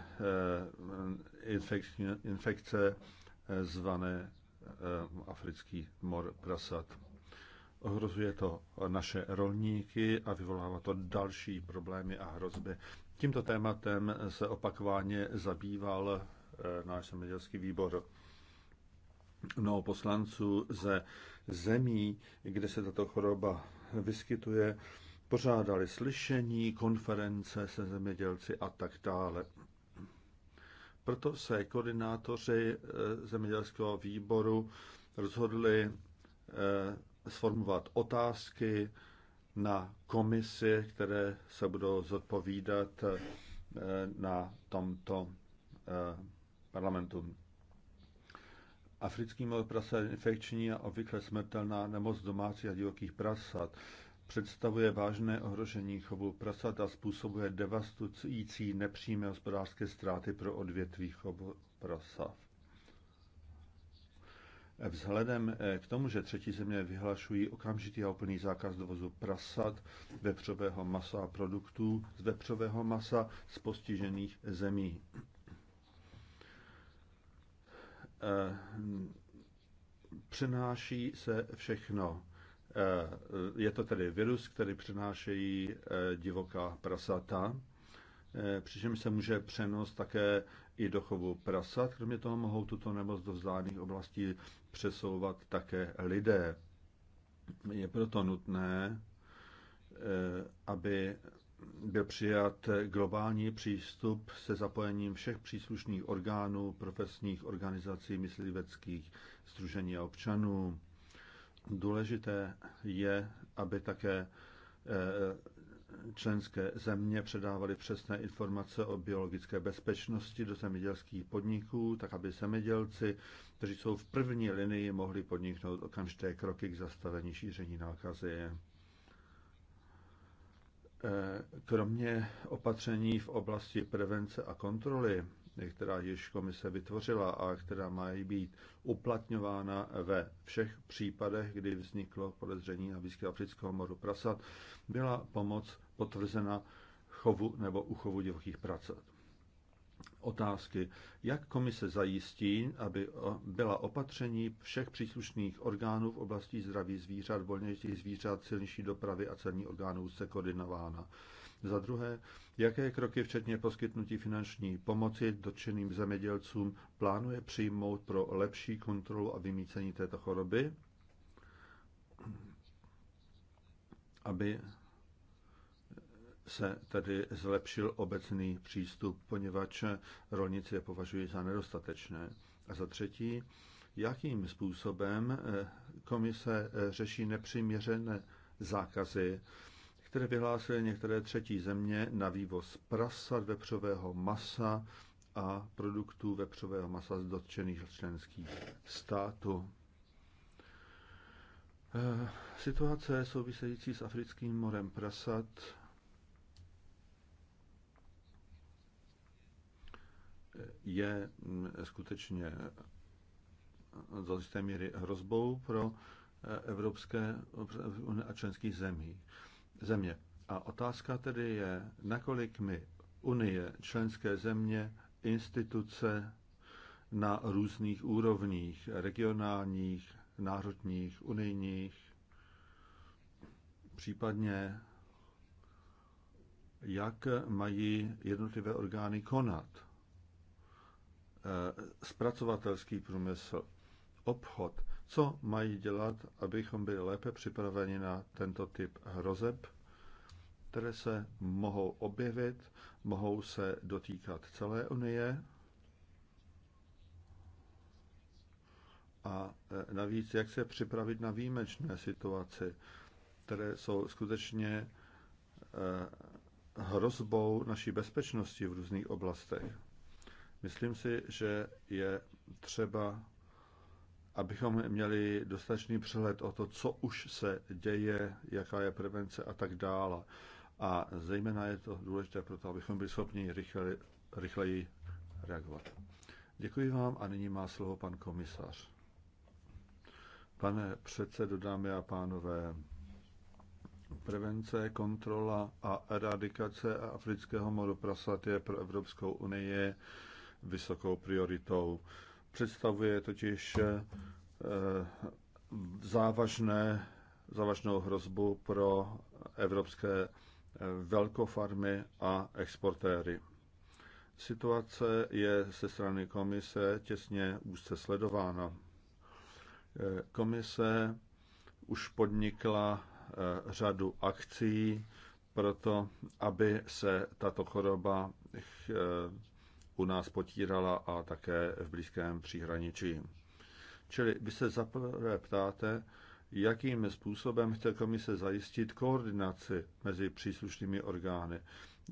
infekce eh, zvané africký mor prasat. Ohrozuje to naše rolníky a vyvolává to další problémy a hrozby. Tímto tématem se opakováně zabýval náš zemědělský výbor mnoho poslanců ze zemí, kde se tato choroba vyskytuje, pořádali slyšení, konference se zemědělci a tak dále. Proto se koordinátoři eh, zemědělského výboru rozhodli eh, sformovat otázky na komisi, které se budou zodpovídat eh, na tomto parlamentu. Africký mor prasa je infekční a obvykle smrtelná nemoc domácích a divokých prasat. Představuje vážné ohrožení chovu prasat a způsobuje devastující nepřímé hospodářské ztráty pro odvětví chovu prasat. Vzhledem eh, k tomu, že třetí země vyhlašují okamžitý a úplný zákaz dovozu prasat, vepřového masa a produktů z vepřového masa z postižených zemí. Eh, přenáší se všechno. Eh, je to tedy virus, který přenášejí eh, divoká prasata, přičemž se může přenos také i do chovu prasat. Kromě toho mohou tuto nemoc do vzdálených oblastí přesouvat také lidé. Je proto nutné, aby byl přijat globální přístup se zapojením všech příslušných orgánů, profesních organizací, mysliveckých združení a občanů. Důležité je, aby také eh, členské země předávaly přesné informace o biologické bezpečnosti do zemědělských podniků, tak aby zemědělci, kteří jsou v první linii, mohli podniknout okamžité kroky k zastavení šíření nákazy. Eh, kromě opatření v oblasti prevence a kontroly, která již komise vytvořila a která mají být uplatňována ve všech případech, kdy vzniklo podezření na výskyt afrického moru prasat, byla pomoc potvrzena chovu nebo uchovu divokých prasat otázky, jak komise zajistí, aby byla opatření všech příslušných orgánů v oblasti zdraví zvířat, volnějších zvířat, silnější dopravy a celní orgánů se koordinována. Za druhé, jaké kroky, včetně poskytnutí finanční pomoci dotčeným zemědělcům, plánuje přijmout pro lepší kontrolu a vymícení této choroby, aby se tedy zlepšil obecný přístup, poněvadž rolnici je považují za nedostatečné. A za třetí, jakým způsobem eh, komise eh, řeší nepřiměřené zákazy, které vyhlásily některé třetí země na vývoz prasat, vepřového masa a produktů vepřového masa z dotčených členských států. Eh, situace související s africkým morem prasat je mm, skutečně do jisté míry hrozbou pro eh, evropské a členské zemí. Země. A otázka tedy je, nakolik my Unie, členské země, instituce na různých úrovních, regionálních, národních, unijních, případně jak mají jednotlivé orgány konat Eh, zpracovatelský průmysl, obchod, co mají dělat, abychom byli lépe připraveni na tento typ hrozeb, které se mohou objevit, mohou se dotýkat celé Unie a eh, navíc, jak se připravit na výjimečné situaci, které jsou skutečně eh, hrozbou naší bezpečnosti v různých oblastech. Myslím si, že je třeba, abychom měli dostatečný přehled o to, co už se děje, jaká je prevence a tak dále. A zejména je to důležité pro to, abychom byli schopni rychle, rychleji reagovat. Děkuji vám a nyní má slovo pan komisař. Pane předsedo, dámy a pánové, prevence, kontrola a eradikace afrického moru prasat je pro Evropskou unii vysokou prioritou. Představuje totiž eh, závažné, závažnou hrozbu pro evropské eh, velkofarmy a exportéry. Situace je se strany komise těsně úzce sledována. Eh, komise už podnikla řadu akcí pro to, aby se tato choroba u nás potírala a také v blízkém příhraničí. Čili vy se zaprvé ptáte, jakým způsobem chce komise zajistit koordinaci mezi příslušnými orgány.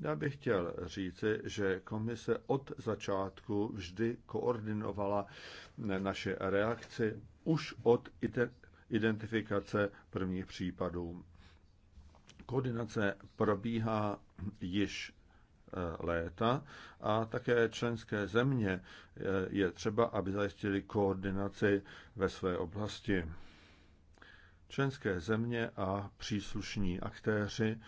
Já bych chtěl říci, že komise od začátku vždy koordinovala naše reakci už od identifikace prvních případů. Koordinace probíhá již Eh, léta a také členské země eh, je třeba, aby zajistili koordinaci ve své oblasti. Členské země a příslušní aktéři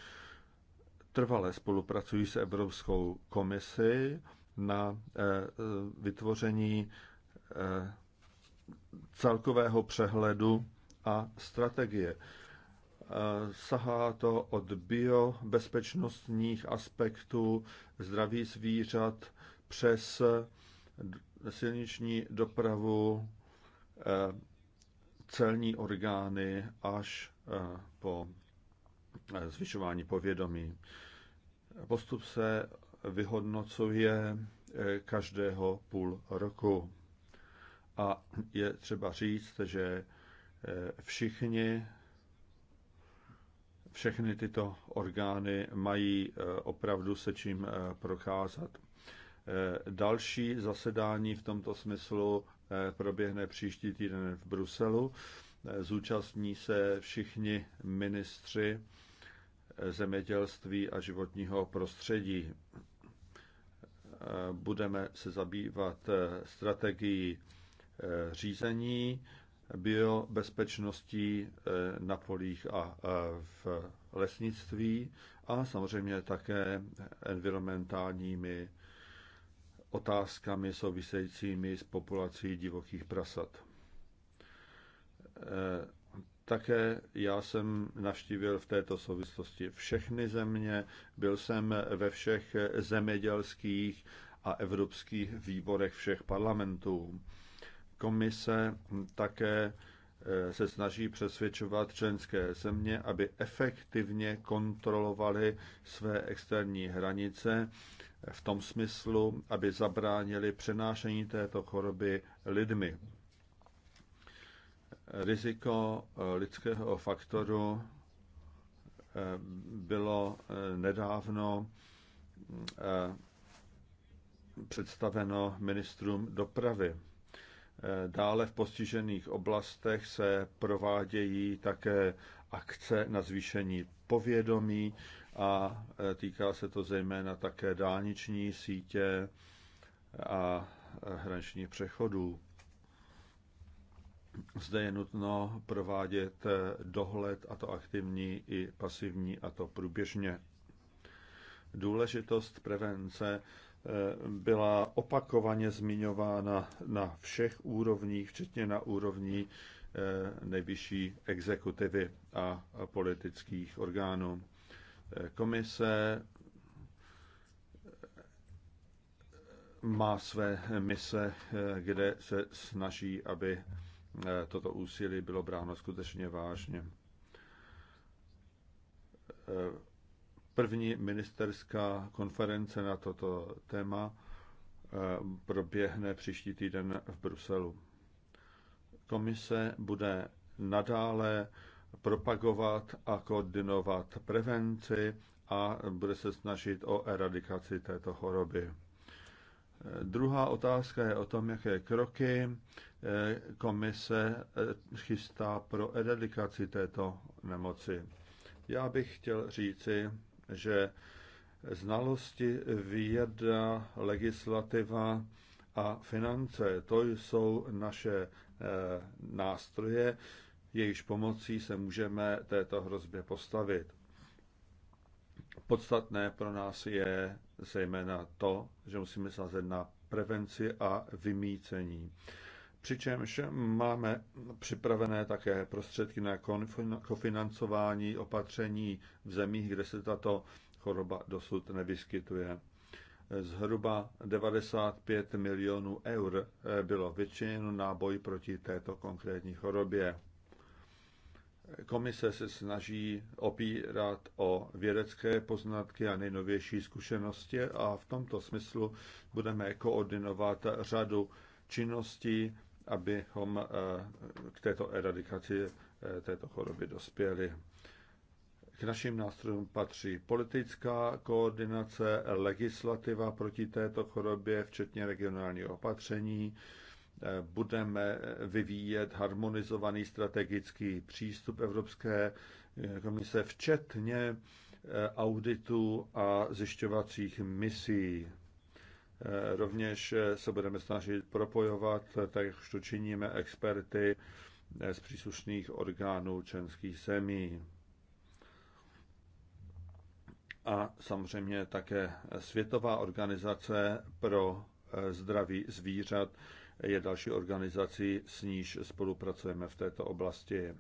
trvale spolupracují s Evropskou komisi na eh, vytvoření celkového přehledu a strategie sahá to od biobezpečnostních aspektů zdraví zvířat přes silniční dopravu, eh, celní orgány až eh, po eh, zvyšování povědomí. Postup se vyhodnocuje každého půl roku. A je třeba říct, že všichni všechny tyto orgány mají eh, opravdu se čím eh, prokázat. Eh, další zasedání v tomto smyslu proběhne příští týden v Bruselu. Zúčastní se všichni ministři zemědělství a životního prostředí. Budeme se zabývat strategií řízení, biobezpečností eh, na polích a eh, v lesnictví a samozřejmě také environmentálními otázkami souvisejícími s populací divokých prasat. Eh, také já jsem navštívil v této souvislosti všechny země, byl jsem ve všech zemědělských a evropských výborech všech parlamentů. Komise také eh, se snaží přesvědčovat členské země, aby efektivně kontrolovali své externí hranice v tom smyslu, aby zabránili přenášení této choroby lidmi. Riziko eh, lidského faktoru eh, bylo nedávno představeno ministrům dopravy. Eh, dále v postižených oblastech se provádějí také akce na zvýšení povědomí a eh, týká se to zejména také dálniční sítě a eh, hraničních přechodů. Zde je nutno provádět dohled, a to aktivní i pasivní, a to průběžně důležitost prevence eh, byla opakovaně zmiňována na všech úrovních, včetně na úrovni eh, nejvyšší exekutivy a politických orgánů. Eh, komise má své mise, kde se snaží, aby toto úsilí bylo bráno skutečně vážně První ministerská konference na toto téma eh, proběhne příští týden v Bruselu. Komise bude nadále propagovat a koordinovat prevenci a bude se snažit o eradikaci této choroby. Eh, druhá otázka je o tom, jaké kroky eh, komise chystá pro eradikaci této nemoci. Já bych chtěl říci, že znalosti, věda, legislativa a finance, to jsou naše eh, nástroje, jejichž pomocí se můžeme této hrozbě postavit. Podstatné pro nás je zejména to, že musíme sázet na prevenci a vymícení. Přičemž máme připravené také prostředky na kofinancování opatření v zemích, kde se tato choroba dosud nevyskytuje. Zhruba 95 milionů eur eh, bylo vyčiněno na boj proti této konkrétní chorobě. Komise se snaží opírat o vědecké poznatky a nejnovější zkušenosti a v tomto smyslu budeme koordinovat řadu činností abychom eh, k této eradikaci eh, této choroby dospěli. K našim nástrojům patří politická koordinace, legislativa proti této chorobě, včetně regionálního opatření. Eh, budeme vyvíjet harmonizovaný strategický přístup Evropské komise, včetně auditu a zjišťovacích misí. Eh, rovněž eh, se budeme snažit propojovat, eh, tak jak už to činíme, experty z příslušných orgánů členských zemí. A samozřejmě také Světová organizace pro zdraví zvířat je další organizací, s níž spolupracujeme v této oblasti.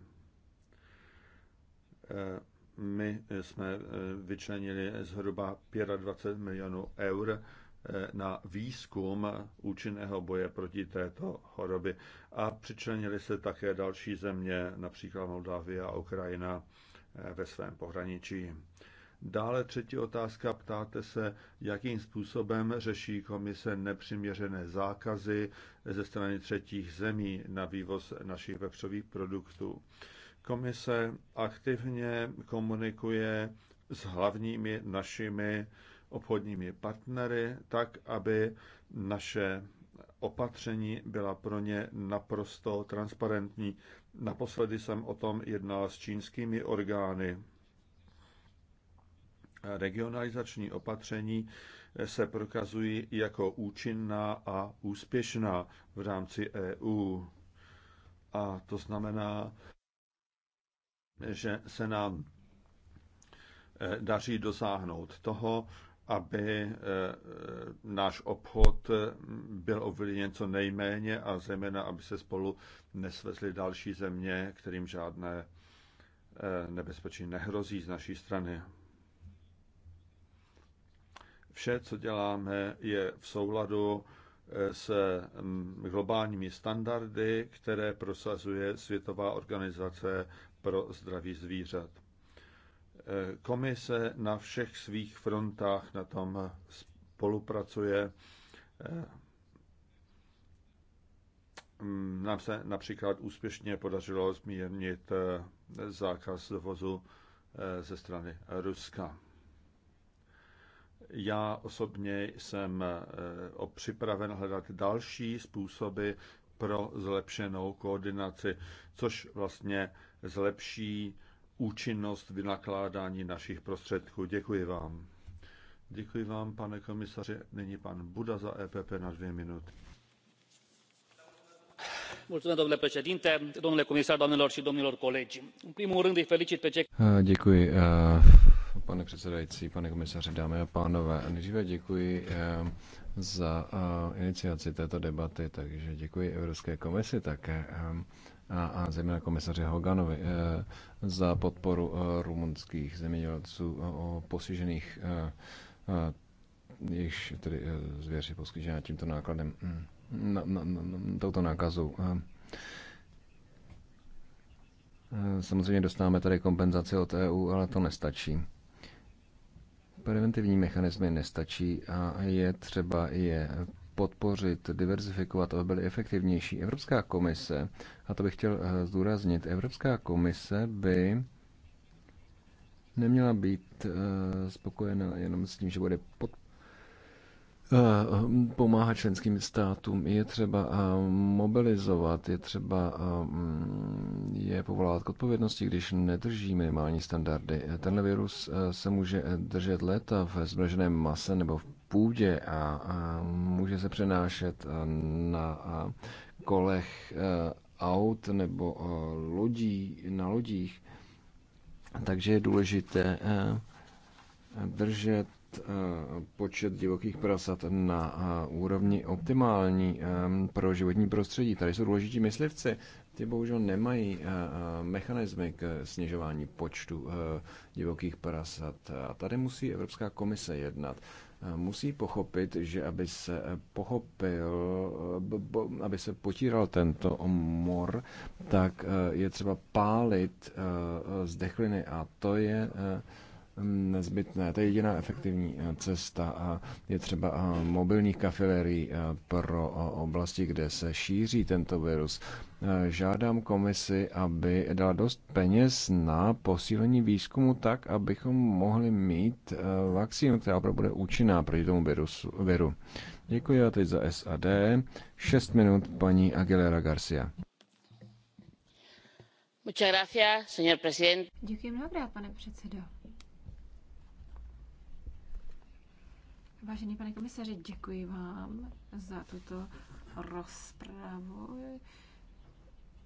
My jsme vyčlenili zhruba 25 milionů eur na výzkum účinného boje proti této chorobě. A přičlenili se také další země, například Moldávie a Ukrajina eh, ve svém pohraničí. Dále třetí otázka, ptáte se, jakým způsobem řeší komise nepřiměřené zákazy ze strany třetích zemí na vývoz našich vepřových produktů. Komise aktivně komunikuje s hlavními našimi obchodními partnery, tak aby naše opatření byla pro ně naprosto transparentní. Naposledy jsem o tom jednal s čínskými orgány. Regionalizační opatření se prokazují jako účinná a úspěšná v rámci EU. A to znamená, že se nám eh, daří dosáhnout toho, aby eh, eh, náš obchod eh, byl ovlivněn co nejméně a zejména, aby se spolu nesvezly další země, kterým žádné nebezpečí nehrozí z naší strany. Vše, co děláme, je v souladu s mm, globálními standardy, které prosazuje Světová organizace pro zdraví zvířat komise na všech svých frontách na tom spolupracuje. Nám se například úspěšně podařilo zmírnit zákaz dovozu ze strany Ruska. Já osobně jsem eh, připraven hledat další způsoby pro zlepšenou koordinaci, což vlastně zlepší účinnost vynakládání našich prostředků. Děkuji vám. Děkuji vám, pane komisaři. Nyní pan Buda za EPP na dvě minuty. domnule președinte domnule comisar doamnelor și domnilor colegi în primul rând îi felicit pe cei. Eh, děkuji, eh, pane předsedající, pane komisaře, dámy a pánové. Nejdříve děkuji eh, za iniciaci této debaty, takže děkuji Evropské komisi také a, a zejména komisaři Hoganovi eh, za podporu eh, rumunských zemědělců eh, postižených jejichž tedy e, zvěři poskyžená tímto nákladem, mm, na, na, na, touto nákazou. Samozřejmě dostáváme tady kompenzaci od EU, ale to nestačí. Preventivní mechanismy nestačí a je třeba je podpořit, diverzifikovat, aby byly efektivnější. Evropská komise, a to bych chtěl eh, zdůraznit, Evropská komise by neměla být eh, spokojena jenom s tím, že bude pod eh, pomáhat členským státům, je třeba mobilizovat, je třeba mm, je povolávat k odpovědnosti, když nedrží minimální standardy. Tenhle virus se může držet léta v zmraženém mase nebo v půdě a může se přenášet na kolech e, aut nebo e, lodí, na lodích. Takže je důležité e, držet počet divokých prasat na úrovni optimální pro životní prostředí. Tady jsou důležití myslivci. Ty bohužel nemají mechanizmy k snižování počtu divokých prasat. A tady musí Evropská komise jednat musí pochopit, že aby se pochopil, aby se potíral tento mor, tak eh, je třeba pálit eh, zdechliny a to je eh, Mm, nezbytné. To je jediná efektivní eh, cesta a je třeba eh, mobilních kafilerí eh, pro oblasti, kde se šíří tento virus. Žádám komisi, aby dala dost peněz na posílení výzkumu tak, abychom mohli mít vakcínu, která opravdu bude účinná proti tomu virusu, viru. Děkuji a teď za SAD. 6 minut paní Aguilera Garcia. Děkuji mnohokrát, pane předsedo. Vážený pane komisaři, děkuji vám za tuto rozpravu.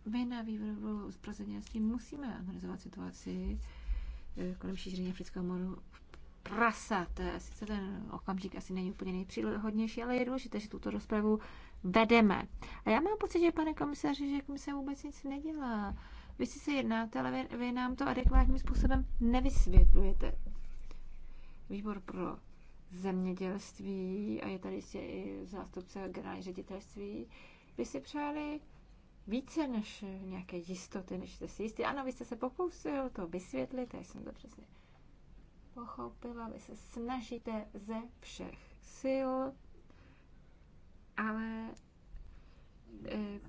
My na výboru s musíme analyzovat situaci eh, kolem šíření afrického moru prasat. Sice ten okamžik asi není úplně nejpříhodnější, ale je důležité, že tuto rozpravu vedeme. A já mám pocit, že pane komisaři, že komise vůbec nic nedělá. Vy si se jednáte, ale vy, vy nám to adekvátním způsobem nevysvětlujete. Výbor pro zemědělství a je tady jistě i zástupce generální ředitelství, by si přáli více než nějaké jistoty, než jste si jistý. Ano, vy jste se pokusil to vysvětlit, já jsem to přesně pochopila, vy se snažíte ze všech sil, ale eh,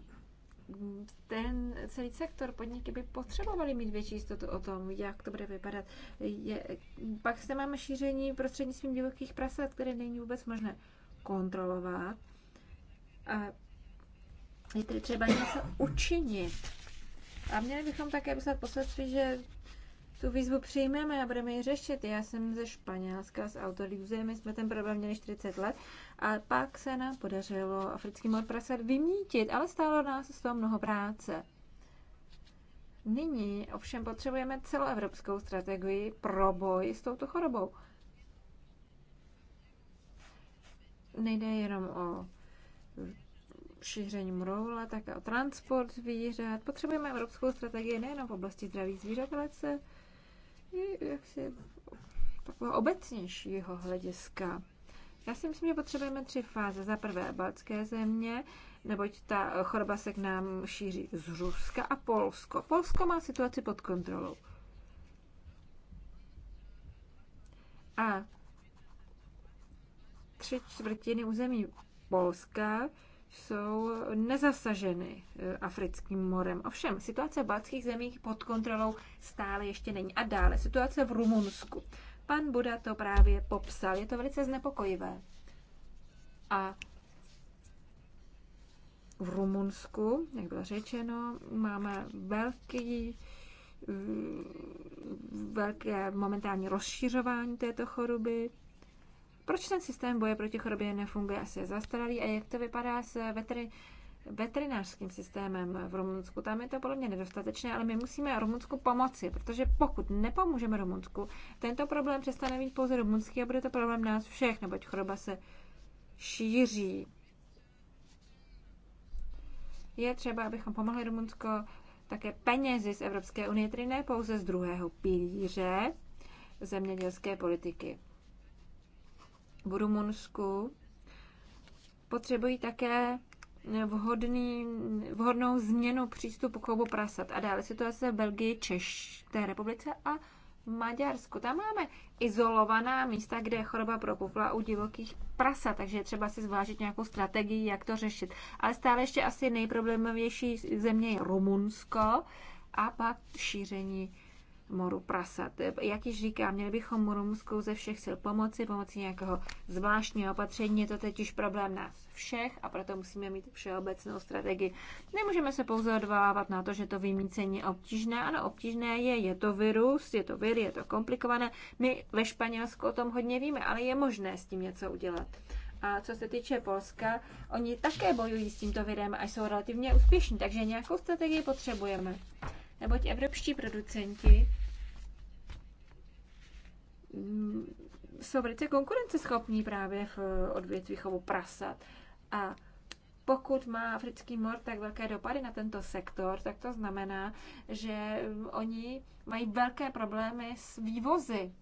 ten celý sektor podniky by potřebovaly mít větší jistotu o tom, jak to bude vypadat. Je, pak se máme šíření prostřednictvím divokých prasat, které není vůbec možné kontrolovat. A je tedy třeba něco učinit. A měli bychom také vyslat posledství, že tu výzvu přijmeme a budeme ji řešit. Já jsem ze Španělska, z Autoliuzie, my jsme ten problém měli 40 let a pak se nám podařilo africký mor prasat vymítit, ale stálo nás z toho mnoho práce. Nyní ovšem potřebujeme celoevropskou strategii pro boj s touto chorobou. Nejde jenom o šíření mroule, také o transport zvířat. Potřebujeme evropskou strategii nejenom v oblasti zdraví zvířat, ale se jaksi takového obecnějšího hlediska. Já si myslím, že potřebujeme tři fáze. Za prvé baltské země, neboť ta choroba se k nám šíří z Ruska a Polsko. Polsko má situaci pod kontrolou. A tři čtvrtiny území Polska jsou nezasaženy e, africkým morem. Ovšem, situace v baltských zemích pod kontrolou stále ještě není. A dále, situace v Rumunsku. Pan Buda to právě popsal. Je to velice znepokojivé. A v Rumunsku, jak bylo řečeno, máme velký e, velké momentální rozšiřování této choroby. Proč ten systém boje proti chorobě nefunguje asi je zastaralý a jak to vypadá s veteri- veterinářským systémem v Rumunsku. Tam je to podle mě nedostatečné, ale my musíme Rumunsku pomoci, protože pokud nepomůžeme Rumunsku, tento problém přestane být pouze rumunský a bude to problém nás všech, neboť choroba se šíří. Je třeba, abychom pomohli Rumunsko také penězi z Evropské unie, tedy ne pouze z druhého pilíře zemědělské politiky v Rumunsku potřebují také vhodný, vhodnou změnu přístupu k chovu prasat. A dále situace v Belgii, té republice a Maďarsku. Tam máme izolovaná místa, kde je choroba propukla u divokých prasat. takže je třeba si zvážit nějakou strategii, jak to řešit. Ale stále ještě asi nejproblémovější země je Rumunsko a pak šíření moru prasat. Jak již říkám, měli bychom Rumunskou ze všech sil pomoci, pomocí nějakého zvláštního opatření. Je to teď už problém nás všech a proto musíme mít všeobecnou strategii. Nemůžeme se pouze odvolávat na to, že to vymícení je obtížné. Ano, obtížné je, je to virus, je to vir, je to komplikované. My ve Španělsku o tom hodně víme, ale je možné s tím něco udělat. A co se týče Polska, oni také bojují s tímto virem a jsou relativně úspěšní, takže nějakou strategii potřebujeme neboť evropští producenti Mm, jsou velice konkurenceschopní právě v eh, odvětví chovu prasat. A pokud má africký mor tak velké dopady na tento sektor, tak to znamená, že mm, oni mají velké problémy s vývozy.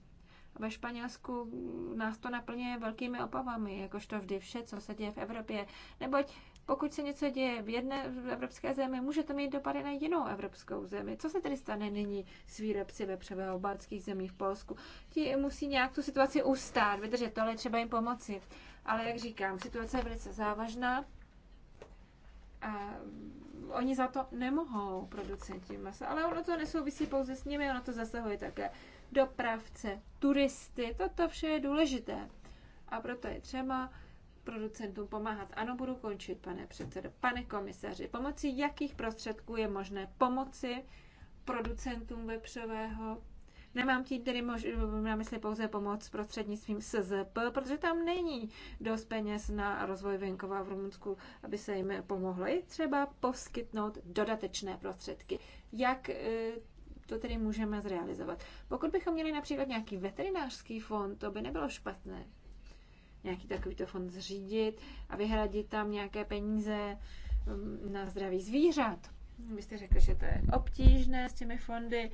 Ve Španělsku nás to naplňuje velkými opavami, jakožto vždy vše, co se děje v Evropě, neboť pokud se něco děje v jedné evropské zemi, může to mít dopady na jinou evropskou zemi. Co se tedy stane nyní s výrobci vepřového v baltských zemích v Polsku? Ti musí nějak tu situaci ustát, vydržet tohle, třeba jim pomoci. Ale jak říkám, situace je velice závažná a oni za to nemohou, producenti masa. Ale ono to nesouvisí pouze s nimi, ono to zasahuje také dopravce, turisty, toto vše je důležité. A proto je třeba producentům pomáhat. Ano, budu končit, pane předsedo. Pane komisaři, pomocí jakých prostředků je možné pomoci producentům vepřového? Nemám tím tedy mož- na mysli pouze pomoc prostřednictvím SZP, protože tam není dost peněz na rozvoj venkova v Rumunsku, aby se jim pomohlo. Je třeba poskytnout dodatečné prostředky. Jak eh, to tedy můžeme zrealizovat. Pokud bychom měli například nějaký veterinářský fond, to by nebylo špatné nějaký takovýto fond zřídit a vyhradit tam nějaké peníze mm, na zdraví zvířat. Vy jste řekl, že to je obtížné s těmi fondy,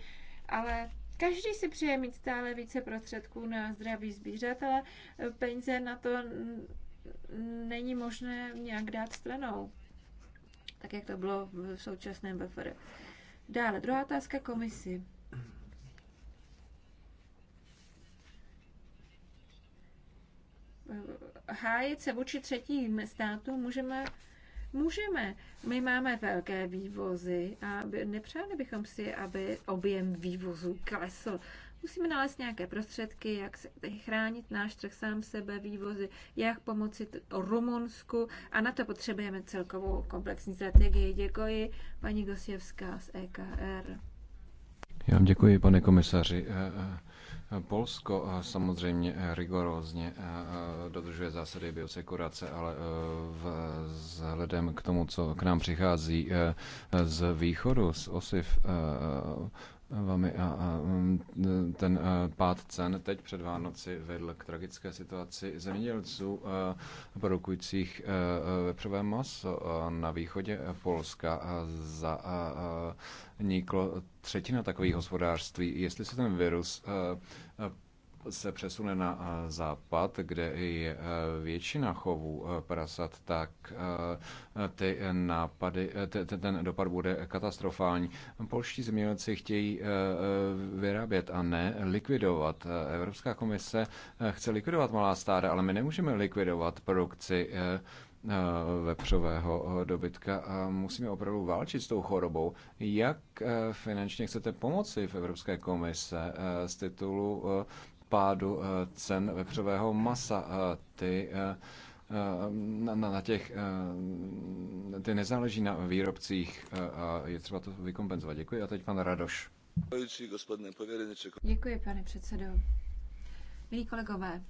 ale každý si přeje mít stále více prostředků na zdraví zvířat, ale peníze na to není možné nějak dát stranou, tak jak to bylo v současném VFR. Dále, druhá otázka komisi. hájit se vůči třetím státům můžeme Můžeme. My máme velké vývozy a nepřáli bychom si, aby objem vývozů klesl. Musíme nalézt nějaké prostředky, jak chránit náš trh sám sebe, vývozy, jak pomoci Rumunsku a na to potřebujeme celkovou komplexní strategii. Děkuji, paní Gosievská z EKR. Já vám děkuji, pane komisaři. Eh, eh, Polsko samozřejmě eh, rigorózně eh, eh, dodržuje zásady biosekurace, ale vzhledem k tomu, co k nám přichází z východu, z osiv, vámi a, a mm, ten e, pád cen teď před Vánoci vedl k tragické situaci zemědělců e, produkujících e, vepřové maso na východě Polska za niklo třetina takových hospodářství. Jestli se ten virus se přesune na eh, západ, kde je eh, většina chovů eh, prasat, tak ty nápady, ten dopad bude katastrofální. Polští zemědělci chtějí vyrábět a ne likvidovat. Evropská komise chce likvidovat malá stáda, ale my nemůžeme likvidovat produkci vepřového dobytka a musíme opravdu válčit s tou chorobou. Jak finančně chcete pomoci v Evropské komise z titulu pádu eh, cen vepřového masa. Eh, ty eh, na, na, na těch, ty nezáleží na výrobcích a je třeba to vykompenzovat. Děkuji. A teď pan Radoš. Děkuji, pane předsedo. Milí kolegové,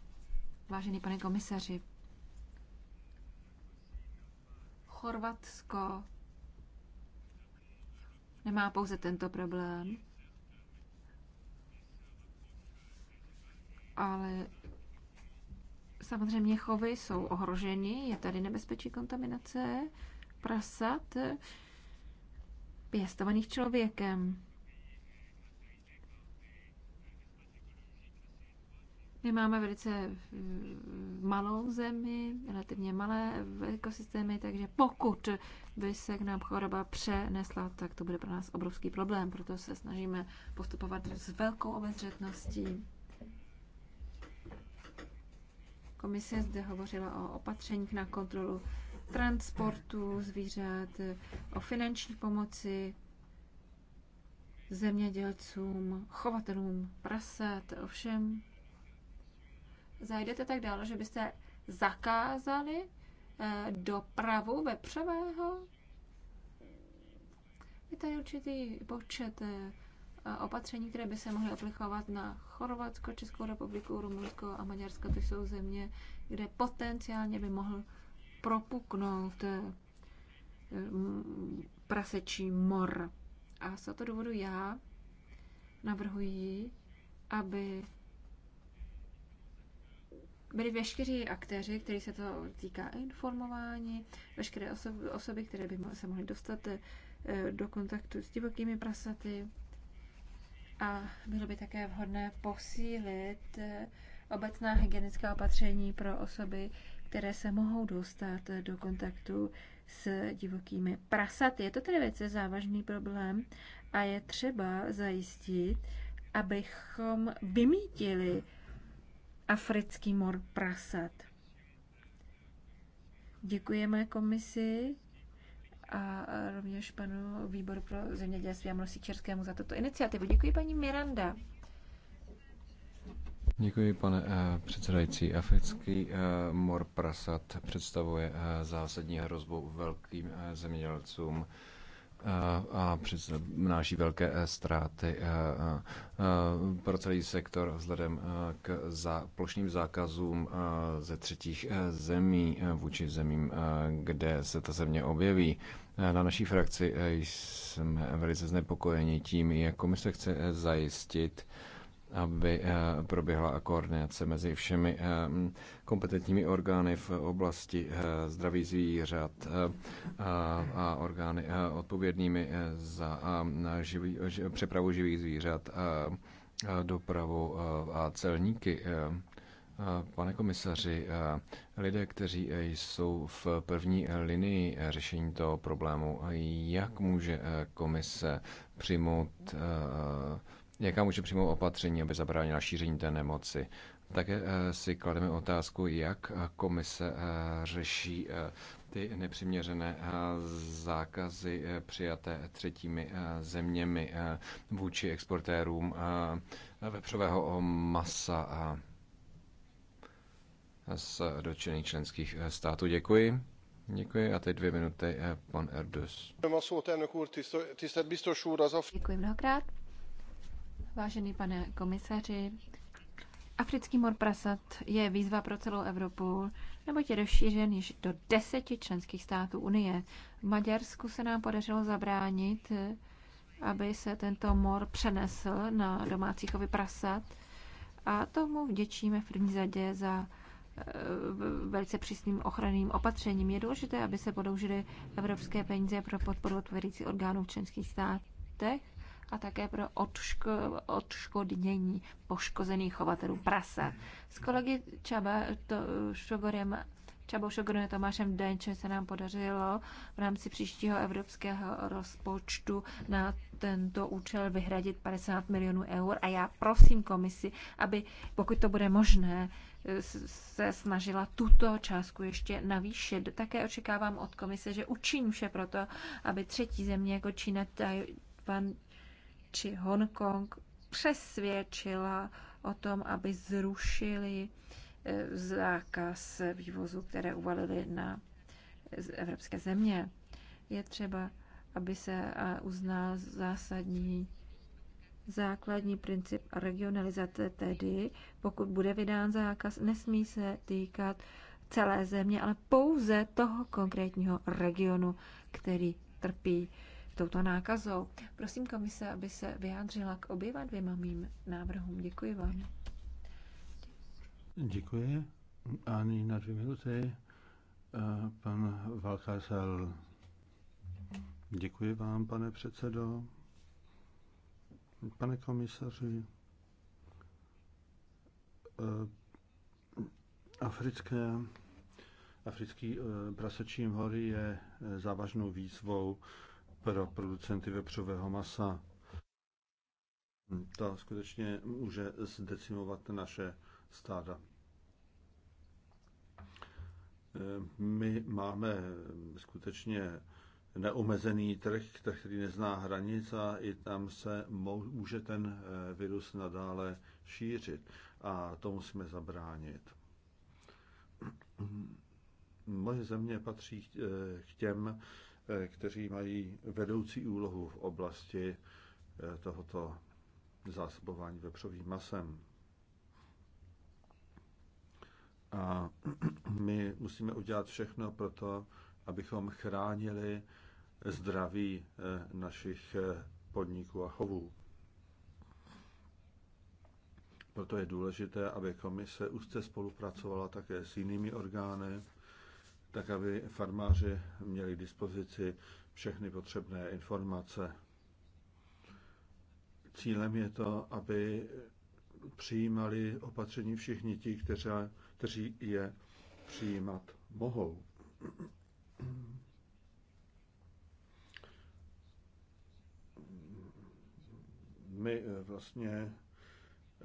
vážený pane komisaři, Chorvatsko nemá pouze tento problém, ale samozřejmě chovy jsou ohroženy, je tady nebezpečí kontaminace prasat pěstovaných člověkem. My máme velice malou zemi, relativně malé ekosystémy, takže pokud by se k nám choroba přenesla, tak to bude pro nás obrovský problém. Proto se snažíme postupovat s velkou obezřetností. Komise zde hovořila o opatřeních na kontrolu transportu zvířat, o finanční pomoci zemědělcům, chovatelům prasat, ovšem zajdete tak dále, že byste zakázali eh, dopravu vepřového? Je tady určitý počet eh, opatření, které by se mohly aplikovat na Chorvatsko, Českou republiku, Rumunsko a Maďarsko. To jsou země, kde potenciálně by mohl propuknout eh, mm, prasečí mor. A z toho důvodu já navrhuji, aby byli veškerí aktéři, kteří se to týká informování, veškeré osoby, osoby které by se mohly dostat eh, do kontaktu s divokými prasaty, a bylo by také vhodné posílit eh, obecná hygienická opatření pro osoby, které se mohou dostat eh, do kontaktu s divokými prasaty. Je to tedy velice závažný problém a je třeba zajistit, abychom vymítili africký mor prasat. Děkujeme komisi a rovněž panu výboru pro zemědělství a množství Českému za tuto iniciativu. Děkuji paní Miranda. Děkuji, pane eh, předsedající. Africký eh, mor prasat představuje eh, zásadní hrozbu velkým zemědělcům a přináší velké eh, ztráty eh, eh, pro celý sektor vzhledem k plošným zákazům ze třetích zemí vůči zemím, kde se ta země objeví. Na naší frakci jsme velice znepokojeni tím, jak komise chce zajistit, aby eh, proběhla koordinace mezi všemi eh, kompetentními orgány v oblasti eh, zdraví zvířat a orgány odpovědnými za živý, přepravu živých zvířat, dopravu a celníky. Pane komisaři, lidé, kteří jsou v první linii řešení toho problému, jak může komise přijmout jaká může přijmout opatření, aby zabránila šíření té nemoci. Také eh, si klademe otázku, jak eh, komise eh, řeší ty nepřiměřené zákazy přijaté třetími zeměmi vůči exportérům vepřového masa z dočených členských států. Děkuji. Děkuji a teď dvě minuty pan Erdős. Děkuji mnohokrát. Vážený pane komisaři, africký mor prasat je výzva pro celou Evropu, neboť je rozšířen již do deseti členských států Unie. V Maďarsku se nám podařilo zabránit, aby se tento mor přenesl na domácí chovy prasat a tomu vděčíme v první zadě za eh, velice přísným ochranným opatřením. Je důležité, aby se podoužily evropské peníze pro podporu odpovědící orgánů v členských státech a také pro odško- odškodnění poškozených chovatelů prase. S kolegy Čaba to, Šogorem Čabou Šogorem a Tomášem Denčem se nám podařilo v rámci příštího evropského rozpočtu na tento účel vyhradit 50 milionů eur a já prosím komisi, aby pokud to bude možné, se snažila tuto částku ještě navýšit. Také očekávám od komise, že učiní vše proto, aby třetí země jako Čína, Taiwan, či Hongkong přesvědčila o tom, aby zrušili eh, zákaz vývozu, které uvalili na evropské země. Je třeba, aby se eh, uznal zásadní základní princip regionalizace, tedy pokud bude vydán zákaz, nesmí se týkat celé země, ale pouze toho konkrétního regionu, který trpí touto nákazou. Prosím komise, aby se vyjádřila k oběma dvěma mým návrhům. Děkuji vám. Děkuji. A nyní na dvě minuty eh, pan Valkasel. Děkuji vám, pane předsedo. Pane komisaři, eh, africké, africký eh, prasečí hory je závažnou výzvou pro producenty vepřového masa. Ta skutečně může zdecimovat naše stáda. My máme skutečně neomezený trh, který nezná hranic a i tam se může ten virus nadále šířit a to musíme zabránit. Moje země patří k těm, Eh, kteří mají vedoucí úlohu v oblasti eh, tohoto zásobování vepřovým masem. A my musíme udělat všechno pro to, abychom chránili zdraví eh, našich podniků a chovů. Proto je důležité, aby komise úzce spolupracovala také s jinými orgány, tak aby farmáři měli k dispozici všechny potřebné informace. Cílem je to, aby přijímali opatření všichni ti, kteří, kteří je přijímat mohou. My eh, vlastně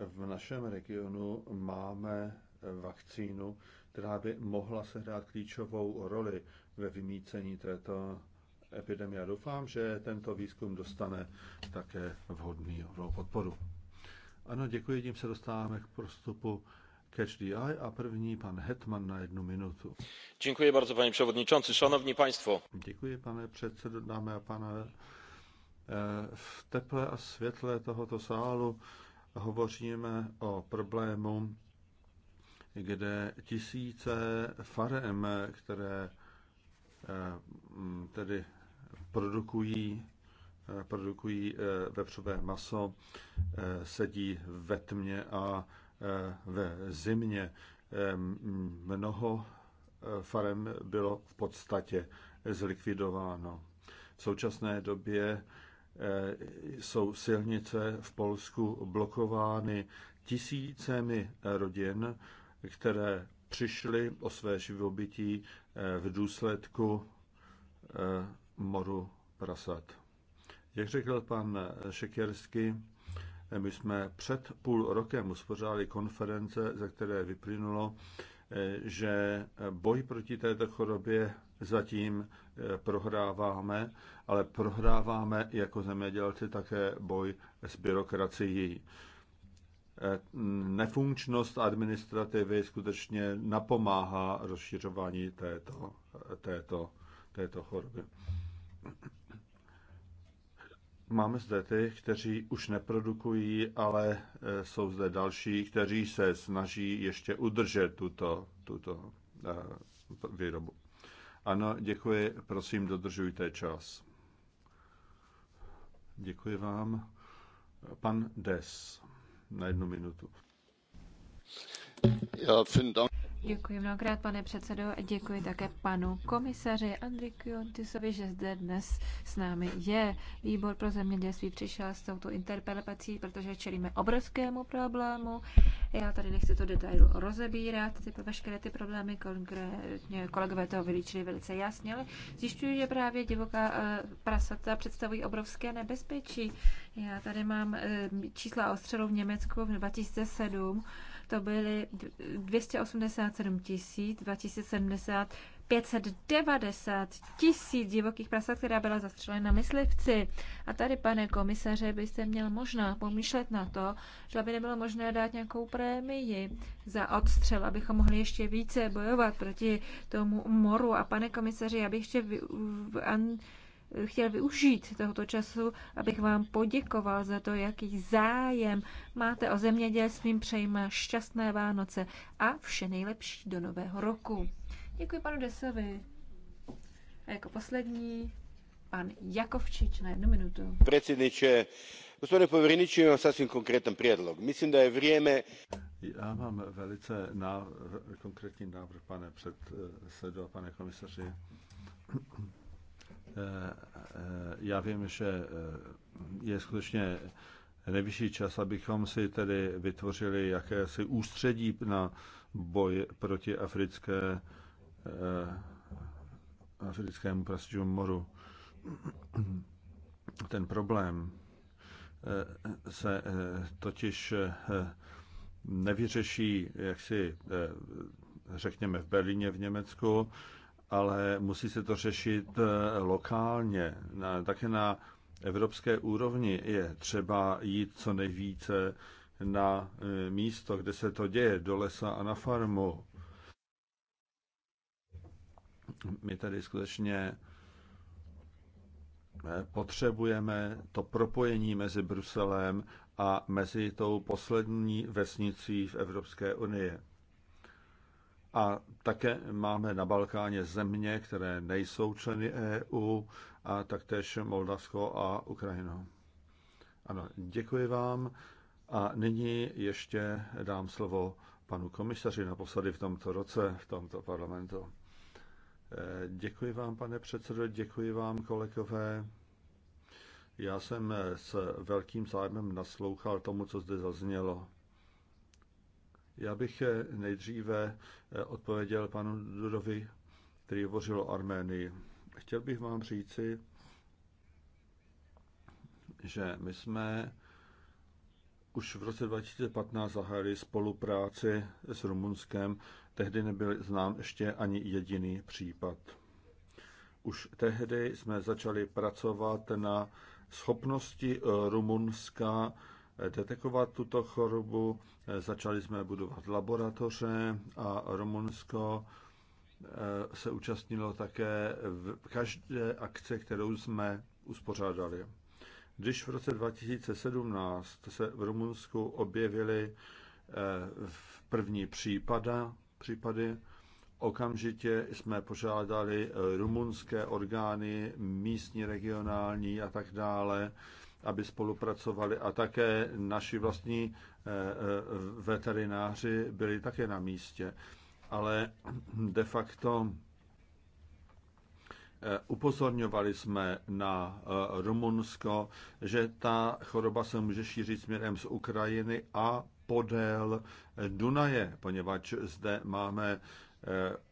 v našem regionu máme vakcínu, která by mohla sehrát klíčovou roli ve vymícení této epidemie. Doufám, že tento výzkum dostane také vhodný podporu. Ano, děkuji, tím se dostáváme k prostupu Catch the Eye a první pan Hetman na jednu minutu. Děkuji bardzo, panie przewodniczący. Szanowni państwo. Děkuji, pane předsedo, dámy a pane. Eh, v teple a světle tohoto sálu hovoříme o problému kde tisíce farem, které eh, tedy produkují, eh, produkují eh, vepřové maso, sedí ve tmě a ve zimě. Mnoho farem bylo v podstatě zlikvidováno. V současné době jsou silnice v Polsku blokovány tisícemi rodin, které přišly o své živobytí eh, v důsledku eh, moru prasat. Jak řekl pan eh, Šekersky, my jsme před půl rokem uspořádali konference, ze které vyplynulo, že boj proti této chorobě zatím prohráváme, ale prohráváme jako zemědělci také boj s byrokracií nefunkčnost administrativy skutečně napomáhá rozšiřování této, této, této choroby. Máme zde ty, kteří už neprodukují, ale e, jsou zde další, kteří se snaží ještě udržet tuto, tuto e, výrobu. Ano, děkuji, prosím, dodržujte čas. Děkuji vám. Pan Des na jednu minutu. Děkuji mnohokrát, pane předsedo, a děkuji také panu komisaři Andriku, Kiontisovi, že zde dnes s námi je. Výbor pro zemědělství přišel s touto interpelací, protože čelíme obrovskému problému. Já tady nechci to detailu rozebírat, ty, veškeré ty problémy, konkrétně kolegové toho vylíčili velice jasně, ale zjišťuju, že právě divoká eh, prasata představují obrovské nebezpečí. Já tady mám eh, čísla o střelu v Německu v 2007 to byly 287 tisíc, 2070 590 tisíc divokých prasat, která byla zastřelena myslivci. A tady, pane komisaře, byste měl možná pomýšlet na to, že by nebylo možné dát nějakou prémii za odstřel, abychom mohli ještě více bojovat proti tomu moru. A pane komisaři, já bych ještě vy, an, chtěl využít tohoto času, abych vám poděkoval za to, jaký zájem máte o zemědělství. Přejme šťastné Vánoce a vše nejlepší do nového roku. Děkuji panu Desovi. A jako poslední pan Jakovčič na jednu minutu. Predsjedniče, gospodine povjereniče, mám sasvím konkrétní předlog. Myslím, že je vrijeme... Já mám velice návr, konkrétní návrh, pane předsedo, pane komisaři Eh, eh, já vím, že eh, je skutečně nejvyšší čas, abychom si tedy vytvořili jakési ústředí na boj proti africké, africkému prasičům moru. Ten problém se totiž nevyřeší, jak si řekněme, v Berlíně v Německu, ale musí se to řešit eh, lokálně. Také na evropské úrovni je třeba jít co nejvíce na eh, místo, kde se to děje, do lesa a na farmu. My tady skutečně eh, potřebujeme to propojení mezi Bruselem a mezi tou poslední vesnicí v Evropské unii. A také máme na Balkáně země, které nejsou členy EU, a taktéž Moldavsko a Ukrajinu. Ano, děkuji vám. A nyní ještě dám slovo panu komisaři naposledy v tomto roce, v tomto parlamentu. E, děkuji vám, pane předsedo, děkuji vám, kolegové. Já jsem s velkým zájmem naslouchal tomu, co zde zaznělo. Já bych eh, nejdříve eh, odpověděl panu Dudovi, který hovořil o Arménii. Chtěl bych vám říci, že my jsme už v roce 2015 zahájili spolupráci s Rumunskem. Tehdy nebyl znám ještě ani jediný případ. Už tehdy jsme začali pracovat na schopnosti eh, Rumunska detekovat tuto chorobu. Eh, začali jsme budovat laboratoře a Rumunsko eh, se účastnilo také v každé akce, kterou jsme uspořádali. Když v roce 2017 se v Rumunsku objevily eh, v první případa, případy, okamžitě jsme požádali rumunské orgány, místní, regionální a tak dále, aby spolupracovali a také naši vlastní eh, eh, veterináři byli také na místě. Ale de facto eh, upozorňovali jsme na Rumunsko, že ta choroba se může šířit směrem z Ukrajiny a podél Dunaje, poněvadž zde máme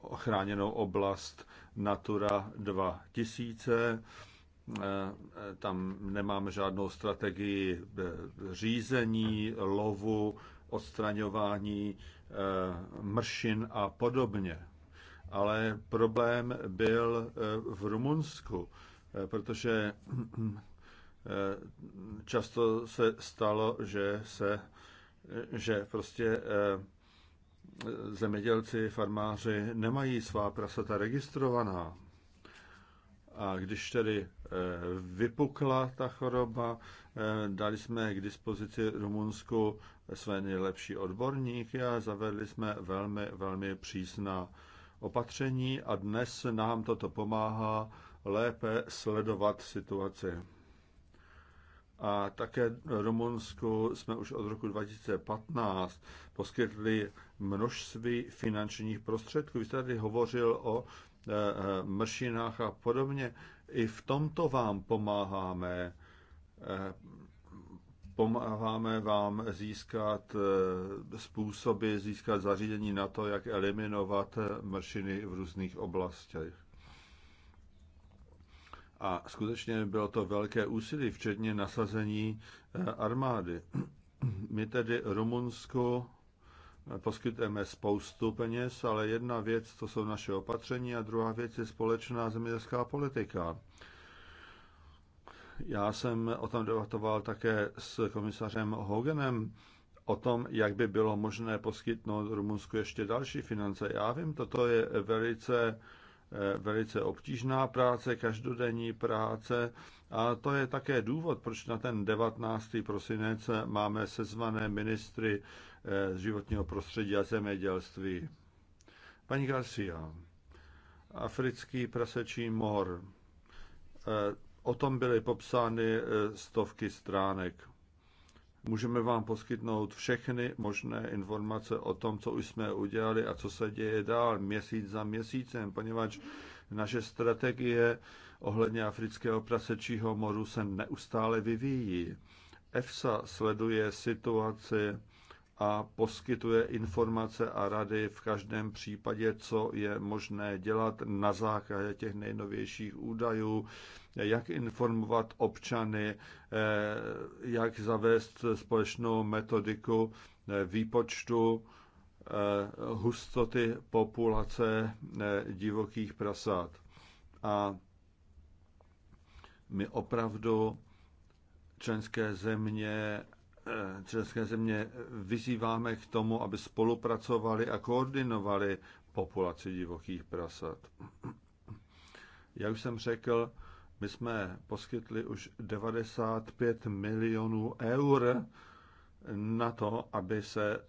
ochráněnou oblast Natura 2000, Eh, tam nemáme žádnou strategii řízení, lovu, odstraňování eh, mršin a podobně. Ale problém byl eh, v Rumunsku, protože často se stalo, že se že prostě zemědělci, farmáři nemají svá prasata registrovaná. A když tedy eh, vypukla ta choroba, eh, dali jsme k dispozici Rumunsku své nejlepší odborníky a zavedli jsme velmi, velmi přísná opatření a dnes nám toto pomáhá lépe sledovat situaci. A také Rumunsku jsme už od roku 2015 poskytli množství finančních prostředků. Vy jste tady hovořil o Eh, eh, mršinách a podobně. I v tomto vám pomáháme. Eh, pomáháme vám získat způsoby, získat zařízení na to, jak eliminovat mršiny v různých oblastech. A skutečně bylo to velké úsilí, včetně nasazení armády. My tedy Rumunsku poskytujeme spoustu peněz, ale jedna věc to jsou naše opatření a druhá věc je společná zemědělská politika. Já jsem o tom debatoval také s komisařem Hoganem o tom, jak by bylo možné poskytnout Rumunsku ještě další finance. Já vím, toto je velice Eh, velice obtížná práce, každodenní práce a to je také důvod, proč na ten 19. prosinec máme sezvané ministry eh, životního prostředí a zemědělství. Paní Garcia, africký prasečí mor. Eh, o tom byly popsány stovky stránek. Můžeme vám poskytnout všechny možné informace o tom, co už jsme udělali a co se děje dál měsíc za měsícem, poněvadž naše strategie ohledně afrického prasečího moru se neustále vyvíjí. EFSA sleduje situaci a poskytuje informace a rady v každém případě, co je možné dělat na základě těch nejnovějších údajů, jak informovat občany, eh, jak zavést společnou metodiku eh, výpočtu eh, hustoty populace divokých prasat. A my opravdu členské země české e, země vyzýváme k tomu, aby spolupracovali a koordinovali populaci divokých prasat. Jak už jsem řekl, my jsme poskytli už 95 milionů eur na to, aby se, e,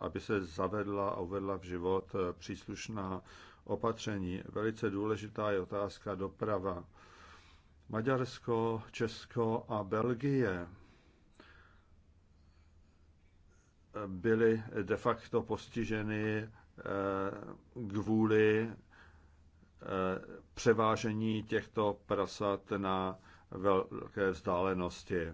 aby se zavedla a uvedla v život e, příslušná opatření. Velice důležitá je otázka doprava. Maďarsko, Česko a Belgie byly de facto postiženy eh, kvůli eh, převážení těchto prasat na velké vzdálenosti.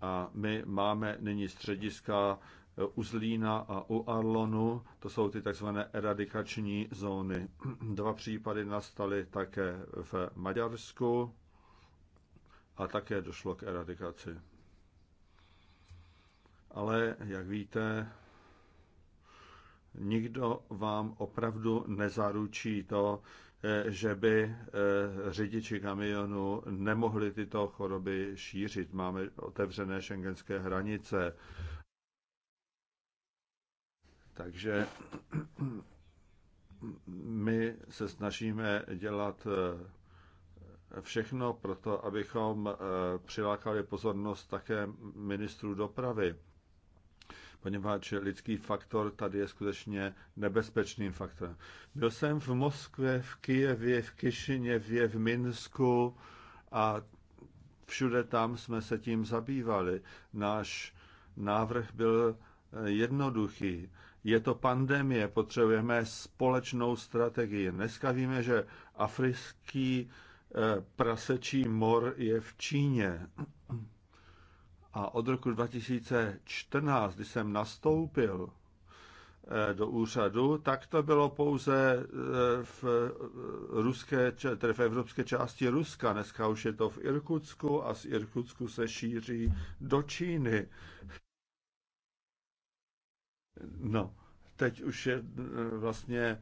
A my máme nyní střediska eh, u Zlína a u Arlonu, to jsou ty takzvané eradikační zóny. Dva případy nastaly také v Maďarsku a také došlo k eradikaci ale jak víte, nikdo vám opravdu nezaručí to, eh, že by eh, řidiči kamionu nemohli tyto choroby šířit. Máme otevřené šengenské hranice. Takže my se snažíme dělat eh, všechno pro to, abychom přilákali pozornost také ministrů dopravy poněvadž lidský faktor tady je skutečně nebezpečným faktorem. Byl jsem v Moskvě, v Kijevě, v Kišiněvě, v Minsku a všude tam jsme se tím zabývali. Náš návrh byl eh, jednoduchý. Je to pandemie, potřebujeme společnou strategii. Dneska víme, že africký eh, prasečí mor je v Číně. A od roku 2014, kdy jsem nastoupil eh, do úřadu, tak to bylo pouze eh, v, eh, ruské, tedy v evropské části Ruska. Dneska už je to v Irkutsku a z Irkutsku se šíří do Číny. No, teď už je vlastně,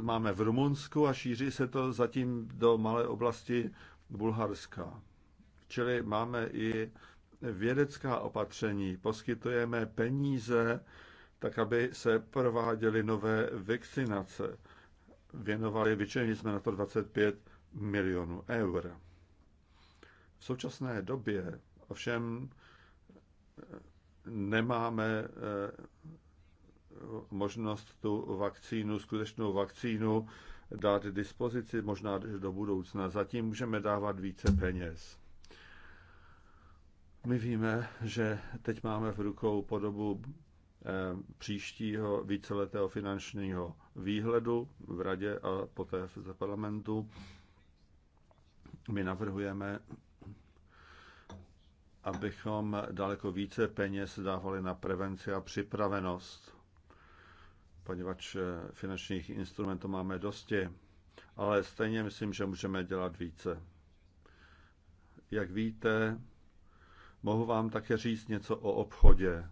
máme v Rumunsku a šíří se to zatím do malé oblasti Bulharska. Čili máme i vědecká opatření, poskytujeme peníze, tak aby se prováděly nové vakcinace. Věnovali, vyčlenili jsme na to 25 milionů eur. V současné době ovšem eh, nemáme eh, možnost tu vakcínu, skutečnou vakcínu, dát dispozici, možná do budoucna. Zatím můžeme dávat více peněz. My víme, že teď máme v rukou podobu eh, příštího víceletého finančního výhledu v radě a poté v parlamentu. My navrhujeme, abychom daleko více peněz dávali na prevenci a připravenost, poněvadž eh, finančních instrumentů máme dosti, ale stejně myslím, že můžeme dělat více. Jak víte, Mohu vám také říct něco o obchodě.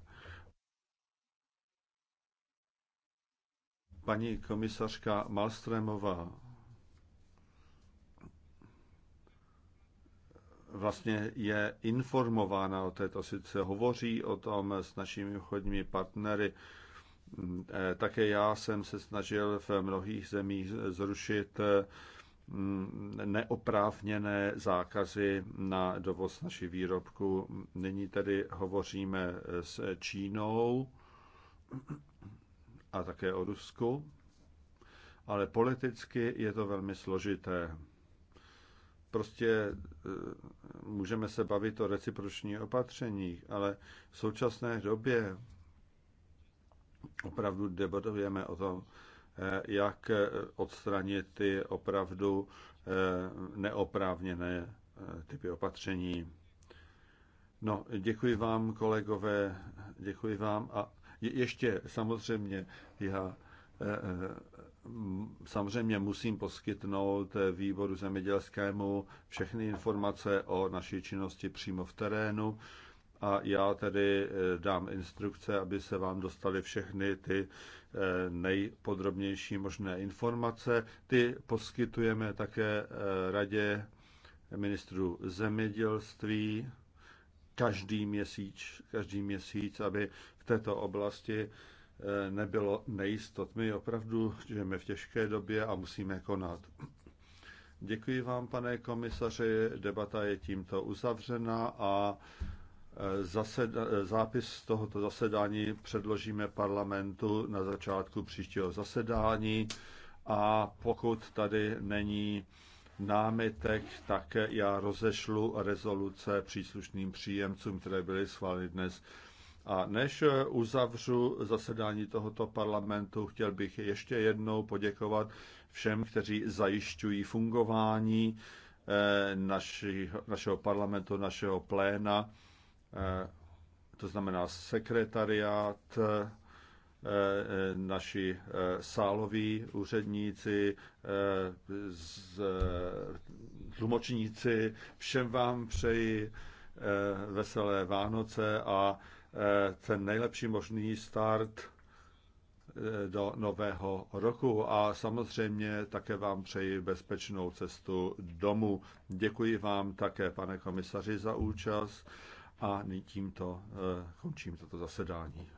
Paní komisařka Malstrémová vlastně je informována o této sice, hovoří o tom s našimi obchodními partnery. E, také já jsem se snažil v mnohých zemích zrušit e, Mm, neoprávněné zákazy na dovoz naší výrobků. Nyní tedy hovoříme s Čínou a také o Rusku, ale politicky je to velmi složité. Prostě e, můžeme se bavit o reciproční opatření, ale v současné době opravdu debatujeme o tom, Eh, jak eh, odstranit ty opravdu eh, neoprávněné typy opatření. No, děkuji vám, kolegové, děkuji vám a ještě samozřejmě já samozřejmě musím poskytnout výboru zemědělskému všechny informace o naší činnosti přímo v terénu a já tedy eh, dám instrukce, aby se vám dostali všechny ty eh, nejpodrobnější možné informace. Ty poskytujeme také eh, radě ministrů zemědělství každý měsíc, každý měsíc, aby v této oblasti nebylo nejistot. My opravdu žijeme v těžké době a musíme konat. Děkuji vám, pane komisaři. Debata je tímto uzavřena a Eh, zaseda, eh, zápis tohoto zasedání předložíme parlamentu na začátku příštího zasedání a pokud tady není námitek, tak já rozešlu rezoluce příslušným příjemcům, které byly schváleny dnes. A než eh, uzavřu zasedání tohoto parlamentu, chtěl bych ještě jednou poděkovat všem, kteří zajišťují fungování naši, našeho parlamentu, našeho pléna Eh, to znamená sekretariát, eh, eh, naši sáloví úředníci, tlumočníci. Všem vám přeji veselé Vánoce a ten nejlepší možný start do nového roku a samozřejmě také vám přeji bezpečnou cestu domů. Děkuji vám také, pane komisaři, za účast. A tímto eh, končím toto zasedání.